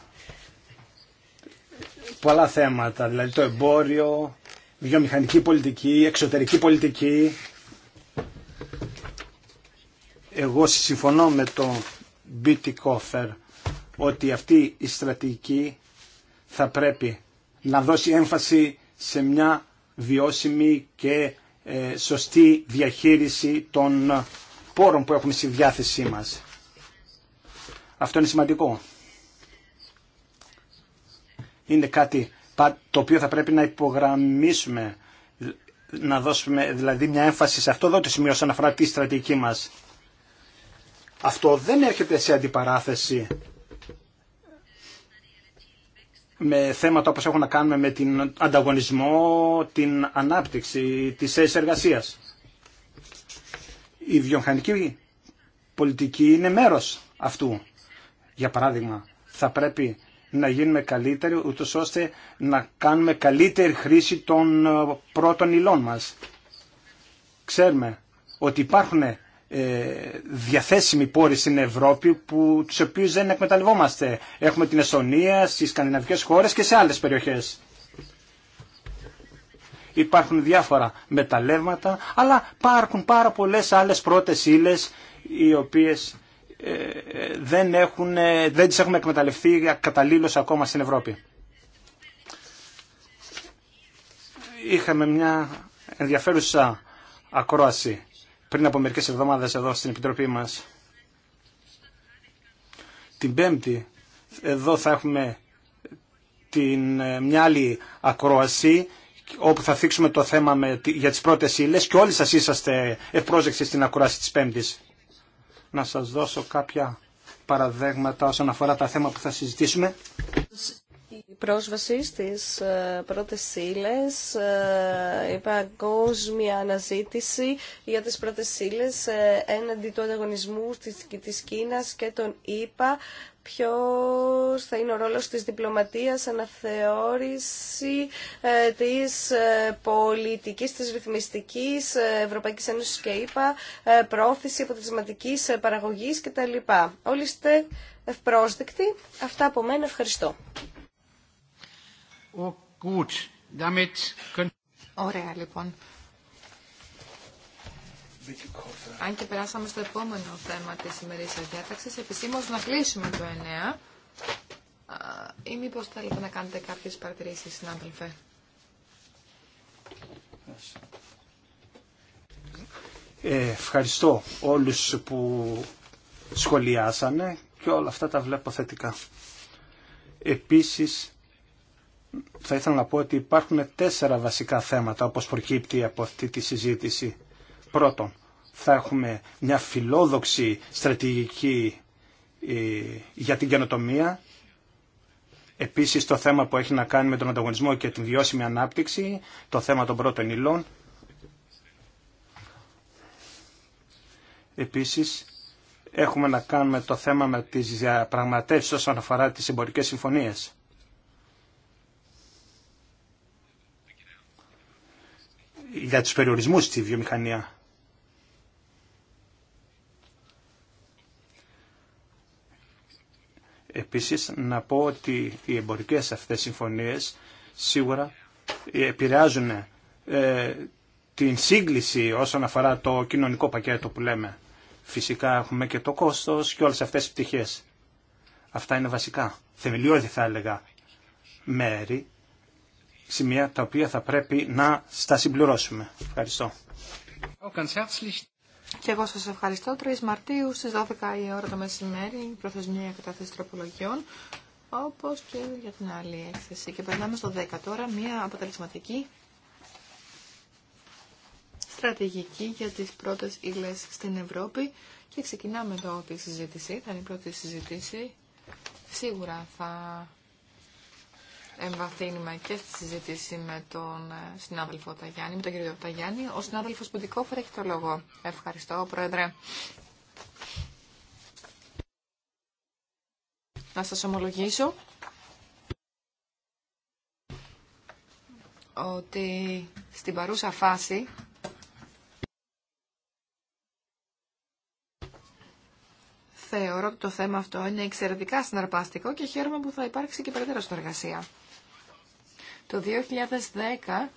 πολλά θέματα, δηλαδή το εμπόριο, βιομηχανική πολιτική, εξωτερική πολιτική. Εγώ συμφωνώ με τον Μπίτι ότι αυτή η στρατηγική θα πρέπει να δώσει έμφαση σε μια βιώσιμη και ε, σωστή διαχείριση των ε, πόρων που έχουμε στη διάθεσή μας. Αυτό είναι σημαντικό. Είναι κάτι το οποίο θα πρέπει να υπογραμμίσουμε, να δώσουμε δηλαδή μια έμφαση σε αυτό εδώ το σημείο όσον αφορά τη στρατηγική μας. Αυτό δεν έρχεται σε αντιπαράθεση με θέματα όπως έχουν να κάνουν με την ανταγωνισμό, την ανάπτυξη της θέσης Η βιομηχανική πολιτική είναι μέρος αυτού. Για παράδειγμα, θα πρέπει να γίνουμε καλύτεροι ούτως ώστε να κάνουμε καλύτερη χρήση των πρώτων υλών μας. Ξέρουμε ότι υπάρχουν ε, διαθέσιμοι πόροι στην Ευρώπη που, τους οποίους δεν εκμεταλλευόμαστε. Έχουμε την Εστονία, στις σκανδιναβικές χώρες και σε άλλες περιοχές. Υπάρχουν διάφορα μεταλλεύματα, αλλά υπάρχουν πάρα πολλές άλλες πρώτες ύλε οι οποίες ε, δεν, έχουν, ε, δεν τις έχουμε εκμεταλλευτεί καταλήλως ακόμα στην Ευρώπη. Είχαμε μια ενδιαφέρουσα ακρόαση πριν από μερικές εβδομάδες εδώ στην Επιτροπή μας. Την Πέμπτη εδώ θα έχουμε την, ε, μια άλλη ακρόαση όπου θα θίξουμε το θέμα με, για τις πρώτες ύλε και όλοι σας είσαστε ευπρόζεκτοι στην ακρόαση της Πέμπτης. Να σας δώσω κάποια παραδέγματα όσον αφορά τα θέματα που θα συζητήσουμε. Η πρόσβαση στις ε, πρώτες ύλε, ε, η παγκόσμια αναζήτηση για τις πρώτες ένα ε, έναντι του ανταγωνισμού της Κίνας και των ΗΠΑ, ποιος θα είναι ο ρόλος της διπλωματίας, αναθεώρηση ε, της πολιτικής, της ρυθμιστικής Ευρωπαϊκής Ένωσης και ΕΠΑ, ε, πρόθεση αποτελεσματικής ε, παραγωγής κτλ. Όλοι είστε ευπρόσδεκτοι. Αυτά από μένα. Ευχαριστώ. Oh, Ωραία, λοιπόν. Αν και περάσαμε στο επόμενο θέμα τη σημερινή διάταξη, επισήμω να κλείσουμε το 9. Ή μήπω θέλετε να κάνετε κάποιε παρατηρήσει συνάδελφε. Ε, ευχαριστώ όλου που σχολιάσανε και όλα αυτά τα βλέπω θετικά. Επίσης, θα ήθελα να πω ότι υπάρχουν τέσσερα βασικά θέματα όπως προκύπτει από αυτή τη συζήτηση. Πρώτον, θα έχουμε μια φιλόδοξη στρατηγική ε, για την καινοτομία. Επίσης το θέμα που έχει να κάνει με τον ανταγωνισμό και την βιώσιμη ανάπτυξη, το θέμα των πρώτων υλών. Επίσης έχουμε να κάνουμε το θέμα με τις διαπραγματεύσεις όσον αφορά τις εμπορικές συμφωνίες. για τους περιορισμούς στη βιομηχανία. Επίσης να πω ότι οι εμπορικές αυτές συμφωνίες σίγουρα επηρεάζουν ε, την σύγκληση όσον αφορά το κοινωνικό πακέτο που λέμε. Φυσικά έχουμε και το κόστος και όλες αυτές τις πτυχές. Αυτά είναι βασικά, θεμελιώδη θα έλεγα, μέρη σημεία τα οποία θα πρέπει να στα συμπληρώσουμε. Ευχαριστώ. Και εγώ σας ευχαριστώ. 3 Μαρτίου στις 12 η ώρα το μεσημέρι, η προθεσμία κατάθεση τροπολογιών, όπως και για την άλλη έκθεση. Και περνάμε στο 10 τώρα, μια αποτελεσματική στρατηγική για τις πρώτες ύλες στην Ευρώπη. Και ξεκινάμε εδώ τη συζήτηση, θα είναι η πρώτη συζήτηση. Σίγουρα θα εμβαθύνουμε και στη συζήτηση με τον ε, συνάδελφο Ταγιάννη, με τον κύριο Ταγιάννη. Ο συνάδελφος Ποντικόφερ έχει το λόγο. Ευχαριστώ, Πρόεδρε. Να σας ομολογήσω ότι στην παρούσα φάση θεωρώ ότι το θέμα αυτό είναι εξαιρετικά συναρπαστικό και χαίρομαι που θα υπάρξει και περαιτέρω συνεργασία. Το 2010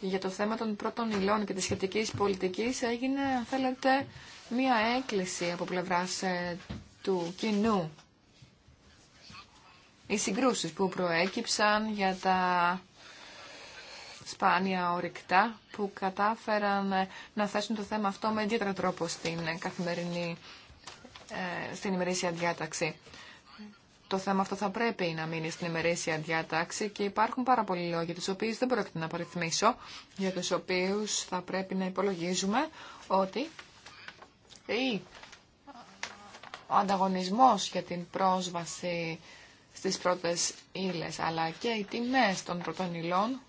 για το θέμα των πρώτων υλών και της σχετικής πολιτικής έγινε, αν θέλετε, μία έκκληση από πλευράς ε, του κοινού. Οι συγκρούσεις που προέκυψαν για τα σπάνια ορυκτά που κατάφεραν ε, να θέσουν το θέμα αυτό με ιδιαίτερο τρόπο στην καθημερινή ε, στην ημερήσια διάταξη. Το θέμα αυτό θα πρέπει να μείνει στην ημερήσια διάταξη και υπάρχουν πάρα πολλοί λόγοι, τους οποίους δεν πρόκειται να παριθμίσω, για τους οποίους θα πρέπει να υπολογίζουμε ότι ή ο ανταγωνισμό για την πρόσβαση στις πρώτε ύλε, αλλά και οι τιμέ των πρώτων υλών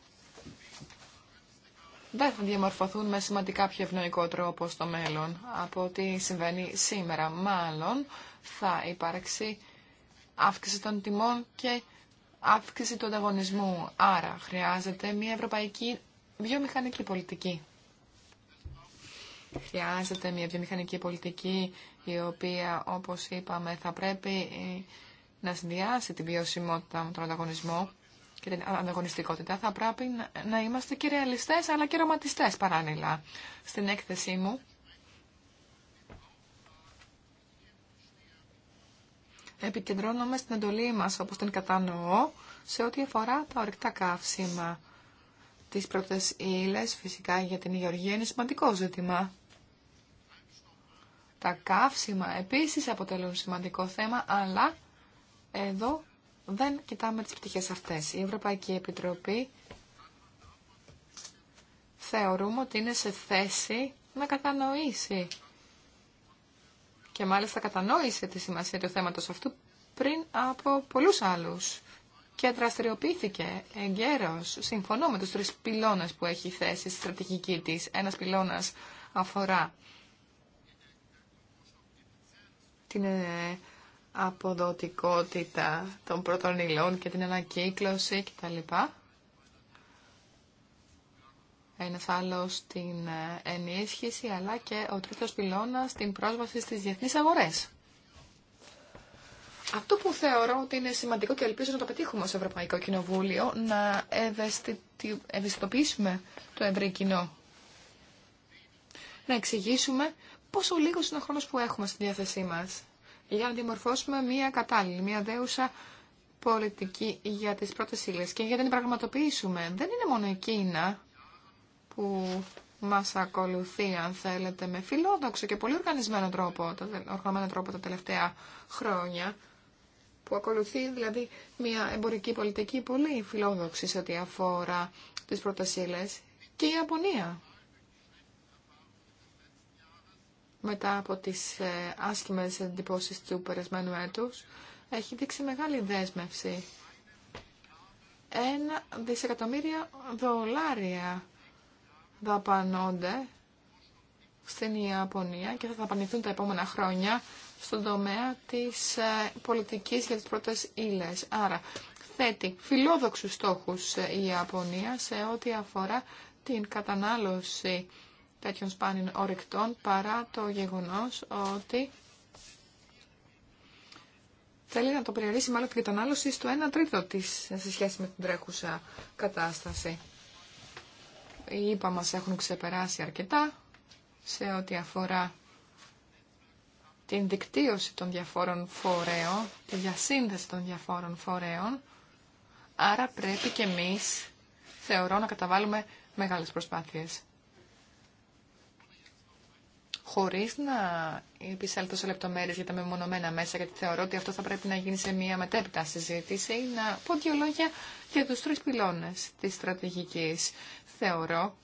δεν θα διαμορφωθούν με σημαντικά πιο ευνοϊκό τρόπο στο μέλλον από ό,τι συμβαίνει σήμερα. Μάλλον θα υπάρξει αύξηση των τιμών και αύξηση του ανταγωνισμού. Άρα χρειάζεται μια ευρωπαϊκή βιομηχανική πολιτική. Χρειάζεται μια βιομηχανική πολιτική η οποία όπως είπαμε θα πρέπει να συνδυάσει την βιωσιμότητα με τον ανταγωνισμό και την ανταγωνιστικότητα, θα πρέπει να είμαστε και ρεαλιστές αλλά και ρομαντιστές παράλληλα. Στην έκθεσή μου επικεντρώνομαι στην εντολή μας, όπως την κατανοώ, σε ό,τι αφορά τα ορυκτά καύσιμα. Τις πρώτες ύλες, φυσικά, για την υγειοργία είναι σημαντικό ζήτημα. Τα καύσιμα επίσης αποτελούν σημαντικό θέμα, αλλά εδώ δεν κοιτάμε τις πτυχές αυτές. Η Ευρωπαϊκή Επιτροπή θεωρούμε ότι είναι σε θέση να κατανοήσει και μάλιστα κατανόησε τη σημασία του θέματος αυτού πριν από πολλούς άλλους και δραστηριοποιήθηκε εγκαίρως. Συμφωνώ με τους τρεις πυλώνες που έχει θέσει στη στρατηγική της. Ένας πυλώνας αφορά την ε, αποδοτικότητα των πρώτων υλών και την ανακύκλωση κτλ. Ένας άλλος στην ε, ενίσχυση, αλλά και ο τρίτος πυλώνας στην πρόσβαση στις διεθνείς αγορές. Αυτό που θεωρώ ότι είναι σημαντικό και ελπίζω να το πετύχουμε ως Ευρωπαϊκό Κοινοβούλιο, να ευαισθητοποιήσουμε το ευρύ κοινό. Να εξηγήσουμε πόσο λίγος είναι ο χρόνος που έχουμε στη διάθεσή μας για να δημορφώσουμε μια κατάλληλη, μια δέουσα πολιτική για τις πρώτες σύλλες και για να την πραγματοποιήσουμε. Δεν είναι μόνο η Κίνα που μας ακολουθεί, αν θέλετε, με φιλόδοξο και πολύ οργανισμένο τρόπο, οργανωμένο τρόπο τα τελευταία χρόνια, που ακολουθεί δηλαδή μια εμπορική πολιτική πολύ φιλόδοξη σε ό,τι αφορά τις πρώτες και η Ιαπωνία μετά από τις ε, άσχημες εντυπώσεις του περασμένου έτους, έχει δείξει μεγάλη δέσμευση. Ένα δισεκατομμύρια δολάρια δαπανώνται στην Ιαπωνία και θα δαπανηθούν τα επόμενα χρόνια στον τομέα της ε, πολιτικής για τις πρώτες ύλες. Άρα, θέτει φιλόδοξους στόχους ε, η Ιαπωνία σε ό,τι αφορά την κατανάλωση τέτοιων σπάνιων ορεικτών παρά το γεγονός ότι θέλει να το περιορίσει μάλλον την κατανάλωση στο 1 τρίτο της σε σχέση με την τρέχουσα κατάσταση. Οι ΙΠΑ μας έχουν ξεπεράσει αρκετά σε ό,τι αφορά την δικτύωση των διαφόρων φορέων, τη διασύνδεση των διαφόρων φορέων. Άρα πρέπει και εμείς, θεωρώ, να καταβάλουμε μεγάλες προσπάθειες χωρίς να επισέλθω σε λεπτομέρειε για τα μεμονωμένα μέσα, γιατί θεωρώ ότι αυτό θα πρέπει να γίνει σε μια μετέπειτα συζήτηση, να πω δύο λόγια για τους τρεις πυλώνες της στρατηγικής. Θεωρώ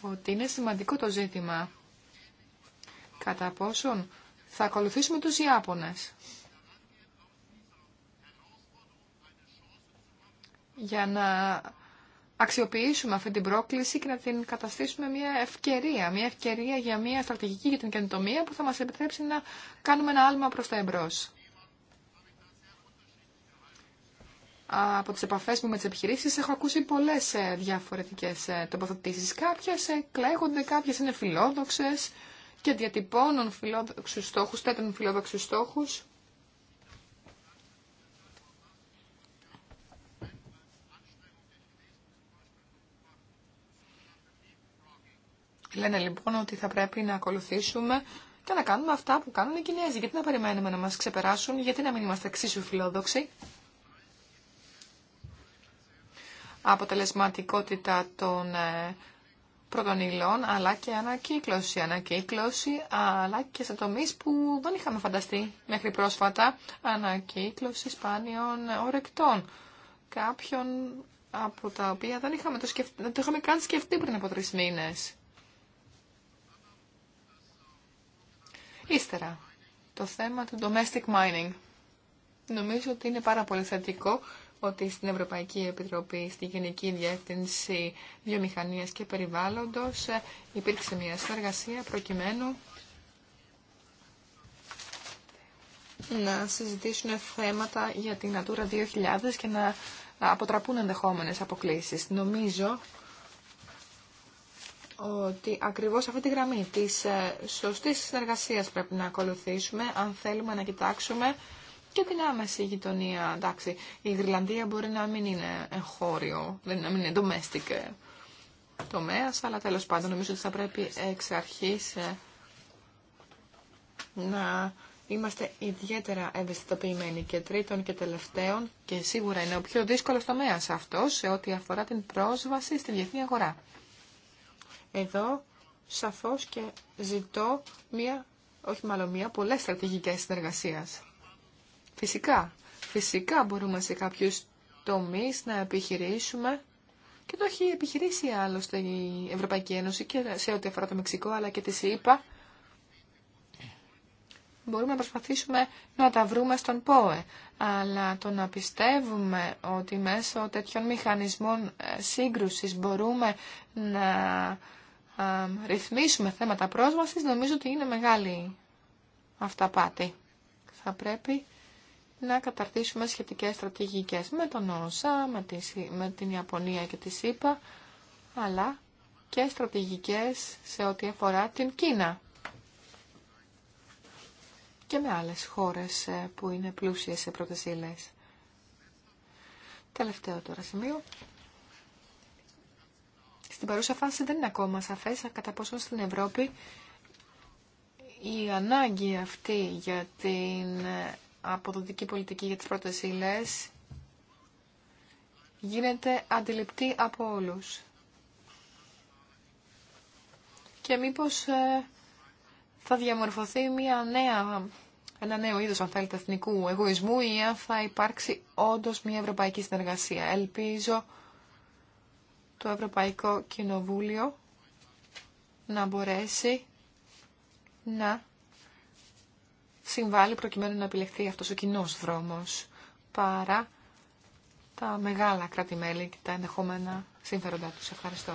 ότι είναι σημαντικό το ζήτημα κατά πόσον θα ακολουθήσουμε τους Ιάπωνες. για να αξιοποιήσουμε αυτή την πρόκληση και να την καταστήσουμε μια ευκαιρία, μια ευκαιρία για μια στρατηγική για την καινοτομία που θα μας επιτρέψει να κάνουμε ένα άλμα προς τα εμπρός. από τις επαφές μου με τις επιχειρήσεις έχω ακούσει πολλές ε, διαφορετικές ε, τοποθετήσεις. Κάποιες ε, κλαίγονται, κάποιες είναι φιλόδοξες και διατυπώνουν φιλόδοξους στόχους, τέτοιων φιλόδοξους στόχους. Λένε λοιπόν ότι θα πρέπει να ακολουθήσουμε και να κάνουμε αυτά που κάνουν οι Κινέζοι. Γιατί να περιμένουμε να μας ξεπεράσουν, γιατί να μην είμαστε εξίσου φιλόδοξοι. Αποτελεσματικότητα των ε, πρώτων υλών, αλλά και ανακύκλωση. Ανακύκλωση, αλλά και σε τομεί που δεν είχαμε φανταστεί μέχρι πρόσφατα. Ανακύκλωση σπάνιων ορεκτών. Κάποιων από τα οποία δεν, είχαμε το το είχαμε καν σκεφτεί πριν από τρει μήνες. Ύστερα, το θέμα του domestic mining. Νομίζω ότι είναι πάρα πολύ θετικό ότι στην Ευρωπαϊκή Επιτροπή, στη Γενική Διεύθυνση Βιομηχανίας και Περιβάλλοντος ε, υπήρξε μια συνεργασία προκειμένου να συζητήσουν θέματα για την Natura 2000 και να αποτραπούν ενδεχόμενες αποκλήσεις. Νομίζω ότι ακριβώς αυτή τη γραμμή της ε, σωστής συνεργασίας πρέπει να ακολουθήσουμε αν θέλουμε να κοιτάξουμε και την άμεση γειτονία. Εντάξει, η Γρυλανδία μπορεί να μην είναι εγχώριο, να μην είναι domestic ε, τομέας, αλλά τέλος πάντων νομίζω ότι θα πρέπει εξ αρχής ε, να είμαστε ιδιαίτερα ευαισθητοποιημένοι και τρίτον και τελευταίων και σίγουρα είναι ο πιο δύσκολος τομέας αυτός σε ό,τι αφορά την πρόσβαση στη διεθνή αγορά. Εδώ σαφώς και ζητώ μία, όχι μάλλον μία, πολλές στρατηγικές συνεργασίας. Φυσικά, φυσικά μπορούμε σε κάποιους τομείς να επιχειρήσουμε και το έχει επιχειρήσει άλλωστε η Ευρωπαϊκή Ένωση και σε ό,τι αφορά το Μεξικό αλλά και τη ΣΥΠΑ. Μπορούμε να προσπαθήσουμε να τα βρούμε στον ΠΟΕ, αλλά το να πιστεύουμε ότι μέσω τέτοιων μηχανισμών ε, σύγκρουσης μπορούμε να ρυθμίσουμε θέματα πρόσβασης, νομίζω ότι είναι μεγάλη αυταπάτη. Θα πρέπει να καταρτήσουμε σχετικές στρατηγικές με τον ΩΣΑ, με, με την Ιαπωνία και τη ΣΥΠΑ, αλλά και στρατηγικές σε ό,τι αφορά την Κίνα και με άλλες χώρες ε, που είναι πλούσιες σε πρώτες ύλες. Τελευταίο τώρα σημείο. Στην παρούσα φάση δεν είναι ακόμα σαφές κατά πόσο στην Ευρώπη η ανάγκη αυτή για την αποδοτική πολιτική για τις πρώτες ύλες γίνεται αντιληπτή από όλους. Και μήπως ε, θα διαμορφωθεί μια νέα, ένα νέο είδος, αν εθνικού εγωισμού ή αν θα υπάρξει όντως μια ευρωπαϊκή συνεργασία. Ελπίζω το Ευρωπαϊκό Κοινοβούλιο να μπορέσει να συμβάλλει προκειμένου να επιλεχθεί αυτός ο κοινό δρόμος παρά τα μεγάλα κράτη-μέλη και τα ενδεχόμενα συμφέροντά τους. Ευχαριστώ,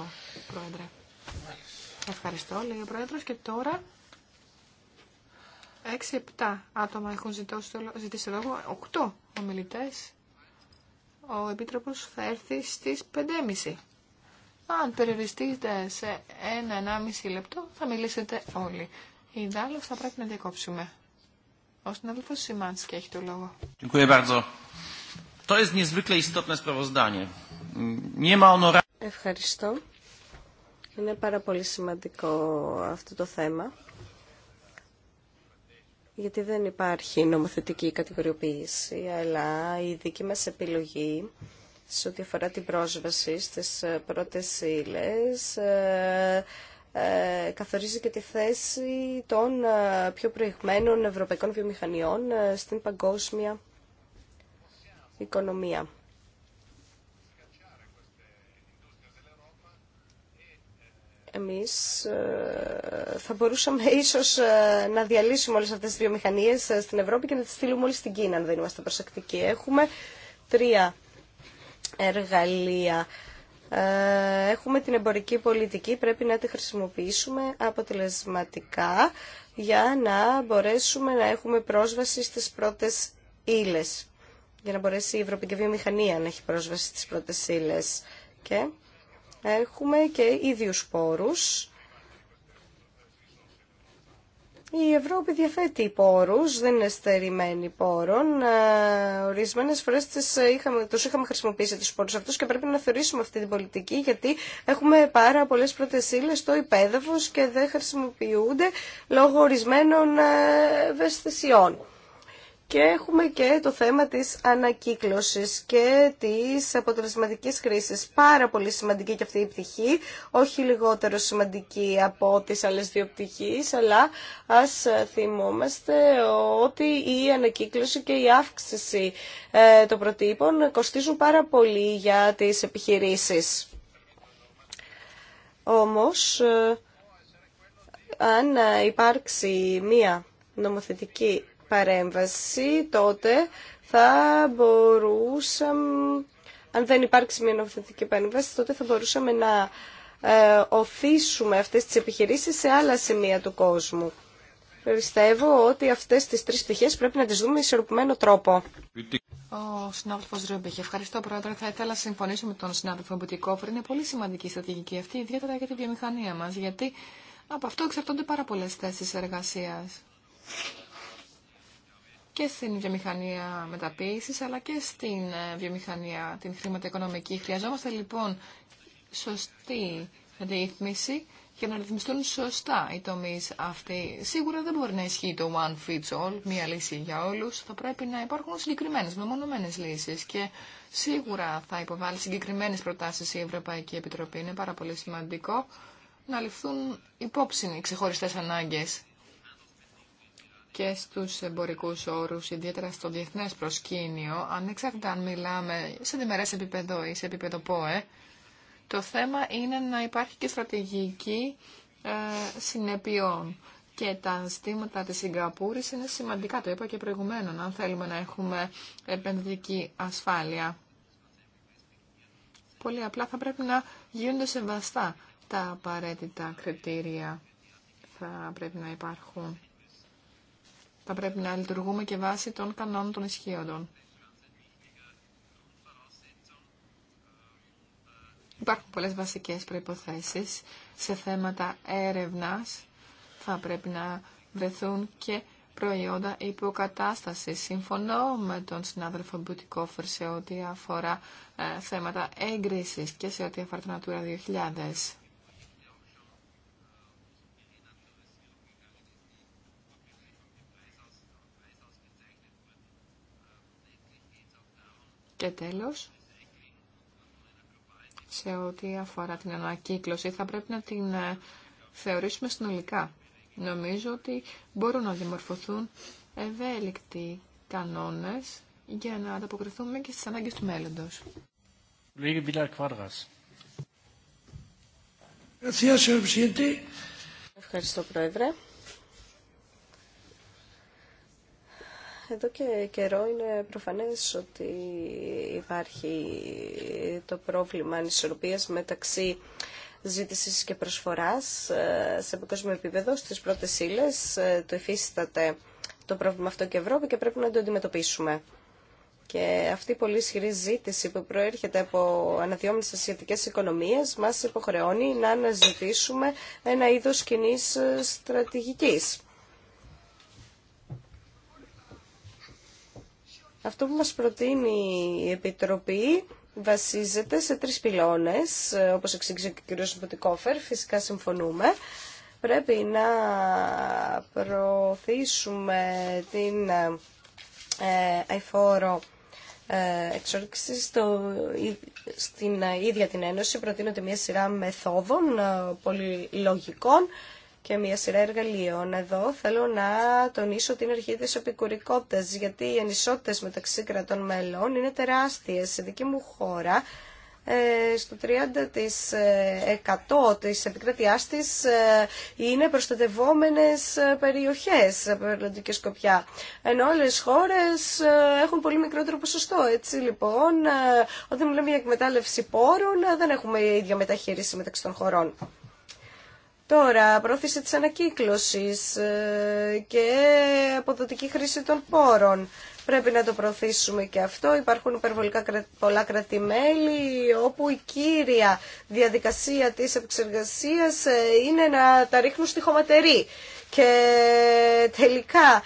Πρόεδρε. Ευχαριστώ, λέει ο Πρόεδρος. Και τώρα 6-7 άτομα έχουν ζητήσει λόγο, 8 ομιλητές. Ο Επίτροπος θα έρθει στις 5.30. Αν περιοριστείτε σε ένα-ενάμιση λεπτό, θα μιλήσετε όλοι. Ιδάλλως θα πρέπει να διακόψουμε. Ο συνάδελφος Σιμάνσκι έχει το λόγο. Ευχαριστώ. Είναι πάρα πολύ σημαντικό αυτό το θέμα. Γιατί δεν υπάρχει νομοθετική κατηγοριοποίηση, αλλά η δική μας επιλογή σε ό,τι αφορά την πρόσβαση στις ε, πρώτες ύλες, ε, ε, καθορίζει και τη θέση των πιο προηγμένων ευρωπαϊκών βιομηχανιών στην παγκόσμια οικονομία. εμείς θα μπορούσαμε <laughs> ίσως να διαλύσουμε όλες αυτές τις βιομηχανίες στην Ευρώπη και να τις στείλουμε όλες στην Κίνα, αν δεν είμαστε προσεκτικοί. Έχουμε τρία εργαλεία. Ε, έχουμε την εμπορική πολιτική, πρέπει να τη χρησιμοποιήσουμε αποτελεσματικά για να μπορέσουμε να έχουμε πρόσβαση στις πρώτες ύλες. Για να μπορέσει η Ευρωπαϊκή Βιομηχανία να έχει πρόσβαση στις πρώτες ύλες. Και έχουμε και ίδιους πόρους η Ευρώπη διαθέτει πόρους, δεν είναι στερημένη πόρων. Ε, ορισμένες φορές τις ε, είχαμε, τους είχαμε χρησιμοποιήσει τους πόρους αυτούς και πρέπει να θεωρήσουμε αυτή την πολιτική γιατί έχουμε πάρα πολλές πρωτεσίλες στο υπέδαφος και δεν χρησιμοποιούνται λόγω ορισμένων ε, ευαισθησιών. Και έχουμε και το θέμα της ανακύκλωσης και της αποτελεσματικής χρήσης. Πάρα πολύ σημαντική και αυτή η πτυχή, όχι λιγότερο σημαντική από τις άλλες δύο πτυχίες, αλλά ας θυμόμαστε ότι η ανακύκλωση και η αύξηση ε, των προτύπων κοστίζουν πάρα πολύ για τις επιχειρήσεις. Όμως, ε, αν υπάρξει μία νομοθετική παρέμβαση, τότε θα μπορούσαμε, αν δεν υπάρξει μια νομοθετική παρέμβαση, τότε θα μπορούσαμε να ε, οφήσουμε αυτές τις επιχειρήσεις σε άλλα σημεία του κόσμου. Πιστεύω ότι αυτές τις τρεις πτυχές πρέπει να τις δούμε με ισορροπημένο τρόπο. Ο συνάδελφος Ρούμπεχ, ευχαριστώ πρόεδρε. Θα ήθελα να συμφωνήσω με τον συνάδελφο Μπουτικόφερ. Είναι πολύ σημαντική η στρατηγική αυτή, ιδιαίτερα για τη βιομηχανία μας, γιατί από αυτό εξαρτώνται πάρα πολλές θέσεις εργασίας και στην βιομηχανία μεταποίηση, αλλά και στην ε, βιομηχανία την χρηματοοικονομική. Χρειαζόμαστε λοιπόν σωστή ρύθμιση για να ρυθμιστούν σωστά οι τομεί αυτοί. Σίγουρα δεν μπορεί να ισχύει το one fits all, μία λύση για όλου. Θα πρέπει να υπάρχουν συγκεκριμένε, μεμονωμένε λύσει. Και σίγουρα θα υποβάλει συγκεκριμένε προτάσει η Ευρωπαϊκή Επιτροπή. Είναι πάρα πολύ σημαντικό να ληφθούν υπόψη οι ξεχωριστέ ανάγκε και στους εμπορικούς όρους, ιδιαίτερα στο διεθνές προσκήνιο, ανεξάρτητα αν μιλάμε σε διμερές επίπεδο ή σε επίπεδο ΠΟΕ, το θέμα είναι να υπάρχει και στρατηγική ε, συνεπειών. Και τα ζητήματα της Σιγκαπούρης είναι σημαντικά, το είπα και προηγουμένω αν θέλουμε να έχουμε επενδυτική ασφάλεια. Πολύ απλά θα πρέπει να γίνονται σεβαστά τα απαραίτητα κριτήρια. Θα πρέπει να υπάρχουν θα πρέπει να λειτουργούμε και βάσει των κανόνων των ισχύοντων. Υπάρχουν πολλές βασικές προϋποθέσεις σε θέματα έρευνας. Θα πρέπει να βρεθούν και προϊόντα υποκατάσταση. Συμφωνώ με τον συνάδελφο Μπουτικόφερ σε ό,τι αφορά ε, θέματα έγκρισης και σε ό,τι αφορά το Natura 2000. Και τέλος, σε ό,τι αφορά την ανακύκλωση, θα πρέπει να την ε, θεωρήσουμε συνολικά. Νομίζω ότι μπορούν να δημορφωθούν ευέλικτοι κανόνες για να ανταποκριθούμε και στις ανάγκες του μέλλοντος. Ευχαριστώ, Πρόεδρε. εδώ και καιρό είναι προφανές ότι υπάρχει το πρόβλημα ανισορροπίας μεταξύ ζήτησης και προσφοράς ε, σε παγκόσμιο επίπεδο στις πρώτες ύλε. Ε, το υφίσταται το πρόβλημα αυτό και Ευρώπη και πρέπει να το αντιμετωπίσουμε. Και αυτή η πολύ ισχυρή ζήτηση που προέρχεται από αναδυόμενες ασιατικές οικονομίες μας υποχρεώνει να αναζητήσουμε ένα είδος κοινή ε, στρατηγικής Αυτό που μας προτείνει η Επιτροπή βασίζεται σε τρεις πυλώνες, όπως εξήγησε και ο κ. Μποτικόφερ, φυσικά συμφωνούμε. Πρέπει να προωθήσουμε την ε, αϊφόρο ε, εξόρυξη στην ε, ίδια την Ένωση. Προτείνονται μια σειρά μεθόδων πολυλογικών και μια σειρά εργαλείων. Εδώ θέλω να τονίσω την αρχή της επικουρικότητας, γιατί οι ανισότητες μεταξύ κρατών μελών είναι τεράστιες. Στη δική μου χώρα, ε, στο 30% της επικρατειάς της ε, είναι προστατευόμενες ε, περιοχές από Ιρλανδική Σκοπιά. Ενώ όλες χώρες έχουν πολύ μικρότερο ποσοστό. Έτσι λοιπόν, όταν μιλάμε για εκμετάλλευση πόρων, δεν έχουμε ίδια μεταχείριση μεταξύ των χωρών. Τώρα, πρόθεση της ανακύκλωσης ε, και αποδοτική χρήση των πόρων. Πρέπει να το προωθήσουμε και αυτό. Υπάρχουν υπερβολικά πολλά κρατημέλη, όπου η κύρια διαδικασία της επεξεργασίας ε, είναι να τα ρίχνουν στη χωματερή και τελικά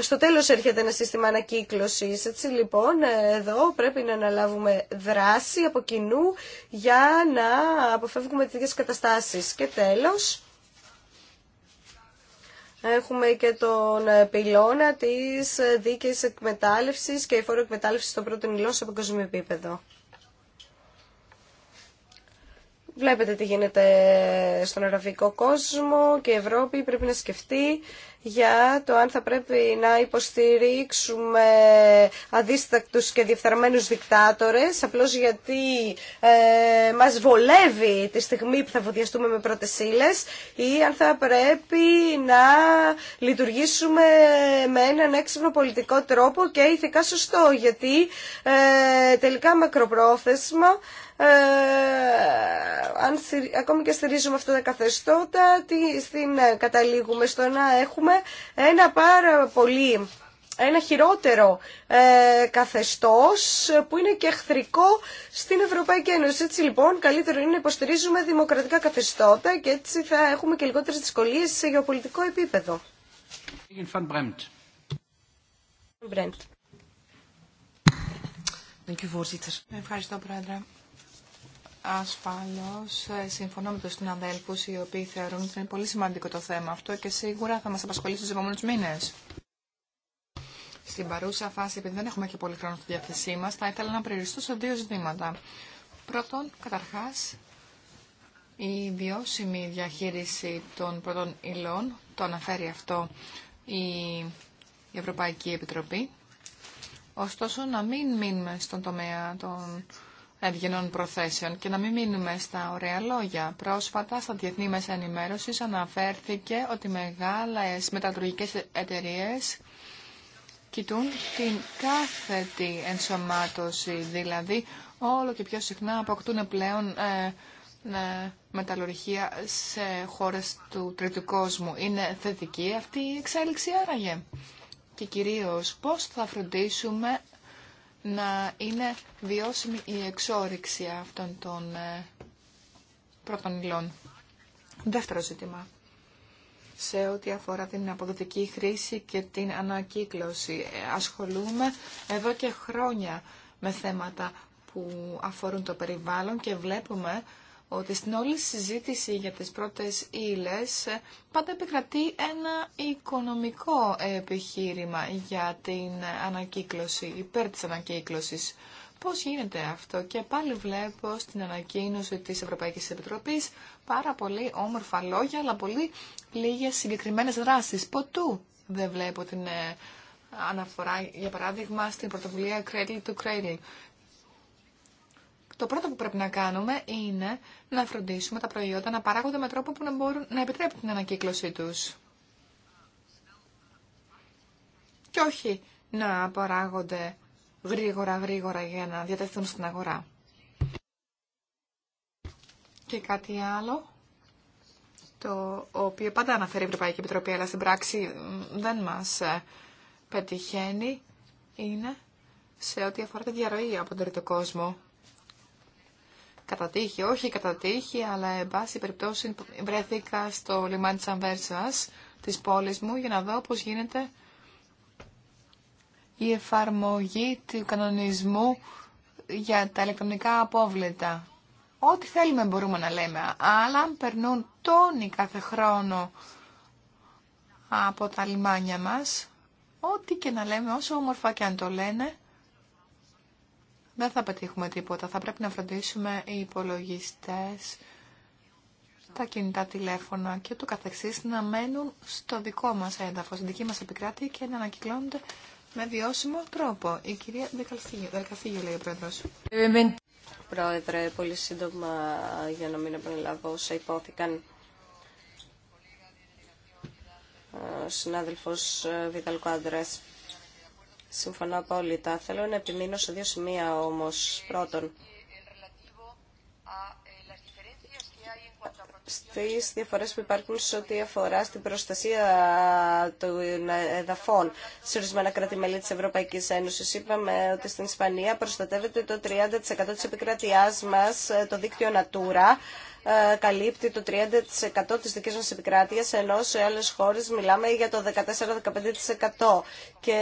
στο τέλος έρχεται ένα σύστημα ανακύκλωσης. Έτσι λοιπόν εδώ πρέπει να αναλάβουμε δράση από κοινού για να αποφεύγουμε τέτοιες καταστάσεις. Και τέλος... Έχουμε και τον πυλώνα της δίκαιης εκμετάλλευσης και η φόρο εκμετάλλευσης των πρώτων υλών σε παγκοσμίο Βλέπετε τι γίνεται στον αραβικό κόσμο και η Ευρώπη πρέπει να σκεφτεί για το αν θα πρέπει να υποστηρίξουμε αδίστακτους και διεφθαρμένους δικτάτορες απλώς γιατί ε, μας βολεύει τη στιγμή που θα βοδιαστούμε με πρώτες ύλες ή αν θα πρέπει να λειτουργήσουμε με έναν έξυπνο πολιτικό τρόπο και ηθικά σωστό γιατί ε, τελικά μακροπρόθεσμα ε, αν ακόμη και στηρίζουμε αυτά τα καθεστώτα, τι στην ε, καταλήγουμε στο να έχουμε ένα πάρα πολύ ένα χειρότερο ε, καθεστώς που είναι και εχθρικό στην Ευρωπαϊκή Ένωση. Έτσι λοιπόν καλύτερο είναι να υποστηρίζουμε δημοκρατικά καθεστώτα και έτσι θα έχουμε και λιγότερες δυσκολίες σε γεωπολιτικό επίπεδο. Ασφαλώς, ε, συμφωνώ με τους συναδέλφους οι οποίοι θεωρούν ότι είναι πολύ σημαντικό το θέμα αυτό και σίγουρα θα μας απασχολήσει στους επόμενους μήνες. Στην παρούσα φάση, επειδή δεν έχουμε και πολύ χρόνο στη διάθεσή μας, θα ήθελα να περιοριστώ σε δύο ζητήματα. Πρώτον, καταρχάς, η βιώσιμη διαχείριση των πρώτων υλών, το αναφέρει αυτό η Ευρωπαϊκή Επιτροπή. Ωστόσο, να μην μείνουμε στον τομέα των ευγενών προθέσεων και να μην μείνουμε στα ωραία λόγια. Πρόσφατα στα διεθνή μέσα ενημέρωσης αναφέρθηκε ότι μεγάλες μεταλλουργικές εταιρείες κοιτούν την κάθετη ενσωμάτωση, δηλαδή όλο και πιο συχνά αποκτούν πλέον ε, ε σε χώρες του τρίτου κόσμου. Είναι θετική αυτή η εξέλιξη άραγε. Και κυρίως πώς θα φροντίσουμε να είναι βιώσιμη η εξόρυξη αυτών των ε, πρώτων υλών. Δεύτερο ζήτημα σε ό,τι αφορά την αποδοτική χρήση και την ανακύκλωση. Ε, ασχολούμαι εδώ και χρόνια με θέματα που αφορούν το περιβάλλον και βλέπουμε ότι στην όλη συζήτηση για τις πρώτες ύλες πάντα επικρατεί ένα οικονομικό επιχείρημα για την ανακύκλωση, υπέρ της ανακύκλωσης. Πώς γίνεται αυτό και πάλι βλέπω στην ανακοίνωση της Ευρωπαϊκής Επιτροπής πάρα πολύ όμορφα λόγια αλλά πολύ λίγες συγκεκριμένες δράσεις. Ποτού δεν βλέπω την ε, αναφορά για παράδειγμα στην πρωτοβουλία Cradle to Cradle το πρώτο που πρέπει να κάνουμε είναι να φροντίσουμε τα προϊόντα να παράγονται με τρόπο που να, μπορούν, να επιτρέπουν την ανακύκλωσή τους. Και όχι να παράγονται γρήγορα γρήγορα για να διατεθούν στην αγορά. Και κάτι άλλο, το οποίο πάντα αναφέρει η Ευρωπαϊκή Επιτροπή, αλλά στην πράξη δεν μας ε, πετυχαίνει, είναι σε ό,τι αφορά τη διαρροή από τον τρίτο κόσμο κατά όχι κατά τύχη, αλλά εν πάση περιπτώσει βρέθηκα στο λιμάνι της Αμβέρσας της πόλης μου για να δω πώς γίνεται η εφαρμογή του κανονισμού για τα ηλεκτρονικά απόβλητα. Ό,τι θέλουμε μπορούμε να λέμε, αλλά αν περνούν τόνοι κάθε χρόνο από τα λιμάνια μας, ό,τι και να λέμε, όσο όμορφα και αν το λένε, δεν θα πετύχουμε τίποτα. Θα πρέπει να φροντίσουμε οι υπολογιστές, τα κινητά τηλέφωνα και του καθεξής να μένουν στο δικό μας έδαφος, στην δική μας επικράτη και να ανακυκλώνονται με βιώσιμο τρόπο. Η κυρία Δελκαθήγιο λέει ο Πρόεδρος. Πρόεδρε, πολύ σύντομα για να μην επαναλάβω όσα υπόθηκαν. Ο συνάδελφος ε, Βιταλκό Συμφωνώ απόλυτα. Θέλω να επιμείνω σε δύο σημεία όμως. Πρώτον, στις διαφορές που υπάρχουν σε ό,τι αφορά στην προστασία των εδαφών σε ορισμένα κράτη-μέλη της Ευρωπαϊκής Ένωσης. Είπαμε ότι στην Ισπανία προστατεύεται το 30% της επικρατειάς μας το δίκτυο Natura ε, καλύπτει το 30% της δικής μας επικράτειας, ενώ σε άλλες χώρες μιλάμε για το 14-15%. Και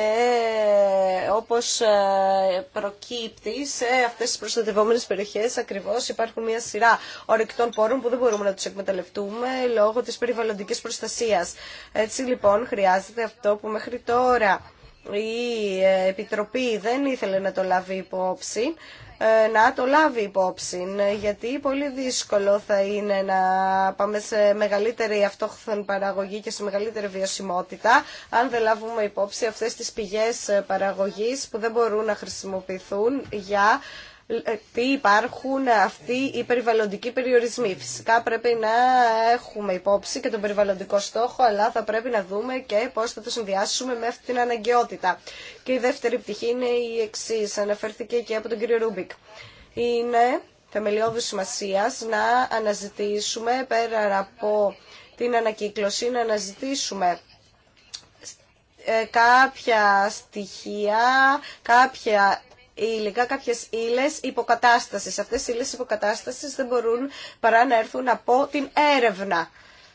ε, όπως ε, προκύπτει σε αυτές τις προστατευόμενες περιοχές ακριβώς υπάρχουν μια σειρά ορεικτών πόρων που δεν μπορούμε να τους εκμεταλλευτούμε λόγω της περιβαλλοντικής προστασίας. Έτσι λοιπόν χρειάζεται αυτό που μέχρι τώρα η ε, Επιτροπή δεν ήθελε να το λάβει υπόψη, ε, να το λάβει υπόψη, γιατί πολύ δύσκολο θα είναι να πάμε σε μεγαλύτερη αυτόχθον παραγωγή και σε μεγαλύτερη βιωσιμότητα, αν δεν λάβουμε υπόψη αυτές τις πηγές παραγωγής που δεν μπορούν να χρησιμοποιηθούν για τι υπάρχουν αυτοί οι περιβαλλοντικοί περιορισμοί. Φυσικά πρέπει να έχουμε υπόψη και τον περιβαλλοντικό στόχο, αλλά θα πρέπει να δούμε και πώς θα το συνδυάσουμε με αυτή την αναγκαιότητα. Και η δεύτερη πτυχή είναι η εξή, αναφέρθηκε και από τον κύριο Ρούμπικ. Είναι θεμελιώδη σημασία να αναζητήσουμε πέρα από την ανακύκλωση, να αναζητήσουμε ε, κάποια στοιχεία, κάποια υλικά, κάποιες ύλες υποκατάστασης. Αυτές οι ύλε υποκατάστασης δεν μπορούν παρά να έρθουν από την έρευνα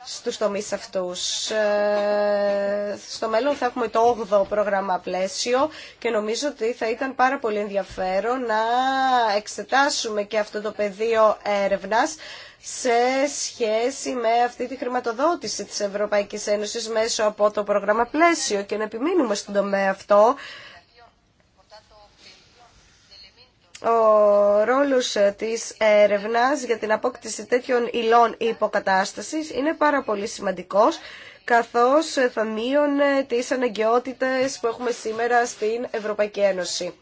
στους τομείς αυτούς. Ε, στο μέλλον θα έχουμε το 8ο πρόγραμμα πλαίσιο και νομίζω ότι θα ήταν πάρα πολύ ενδιαφέρον να εξετάσουμε και αυτό το πεδίο έρευνας σε σχέση με αυτή τη χρηματοδότηση της Ευρωπαϊκής Ένωσης μέσω από το πρόγραμμα πλαίσιο και να επιμείνουμε στον τομέα αυτό ο ρόλος της έρευνας για την απόκτηση τέτοιων υλών υποκατάστασης είναι πάρα πολύ σημαντικός καθώς θα μείωνε τις αναγκαιότητες που έχουμε σήμερα στην Ευρωπαϊκή Ένωση.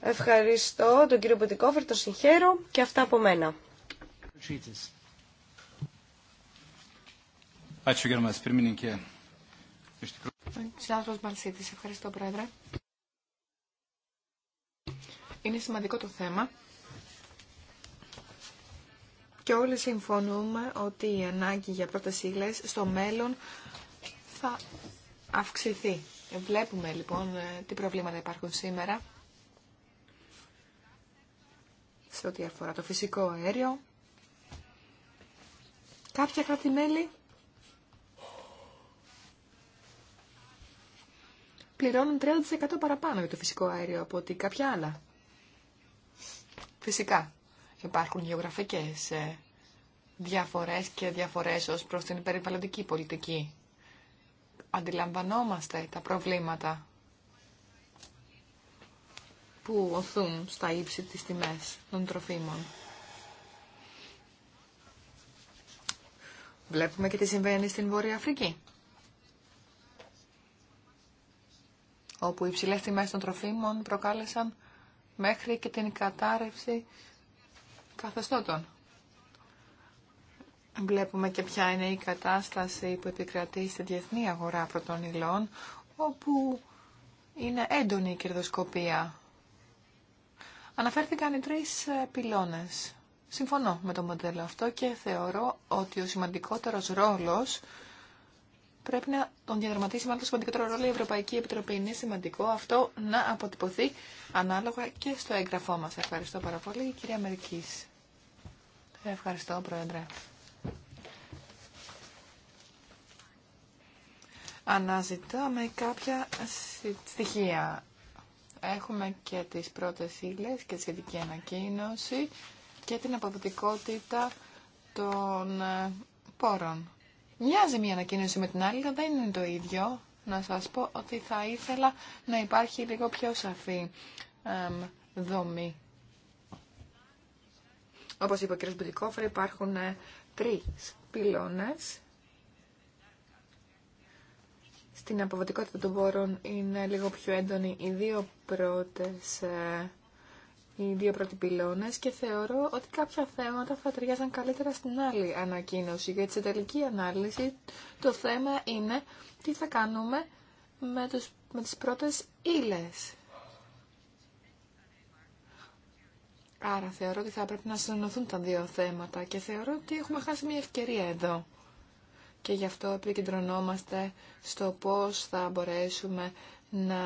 Ευχαριστώ τον κύριο Μπουτικόφερ, τον συγχαίρω και αυτά από μένα. Ευχαριστώ, Πρόεδρε. Είναι σημαντικό το θέμα και όλοι συμφωνούμε ότι η ανάγκη για πρώτες ύλες στο μέλλον θα αυξηθεί. Βλέπουμε λοιπόν ε, τι προβλήματα υπάρχουν σήμερα σε ό,τι αφορά το φυσικό αέριο. Κάποια κρατημέλη πληρώνουν 30% παραπάνω για το φυσικό αέριο από ότι κάποια άλλα. Φυσικά υπάρχουν γεωγραφικές ε, διαφορές και διαφορές ως προς την περιβαλλοντική πολιτική. Αντιλαμβανόμαστε τα προβλήματα που οθούν στα ύψη της τιμές των τροφίμων. Βλέπουμε και τι συμβαίνει στην Βόρεια Αφρική. Όπου οι υψηλές τιμές των τροφίμων προκάλεσαν μέχρι και την κατάρρευση καθεστώτων. Βλέπουμε και ποια είναι η κατάσταση που επικρατεί στη διεθνή αγορά πρώτων υλών, όπου είναι έντονη η κερδοσκοπία. Αναφέρθηκαν οι τρεις ε, πυλώνες. Συμφωνώ με το μοντέλο αυτό και θεωρώ ότι ο σημαντικότερος ρόλος πρέπει να τον διαδραματίσει μάλλον σημαντικότερο ρόλο η Ευρωπαϊκή Επιτροπή. Είναι σημαντικό αυτό να αποτυπωθεί ανάλογα και στο έγγραφό μας. Ευχαριστώ πάρα πολύ, κυρία Μερικής. Ευχαριστώ, Πρόεδρε. Αναζητάμε κάποια στοιχεία. Έχουμε και τις πρώτες ύλε και σχετική ανακοίνωση και την αποδοτικότητα των ε, πόρων. Μοιάζει μια ανακοίνωση με την άλλη, αλλά δεν είναι το ίδιο. Να σας πω ότι θα ήθελα να υπάρχει λίγο πιο σαφή δομή. Όπως είπε ο κ. Μπιλικόφερ, υπάρχουν ε, τρεις πυλώνες. Στην αποβατικότητα των πόρων είναι λίγο πιο έντονη οι δύο πρώτες ε, οι δύο πρώτοι πυλώνε και θεωρώ ότι κάποια θέματα θα ταιριάζαν καλύτερα στην άλλη ανακοίνωση. Γιατί σε τελική ανάλυση το θέμα είναι τι θα κάνουμε με, τους, με τις πρώτες ύλες. Άρα θεωρώ ότι θα πρέπει να συνενωθούν τα δύο θέματα και θεωρώ ότι έχουμε χάσει μια ευκαιρία εδώ. Και γι' αυτό επικεντρωνόμαστε στο πώς θα μπορέσουμε να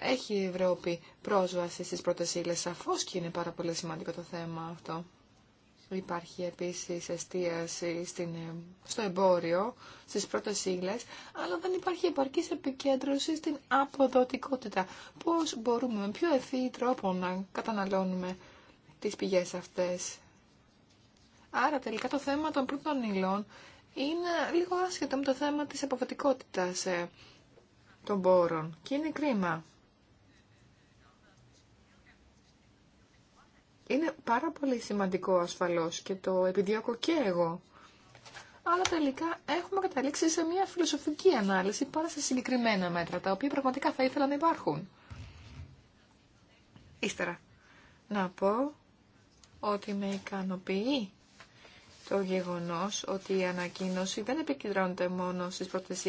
έχει η Ευρώπη πρόσβαση στις πρώτες ύλες. Σαφώς και είναι πάρα πολύ σημαντικό το θέμα αυτό. Υπάρχει επίσης εστίαση στην, στο εμπόριο, στις πρώτες ύλες, αλλά δεν υπάρχει επαρκής επικέντρωση στην αποδοτικότητα. Πώς μπορούμε, με πιο ευθύ τρόπο να καταναλώνουμε τις πηγές αυτές. Άρα τελικά το θέμα των πρώτων ύλων είναι λίγο άσχετο με το θέμα της αποδοτικότητας. Ε, των πόρων. Και είναι κρίμα. Είναι πάρα πολύ σημαντικό ασφαλώς και το επιδιώκω και εγώ. Αλλά τελικά έχουμε καταλήξει σε μια φιλοσοφική ανάλυση παρά σε συγκεκριμένα μέτρα, τα οποία πραγματικά θα ήθελα να υπάρχουν. Ύστερα, να πω ότι με ικανοποιεί το γεγονός ότι η ανακοίνωση δεν επικεντρώνεται μόνο στις πρώτες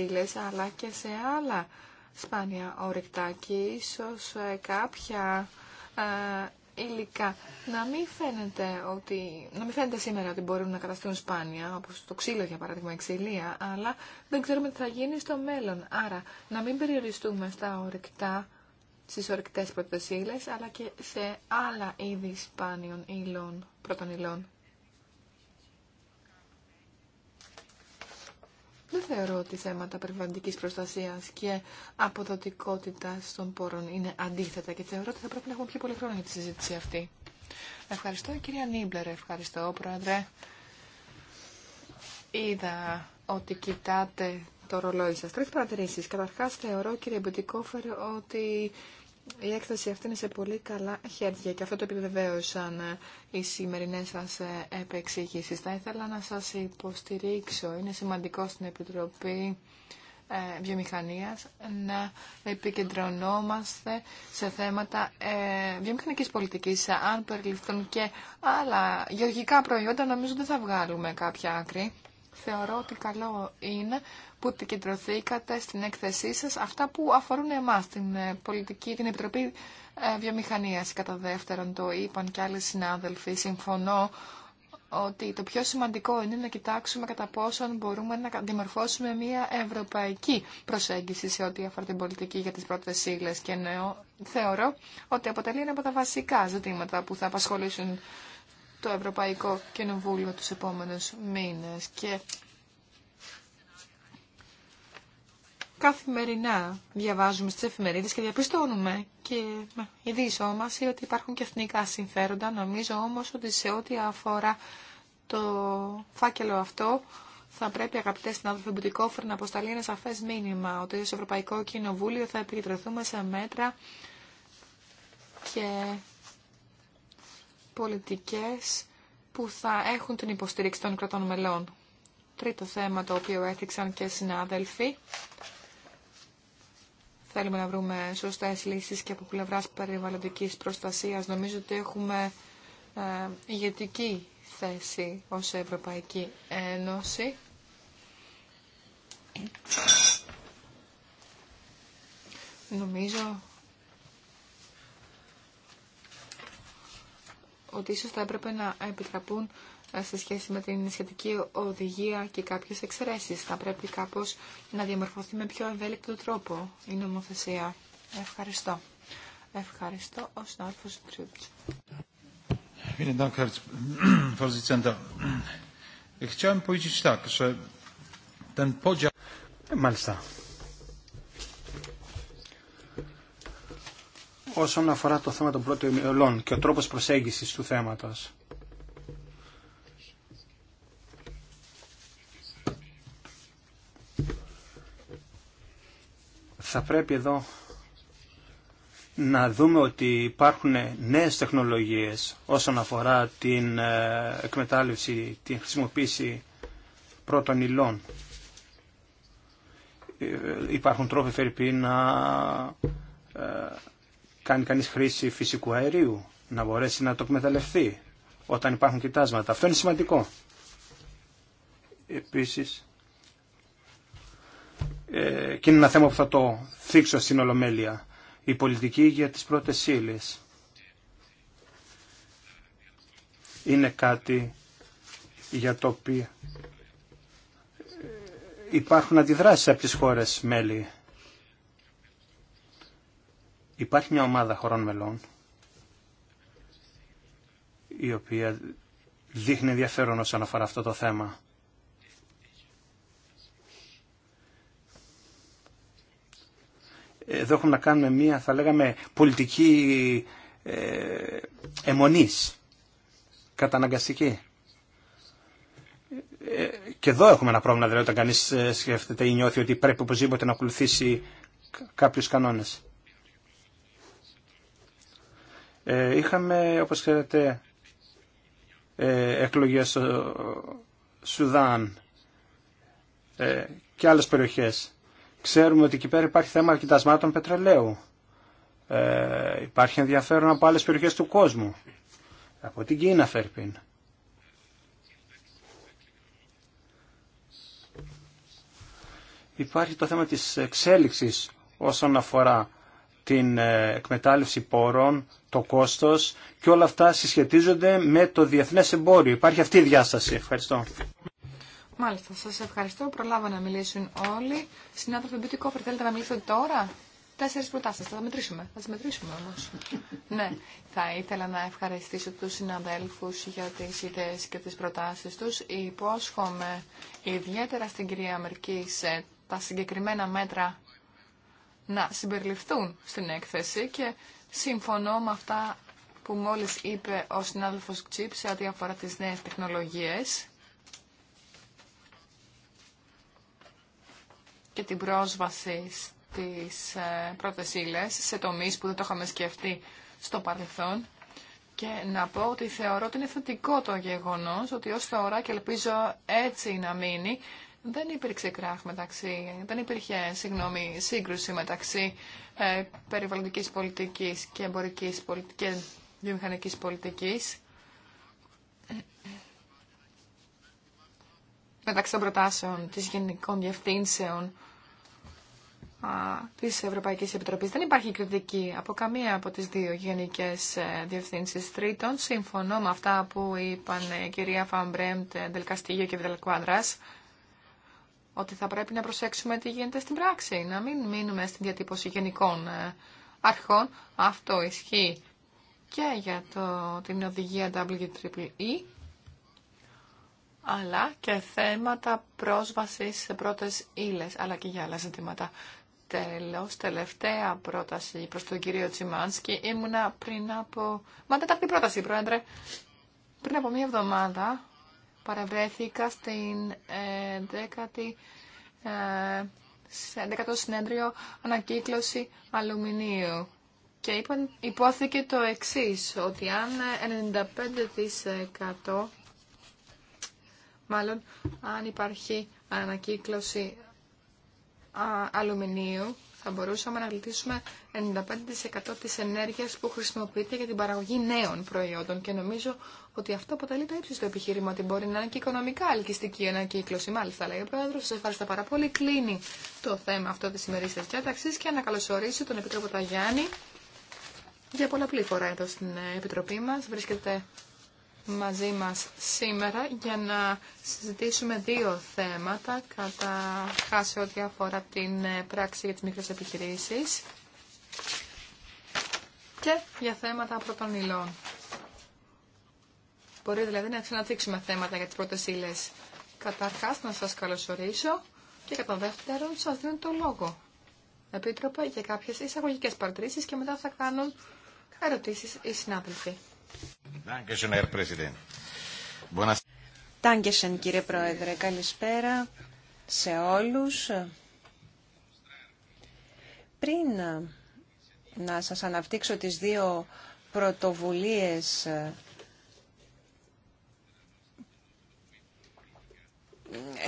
αλλά και σε άλλα σπάνια ορυκτά και ίσως ε, κάποια ε, υλικά. Να μην, φαίνεται ότι, να μην φαίνεται σήμερα ότι μπορούν να καταστούν σπάνια, όπως το ξύλο για παράδειγμα, η ξυλία, αλλά δεν ξέρουμε τι θα γίνει στο μέλλον. Άρα να μην περιοριστούμε στα ορυκτά, στις ορυκτές πρωτοσύλλες, αλλά και σε άλλα είδη σπάνιων υλών, πρώτων υλών. Δεν θεωρώ ότι θέματα περιβαλλοντική προστασία και αποδοτικότητα των πόρων είναι αντίθετα και θεωρώ ότι θα πρέπει να έχουμε πιο πολύ χρόνο για τη συζήτηση αυτή. Ευχαριστώ, κυρία Νίμπλερ. Ευχαριστώ, πρόεδρε. Είδα ότι κοιτάτε το ρολόι σας. Τρεις παρατηρήσει. Καταρχάς θεωρώ κύριε Μπουτικόφερ ότι η έκθεση αυτή είναι σε πολύ καλά χέρια και αυτό το επιβεβαίωσαν ε, οι σημερινές σας ε, επεξήγησεις. Θα ήθελα να σας υποστηρίξω. Είναι σημαντικό στην Επιτροπή ε, Βιομηχανίας να επικεντρωνόμαστε σε θέματα βιομηχανικής πολιτικής. Αν περιληφθούν και άλλα γεωργικά προϊόντα, νομίζω δεν θα βγάλουμε κάποια άκρη θεωρώ ότι καλό είναι που επικεντρωθήκατε στην έκθεσή σας αυτά που αφορούν εμάς, την ε, πολιτική, την Επιτροπή ε, Βιομηχανίας. Κατά δεύτερον, το είπαν και άλλοι συνάδελφοι, συμφωνώ ότι το πιο σημαντικό είναι να κοιτάξουμε κατά πόσον μπορούμε να δημορφώσουμε μια ευρωπαϊκή προσέγγιση σε ό,τι αφορά την πολιτική για τις πρώτες ύλες και Θεωρώ ότι αποτελεί ένα από τα βασικά ζητήματα που θα απασχολήσουν το Ευρωπαϊκό Κοινοβούλιο τους επόμενους μήνες και καθημερινά διαβάζουμε στις εφημερίδες και διαπιστώνουμε και η ότι υπάρχουν και εθνικά συμφέροντα. Νομίζω όμως ότι σε ό,τι αφορά το φάκελο αυτό θα πρέπει αγαπητέ συνάδελφοι Μπουτικόφερ να αποσταλεί ένα σαφέ μήνυμα ότι στο Ευρωπαϊκό Κοινοβούλιο θα επικεντρωθούμε σε μέτρα και πολιτικές που θα έχουν την υποστήριξη των κρατών μελών. Τρίτο θέμα το οποίο έθιξαν και συνάδελφοι. Θέλουμε να βρούμε σωστές λύσεις και από πλευρά περιβαλλοντικής προστασίας. Νομίζω ότι έχουμε ε, ηγετική θέση ως Ευρωπαϊκή Ένωση. Νομίζω ότι ίσως θα έπρεπε να επιτραπούν ε, σε σχέση με την σχετική οδηγία και κάποιες εξαιρέσεις. Θα πρέπει κάπως να διαμορφωθεί με πιο ευέλικτο τρόπο η νομοθεσία. Ευχαριστώ. Ευχαριστώ ο συνάδελφος podział... όσον αφορά το θέμα των πρώτων υλών και ο τρόπος προσέγγισης του θέματος. Θα πρέπει εδώ να δούμε ότι υπάρχουν νέες τεχνολογίες όσον αφορά την ε, εκμετάλλευση, την χρησιμοποίηση πρώτων υλών. Ε, υπάρχουν τρόποι φερπή να ε, κάνει κανείς χρήση φυσικού αερίου, να μπορέσει να το εκμεταλλευτεί όταν υπάρχουν κοιτάσματα. Αυτό είναι σημαντικό. Επίσης, ε, και είναι ένα θέμα που θα το θίξω στην Ολομέλεια, η πολιτική για τις πρώτες ύλε. Είναι κάτι για το οποίο ε, υπάρχουν αντιδράσεις από τις χώρες μέλη Υπάρχει μια ομάδα χωρών μελών η οποία δείχνει ενδιαφέρον όσον αφορά αυτό το θέμα. Εδώ έχουμε να κάνουμε μία, θα λέγαμε, πολιτική ε, αιμονής, καταναγκαστική. Ε, και εδώ έχουμε ένα πρόβλημα, δηλαδή, όταν κανείς ε, σκέφτεται ή νιώθει ότι πρέπει οπωσδήποτε να ακολουθήσει κάποιους κανόνες. Ε, είχαμε, όπως ξέρετε, ε, εκλογές στο Σουδάν ε, και άλλες περιοχές. Ξέρουμε ότι εκεί πέρα υπάρχει θέμα κοιτασμάτων πετρελαίου. Ε, υπάρχει ενδιαφέρον από άλλες περιοχές του κόσμου. Από την Κίνα, Φερπίν. Υπάρχει το θέμα της εξέλιξης όσον αφορά την ε, εκμετάλλευση πόρων, το κόστος και όλα αυτά συσχετίζονται με το διεθνές εμπόριο. Υπάρχει αυτή η διάσταση. Ευχαριστώ. Μάλιστα, σας ευχαριστώ. Προλάβα να μιλήσουν όλοι. Συνάδελφε Μπιουτικόφερ, θέλετε να μιλήσετε τώρα. Τέσσερις προτάσεις, θα τα μετρήσουμε. Θα τις μετρήσουμε όμως. <laughs> ναι, θα ήθελα να ευχαριστήσω τους συναδέλφους για τις ιδέες και τις προτάσεις τους. Υπόσχομαι ιδιαίτερα στην κυρία Μερκής ε, τα συγκεκριμένα μέτρα να συμπεριληφθούν στην έκθεση και συμφωνώ με αυτά που μόλις είπε ο συνάδελφος Τσίπ σε ό,τι αφορά τις νέες τεχνολογίες και την πρόσβαση στις ε, πρώτες ύλες σε τομείς που δεν το είχαμε σκεφτεί στο παρελθόν. Και να πω ότι θεωρώ ότι είναι θετικό το γεγονός ότι ως τώρα και ελπίζω έτσι να μείνει δεν υπήρξε κράχ μεταξύ, δεν υπήρχε συγγνώμη, σύγκρουση μεταξύ ε, περιβαλλοντικής πολιτικής και εμπορικής πολιτικής και βιομηχανικής πολιτικής. Μεταξύ των προτάσεων της Γενικών Διευθύνσεων α, της Ευρωπαϊκής Επιτροπής δεν υπάρχει κριτική από καμία από τις δύο Γενικές ε, Διευθύνσεις Τρίτων. Συμφωνώ με αυτά που είπαν η ε, κυρία Φανμπρέμπτ, ε, Δελκαστήγιο και Βιδελκουάντρας ότι θα πρέπει να προσέξουμε τι γίνεται στην πράξη, να μην μείνουμε στην διατύπωση γενικών ε, αρχών. Αυτό ισχύει και για το, την οδηγία WEEE, αλλά και θέματα πρόσβασης σε πρώτες ύλες, αλλά και για άλλα ζητήματα. Τέλος, τελευταία πρόταση προς τον κύριο Τσιμάνσκι ήμουνα πριν από... Μα τέταρτη πρόταση, πρόεδρε. Πριν από μία εβδομάδα παραβρέθηκα στην 10η ε, ε, σε 11ο συνέδριο ανακύκλωση αλουμινίου. Και είπαν, υπόθηκε το εξής, ότι αν 95% μάλλον αν υπάρχει ανακύκλωση αλουμινίου, θα μπορούσαμε να γλιτήσουμε 95% της ενέργειας που χρησιμοποιείται για την παραγωγή νέων προϊόντων και νομίζω ότι αυτό αποτελεί το ύψιστο επιχείρημα ότι μπορεί να είναι και οικονομικά ένα ανακύκλωση. Μάλιστα, λέει ο Πρόεδρο, σα ευχαριστώ πάρα πολύ. Κλείνει το θέμα αυτό τη ημερήσια διάταξη και ανακαλωσορίζει τον Επιτρόπο Ταγιάννη για πολλαπλή φορά εδώ στην Επιτροπή μα. Βρίσκεται μαζί μας σήμερα για να συζητήσουμε δύο θέματα κατά σε ό,τι αφορά την ε, πράξη για τις μικρές επιχειρήσεις και για θέματα πρώτων υλών. Μπορεί δηλαδή να ξαναδείξουμε θέματα για τις πρώτες ύλες. Καταρχάς να σας καλωσορίσω και κατά δεύτερον σας δίνω το λόγο. Επίτροπε για κάποιες εισαγωγικές παρατηρήσεις και μετά θα κάνουν ερωτήσεις οι συνάδελφοι. Τάγκεσεν κύριε Πρόεδρε, καλησπέρα σε όλους. Πριν να σας αναπτύξω τις δύο πρωτοβουλίες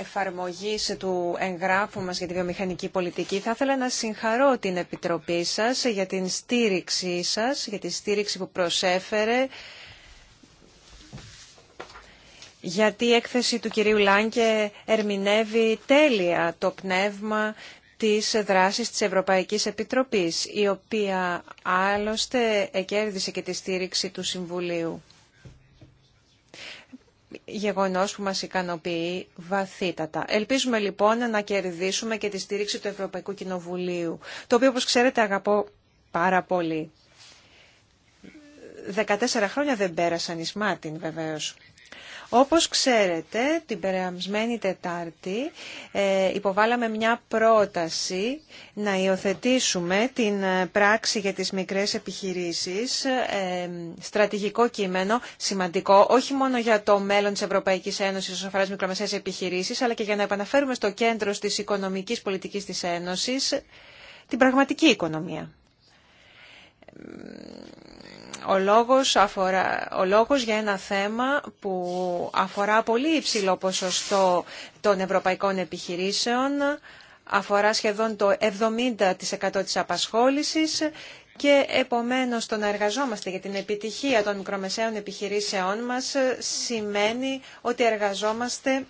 εφαρμογή του εγγράφου μας για τη βιομηχανική πολιτική. Θα ήθελα να συγχαρώ την Επιτροπή σας για την στήριξή σας, για τη στήριξη που προσέφερε γιατί η έκθεση του κυρίου Λάνκε ερμηνεύει τέλεια το πνεύμα της δράσης της Ευρωπαϊκής Επιτροπής, η οποία άλλωστε εκέρδισε και τη στήριξη του Συμβουλίου γεγονός που μας ικανοποιεί βαθύτατα. Ελπίζουμε λοιπόν να κερδίσουμε και τη στήριξη του Ευρωπαϊκού Κοινοβουλίου, το οποίο όπως ξέρετε αγαπώ πάρα πολύ. 14 χρόνια δεν πέρασαν εις Μάρτιν βεβαίως. Όπως ξέρετε, την περασμένη Τετάρτη ε, υποβάλαμε μια πρόταση να υιοθετήσουμε την ε, πράξη για τις μικρές επιχειρήσεις, ε, στρατηγικό κείμενο, σημαντικό, όχι μόνο για το μέλλον της Ευρωπαϊκής Ένωσης όσον αφορά τις μικρομεσαίες επιχειρήσεις, αλλά και για να επαναφέρουμε στο κέντρο της οικονομικής πολιτικής της Ένωσης την πραγματική οικονομία ο λόγος, αφορά, ο λόγος για ένα θέμα που αφορά πολύ υψηλό ποσοστό των ευρωπαϊκών επιχειρήσεων, αφορά σχεδόν το 70% της απασχόλησης και επομένως το να εργαζόμαστε για την επιτυχία των μικρομεσαίων επιχειρήσεών μας σημαίνει ότι εργαζόμαστε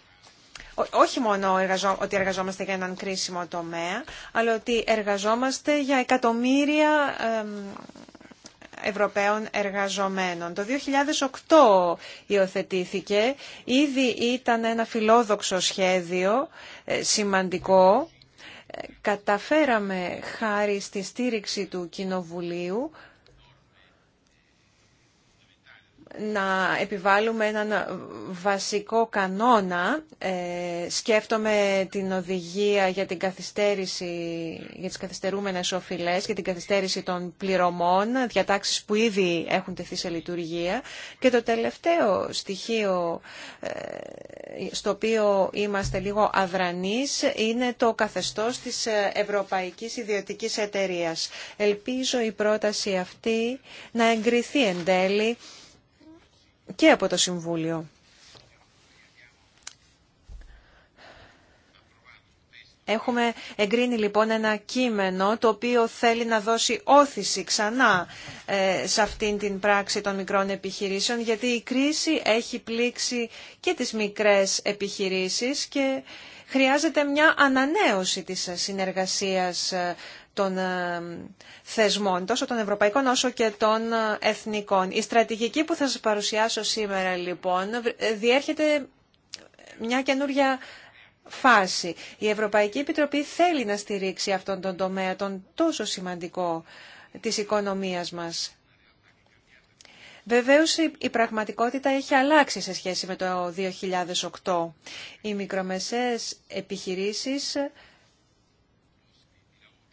όχι μόνο ότι εργαζόμαστε για έναν κρίσιμο τομέα, αλλά ότι εργαζόμαστε για εκατομμύρια Ευρωπαίων εργαζομένων. Το 2008 υιοθετήθηκε, ήδη ήταν ένα φιλόδοξο σχέδιο, ε, σημαντικό. Ε, καταφέραμε χάρη στη στήριξη του Κοινοβουλίου να επιβάλλουμε έναν βασικό κανόνα. Ε, σκέφτομαι την οδηγία για, την καθυστέρηση, για τις καθυστερούμενες οφειλές και την καθυστέρηση των πληρωμών, διατάξεις που ήδη έχουν τεθεί σε λειτουργία. Και το τελευταίο στοιχείο ε, στο οποίο είμαστε λίγο αδρανείς είναι το καθεστώς της Ευρωπαϊκής Ιδιωτικής Εταιρείας. Ελπίζω η πρόταση αυτή να εγκριθεί εν τέλει και από το Συμβούλιο. Έχουμε εγκρίνει λοιπόν ένα κείμενο το οποίο θέλει να δώσει όθηση ξανά ε, σε αυτήν την πράξη των μικρών επιχειρήσεων γιατί η κρίση έχει πλήξει και τις μικρές επιχειρήσεις και χρειάζεται μια ανανέωση της συνεργασίας ε, των ε, θεσμών, τόσο των ευρωπαϊκών όσο και των ε, εθνικών. Η στρατηγική που θα σας παρουσιάσω σήμερα λοιπόν ε, διέρχεται μια καινούρια φάση. Η Ευρωπαϊκή Επιτροπή θέλει να στηρίξει αυτόν τον τομέα, τον τόσο σημαντικό της οικονομίας μας. Βεβαίως η πραγματικότητα έχει αλλάξει σε σχέση με το 2008. Οι μικρομεσαίες επιχειρήσεις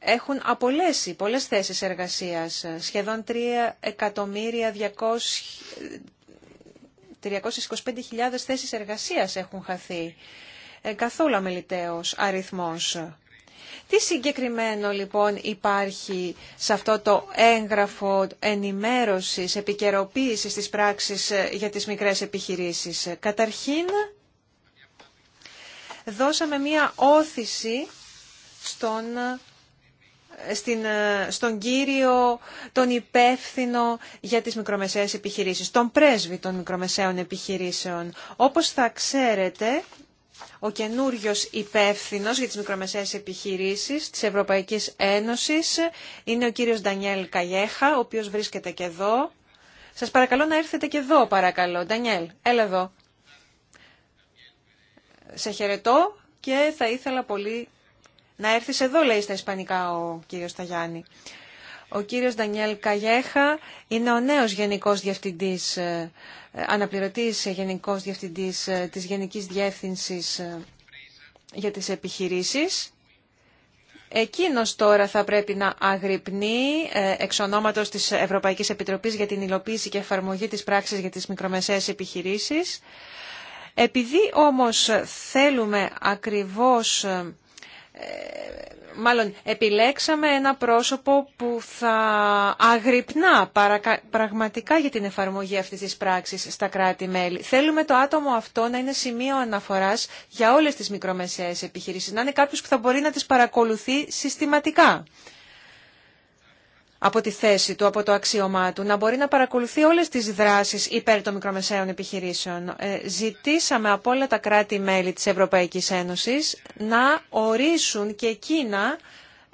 έχουν απολέσει πολλές θέσεις εργασίας, σχεδόν 3 εκατομμύρια 325.000 θέσεις εργασίας έχουν χαθεί. Ε, καθόλου αμεληταίος αριθμός. Τι συγκεκριμένο λοιπόν υπάρχει σε αυτό το έγγραφο ενημέρωσης, επικαιροποίησης της πράξης ε, για τις μικρές επιχειρήσεις. Καταρχήν, δώσαμε μία όθηση στον στην, ε, στον κύριο, τον υπεύθυνο για τις μικρομεσαίες επιχειρήσεις, τον πρέσβη των μικρομεσαίων επιχειρήσεων. Όπως θα ξέρετε, ο καινούριο υπεύθυνο για τις μικρομεσαίες επιχειρήσεις της Ευρωπαϊκής Ένωσης είναι ο κύριος Ντανιέλ Καγέχα, ο οποίος βρίσκεται και εδώ. Σας παρακαλώ να έρθετε και εδώ, παρακαλώ. Ντανιέλ, έλα εδώ. Σε χαιρετώ και θα ήθελα πολύ να έρθει εδώ, λέει στα Ισπανικά ο κύριος Ταγιάννη. Ο κύριος Ντανιέλ Καγιέχα είναι ο νέος γενικός διευθυντής, ε, αναπληρωτής γενικός διευθυντής ε, της Γενικής Διεύθυνσης ε, για τις επιχειρήσεις. Εκείνος τώρα θα πρέπει να αγρυπνεί εξ ονόματος της Ευρωπαϊκής Επιτροπής για την υλοποίηση και εφαρμογή της πράξη για τις μικρομεσαίες επιχειρήσεις. Επειδή όμως θέλουμε ακριβώς ε, μάλλον επιλέξαμε ένα πρόσωπο που θα αγρυπνά πραγματικά για την εφαρμογή αυτής της πράξης στα κράτη-μέλη. Θέλουμε το άτομο αυτό να είναι σημείο αναφοράς για όλες τις μικρομεσαίες επιχειρήσεις, να είναι κάποιος που θα μπορεί να τις παρακολουθεί συστηματικά από τη θέση του, από το αξίωμά του, να μπορεί να παρακολουθεί όλες τις δράσεις υπέρ των μικρομεσαίων επιχειρήσεων. Ε, ζητήσαμε από όλα τα κράτη-μέλη της Ευρωπαϊκής Ένωσης να ορίσουν και εκείνα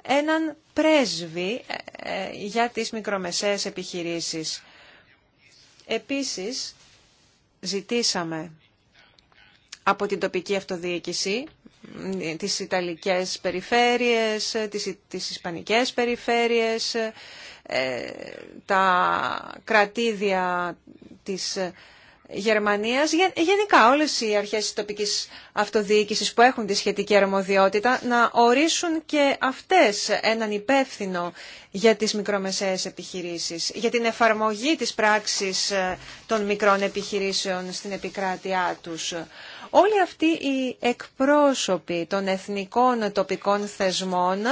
έναν πρέσβη ε, ε, για τις μικρομεσαίες επιχειρήσεις. Επίσης, ζητήσαμε από την τοπική αυτοδιοίκηση τις Ιταλικές περιφέρειες, τις, τις Ισπανικές περιφέρειες, ε, τα κρατήδια της Γερμανίας, γενικά όλες οι αρχές της τοπικής αυτοδιοίκησης που έχουν τη σχετική αρμοδιότητα να ορίσουν και αυτές έναν υπεύθυνο για τις μικρομεσαίες επιχειρήσεις, για την εφαρμογή της πράξης ε, των μικρών επιχειρήσεων στην επικράτειά τους. Όλοι αυτοί οι εκπρόσωποι των εθνικών τοπικών θεσμών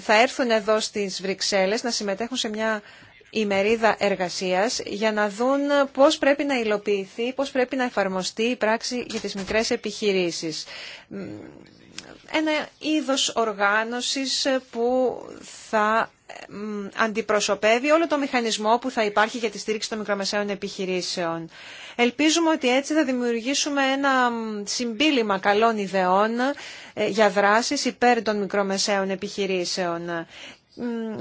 θα έρθουν εδώ στις Βρυξέλλες να συμμετέχουν σε μια ημερίδα εργασίας για να δουν πώς πρέπει να υλοποιηθεί, πώς πρέπει να εφαρμοστεί η πράξη για τις μικρές επιχειρήσεις. Ένα είδος οργάνωσης που θα ε, αντιπροσωπεύει όλο το μηχανισμό που θα υπάρχει για τη στήριξη των μικρομεσαίων επιχειρήσεων. Ελπίζουμε ότι έτσι θα δημιουργήσουμε ένα συμπίλημα καλών ιδεών ε, για δράσεις υπέρ των μικρομεσαίων επιχειρήσεων ε,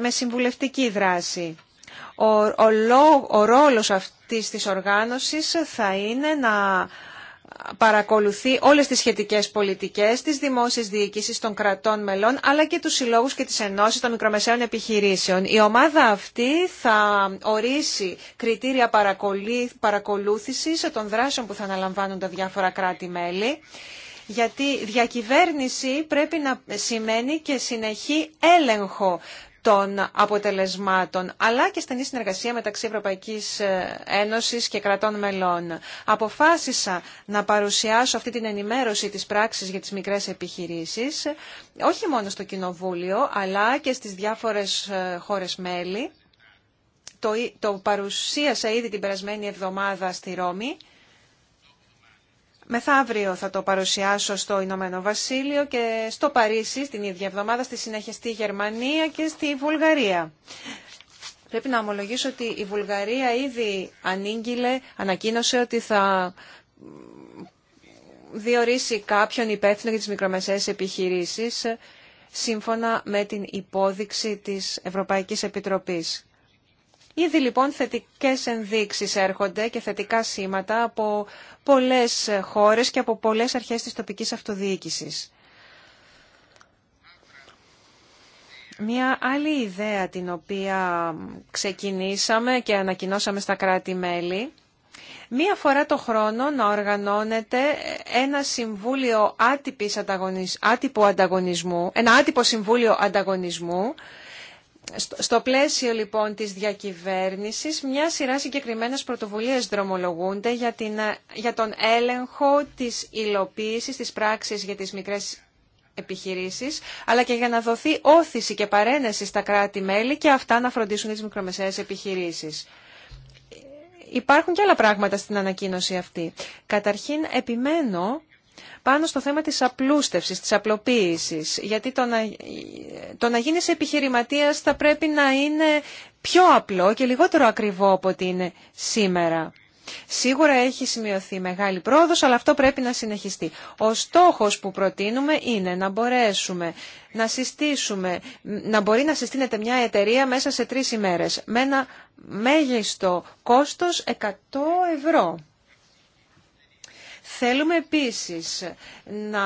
με συμβουλευτική δράση. Ο, ο, ο ρόλος αυτής της οργάνωσης θα είναι να παρακολουθεί όλες τις σχετικές πολιτικές, τις δημόσιες διοικήσεις των κρατών μελών, αλλά και τους συλλόγους και τις ενώσεις των μικρομεσαίων επιχειρήσεων. Η ομάδα αυτή θα ορίσει κριτήρια παρακολούθησης των δράσεων που θα αναλαμβάνουν τα διάφορα κράτη-μέλη, γιατί διακυβέρνηση πρέπει να σημαίνει και συνεχή έλεγχο των αποτελεσμάτων, αλλά και στενή συνεργασία μεταξύ Ευρωπαϊκής ε, Ένωσης και κρατών μελών. Αποφάσισα να παρουσιάσω αυτή την ενημέρωση της πράξης για τις μικρές επιχειρήσεις, όχι μόνο στο Κοινοβούλιο, αλλά και στις διάφορες ε, χώρες μέλη. Το, το παρουσίασα ήδη την περασμένη εβδομάδα στη Ρώμη Μεθαύριο θα το παρουσιάσω στο Ηνωμένο Βασίλειο και στο Παρίσι την ίδια εβδομάδα, στη συνέχεια στη Γερμανία και στη Βουλγαρία. Πρέπει να ομολογήσω ότι η Βουλγαρία ήδη ανήγγειλε, ανακοίνωσε ότι θα διορίσει κάποιον υπεύθυνο για τις μικρομεσαίες επιχειρήσεις σύμφωνα με την υπόδειξη της Ευρωπαϊκής Επιτροπής. Ήδη λοιπόν θετικές ενδείξεις έρχονται και θετικά σήματα από πολλές χώρες και από πολλές αρχές της τοπικής αυτοδιοίκησης. Μία άλλη ιδέα την οποία ξεκινήσαμε και ανακοινώσαμε στα κράτη-μέλη Μία φορά το χρόνο να οργανώνεται ένα συμβούλιο άτυπης ανταγωνισμού, ένα άτυπο συμβούλιο ανταγωνισμού στο πλαίσιο λοιπόν της διακυβέρνησης, μια σειρά συγκεκριμένες πρωτοβουλίες δρομολογούνται για, την, ε, για τον έλεγχο της υλοποίησης της πράξης για τις μικρές επιχειρήσεις, αλλά και για να δοθεί όθηση και παρένεση στα κράτη-μέλη και αυτά να φροντίσουν τις μικρομεσαίες επιχειρήσεις. Υπάρχουν και άλλα πράγματα στην ανακοίνωση αυτή. Καταρχήν επιμένω πάνω στο θέμα της απλούστευσης, της απλοποίησης, γιατί το να, το να επιχειρηματίας θα πρέπει να είναι πιο απλό και λιγότερο ακριβό από ότι είναι σήμερα. Σίγουρα έχει σημειωθεί μεγάλη πρόοδος, αλλά αυτό πρέπει να συνεχιστεί. Ο στόχος που προτείνουμε είναι να μπορέσουμε να συστήσουμε, να μπορεί να συστήνεται μια εταιρεία μέσα σε τρεις ημέρες με ένα μέγιστο κόστος 100 ευρώ. Θέλουμε επίσης να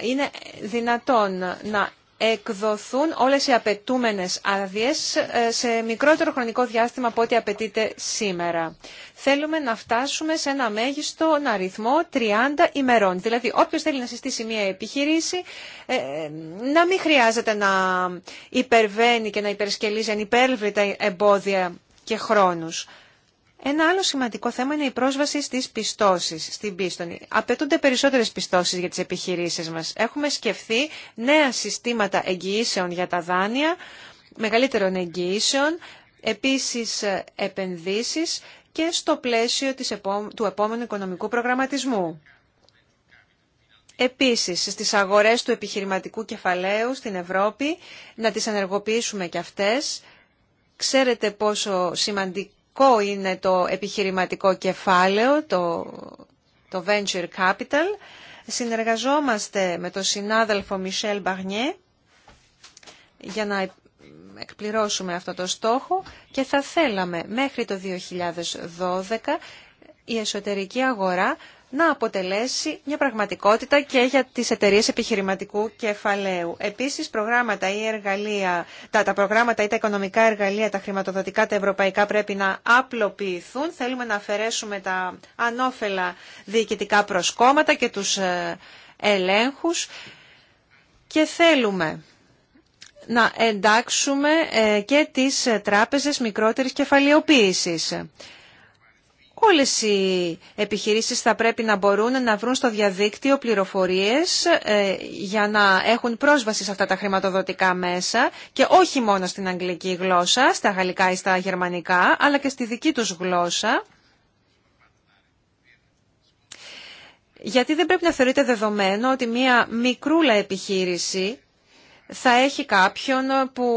είναι δυνατόν να εκδοθούν όλες οι απαιτούμενες άδειε ε, σε μικρότερο χρονικό διάστημα από ό,τι απαιτείται σήμερα. Θέλουμε να φτάσουμε σε ένα μέγιστο αριθμό 30 ημερών. Δηλαδή, όποιος θέλει να συστήσει μια επιχειρήση, ε, να μην χρειάζεται να υπερβαίνει και να υπερσκελίζει ανυπέρβλητα εμπόδια και χρόνους. Ένα άλλο σημαντικό θέμα είναι η πρόσβαση στι πιστώσει στην πίστονη. Απαιτούνται περισσότερες πιστώσει για τις επιχειρήσεις μας. Έχουμε σκεφτεί νέα συστήματα εγγυήσεων για τα δάνεια, μεγαλύτερων εγγυήσεων, επίσης ε, επενδύσεις και στο πλαίσιο του επόμενου οικονομικού προγραμματισμού. Επίσης, στις αγορές του επιχειρηματικού κεφαλαίου στην Ευρώπη, να τις ενεργοποιήσουμε και αυτές. Ξέρετε πόσο σημαντικό σημαντικό είναι το επιχειρηματικό κεφάλαιο, το, το venture capital. Συνεργαζόμαστε με τον συνάδελφο Μισελ Μπαγνιέ για να εκπληρώσουμε αυτό το στόχο και θα θέλαμε μέχρι το 2012 η εσωτερική αγορά να αποτελέσει μια πραγματικότητα και για τις εταιρείες επιχειρηματικού κεφαλαίου. Επίσης, προγράμματα ή εργαλεία, τα, τα προγράμματα ή τα οικονομικά εργαλεία, τα χρηματοδοτικά, τα ευρωπαϊκά πρέπει να απλοποιηθούν. Θέλουμε να αφαιρέσουμε τα ανώφελα διοικητικά προσκόμματα και τους ε, ελέγχους και θέλουμε να εντάξουμε ε, και τις ε, τράπεζες μικρότερης κεφαλαιοποίησης. Όλες οι επιχειρήσεις θα πρέπει να μπορούν να βρουν στο διαδίκτυο πληροφορίες ε, για να έχουν πρόσβαση σε αυτά τα χρηματοδοτικά μέσα και όχι μόνο στην αγγλική γλώσσα, στα γαλλικά ή στα γερμανικά, αλλά και στη δική τους γλώσσα. Γιατί δεν πρέπει να θεωρείται δεδομένο ότι μια μικρούλα επιχείρηση θα έχει κάποιον που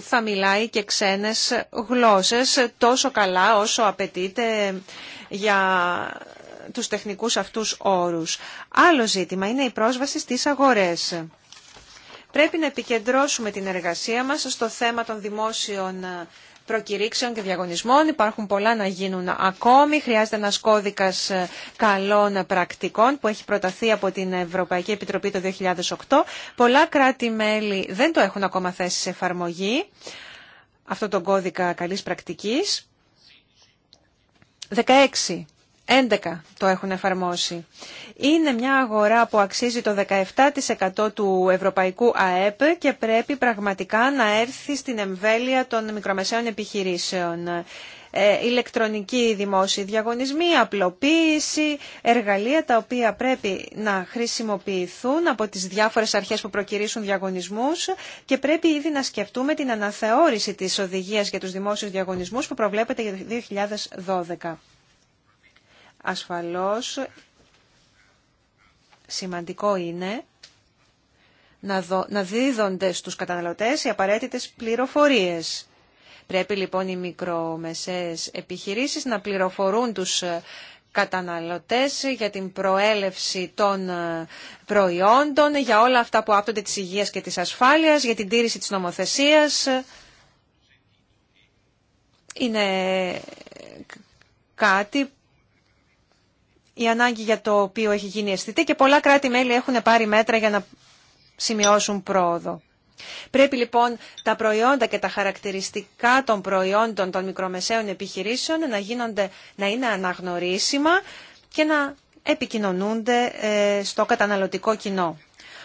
θα μιλάει και ξένες γλώσσες τόσο καλά όσο απαιτείται για τους τεχνικούς αυτούς όρους. Άλλο ζήτημα είναι η πρόσβαση στις αγορές. Πρέπει να επικεντρώσουμε την εργασία μας στο θέμα των δημόσιων προκηρύξεων και διαγωνισμών. Υπάρχουν πολλά να γίνουν ακόμη. Χρειάζεται ένα κώδικα ε, καλών πρακτικών που έχει προταθεί από την Ευρωπαϊκή Επιτροπή το 2008. Πολλά κράτη-μέλη δεν το έχουν ακόμα θέσει σε εφαρμογή αυτό τον κώδικα καλής πρακτικής. 16 11 το έχουν εφαρμόσει. Είναι μια αγορά που αξίζει το 17% του ευρωπαϊκού ΑΕΠ και πρέπει πραγματικά να έρθει στην εμβέλεια των μικρομεσαίων επιχειρήσεων. Ε, ηλεκτρονική δημόσιοι διαγωνισμοί, απλοποίηση, εργαλεία τα οποία πρέπει να χρησιμοποιηθούν από τις διάφορες αρχές που προκυρήσουν διαγωνισμούς και πρέπει ήδη να σκεφτούμε την αναθεώρηση της οδηγίας για τους δημόσιους διαγωνισμούς που προβλέπεται για το 2012. Ασφαλώς σημαντικό είναι να, να δίδονται στους καταναλωτές οι απαραίτητες πληροφορίες. Πρέπει λοιπόν οι μικρομεσαίες επιχειρήσεις να πληροφορούν τους ε, καταναλωτές για την προέλευση των ε, προϊόντων, για όλα αυτά που άπτονται της υγείας και της ασφάλειας, για την τήρηση της νομοθεσίας. Είναι κάτι η ανάγκη για το οποίο έχει γίνει αισθητή και πολλά κράτη-μέλη έχουν πάρει μέτρα για να σημειώσουν πρόοδο. Πρέπει λοιπόν τα προϊόντα και τα χαρακτηριστικά των προϊόντων των μικρομεσαίων επιχειρήσεων να, γίνονται, να είναι αναγνωρίσιμα και να επικοινωνούνται ε, στο καταναλωτικό κοινό.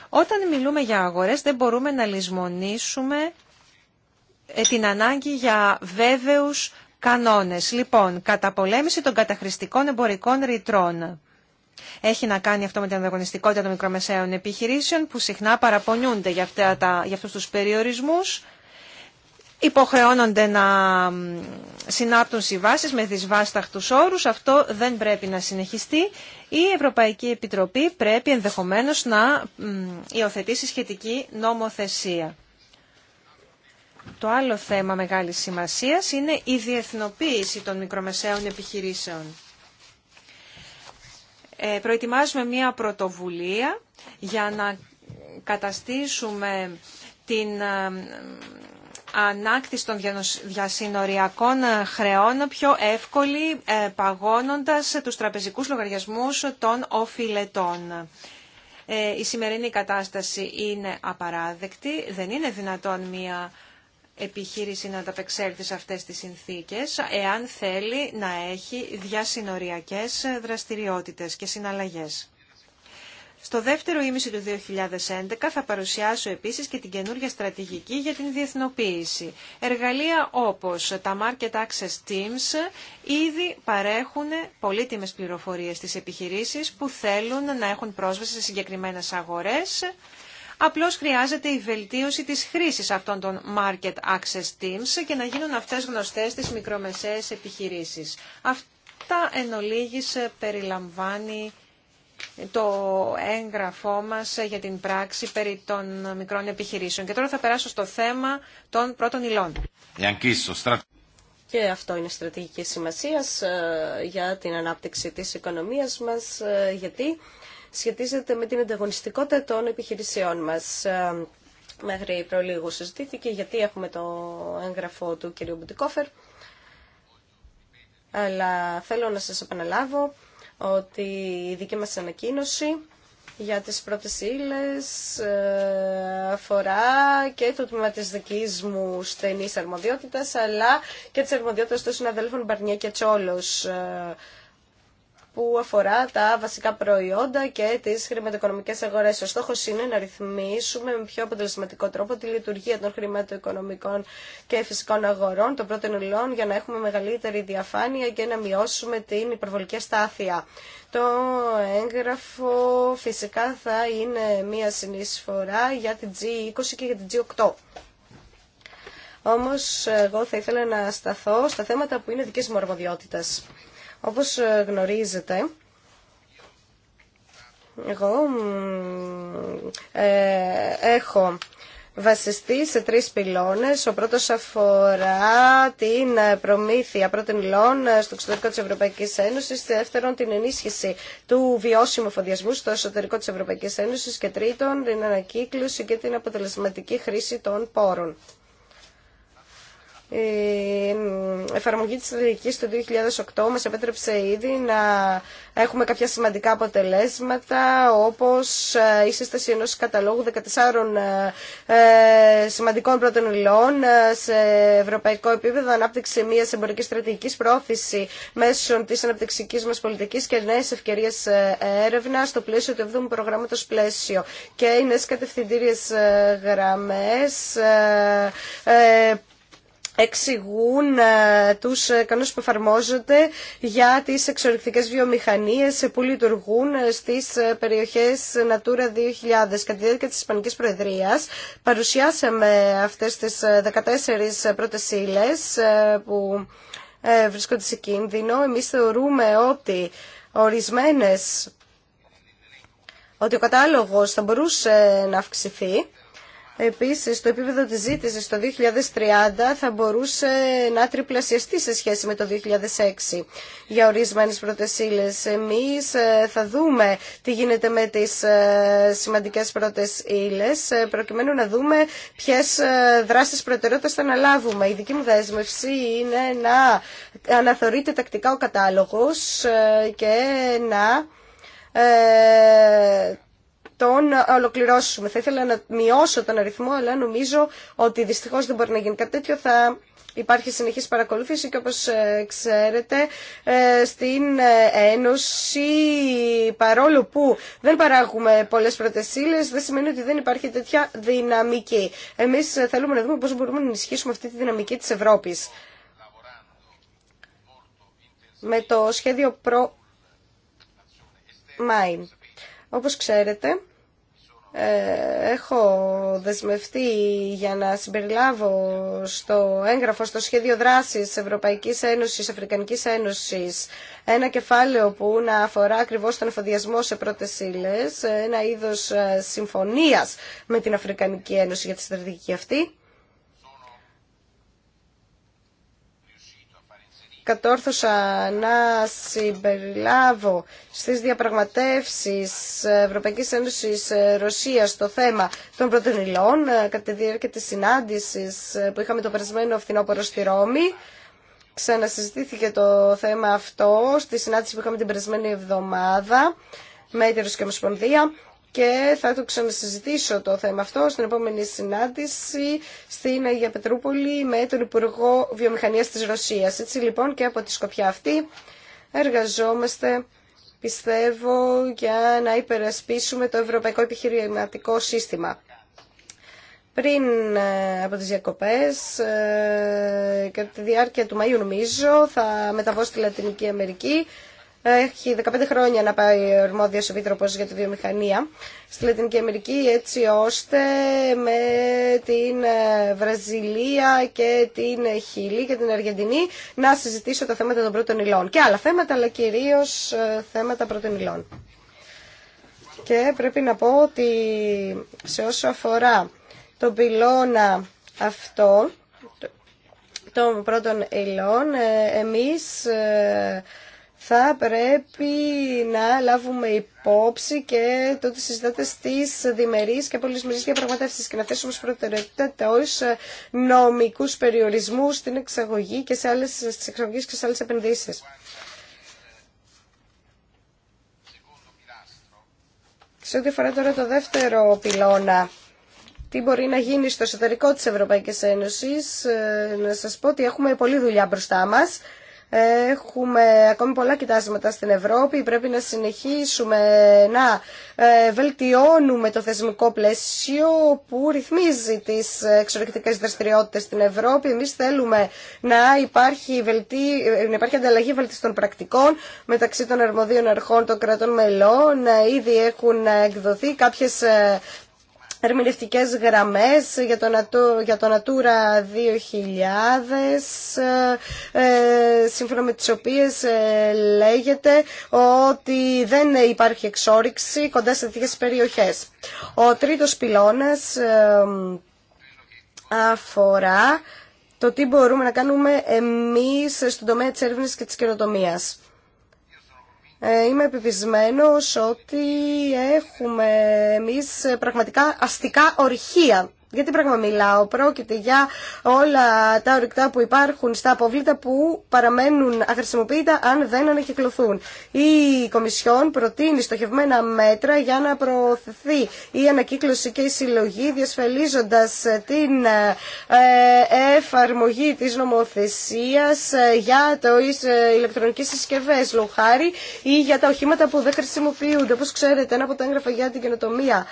Όταν μιλούμε για αγορές δεν μπορούμε να λησμονήσουμε ε, την ανάγκη για βέβαιους κανόνες. Λοιπόν, καταπολέμηση των καταχρηστικών εμπορικών ρητρών. Έχει να κάνει αυτό με την ανταγωνιστικότητα των μικρομεσαίων επιχειρήσεων που συχνά παραπονιούνται για, αυτά τα, για αυτούς τους περιορισμούς. Υποχρεώνονται να συνάπτουν συμβάσεις με δυσβάσταχτους όρους. Αυτό δεν πρέπει να συνεχιστεί. Η Ευρωπαϊκή Επιτροπή πρέπει ενδεχομένως να υιοθετήσει σχετική νομοθεσία. Το άλλο θέμα μεγάλης σημασίας είναι η διεθνοποίηση των μικρομεσαίων επιχειρήσεων. Ε, προετοιμάζουμε μία πρωτοβουλία για να καταστήσουμε την ε, ανάκτηση των διασυνοριακών χρεών πιο εύκολη ε, παγώνοντας τους τραπεζικούς λογαριασμούς των οφειλετών. Η σημερινή κατάσταση είναι απαράδεκτη. Δεν είναι δυνατόν μια επιχείρηση να ανταπεξέλθει σε αυτές τις συνθήκες, εάν θέλει να έχει διασυνοριακές δραστηριότητες και συναλλαγές. Στο δεύτερο ήμιση του 2011 θα παρουσιάσω επίσης και την καινούργια στρατηγική για την διεθνοποίηση. Εργαλεία όπως τα Market Access Teams ήδη παρέχουν πολύτιμες πληροφορίες στις επιχειρήσεις που θέλουν να έχουν πρόσβαση σε συγκεκριμένες αγορές Απλώς χρειάζεται η βελτίωση της χρήσης αυτών των market access teams και να γίνουν αυτές γνωστές στις μικρομεσαίες επιχειρήσεις. Αυτά εν ολίγης περιλαμβάνει το έγγραφό μας για την πράξη περί των μικρών επιχειρήσεων. Και τώρα θα περάσω στο θέμα των πρώτων υλών. Και αυτό είναι στρατηγική σημασία ε, για την ανάπτυξη της οικονομίας μας, ε, γιατί σχετίζεται με την ανταγωνιστικότητα των επιχειρησιών μας. Ε, μέχρι προλίγου συζητήθηκε γιατί έχουμε το έγγραφο του κ. Μπουτικόφερ, αλλά θέλω να σας επαναλάβω ότι η δική μας ανακοίνωση για τις πρώτες ύλε ε, αφορά και το τμήμα της δικής μου στενής αρμοδιότητας αλλά και της αρμοδιότητας των συναδέλφων Μπαρνιέ και που αφορά τα βασικά προϊόντα και τι χρηματοοικονομικές αγορέ. Ο στόχο είναι να ρυθμίσουμε με πιο αποτελεσματικό τρόπο τη λειτουργία των χρηματοοικονομικών και φυσικών αγορών των πρώτων υλών για να έχουμε μεγαλύτερη διαφάνεια και να μειώσουμε την υπερβολική αστάθεια. Το έγγραφο φυσικά θα είναι μία συνεισφορά για την G20 και για την G8. Όμως εγώ θα ήθελα να σταθώ στα θέματα που είναι δικές μου αρμοδιότητας. Όπως ε, γνωρίζετε, εγώ ε, έχω βασιστεί σε τρεις πυλώνες. Ο πρώτος αφορά την ε, προμήθεια πρώτων υλών ε, στο εξωτερικό της Ευρωπαϊκής Ένωσης, δεύτερον την ενίσχυση του βιώσιμου φοδιασμού στο εσωτερικό της Ευρωπαϊκής Ένωσης και τρίτον την ανακύκλωση και την αποτελεσματική χρήση των πόρων η εφαρμογή της στρατηγικής του 2008 μας επέτρεψε ήδη να έχουμε κάποια σημαντικά αποτελέσματα όπως ε, η σύσταση ενός καταλόγου 14 ε, ε, σημαντικών πρώτων υλών σε ευρωπαϊκό επίπεδο, ανάπτυξη μιας εμπορικής στρατηγικής πρόθεση μέσω της αναπτυξικής μας πολιτικής και νέες ευκαιρίες έρευνα στο πλαίσιο του 7ου προγράμματος πλαίσιο και οι νέες κατευθυντήριες γραμμές εξηγούν ε, τους ε, κανόνες που εφαρμόζονται για τις εξορυκτικές βιομηχανίες που λειτουργούν ε, στις περιοχές Natura 2000. Κατά τη διάρκεια της Ισπανικής Προεδρίας παρουσιάσαμε αυτές τις 14 πρώτες ύλες που βρίσκονται σε κίνδυνο. Εμείς θεωρούμε ότι ορισμένες ότι ο κατάλογος θα μπορούσε να αυξηθεί Επίσης, το επίπεδο της ζήτησης το 2030 θα μπορούσε να τριπλασιαστεί σε σχέση με το 2006 για ορισμένες πρωτεσίλες. Εμείς ε, θα δούμε τι γίνεται με τις ε, σημαντικές πρωτεσίλες ε, προκειμένου να δούμε ποιες δράσεις προτεραιότητας θα αναλάβουμε. Η δική μου δέσμευση είναι να αναθωρείται τακτικά ο κατάλογος και να τον ολοκληρώσουμε. Θα ήθελα να μειώσω τον αριθμό, αλλά νομίζω ότι δυστυχώ δεν μπορεί να γίνει κάτι τέτοιο. Θα υπάρχει συνεχής παρακολούθηση και όπως ε, ξέρετε ε, στην ε, Ένωση παρόλο που δεν παράγουμε πολλές πρωτεσίλες δεν σημαίνει ότι δεν υπάρχει τέτοια δυναμική. Εμεί θέλουμε να δούμε πώ μπορούμε να ενισχύσουμε αυτή τη δυναμική τη Ευρώπη. Με το σχέδιο προ Mine. Όπως ξέρετε, ε, έχω δεσμευτεί για να συμπεριλάβω στο έγγραφο, στο σχέδιο δράσης Ευρωπαϊκής Ένωσης, Αφρικανικής Ένωσης, ένα κεφάλαιο που να αφορά ακριβώς τον εφοδιασμό σε πρώτες ύλες, ένα είδος ε, συμφωνίας με την Αφρικανική Ένωση για τη στρατηγική αυτή. κατόρθωσα να συμπεριλάβω στις διαπραγματεύσεις Ευρωπαϊκής Ένωσης ε, Ρωσίας το θέμα των πρώτων υλών ε, κατά τη διάρκεια της συνάντησης ε, που είχαμε το περασμένο φθινόπωρο στη Ρώμη. Ξανασυζητήθηκε το θέμα αυτό στη συνάντηση που είχαμε την περασμένη εβδομάδα με τη Ρωσική Ομοσπονδία και θα το ξανασυζητήσω το θέμα αυτό στην επόμενη συνάντηση στην Αγία Πετρούπολη με τον Υπουργό Βιομηχανίας της Ρωσίας. Έτσι λοιπόν και από τη σκοπιά αυτή εργαζόμαστε πιστεύω για να υπερασπίσουμε το ευρωπαϊκό επιχειρηματικό σύστημα. Πριν ε, από τις διακοπές, ε, κατά τη διάρκεια του Μαΐου νομίζω, θα μεταβώ στη Λατινική Αμερική έχει 15 χρόνια να πάει ο αρμόδιο επίτροπο για τη βιομηχανία στη Λατινική Αμερική, έτσι ώστε με την ε, Βραζιλία και την Χιλή και την Αργεντινή να συζητήσω τα θέματα των πρώτων υλών. Και άλλα θέματα, αλλά κυρίω ε, θέματα πρώτων υλών. Και πρέπει να πω ότι σε όσο αφορά τον πυλώνα αυτό των πρώτων υλών, ε, εμείς θα πρέπει να λάβουμε υπόψη και το ότι συζητάτε στι διμερεί και πολυσμερείς διαπραγματεύσει και να θέσουμε ω προτεραιότητα του νομικούς περιορισμούς στην εξαγωγή και σε άλλε στις και σε άλλες επενδύσεις. Σε ό,τι αφορά τώρα το δεύτερο πυλώνα, τι μπορεί να γίνει στο εσωτερικό της Ευρωπαϊκής Ένωσης, ε, να σας πω ότι έχουμε πολλή δουλειά μπροστά μας. Έχουμε ακόμη πολλά κοιτάσματα στην Ευρώπη. Πρέπει να συνεχίσουμε να ε, βελτιώνουμε το θεσμικό πλαίσιο που ρυθμίζει τις εξορρυκτικές δραστηριότητες στην Ευρώπη. Εμείς θέλουμε να υπάρχει, βελτί... Ε, να υπάρχει ανταλλαγή βελτιστών πρακτικών μεταξύ των αρμοδίων αρχών των κρατών μελών. Ε, ήδη έχουν εκδοθεί κάποιες ερμηνευτικές γραμμές για το, για το Natura 2000 ε, ε, σύμφωνα με τις οποίες ε, λέγεται ότι δεν υπάρχει εξόριξη κοντά σε τέτοιες περιοχές. Ο τρίτος πυλώνας αφορά το τι μπορούμε να κάνουμε εμείς στον τομέα της έρευνας και της καινοτομίας. Ε, είμαι επιβισμένος ότι έχουμε εμείς πραγματικά αστικά ορυχία. Γιατί πράγμα μιλάω, πρόκειται για όλα τα ορυκτά που υπάρχουν στα αποβλήτα που παραμένουν αχρησιμοποιητά αν δεν ανακυκλωθούν. Η Κομισιόν προτείνει στοχευμένα μέτρα για να προωθηθεί η ανακύκλωση και η συλλογή διασφαλίζοντα την ε, εφαρμογή της νομοθεσίας ε, για το ε, ηλεκτρονικές συσκευέ, λοχάρι ή για τα οχήματα που δεν χρησιμοποιούνται. Όπω ξέρετε, ένα από τα έγγραφα για την καινοτομία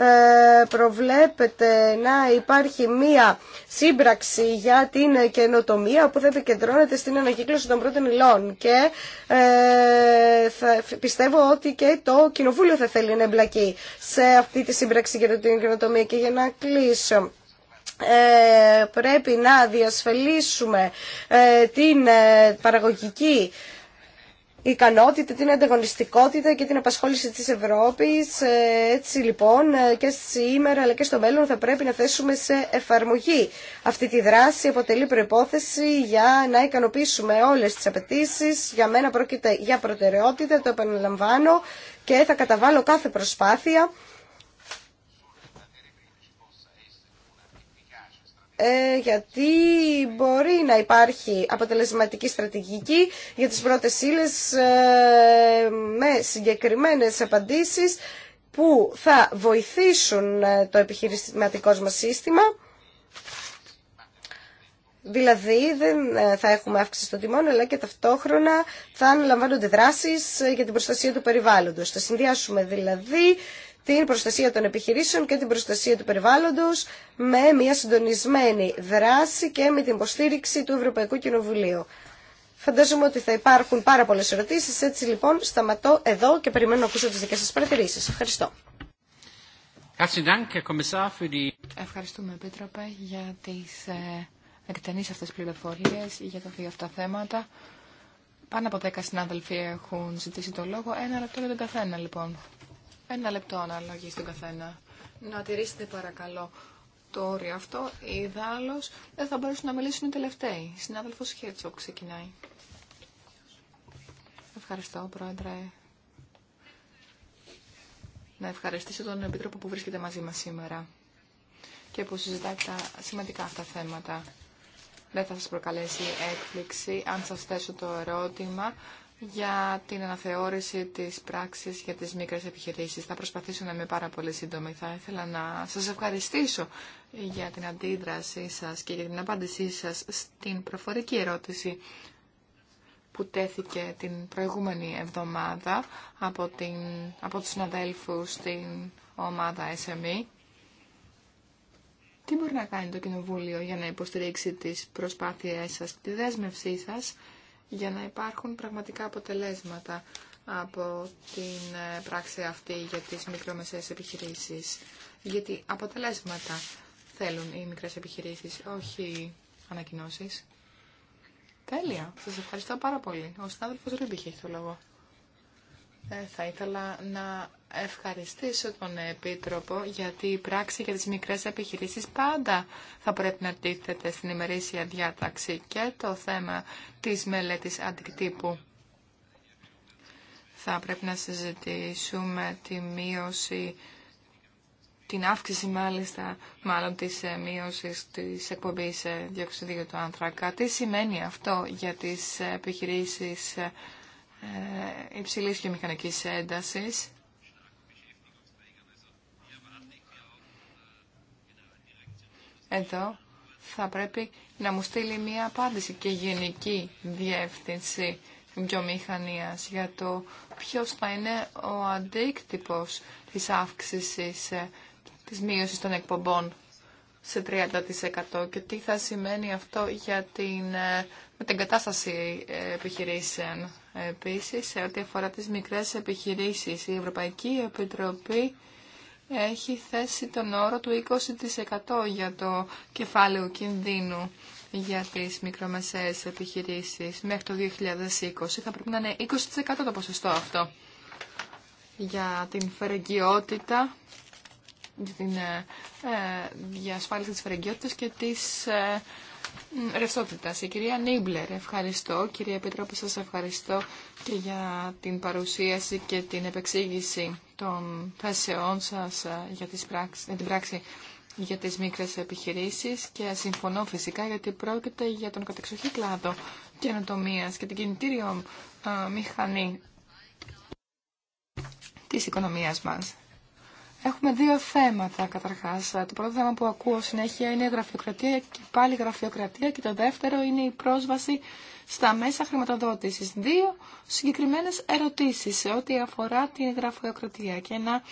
ε, προβλέπεται να υπάρχει μία σύμπραξη για την καινοτομία που θα επικεντρώνεται στην ανακύκλωση των πρώτων υλών και ε, πιστεύω ότι και το Κοινοβούλιο θα θέλει να εμπλακεί σε αυτή τη σύμπραξη για την καινοτομία και για να κλείσω. Ε, πρέπει να διασφελίσουμε την παραγωγική ικανότητα, την ανταγωνιστικότητα και την απασχόληση της Ευρώπης. Ε, έτσι λοιπόν ε, και σήμερα αλλά και στο μέλλον θα πρέπει να θέσουμε σε εφαρμογή. Αυτή τη δράση αποτελεί προϋπόθεση για να ικανοποιήσουμε όλες τις απαιτήσει. Για μένα πρόκειται για προτεραιότητα, το επαναλαμβάνω και θα καταβάλω κάθε προσπάθεια Ε, γιατί μπορεί να υπάρχει αποτελεσματική στρατηγική για τις πρώτες ύλες ε, με συγκεκριμένες απαντήσεις που θα βοηθήσουν ε, το επιχειρηματικό μας σύστημα. Δηλαδή δεν θα έχουμε αύξηση στο τιμών, αλλά και ταυτόχρονα θα αναλαμβάνονται δράσεις για την προστασία του περιβάλλοντος. Θα συνδυάσουμε δηλαδή την προστασία των επιχειρήσεων και την προστασία του περιβάλλοντος με μια συντονισμένη δράση και με την υποστήριξη του Ευρωπαϊκού Κοινοβουλίου. Φαντάζομαι ότι θα υπάρχουν πάρα πολλέ ερωτήσει. Έτσι λοιπόν, σταματώ εδώ και περιμένω να ακούσω τι δικέ σα παρατηρήσει. Ευχαριστώ. Ευχαριστούμε, Επίτροπε, για τι ε, εκτενεί αυτέ πληροφορίε για τα δύο αυτά θέματα. Πάνω από δέκα συνάδελφοι έχουν ζητήσει το λόγο. Ένα λεπτό για τον καθένα, λοιπόν. Ένα λεπτό αναλογή στον καθένα. Να τηρήσετε παρακαλώ το όριο αυτό. ή Ιδάλω δεν θα μπορούσαν να μιλήσουν οι τελευταίοι. Συνάδελφο Χέρτσοκ ξεκινάει. Ευχαριστώ, Πρόεδρε. Να ευχαριστήσω τον Επίτροπο που βρίσκεται μαζί μας σήμερα και που συζητάει τα σημαντικά αυτά θέματα. Δεν θα σας προκαλέσει έκπληξη αν σας θέσω το ερώτημα για την αναθεώρηση της πράξης για τις μικρές επιχειρήσεις. Θα προσπαθήσω να είμαι πάρα πολύ σύντομη. Θα ήθελα να σας ευχαριστήσω για την αντίδρασή σας και για την απάντησή σας στην προφορική ερώτηση που τέθηκε την προηγούμενη εβδομάδα από, την, από τους συναδέλφους στην ομάδα SME. Τι μπορεί να κάνει το Κοινοβούλιο για να υποστηρίξει τις προσπάθειές σας, τη δέσμευσή σας για να υπάρχουν πραγματικά αποτελέσματα από την ε, πράξη αυτή για τις μικρομεσαίες επιχειρήσεις. Γιατί αποτελέσματα θέλουν οι μικρές επιχειρήσεις, όχι ανακοινώσεις. Τέλεια. Σας ευχαριστώ πάρα πολύ. Ο συνάδελφος Ρίμπη έχει το λόγο. Ε, θα ήθελα να ευχαριστήσω τον Επίτροπο γιατί η πράξη για τις μικρές επιχειρήσεις πάντα θα πρέπει να τίθεται στην ημερήσια διάταξη και το θέμα της μελέτης αντικτύπου. Θα πρέπει να συζητήσουμε τη μείωση, την αύξηση μάλιστα, μάλλον της ε, μείωσης της εκπομπής ε, διοξιδίου του άνθρακα. Τι σημαίνει αυτό για τις επιχειρήσεις ε, υψηλή και βιομηχανικής έντασης. Εδώ θα πρέπει να μου στείλει μία απάντηση και γενική διεύθυνση βιομηχανίας για το ποιος θα είναι ο αντίκτυπος της αύξησης ε, της μείωσης των εκπομπών σε 30% και τι θα σημαίνει αυτό για την, ε, με την επιχειρήσεων. Επίσης, σε ό,τι αφορά τις μικρές επιχειρήσεις, η Ευρωπαϊκή Επιτροπή έχει θέσει τον όρο του 20% για το κεφάλαιο κινδύνου για τις μικρομεσαίες επιχειρήσεις μέχρι το 2020. Θα πρέπει να είναι 20% το ποσοστό αυτό για την φερεγγιότητα, για την ε, ε διασφάλιση της φερεγγιότητας και της ε, Ρευστότητα. Η κυρία Νίμπλερ, ευχαριστώ. Κυρία Επιτρόπη, σας ευχαριστώ και για την παρουσίαση και την επεξήγηση των θέσεών σας ε, για, την πράξη για τις μικρές επιχειρήσεις και συμφωνώ φυσικά γιατί πρόκειται για τον κατεξοχή κλάδο καινοτομία και την κινητήριο ε, μηχανή της οικονομίας μας. Έχουμε δύο θέματα καταρχάς. Το πρώτο θέμα που ακούω συνέχεια είναι η γραφειοκρατία και πάλι γραφειοκρατία και το δεύτερο είναι η πρόσβαση στα μέσα χρηματοδότησης. Δύο συγκεκριμένες ερωτήσεις σε ό,τι αφορά την γραφειοκρατία και να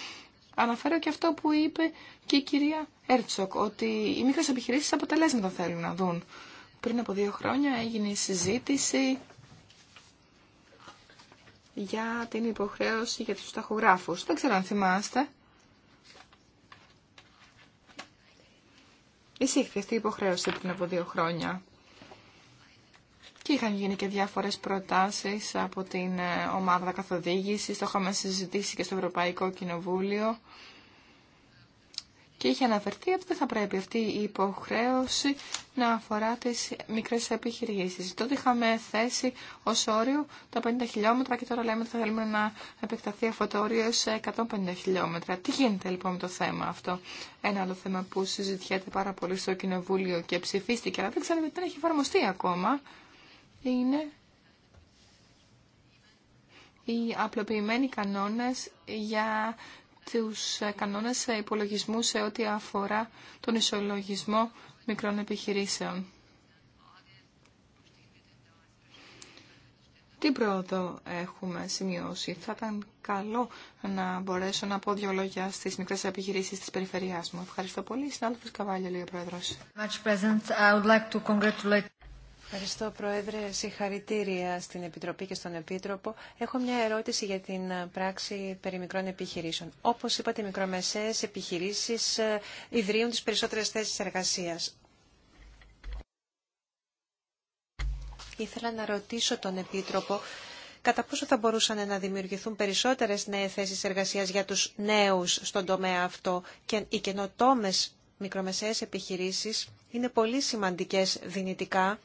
αναφέρω και αυτό που είπε και η κυρία Έρτσοκ ότι οι μικρέ επιχειρήσει αποτελέσματα θέλουν να δουν. Πριν από δύο χρόνια έγινε η συζήτηση για την υποχρέωση για τους ταχογράφους. Δεν ξέρω αν θυμάστε. Εσύ, αυτή η υποχρέωση πριν από δύο χρόνια. Και είχαν γίνει και διάφορες προτάσεις από την ε, ομάδα καθοδήγησης. Το είχαμε συζητήσει και στο Ευρωπαϊκό Κοινοβούλιο και είχε αναφερθεί ότι δεν θα πρέπει αυτή η υποχρέωση να αφορά τι μικρές επιχειρήσεις. Τότε είχαμε θέσει ω όριο τα 50 χιλιόμετρα και τώρα λέμε ότι θα θέλουμε να επεκταθεί αυτό το όριο σε 150 χιλιόμετρα. Τι γίνεται λοιπόν με το θέμα αυτό. Ένα άλλο θέμα που συζητιέται πάρα πολύ στο Κοινοβούλιο και ψηφίστηκε, αλλά δεν ξέρετε δεν έχει εφαρμοστεί ακόμα, είναι οι απλοποιημένοι κανόνες για τους ε, κανόνες ε, υπολογισμού σε ό,τι αφορά τον ισολογισμό μικρών επιχειρήσεων. Τι πρόοδο έχουμε σημειώσει. Θα ήταν καλό να μπορέσω να πω δύο λόγια στι μικρές επιχειρήσεις της περιφερειάς μου. Ευχαριστώ πολύ. Συνάδελφος Καβάλια, λέει ο Πρόεδρος. Ευχαριστώ Πρόεδρε. Συγχαρητήρια στην Επιτροπή και στον Επίτροπο. Έχω μια ερώτηση για την ε, πράξη περί μικρών επιχειρήσεων. Όπως είπατε, οι μικρομεσαίες επιχειρήσεις ε, ιδρύουν τις περισσότερες θέσεις εργασίας. Ήθελα να ρωτήσω τον Επίτροπο κατά πόσο θα μπορούσαν να δημιουργηθούν περισσότερες νέες θέσεις εργασίας για τους νέους στον τομέα αυτό και οι καινοτόμε μικρομεσαίες επιχειρήσεις είναι πολύ σημαντικές δυνητικά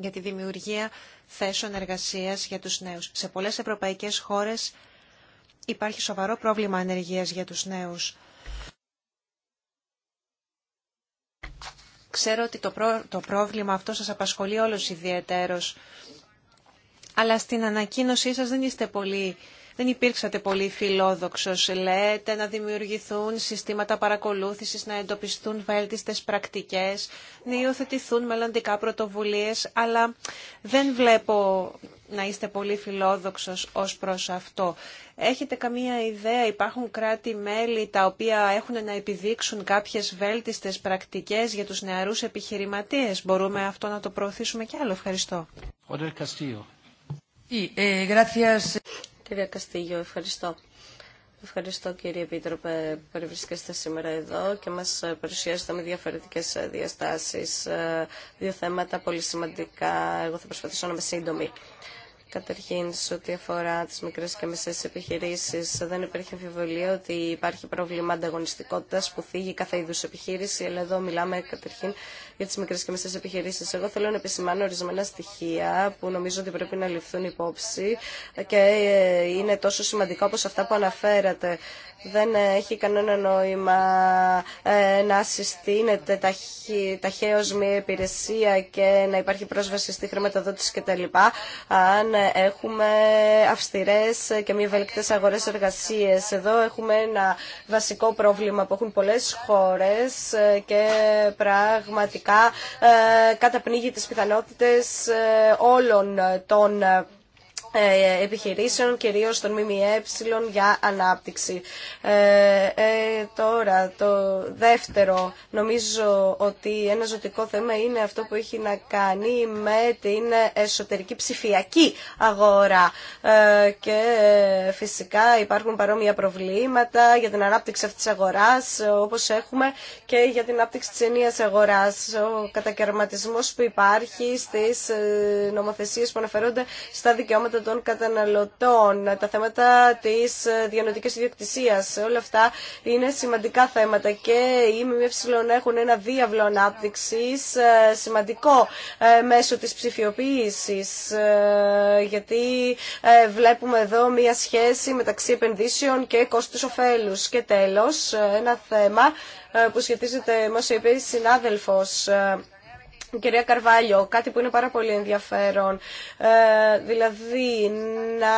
για τη δημιουργία θέσεων εργασίας για τους νέους. Σε πολλές ευρωπαϊκές χώρες υπάρχει σοβαρό πρόβλημα ανεργίας για τους νέους. Ξέρω ότι το, πρόβλημα αυτό σας απασχολεί όλους ιδιαίτερος, αλλά στην ανακοίνωσή σας δεν είστε πολύ δεν υπήρξατε πολύ φιλόδοξο. Λέτε να δημιουργηθούν συστήματα παρακολούθηση, να εντοπιστούν βέλτιστε πρακτικέ, να υιοθετηθούν μελλοντικά πρωτοβουλίε, αλλά δεν βλέπω να είστε πολύ φιλόδοξο ω προ αυτό. Έχετε καμία ιδέα, υπάρχουν κράτη-μέλη τα οποία έχουν να επιδείξουν κάποιε βέλτιστε πρακτικέ για του νεαρού επιχειρηματίε. Μπορούμε αυτό να το προωθήσουμε κι άλλο. Ευχαριστώ. Κυρία Καστίγιο, ευχαριστώ. Ευχαριστώ κύριε Επίτροπε που περιβρίσκεστε σήμερα εδώ και μας παρουσιάσετε με διαφορετικές διαστάσεις ε, δύο θέματα πολύ σημαντικά. Εγώ θα προσπαθήσω να είμαι σύντομη. Καταρχήν, σε ό,τι αφορά τι μικρέ και μεσαίε επιχειρήσει, δεν υπήρχε αμφιβολία ότι υπάρχει πρόβλημα ανταγωνιστικότητα που θίγει κάθε είδου επιχείρηση, αλλά εδώ μιλάμε καταρχήν για τι μικρέ και μεσαίε επιχειρήσεις. Εγώ θέλω να επισημάνω ορισμένα στοιχεία που νομίζω ότι πρέπει να ληφθούν υπόψη και ε, είναι τόσο σημαντικά όπω αυτά που αναφέρατε. Δεν έχει κανένα νόημα ε, να συστήνεται ταχαίω μια υπηρεσία και να υπάρχει πρόσβαση στη χρηματοδότηση κτλ. Αν έχουμε αυστηρέ και μη ευέλικτε αγορέ εργασίε. Εδώ έχουμε ένα βασικό πρόβλημα που έχουν πολλέ χώρε και πραγματικά ουσιαστικά ε, καταπνίγει τις πιθανότητες ε, όλων των ε, ε, επιχειρήσεων, κυρίως των ΜΜΕ για ανάπτυξη. Ε, ε, τώρα, το δεύτερο, νομίζω ότι ένα ζωτικό θέμα είναι αυτό που έχει να κάνει με την εσωτερική ψηφιακή αγορά. και φυσικά υπάρχουν παρόμοια προβλήματα για την ανάπτυξη αυτής της αγοράς, όπως έχουμε και για την ανάπτυξη της ενίας αγοράς. Ο κατακαιρματισμός που υπάρχει στις νομοθεσίες που αναφέρονται στα δικαιώματα θέματα των καταναλωτών, τα θέματα της διανοητικής ιδιοκτησίας. Όλα αυτά είναι σημαντικά θέματα και οι ΜΜΕ έχουν ένα διάβλο ανάπτυξη ε, σημαντικό ε, μέσω της ψηφιοποίησης, ε, γιατί βλέπουμε εδώ μία σχέση μεταξύ επενδύσεων και κόστους ωφέλου. Και τέλος, ένα θέμα που σχετίζεται με όσο είπε η συνάδελφος κυρία Καρβάλιο, κάτι που είναι πάρα πολύ ενδιαφέρον. Ε, δηλαδή, να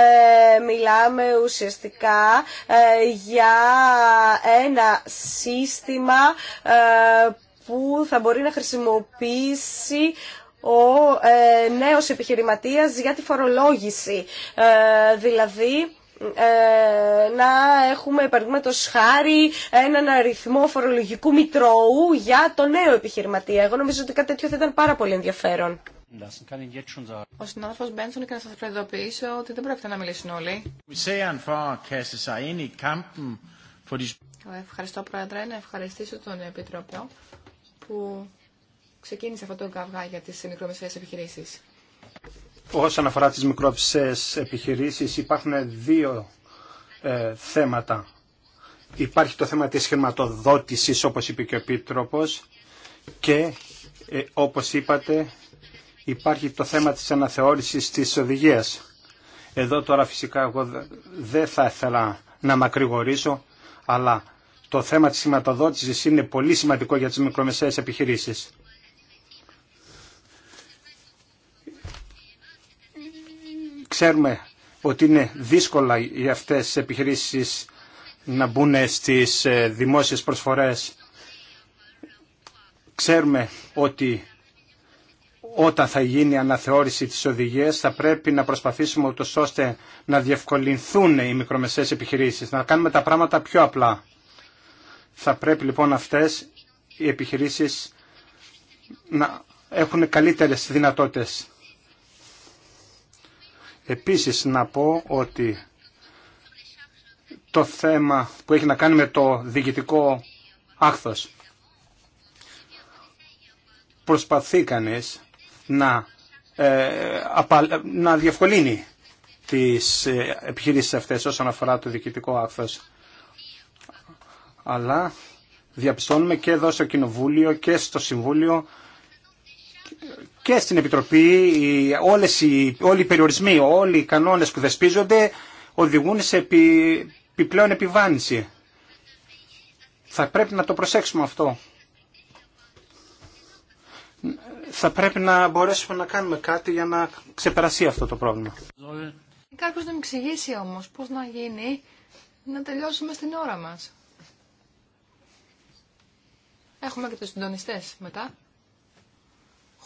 ε, μιλάμε ουσιαστικά ε, για ένα σύστημα ε, που θα μπορεί να χρησιμοποιήσει ο νέος επιχειρηματίας για τη φορολόγηση. Δηλαδή, ε, να έχουμε, παραδείγματο χάρη, έναν αριθμό φορολογικού μητρώου για το νέο επιχειρηματία. Εγώ νομίζω ότι κάτι τέτοιο θα ήταν πάρα πολύ ενδιαφέρον. Ο συνάδελφο Μπένσον και να σα προειδοποιήσω ότι δεν πρόκειται να μιλήσουν όλοι. Ε, ευχαριστώ Πρόεδρε, να ευχαριστήσω τον Επιτροπό που ξεκίνησε αυτό το καυγά για τι μικρομεσαίε επιχειρήσει. Όσον αφορά τις μικροψές επιχειρήσεις υπάρχουν δύο ε, θέματα. Υπάρχει το θέμα της χρηματοδότησης όπως είπε και ο Επίτροπος και ε, όπως είπατε υπάρχει το θέμα της αναθεώρησης της οδηγίας. Εδώ τώρα φυσικά εγώ δεν θα ήθελα να μακρηγορήσω αλλά το θέμα της χρηματοδότησης είναι πολύ σημαντικό για τις μικρομεσαίες επιχειρήσεις. Ξέρουμε ότι είναι δύσκολα για αυτές τις επιχειρήσεις να μπουν στις ε, δημόσιες προσφορές. Ξέρουμε ότι όταν θα γίνει αναθεώρηση της οδηγίας θα πρέπει να προσπαθήσουμε ούτως ώστε να διευκολυνθούν οι μικρομεσαίες επιχειρήσεις, να κάνουμε τα πράγματα πιο απλά. Θα πρέπει λοιπόν αυτές οι επιχειρήσεις να έχουν καλύτερες δυνατότητες. Επίσης να πω ότι το θέμα που έχει να κάνει με το διοικητικό άχθος. Προσπαθεί κανείς να, ε, να διευκολύνει τις ε, επιχειρήσεις αυτές όσον αφορά το διοικητικό άχθος. Αλλά διαπιστώνουμε και εδώ στο Κοινοβούλιο και στο Συμβούλιο και στην Επιτροπή όλες οι, όλοι οι περιορισμοί, όλοι οι κανόνες που δεσπίζονται οδηγούν σε επιπλέον επιβάνηση. Θα πρέπει να το προσέξουμε αυτό. Θα πρέπει να μπορέσουμε να κάνουμε κάτι για να ξεπερασεί αυτό το πρόβλημα. Κάποιο να μου εξηγήσει όμως πώς να γίνει να τελειώσουμε στην ώρα μας. Έχουμε και τους συντονιστέ μετά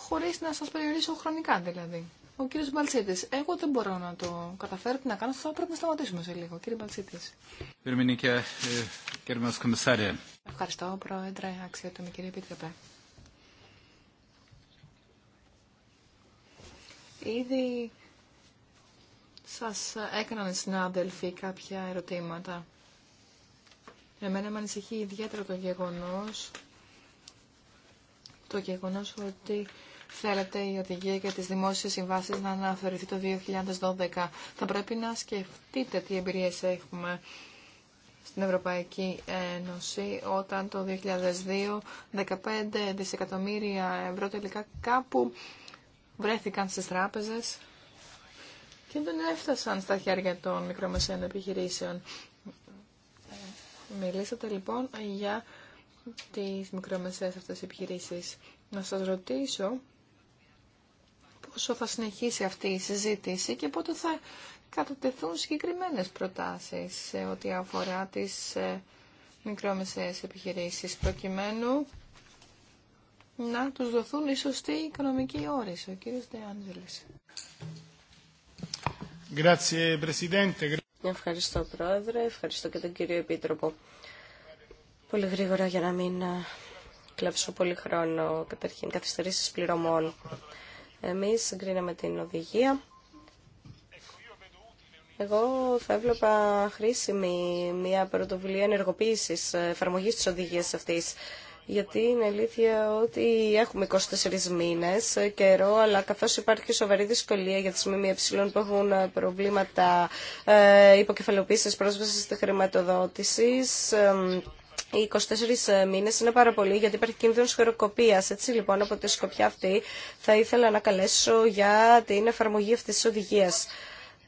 χωρίς να σας περιορίσω χρονικά δηλαδή. Ο κύριο Μπαλσίτη, εγώ δεν μπορώ να το καταφέρω τι να κάνω, θα πρέπει να σταματήσουμε σε λίγο. Κύριε Μπαλσίτη. Ευχαριστώ, Πρόεδρε, αξιότιμη κύριε Επίτροπε. Ήδη σα έκαναν οι συνάδελφοι κάποια ερωτήματα. Εμένα με ανησυχεί ιδιαίτερα το γεγονό. το ότι Θέλετε η οδηγία για τις δημόσιες συμβάσεις να αναφερθεί το 2012. Θα πρέπει να σκεφτείτε τι εμπειρίες έχουμε στην Ευρωπαϊκή Ένωση όταν το 2002 15 δισεκατομμύρια ευρώ τελικά κάπου βρέθηκαν στις τράπεζες και δεν έφτασαν στα χέρια των μικρομεσαίων επιχειρήσεων. Μιλήσατε λοιπόν για τις μικρομεσαίες αυτές επιχειρήσεις. Να σας ρωτήσω πόσο θα συνεχίσει αυτή η συζήτηση και πότε θα κατατεθούν συγκεκριμένες προτάσεις σε ό,τι αφορά τις ε, μικρόμεσαίες επιχειρήσεις προκειμένου να τους δοθούν οι σωστοί οικονομικοί όρες. Ο κύριος Ντεάντζελης. Ευχαριστώ Πρόεδρε, ευχαριστώ και τον κύριο Επίτροπο. Πολύ γρήγορα για να μην ε, κλέψω πολύ χρόνο. Καταρχήν καθυστερήσεις πληρωμών. Εμείς συγκρίναμε την οδηγία. Εγώ θα έβλεπα χρήσιμη μια πρωτοβουλία ενεργοποίηση εφαρμογή τη οδηγία αυτή, Γιατί είναι αλήθεια ότι έχουμε 24 μήνε καιρό, αλλά καθώ υπάρχει σοβαρή δυσκολία για τι ΜΜΕ που έχουν προβλήματα ε, υποκεφαλοποίηση, πρόσβαση στη χρηματοδότηση, ε, οι 24 ε, μήνες είναι πάρα πολύ γιατί υπάρχει κίνδυνο χεροκοπία. Έτσι λοιπόν από τη σκοπιά αυτή θα ήθελα να καλέσω για την εφαρμογή αυτής της οδηγίας.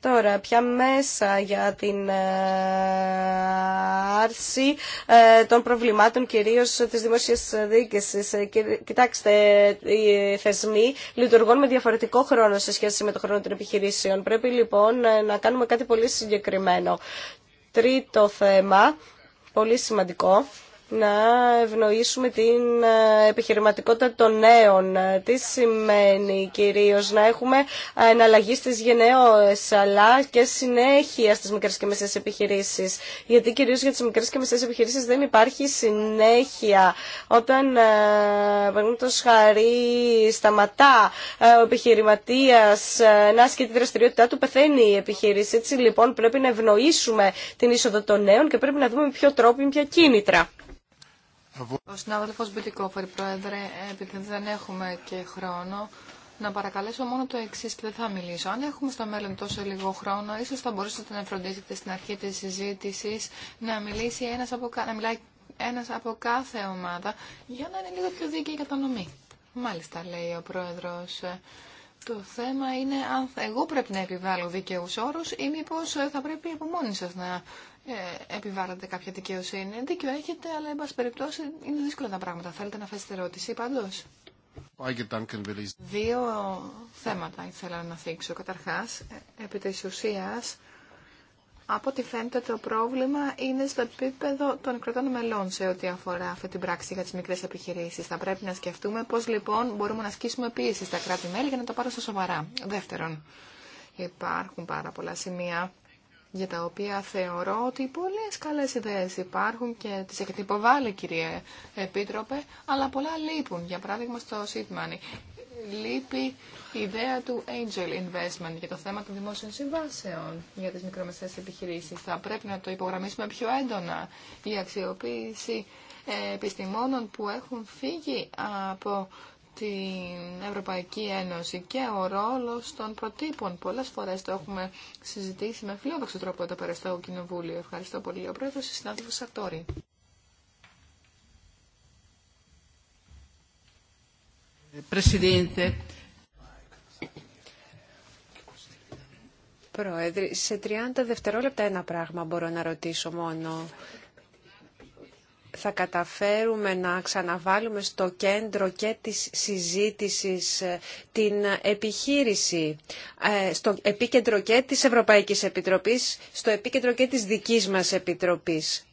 Τώρα, ποια μέσα για την ε, άρση ε, των προβλημάτων, κυρίως της δημόσιας διοίκησης. Κοιτάξτε, οι θεσμοί λειτουργούν με διαφορετικό χρόνο σε σχέση με το χρόνο των επιχειρήσεων. Πρέπει λοιπόν να κάνουμε κάτι πολύ συγκεκριμένο. Τρίτο θέμα πολύ σημαντικό να ευνοήσουμε την ε, επιχειρηματικότητα των νέων. Ε, τι σημαίνει κυρίως να έχουμε εναλλαγή στις γενναίες αλλά και συνέχεια στις μικρές και μεσαίες επιχειρήσεις. Γιατί κυρίως για τις μικρές και μεσαίες επιχειρήσεις δεν υπάρχει συνέχεια. Όταν ε, το χαρή σταματά ο επιχειρηματίας να ασκεί τη δραστηριότητά του πεθαίνει η επιχείρηση. Έτσι λοιπόν πρέπει να ευνοήσουμε την είσοδο των νέων και πρέπει να δούμε με ποιο τρόπο, με ποια κίνητρα. Ο συνάδελφο Μπιτικόφερ, Πρόεδρε, επειδή δεν έχουμε και χρόνο, να παρακαλέσω μόνο το εξή και δεν θα μιλήσω. Αν έχουμε στο μέλλον τόσο λίγο χρόνο, ίσω θα μπορούσατε να φροντίσετε στην αρχή τη συζήτηση να, μιλήσει ένας από, να μιλάει ένα από κάθε ομάδα για να είναι λίγο πιο δίκαιη η κατανομή. Μάλιστα, λέει ο πρόεδρο. Το θέμα είναι αν εγώ πρέπει να επιβάλλω δίκαιου όρου ή μήπω θα πρέπει από μόνοι σα να ε, επιβάλλεται κάποια δικαιοσύνη. Δίκιο έχετε, αλλά εν πάση περιπτώσει είναι δύσκολα τα πράγματα. Θέλετε να φέσετε ερώτηση πάντω. Δύο θέματα ήθελα να θίξω. Καταρχά, ε, επί τη ουσία, από ό,τι φαίνεται το πρόβλημα είναι στο επίπεδο των κρατών μελών σε ό,τι αφορά αυτή την πράξη για τι μικρέ επιχειρήσει. Θα πρέπει να σκεφτούμε πώ λοιπόν μπορούμε να ασκήσουμε πίεση στα κράτη-μέλη για να τα πάρουν στα σοβαρά. Δεύτερον, υπάρχουν πάρα πολλά σημεία για τα οποία θεωρώ ότι πολλές καλές ιδέες υπάρχουν και τις έχετε υποβάλει κύριε Επίτροπε, αλλά πολλά λείπουν. Για παράδειγμα στο Seed Money λείπει η ιδέα του Angel Investment για το θέμα των δημόσιων συμβάσεων για τις μικρομεσαίες επιχειρήσεις. Θα πρέπει να το υπογραμμίσουμε πιο έντονα. Η αξιοποίηση ε, επιστημόνων που έχουν φύγει από την Ευρωπαϊκή Ένωση και ο ρόλος των προτύπων. Πολλές φορές το έχουμε συζητήσει με φιλόδοξο τρόπο εδώ πέρα στο Κοινοβούλιο. Ευχαριστώ πολύ. Ο πρόεδρος, η συνάδελφος Σαρτόρη. Πρόεδρε, σε 30 δευτερόλεπτα ένα πράγμα μπορώ να ρωτήσω μόνο θα καταφέρουμε να ξαναβάλουμε στο κέντρο και της συζήτησης ε, την επιχείρηση, ε, στο επίκεντρο και της Ευρωπαϊκής Επιτροπής, στο επίκεντρο και της δικής μας Επιτροπής.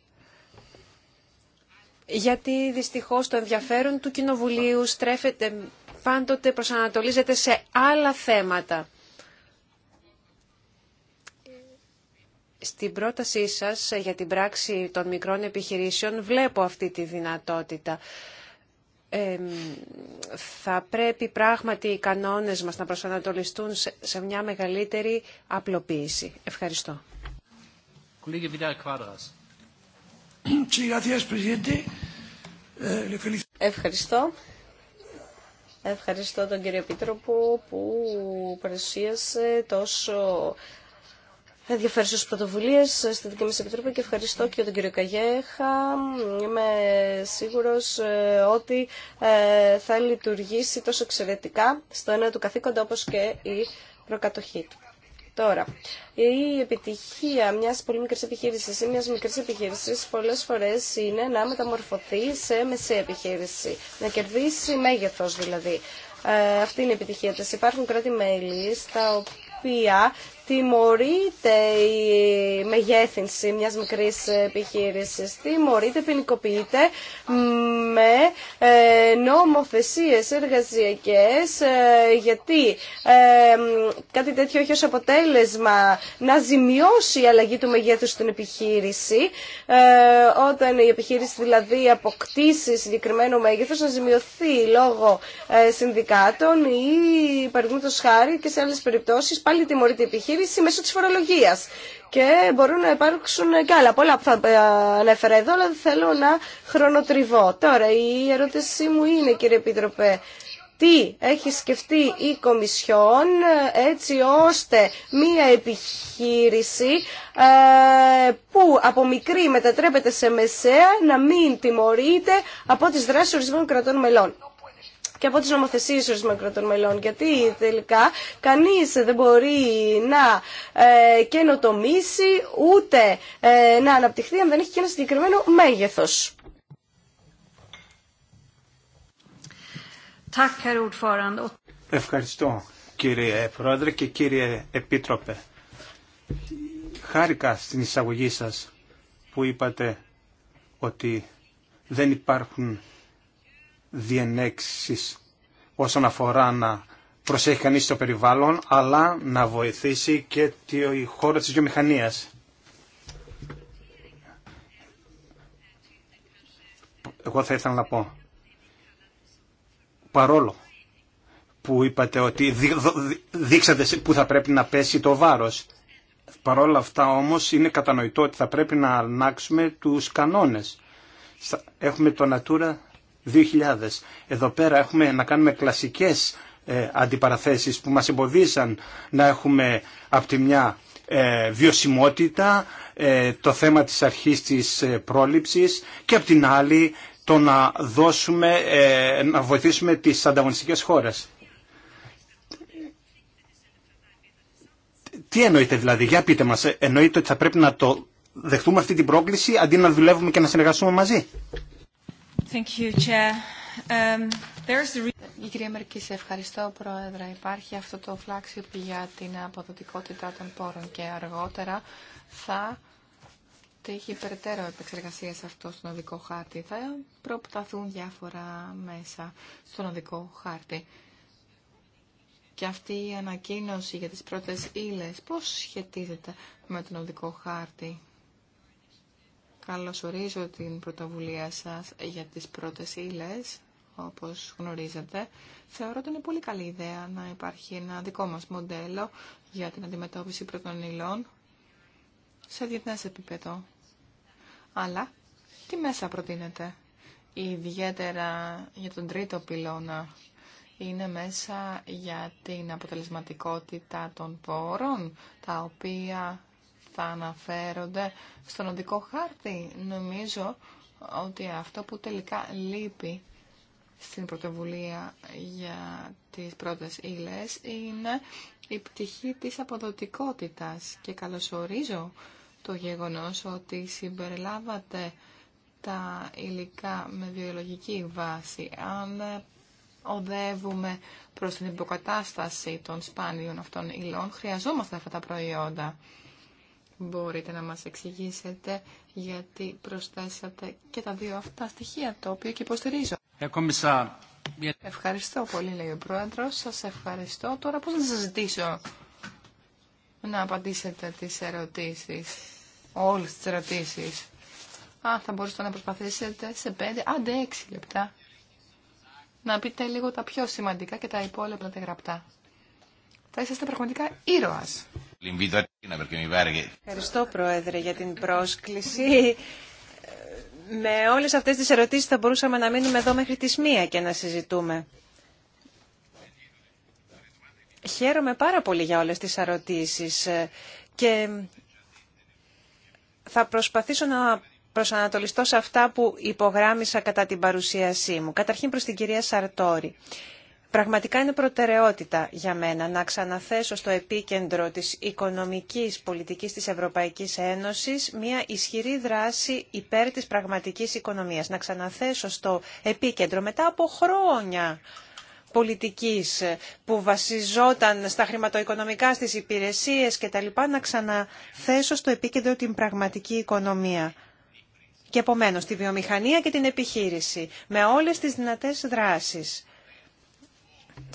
Γιατί δυστυχώς το ενδιαφέρον του Κοινοβουλίου στρέφεται πάντοτε προσανατολίζεται σε άλλα θέματα. Στην πρότασή σας για την πράξη των μικρών επιχειρήσεων βλέπω αυτή τη δυνατότητα. Ε, θα πρέπει πράγματι οι κανόνες μας να προσανατολιστούν σε μια μεγαλύτερη απλοποίηση. Ευχαριστώ. <clears throat> Eh, Ευχαριστώ. Ευχαριστώ τον κύριο Επίτροπο που παρουσίασε τόσο ενδιαφέρουσες πρωτοβουλίες στη δική μας Επιτροπή και ευχαριστώ και τον κύριο Καγέχα. Είμαι σίγουρος ε, ότι ε, θα λειτουργήσει τόσο εξαιρετικά στο ένα του καθήκοντα όπως και η προκατοχή του. Τώρα, η επιτυχία μιας πολύ μικρής επιχείρησης ή μιας μικρής επιχείρησης πολλές φορές είναι να μεταμορφωθεί σε μεσαία επιχείρηση, να κερδίσει μέγεθος δηλαδή. Ε, αυτή είναι η επιτυχία της. Υπάρχουν κράτη-μέλη στα οποία τιμωρείται η μεγέθυνση μιας μικρής επιχείρησης, τιμωρείται, ποινικοποιείται με ε, νομοθεσίες εργασιακές, ε, γιατί ε, κάτι τέτοιο έχει ως αποτέλεσμα να ζημιώσει η αλλαγή του μεγέθους στην επιχείρηση, όταν η επιχείρηση δηλαδή αποκτήσει συγκεκριμένο μέγεθος, να ζημιωθεί λόγω συνδικάτων ή παραδείγματος χάρη και σε άλλες περιπτώσεις πάλι τιμωρείται η επιχείρηση επιχείρηση μέσω της φορολογίας. Και μπορούν να υπάρξουν και άλλα πολλά που θα ε, ανέφερα εδώ, αλλά δεν θέλω να χρονοτριβώ. Τώρα, η ερώτησή μου είναι, κύριε Επίτροπε, τι έχει σκεφτεί η Κομισιόν ε, έτσι ώστε μία επιχείρηση ε, που από μικρή μετατρέπεται σε μεσαία να μην τιμωρείται από τις δράσεις ορισμένων κρατών μελών και από τις νομοθεσίες ορισμένων κρατών μελών. Γιατί τελικά κανείς δεν μπορεί να ε, καινοτομήσει ούτε ε, να αναπτυχθεί αν δεν έχει και ένα συγκεκριμένο μέγεθος. Ευχαριστώ κύριε Πρόεδρε και κύριε Επίτροπε. Χάρηκα στην εισαγωγή σας που είπατε ότι δεν υπάρχουν διενέξεις όσον αφορά να προσέχει κανείς το περιβάλλον, αλλά να βοηθήσει και τη χώρα της βιομηχανία. Εγώ θα ήθελα να πω, παρόλο που είπατε ότι δείξατε που θα πρέπει να πέσει το βάρος, παρόλα αυτά όμως είναι κατανοητό ότι θα πρέπει να αλλάξουμε τους κανόνες. Έχουμε το Natura 2000. Εδώ πέρα έχουμε να κάνουμε κλασικές ε, αντιπαραθέσεις που μας εμποδίσαν να έχουμε από τη μια ε, βιωσιμότητα, ε, το θέμα της αρχής της ε, πρόληψης και από την άλλη το να, δώσουμε, ε, να βοηθήσουμε τις ανταγωνιστικές χώρες. Τι εννοείτε δηλαδή, για πείτε μας, εννοείτε ότι θα πρέπει να το δεχτούμε αυτή την πρόκληση αντί να δουλεύουμε και να συνεργαστούμε μαζί. Um, η κυρία Μερκή, ευχαριστώ Πρόεδρε. Υπάρχει αυτό το φλάξιο για την αποδοτικότητα των πόρων και αργότερα θα έχει περαιτέρω επεξεργασία σε αυτό στον οδικό χάρτη. Θα προπταθούν διάφορα μέσα στον οδικό χάρτη. Και αυτή η ανακοίνωση για τις πρώτες ύλες, πώς σχετίζεται με τον οδικό χάρτη. Καλωσορίζω την πρωτοβουλία σας για τις πρώτες ύλες, όπως γνωρίζετε. Θεωρώ ότι είναι πολύ καλή ιδέα να υπάρχει ένα δικό μας μοντέλο για την αντιμετώπιση πρώτων υλών σε διεθνές επίπεδο. Αλλά τι μέσα προτείνετε ιδιαίτερα για τον τρίτο πυλώνα, είναι μέσα για την αποτελεσματικότητα των πόρων, τα οποία θα αναφέρονται στον οδικό χάρτη. Νομίζω ότι αυτό που τελικά λείπει στην πρωτοβουλία για τις πρώτες ύλες είναι η πτυχή της αποδοτικότητας και καλωσορίζω το γεγονός ότι συμπεριλάβατε τα υλικά με βιολογική βάση. Αν οδεύουμε προς την υποκατάσταση των σπάνιων αυτών υλών, χρειαζόμαστε αυτά τα προϊόντα. Μπορείτε να μας εξηγήσετε γιατί προσθέσατε και τα δύο αυτά στοιχεία, το οποίο και υποστηρίζω. Ευχαριστώ πολύ, λέει ο Πρόεδρος. Σας ευχαριστώ. Τώρα πώς να σας ζητήσω να απαντήσετε τις ερωτήσεις, όλες τις ερωτήσεις. Α, θα μπορούσατε να προσπαθήσετε σε πέντε, άντε έξι λεπτά. Να πείτε λίγο τα πιο σημαντικά και τα υπόλοιπα τα γραπτά. Θα είσαστε πραγματικά ήρωας. Ευχαριστώ Πρόεδρε για την πρόσκληση. Ε, με όλες αυτές τις ερωτήσεις θα μπορούσαμε να μείνουμε εδώ μέχρι τις μία και να συζητούμε. Χαίρομαι πάρα πολύ για όλες τις ερωτήσεις ε, και θα προσπαθήσω να προσανατολιστώ σε αυτά που υπογράμμισα κατά την παρουσίασή μου. Καταρχήν προς την κυρία Σαρτόρη. Πραγματικά είναι προτεραιότητα για μένα να ξαναθέσω στο επίκεντρο της οικονομικής πολιτικής της Ευρωπαϊκής Ένωσης μια ισχυρή δράση υπέρ της πραγματικής οικονομίας. Να ξαναθέσω στο επίκεντρο μετά από χρόνια πολιτικής που βασιζόταν στα χρηματοοικονομικά, στις υπηρεσίες και τα λοιπά, να ξαναθέσω στο επίκεντρο την πραγματική οικονομία. Και επομένως τη βιομηχανία και την επιχείρηση με όλες τις δυνατές δράσεις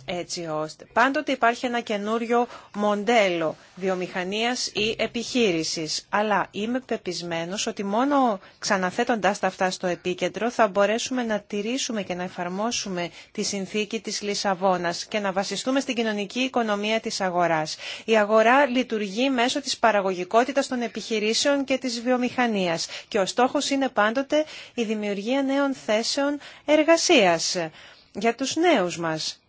έτσι ώστε πάντοτε υπάρχει ένα καινούριο μοντέλο βιομηχανίας ή επιχείρησης. Αλλά είμαι πεπισμένος ότι μόνο ξαναθέτοντας τα αυτά στο επίκεντρο θα μπορέσουμε να τηρήσουμε και να εφαρμόσουμε τη συνθήκη της Λισαβόνας και να βασιστούμε στην κοινωνική οικονομία της αγοράς. Η αγορά λειτουργεί μέσω της παραγωγικότητας των επιχειρήσεων και της βιομηχανίας και ο στόχος είναι πάντοτε η δημιουργία νέων θέσεων εργασίας για τους νέους μας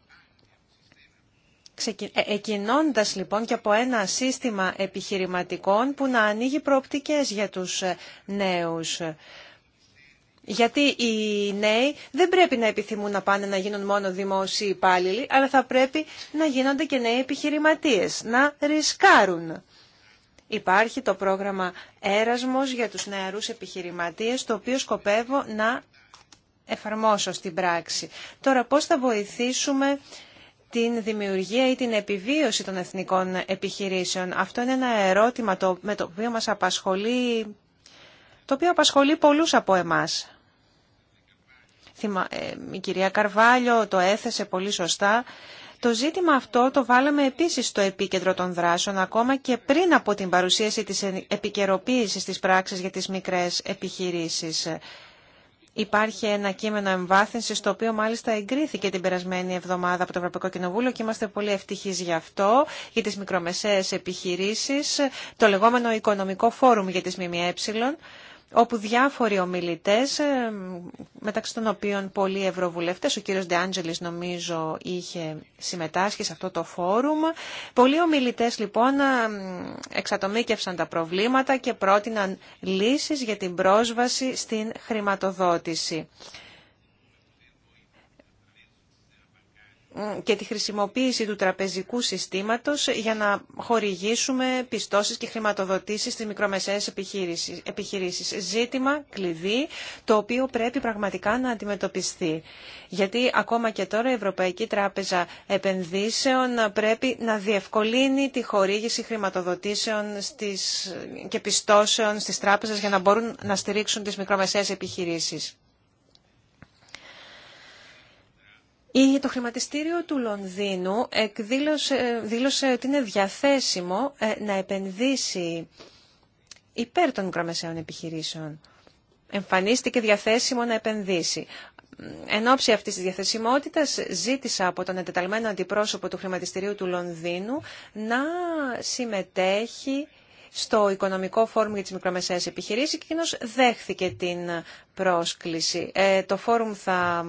Εκινώντας ε, λοιπόν και από ένα σύστημα επιχειρηματικών που να ανοίγει προοπτικές για τους ε, νέους. Γιατί οι νέοι δεν πρέπει να επιθυμούν να πάνε να γίνουν μόνο δημόσιοι υπάλληλοι, αλλά θα πρέπει να γίνονται και νέοι επιχειρηματίες, να ρισκάρουν. Υπάρχει το πρόγραμμα Έρασμος για τους νεαρούς επιχειρηματίες, το οποίο σκοπεύω να εφαρμόσω στην πράξη. Τώρα πώς θα βοηθήσουμε την δημιουργία ή την επιβίωση των εθνικών επιχειρήσεων. Αυτό είναι ένα ερώτημα το, με το οποίο μας απασχολεί, το οποίο απασχολεί πολλούς από εμάς. Ε, η κυρία Καρβάλιο το έθεσε πολύ σωστά. Το ζήτημα αυτό το βάλαμε επίσης στο επίκεντρο των δράσεων ακόμα και πριν από την παρουσίαση της επικαιροποίηση της πράξης για τις μικρές επιχειρήσεις. Υπάρχει ένα κείμενο εμβάθυνση, το οποίο μάλιστα εγκρίθηκε την περασμένη εβδομάδα από το Ευρωπαϊκό Κοινοβούλιο και είμαστε πολύ ευτυχεί γι' αυτό, για τις μικρομεσαίες επιχειρήσεις, το λεγόμενο Οικονομικό Φόρουμ για τις ΜΜΕ, όπου διάφοροι ομιλητές, ε, μεταξύ των οποίων πολλοί ευρωβουλευτές, ο κύριος Ντεάντζελης νομίζω είχε συμμετάσχει σε αυτό το φόρουμ, πολλοί ομιλητές λοιπόν ε, εξατομίκευσαν τα προβλήματα και πρότειναν λύσεις για την πρόσβαση στην χρηματοδότηση. και τη χρησιμοποίηση του τραπεζικού συστήματος για να χορηγήσουμε πιστώσεις και χρηματοδοτήσεις στις μικρομεσαίες επιχειρήσεις. Ζήτημα κλειδί το οποίο πρέπει πραγματικά να αντιμετωπιστεί. Γιατί ακόμα και τώρα η Ευρωπαϊκή Τράπεζα Επενδύσεων πρέπει να διευκολύνει τη χορήγηση χρηματοδοτήσεων στις... και πιστώσεων στις τράπεζες για να μπορούν να στηρίξουν τις μικρομεσαίες επιχειρήσεις. Το χρηματιστήριο του Λονδίνου εκδήλωσε, ε, δήλωσε ότι είναι διαθέσιμο ε, να επενδύσει υπέρ των μικρομεσαίων επιχειρήσεων. Εμφανίστηκε διαθέσιμο να επενδύσει. Εν ώψη αυτή τη διαθεσιμότητα, ζήτησα από τον εντεταλμένο αντιπρόσωπο του χρηματιστηρίου του Λονδίνου να συμμετέχει στο Οικονομικό Φόρουμ για τις Μικρομεσαίες Επιχειρήσεις και εκείνος δέχθηκε την πρόσκληση. Ε, το φόρουμ θα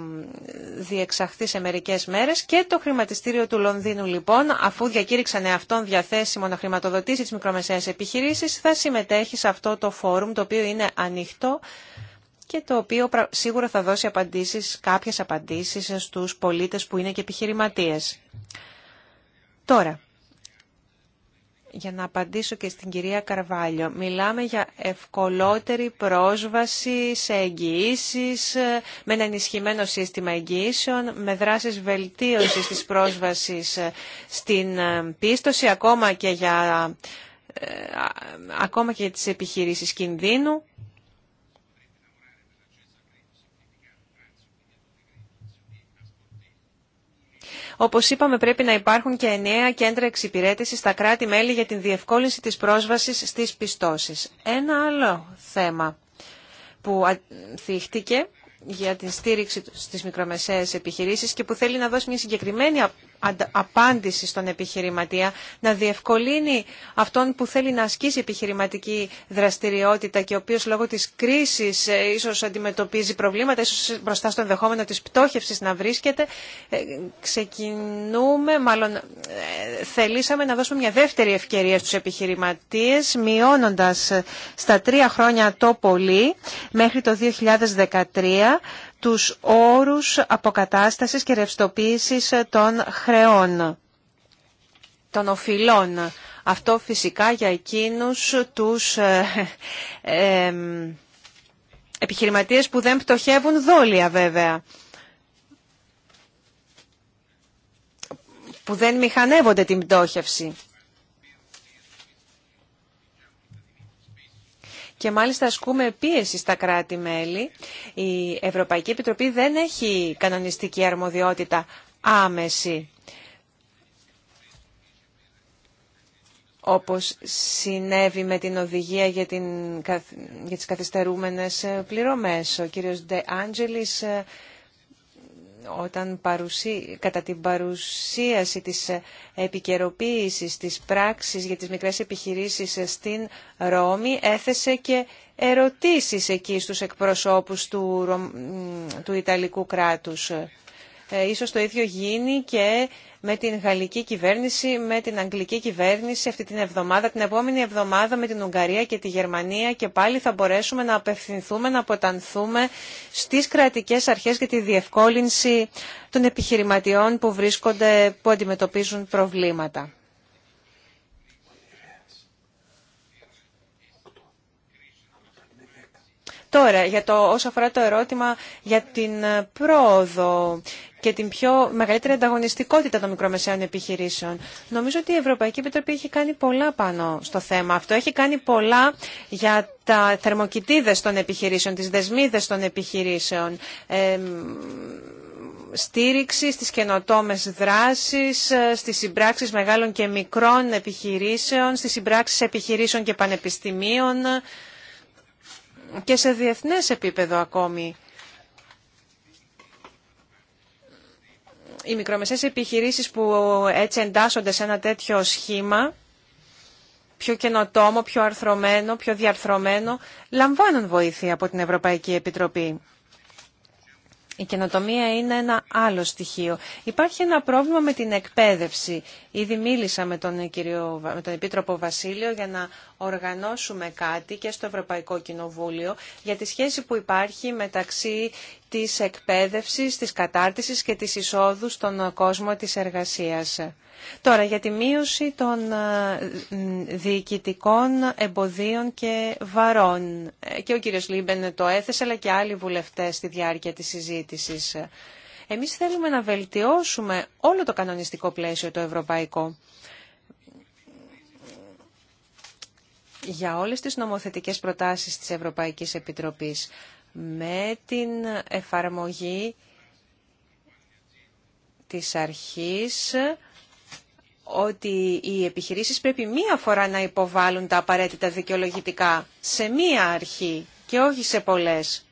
διεξαχθεί σε μερικές μέρες και το χρηματιστήριο του Λονδίνου λοιπόν, αφού διακήρυξαν αυτόν διαθέσιμο να χρηματοδοτήσει τις μικρομεσαίες επιχειρήσεις, θα συμμετέχει σε αυτό το φόρουμ το οποίο είναι ανοιχτό και το οποίο σίγουρα θα δώσει απαντήσεις, κάποιες απαντήσεις στους πολίτες που είναι και επιχειρηματίες. Τώρα, για να απαντήσω και στην κυρία Καρβάλιο. Μιλάμε για ευκολότερη πρόσβαση σε εγγυήσει, ε, με ένα ενισχυμένο σύστημα εγγυήσεων, με δράσεις βελτίωσης της πρόσβασης ε, στην ε, πίστοση, ακόμα και για, ακόμα και για τις επιχειρήσεις κινδύνου. Όπως είπαμε πρέπει να υπάρχουν και εννέα κέντρα εξυπηρέτησης στα κράτη-μέλη για την διευκόλυνση της πρόσβασης στις πιστώσεις. Ένα άλλο θέμα που θύχτηκε για την στήριξη στις μικρομεσαίες επιχειρήσεις και που θέλει να δώσει μια συγκεκριμένη απάντηση στον επιχειρηματία, να διευκολύνει αυτόν που θέλει να ασκήσει επιχειρηματική δραστηριότητα και ο οποίο λόγω της κρίσης ε, ίσω αντιμετωπίζει προβλήματα, ίσω μπροστά στο ενδεχόμενο τη πτώχευση να βρίσκεται. Ε, ξεκινούμε, μάλλον ε, θελήσαμε να δώσουμε μια δεύτερη ευκαιρία στου επιχειρηματίε, μειώνοντα στα τρία χρόνια το πολύ μέχρι το 2013 τους όρους αποκατάστασης και ρευστοποίησης των χρεών, των οφειλών. Αυτό φυσικά για εκείνους τους ε, ε επιχειρηματίες που δεν πτωχεύουν δόλια βέβαια. Που δεν μηχανεύονται την πτώχευση. και μάλιστα ασκούμε πίεση στα κράτη-μέλη. Η Ευρωπαϊκή Επιτροπή δεν έχει κανονιστική αρμοδιότητα άμεση. όπως συνέβη με την οδηγία για, την, για τις καθυστερούμενες ε, πληρωμές. Ο κύριος Ντε Άντζελης ε, όταν κατά την παρουσίαση της επικαιροποίηση της πράξης για τις μικρές επιχειρήσεις στην Ρώμη έθεσε και ερωτήσεις εκεί στους εκπροσώπους του, του Ιταλικού κράτους. Ε, ίσως το ίδιο γίνει και με την γαλλική κυβέρνηση, με την αγγλική κυβέρνηση αυτή την εβδομάδα, την επόμενη εβδομάδα με την Ουγγαρία και τη Γερμανία και πάλι θα μπορέσουμε να απευθυνθούμε, να αποτανθούμε στις κρατικές αρχές για τη διευκόλυνση των επιχειρηματιών που βρίσκονται, που αντιμετωπίζουν προβλήματα. Τώρα, για το όσο αφορά το ερώτημα για την ε, πρόοδο και την πιο μεγαλύτερη ανταγωνιστικότητα των μικρομεσαίων επιχειρήσεων. Νομίζω ότι η Ευρωπαϊκή Επιτροπή έχει κάνει πολλά πάνω στο θέμα αυτό. Έχει κάνει πολλά για τα θερμοκοιτίδες των επιχειρήσεων, τις δεσμίδες των επιχειρήσεων. στήριξη στις καινοτόμες δράσεις, ε, στις συμπράξεις μεγάλων και μικρών επιχειρήσεων, στις συμπράξεις επιχειρήσεων και πανεπιστημίων και σε διεθνές επίπεδο ακόμη. Οι μικρομεσαίες επιχειρήσεις που έτσι εντάσσονται σε ένα τέτοιο σχήμα, πιο καινοτόμο, πιο αρθρωμένο, πιο διαρθρωμένο, λαμβάνουν βοήθεια από την Ευρωπαϊκή Επιτροπή. Η καινοτομία είναι ένα άλλο στοιχείο. Υπάρχει ένα πρόβλημα με την εκπαίδευση. Ήδη μίλησα με τον, κύριο, με τον Επίτροπο Βασίλειο για να οργανώσουμε κάτι και στο Ευρωπαϊκό Κοινοβούλιο για τη σχέση που υπάρχει μεταξύ της εκπαίδευσης, της κατάρτισης και της εισόδου στον κόσμο της εργασίας. Τώρα για τη μείωση των ε, διοικητικών εμποδίων και βαρών. Ε, και ο κύριος Λίμπεν το έθεσε αλλά και άλλοι βουλευτές στη διάρκεια της συζήτησης. Εμείς θέλουμε να βελτιώσουμε όλο το κανονιστικό πλαίσιο το ευρωπαϊκό. για όλες τις νομοθετικές προτάσεις της Ευρωπαϊκής Επιτροπής με την εφαρμογή της αρχής ότι οι επιχειρήσεις πρέπει μία φορά να υποβάλουν τα απαραίτητα δικαιολογητικά σε μία αρχή και όχι σε πολλές.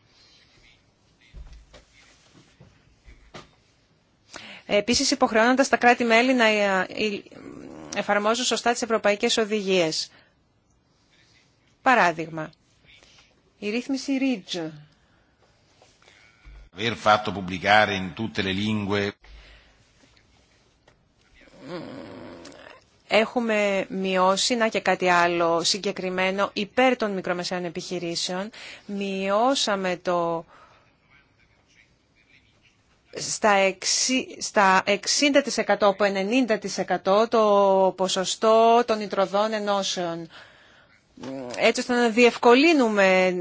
Επίσης υποχρεώνοντας τα κράτη-μέλη να ε, ε, εφαρμόζουν σωστά τις ευρωπαϊκές οδηγίες. Παράδειγμα, η ρύθμιση REACH Aver fatto pubblicare in tutte le lingue mm, έχουμε μειώσει, να και κάτι άλλο συγκεκριμένο, υπέρ των μικρομεσαίων επιχειρήσεων. Μειώσαμε το στα, στα 60% από 90% το ποσοστό των ιτροδών ενώσεων έτσι ώστε να διευκολύνουμε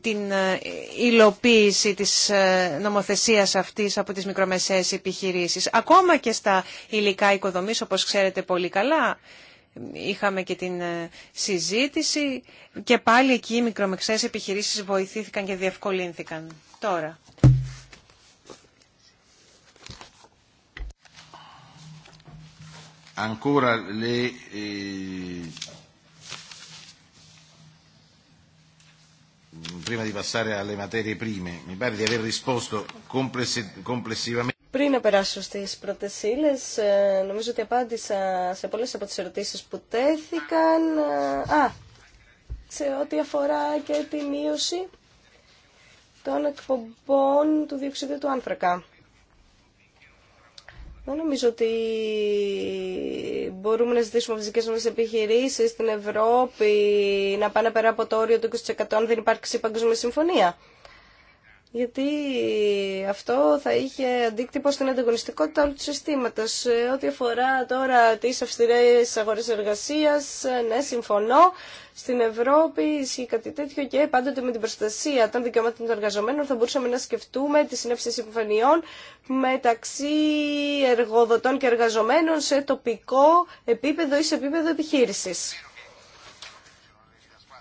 την ε, υλοποίηση της ε, νομοθεσίας αυτής από τις μικρομεσαίες επιχειρήσεις. Ακόμα και στα υλικά οικοδομής, όπως ξέρετε πολύ καλά, είχαμε και την ε, συζήτηση και πάλι εκεί οι μικρομεσαίες επιχειρήσεις βοηθήθηκαν και διευκολύνθηκαν. Τώρα. Ancora le eh, Πριν να περάσω στις πρώτες ύλες, ε, νομίζω ότι απάντησα σε πολλές από τις ερωτήσεις που τέθηκαν. Ε, α, σε ό,τι αφορά και τη μείωση των εκπομπών του διοξιδίου του άνθρακα. Δεν νομίζω ότι μπορούμε να ζητήσουμε από τι δικέ μα επιχειρήσει στην Ευρώπη να πάνε πέρα από το όριο του 20% αν δεν υπάρξει παγκόσμια συμφωνία γιατί αυτό θα είχε αντίκτυπο στην ανταγωνιστικότητα όλου του συστήματο. Ό,τι αφορά τώρα τι αυστηρέ αγορέ εργασίας, ναι, συμφωνώ. Στην Ευρώπη ισχύει κάτι τέτοιο και πάντοτε με την προστασία των δικαιωμάτων των εργαζομένων θα μπορούσαμε να σκεφτούμε τη συνέψη συμφωνιών μεταξύ εργοδοτών και εργαζομένων σε τοπικό επίπεδο ή σε επίπεδο επιχείρηση.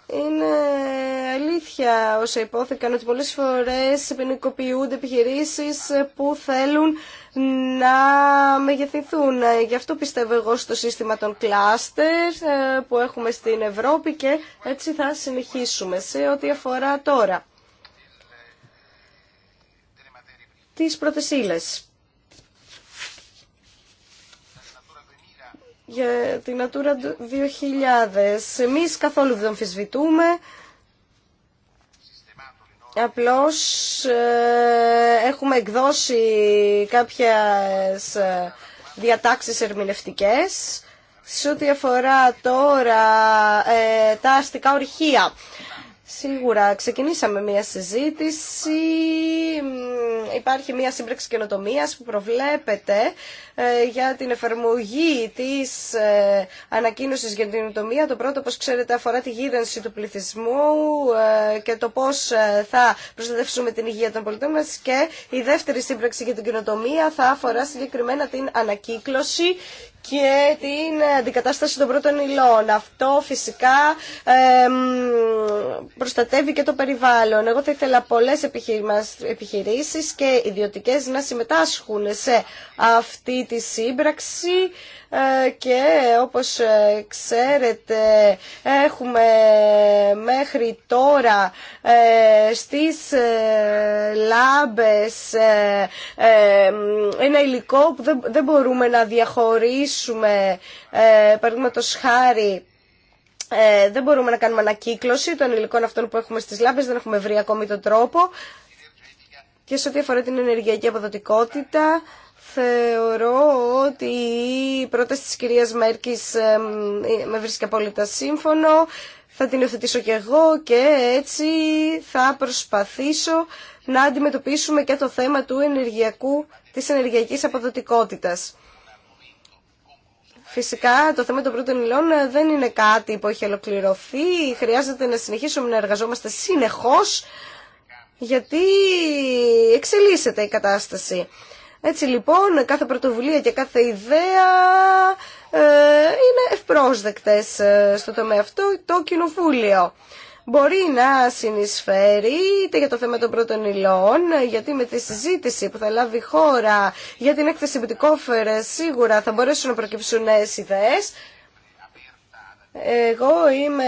Είναι αλήθεια όσα υπόθηκαν ότι πολλές φορές ποινικοποιούνται επιχειρήσεις που θέλουν να μεγεθυνθούν. Γι' αυτό πιστεύω εγώ στο σύστημα των κλάστερ ε, που έχουμε στην Ευρώπη και έτσι θα συνεχίσουμε σε ό,τι αφορά τώρα τις πρώτες για την Natura 2000. Εμείς καθόλου δεν αμφισβητούμε. Απλώς ε, έχουμε εκδώσει κάποιες ε, διατάξεις ερμηνευτικές σε ό,τι αφορά τώρα ε, τα αστικά ορχεία. Σίγουρα ξεκινήσαμε μια συζήτηση, υπάρχει μια σύμπραξη καινοτομία που προβλέπεται ε, για την εφαρμογή της ε, ανακοίνωσης για την καινοτομία. Το πρώτο, όπως ξέρετε, αφορά τη γύρανση του πληθυσμού ε, και το πώς θα προστατεύσουμε την υγεία των πολιτών μας και η δεύτερη σύμπραξη για την καινοτομία θα αφορά συγκεκριμένα την ανακύκλωση και την αντικατάσταση των πρώτων υλών. Αυτό φυσικά προστατεύει και το περιβάλλον. Εγώ θα ήθελα πολλές επιχειρήσεις και ιδιωτικές να συμμετάσχουν σε αυτή τη σύμπραξη ε, και όπως ε, ξέρετε έχουμε μέχρι τώρα ε, στις λάμπες ένα υλικό που δεν μπορούμε να διαχωρίσουμε παραδείγματος χάρη δεν μπορούμε να κάνουμε ανακύκλωση των υλικών αυτών που έχουμε στις λάμπες, δεν έχουμε βρει ακόμη τον τρόπο και σε ό,τι αφορά την ενεργειακή αποδοτικότητα θεωρώ ότι η πρόταση της κυρίας Μέρκης με βρίσκει απόλυτα σύμφωνο. Θα την υιοθετήσω και εγώ και έτσι θα προσπαθήσω να αντιμετωπίσουμε και το θέμα του ενεργειακού, της ενεργειακής αποδοτικότητας. Φυσικά το θέμα των πρώτων υλών δεν είναι κάτι που έχει ολοκληρωθεί. Χρειάζεται να συνεχίσουμε να εργαζόμαστε συνεχώς γιατί εξελίσσεται η κατάσταση. Έτσι λοιπόν κάθε πρωτοβουλία και κάθε ιδέα ε, είναι ευπρόσδεκτες ε, στο τομέα αυτό το κοινοβούλιο. Μπορεί να συνεισφέρει είτε για το θέμα των πρώτων υλών, γιατί με τη συζήτηση που θα λάβει η χώρα για την έκθεση Μπιτικόφερ σίγουρα θα μπορέσουν να προκύψουν νέες ιδέες, εγώ είμαι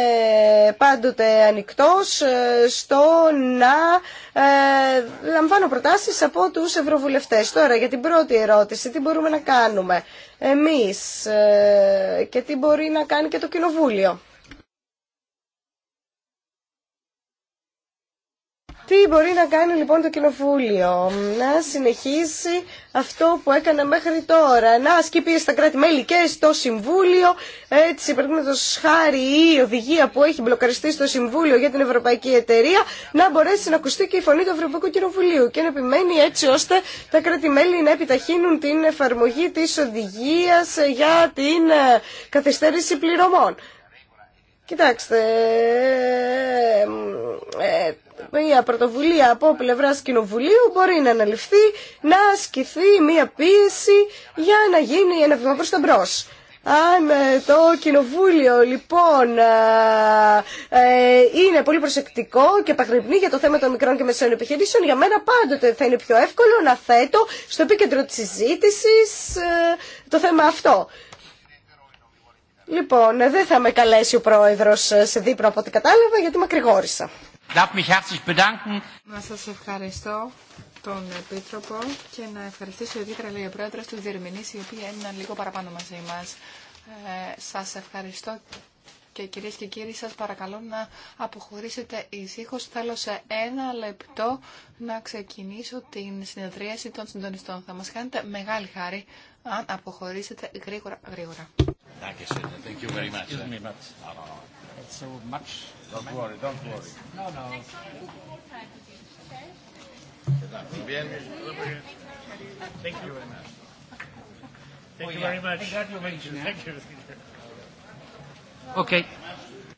πάντοτε ανοιχτός ε, στο να ε, λαμβάνω προτάσεις από τους ευρωβουλευτές. Τώρα για την πρώτη ερώτηση, τι μπορούμε να κάνουμε εμείς ε, και τι μπορεί να κάνει και το Κοινοβούλιο. Τι μπορεί να κάνει λοιπόν το Κοινοβούλιο, να συνεχίσει αυτό που έκανε μέχρι τώρα, να ασκεί πίεση στα κράτη-μέλη και στο Συμβούλιο, έτσι παραδείγματο χάρη η οδηγία που έχει μπλοκαριστεί στο Συμβούλιο για την Ευρωπαϊκή Εταιρεία, να μπορέσει να ακουστεί και η φωνή του Ευρωπαϊκού Κοινοβουλίου και να επιμένει έτσι ώστε τα κράτη-μέλη να επιταχύνουν την εφαρμογή τη οδηγία για την καθυστέρηση πληρωμών. Κοιτάξτε, ε, ε, μια πρωτοβουλία από πλευρά Κοινοβουλίου μπορεί να αναλυφθεί, να ασκηθεί μια πίεση για να γίνει ένα βήμα προς τα μπρος. Αν ε, το Κοινοβούλιο λοιπόν είναι πολύ προσεκτικό και επαγρυπνεί για το θέμα των μικρών και μεσαίων επιχειρήσεων, για μένα πάντοτε θα είναι πιο εύκολο να θέτω στο επίκεντρο της συζήτησης το θέμα αυτό. Λοιπόν, ε, δεν θα με καλέσει ο πρόεδρος ε, σε δίπλα από ό,τι κατάλαβα, γιατί με ακρηγόρησα. Να σας ευχαριστώ τον Επίτροπο και να ευχαριστήσω ιδιαίτερα λέει ο πρόεδρος του Διερμηνής, οι οποίοι έμειναν λίγο παραπάνω μαζί μας. Ε, σας ευχαριστώ και κυρίες και κύριοι σας παρακαλώ να αποχωρήσετε ησύχως. Θέλω σε ένα λεπτό να ξεκινήσω την συνεδρίαση των συντονιστών. Θα μας κάνετε μεγάλη χάρη αν αποχωρήσετε γρήγορα γρήγορα. Thank you, Thank you very much. Excuse me, but no, no, it's so much. Don't worry, don't worry. No, no. Thank you very much. Thank you very much. Thank you. Okay.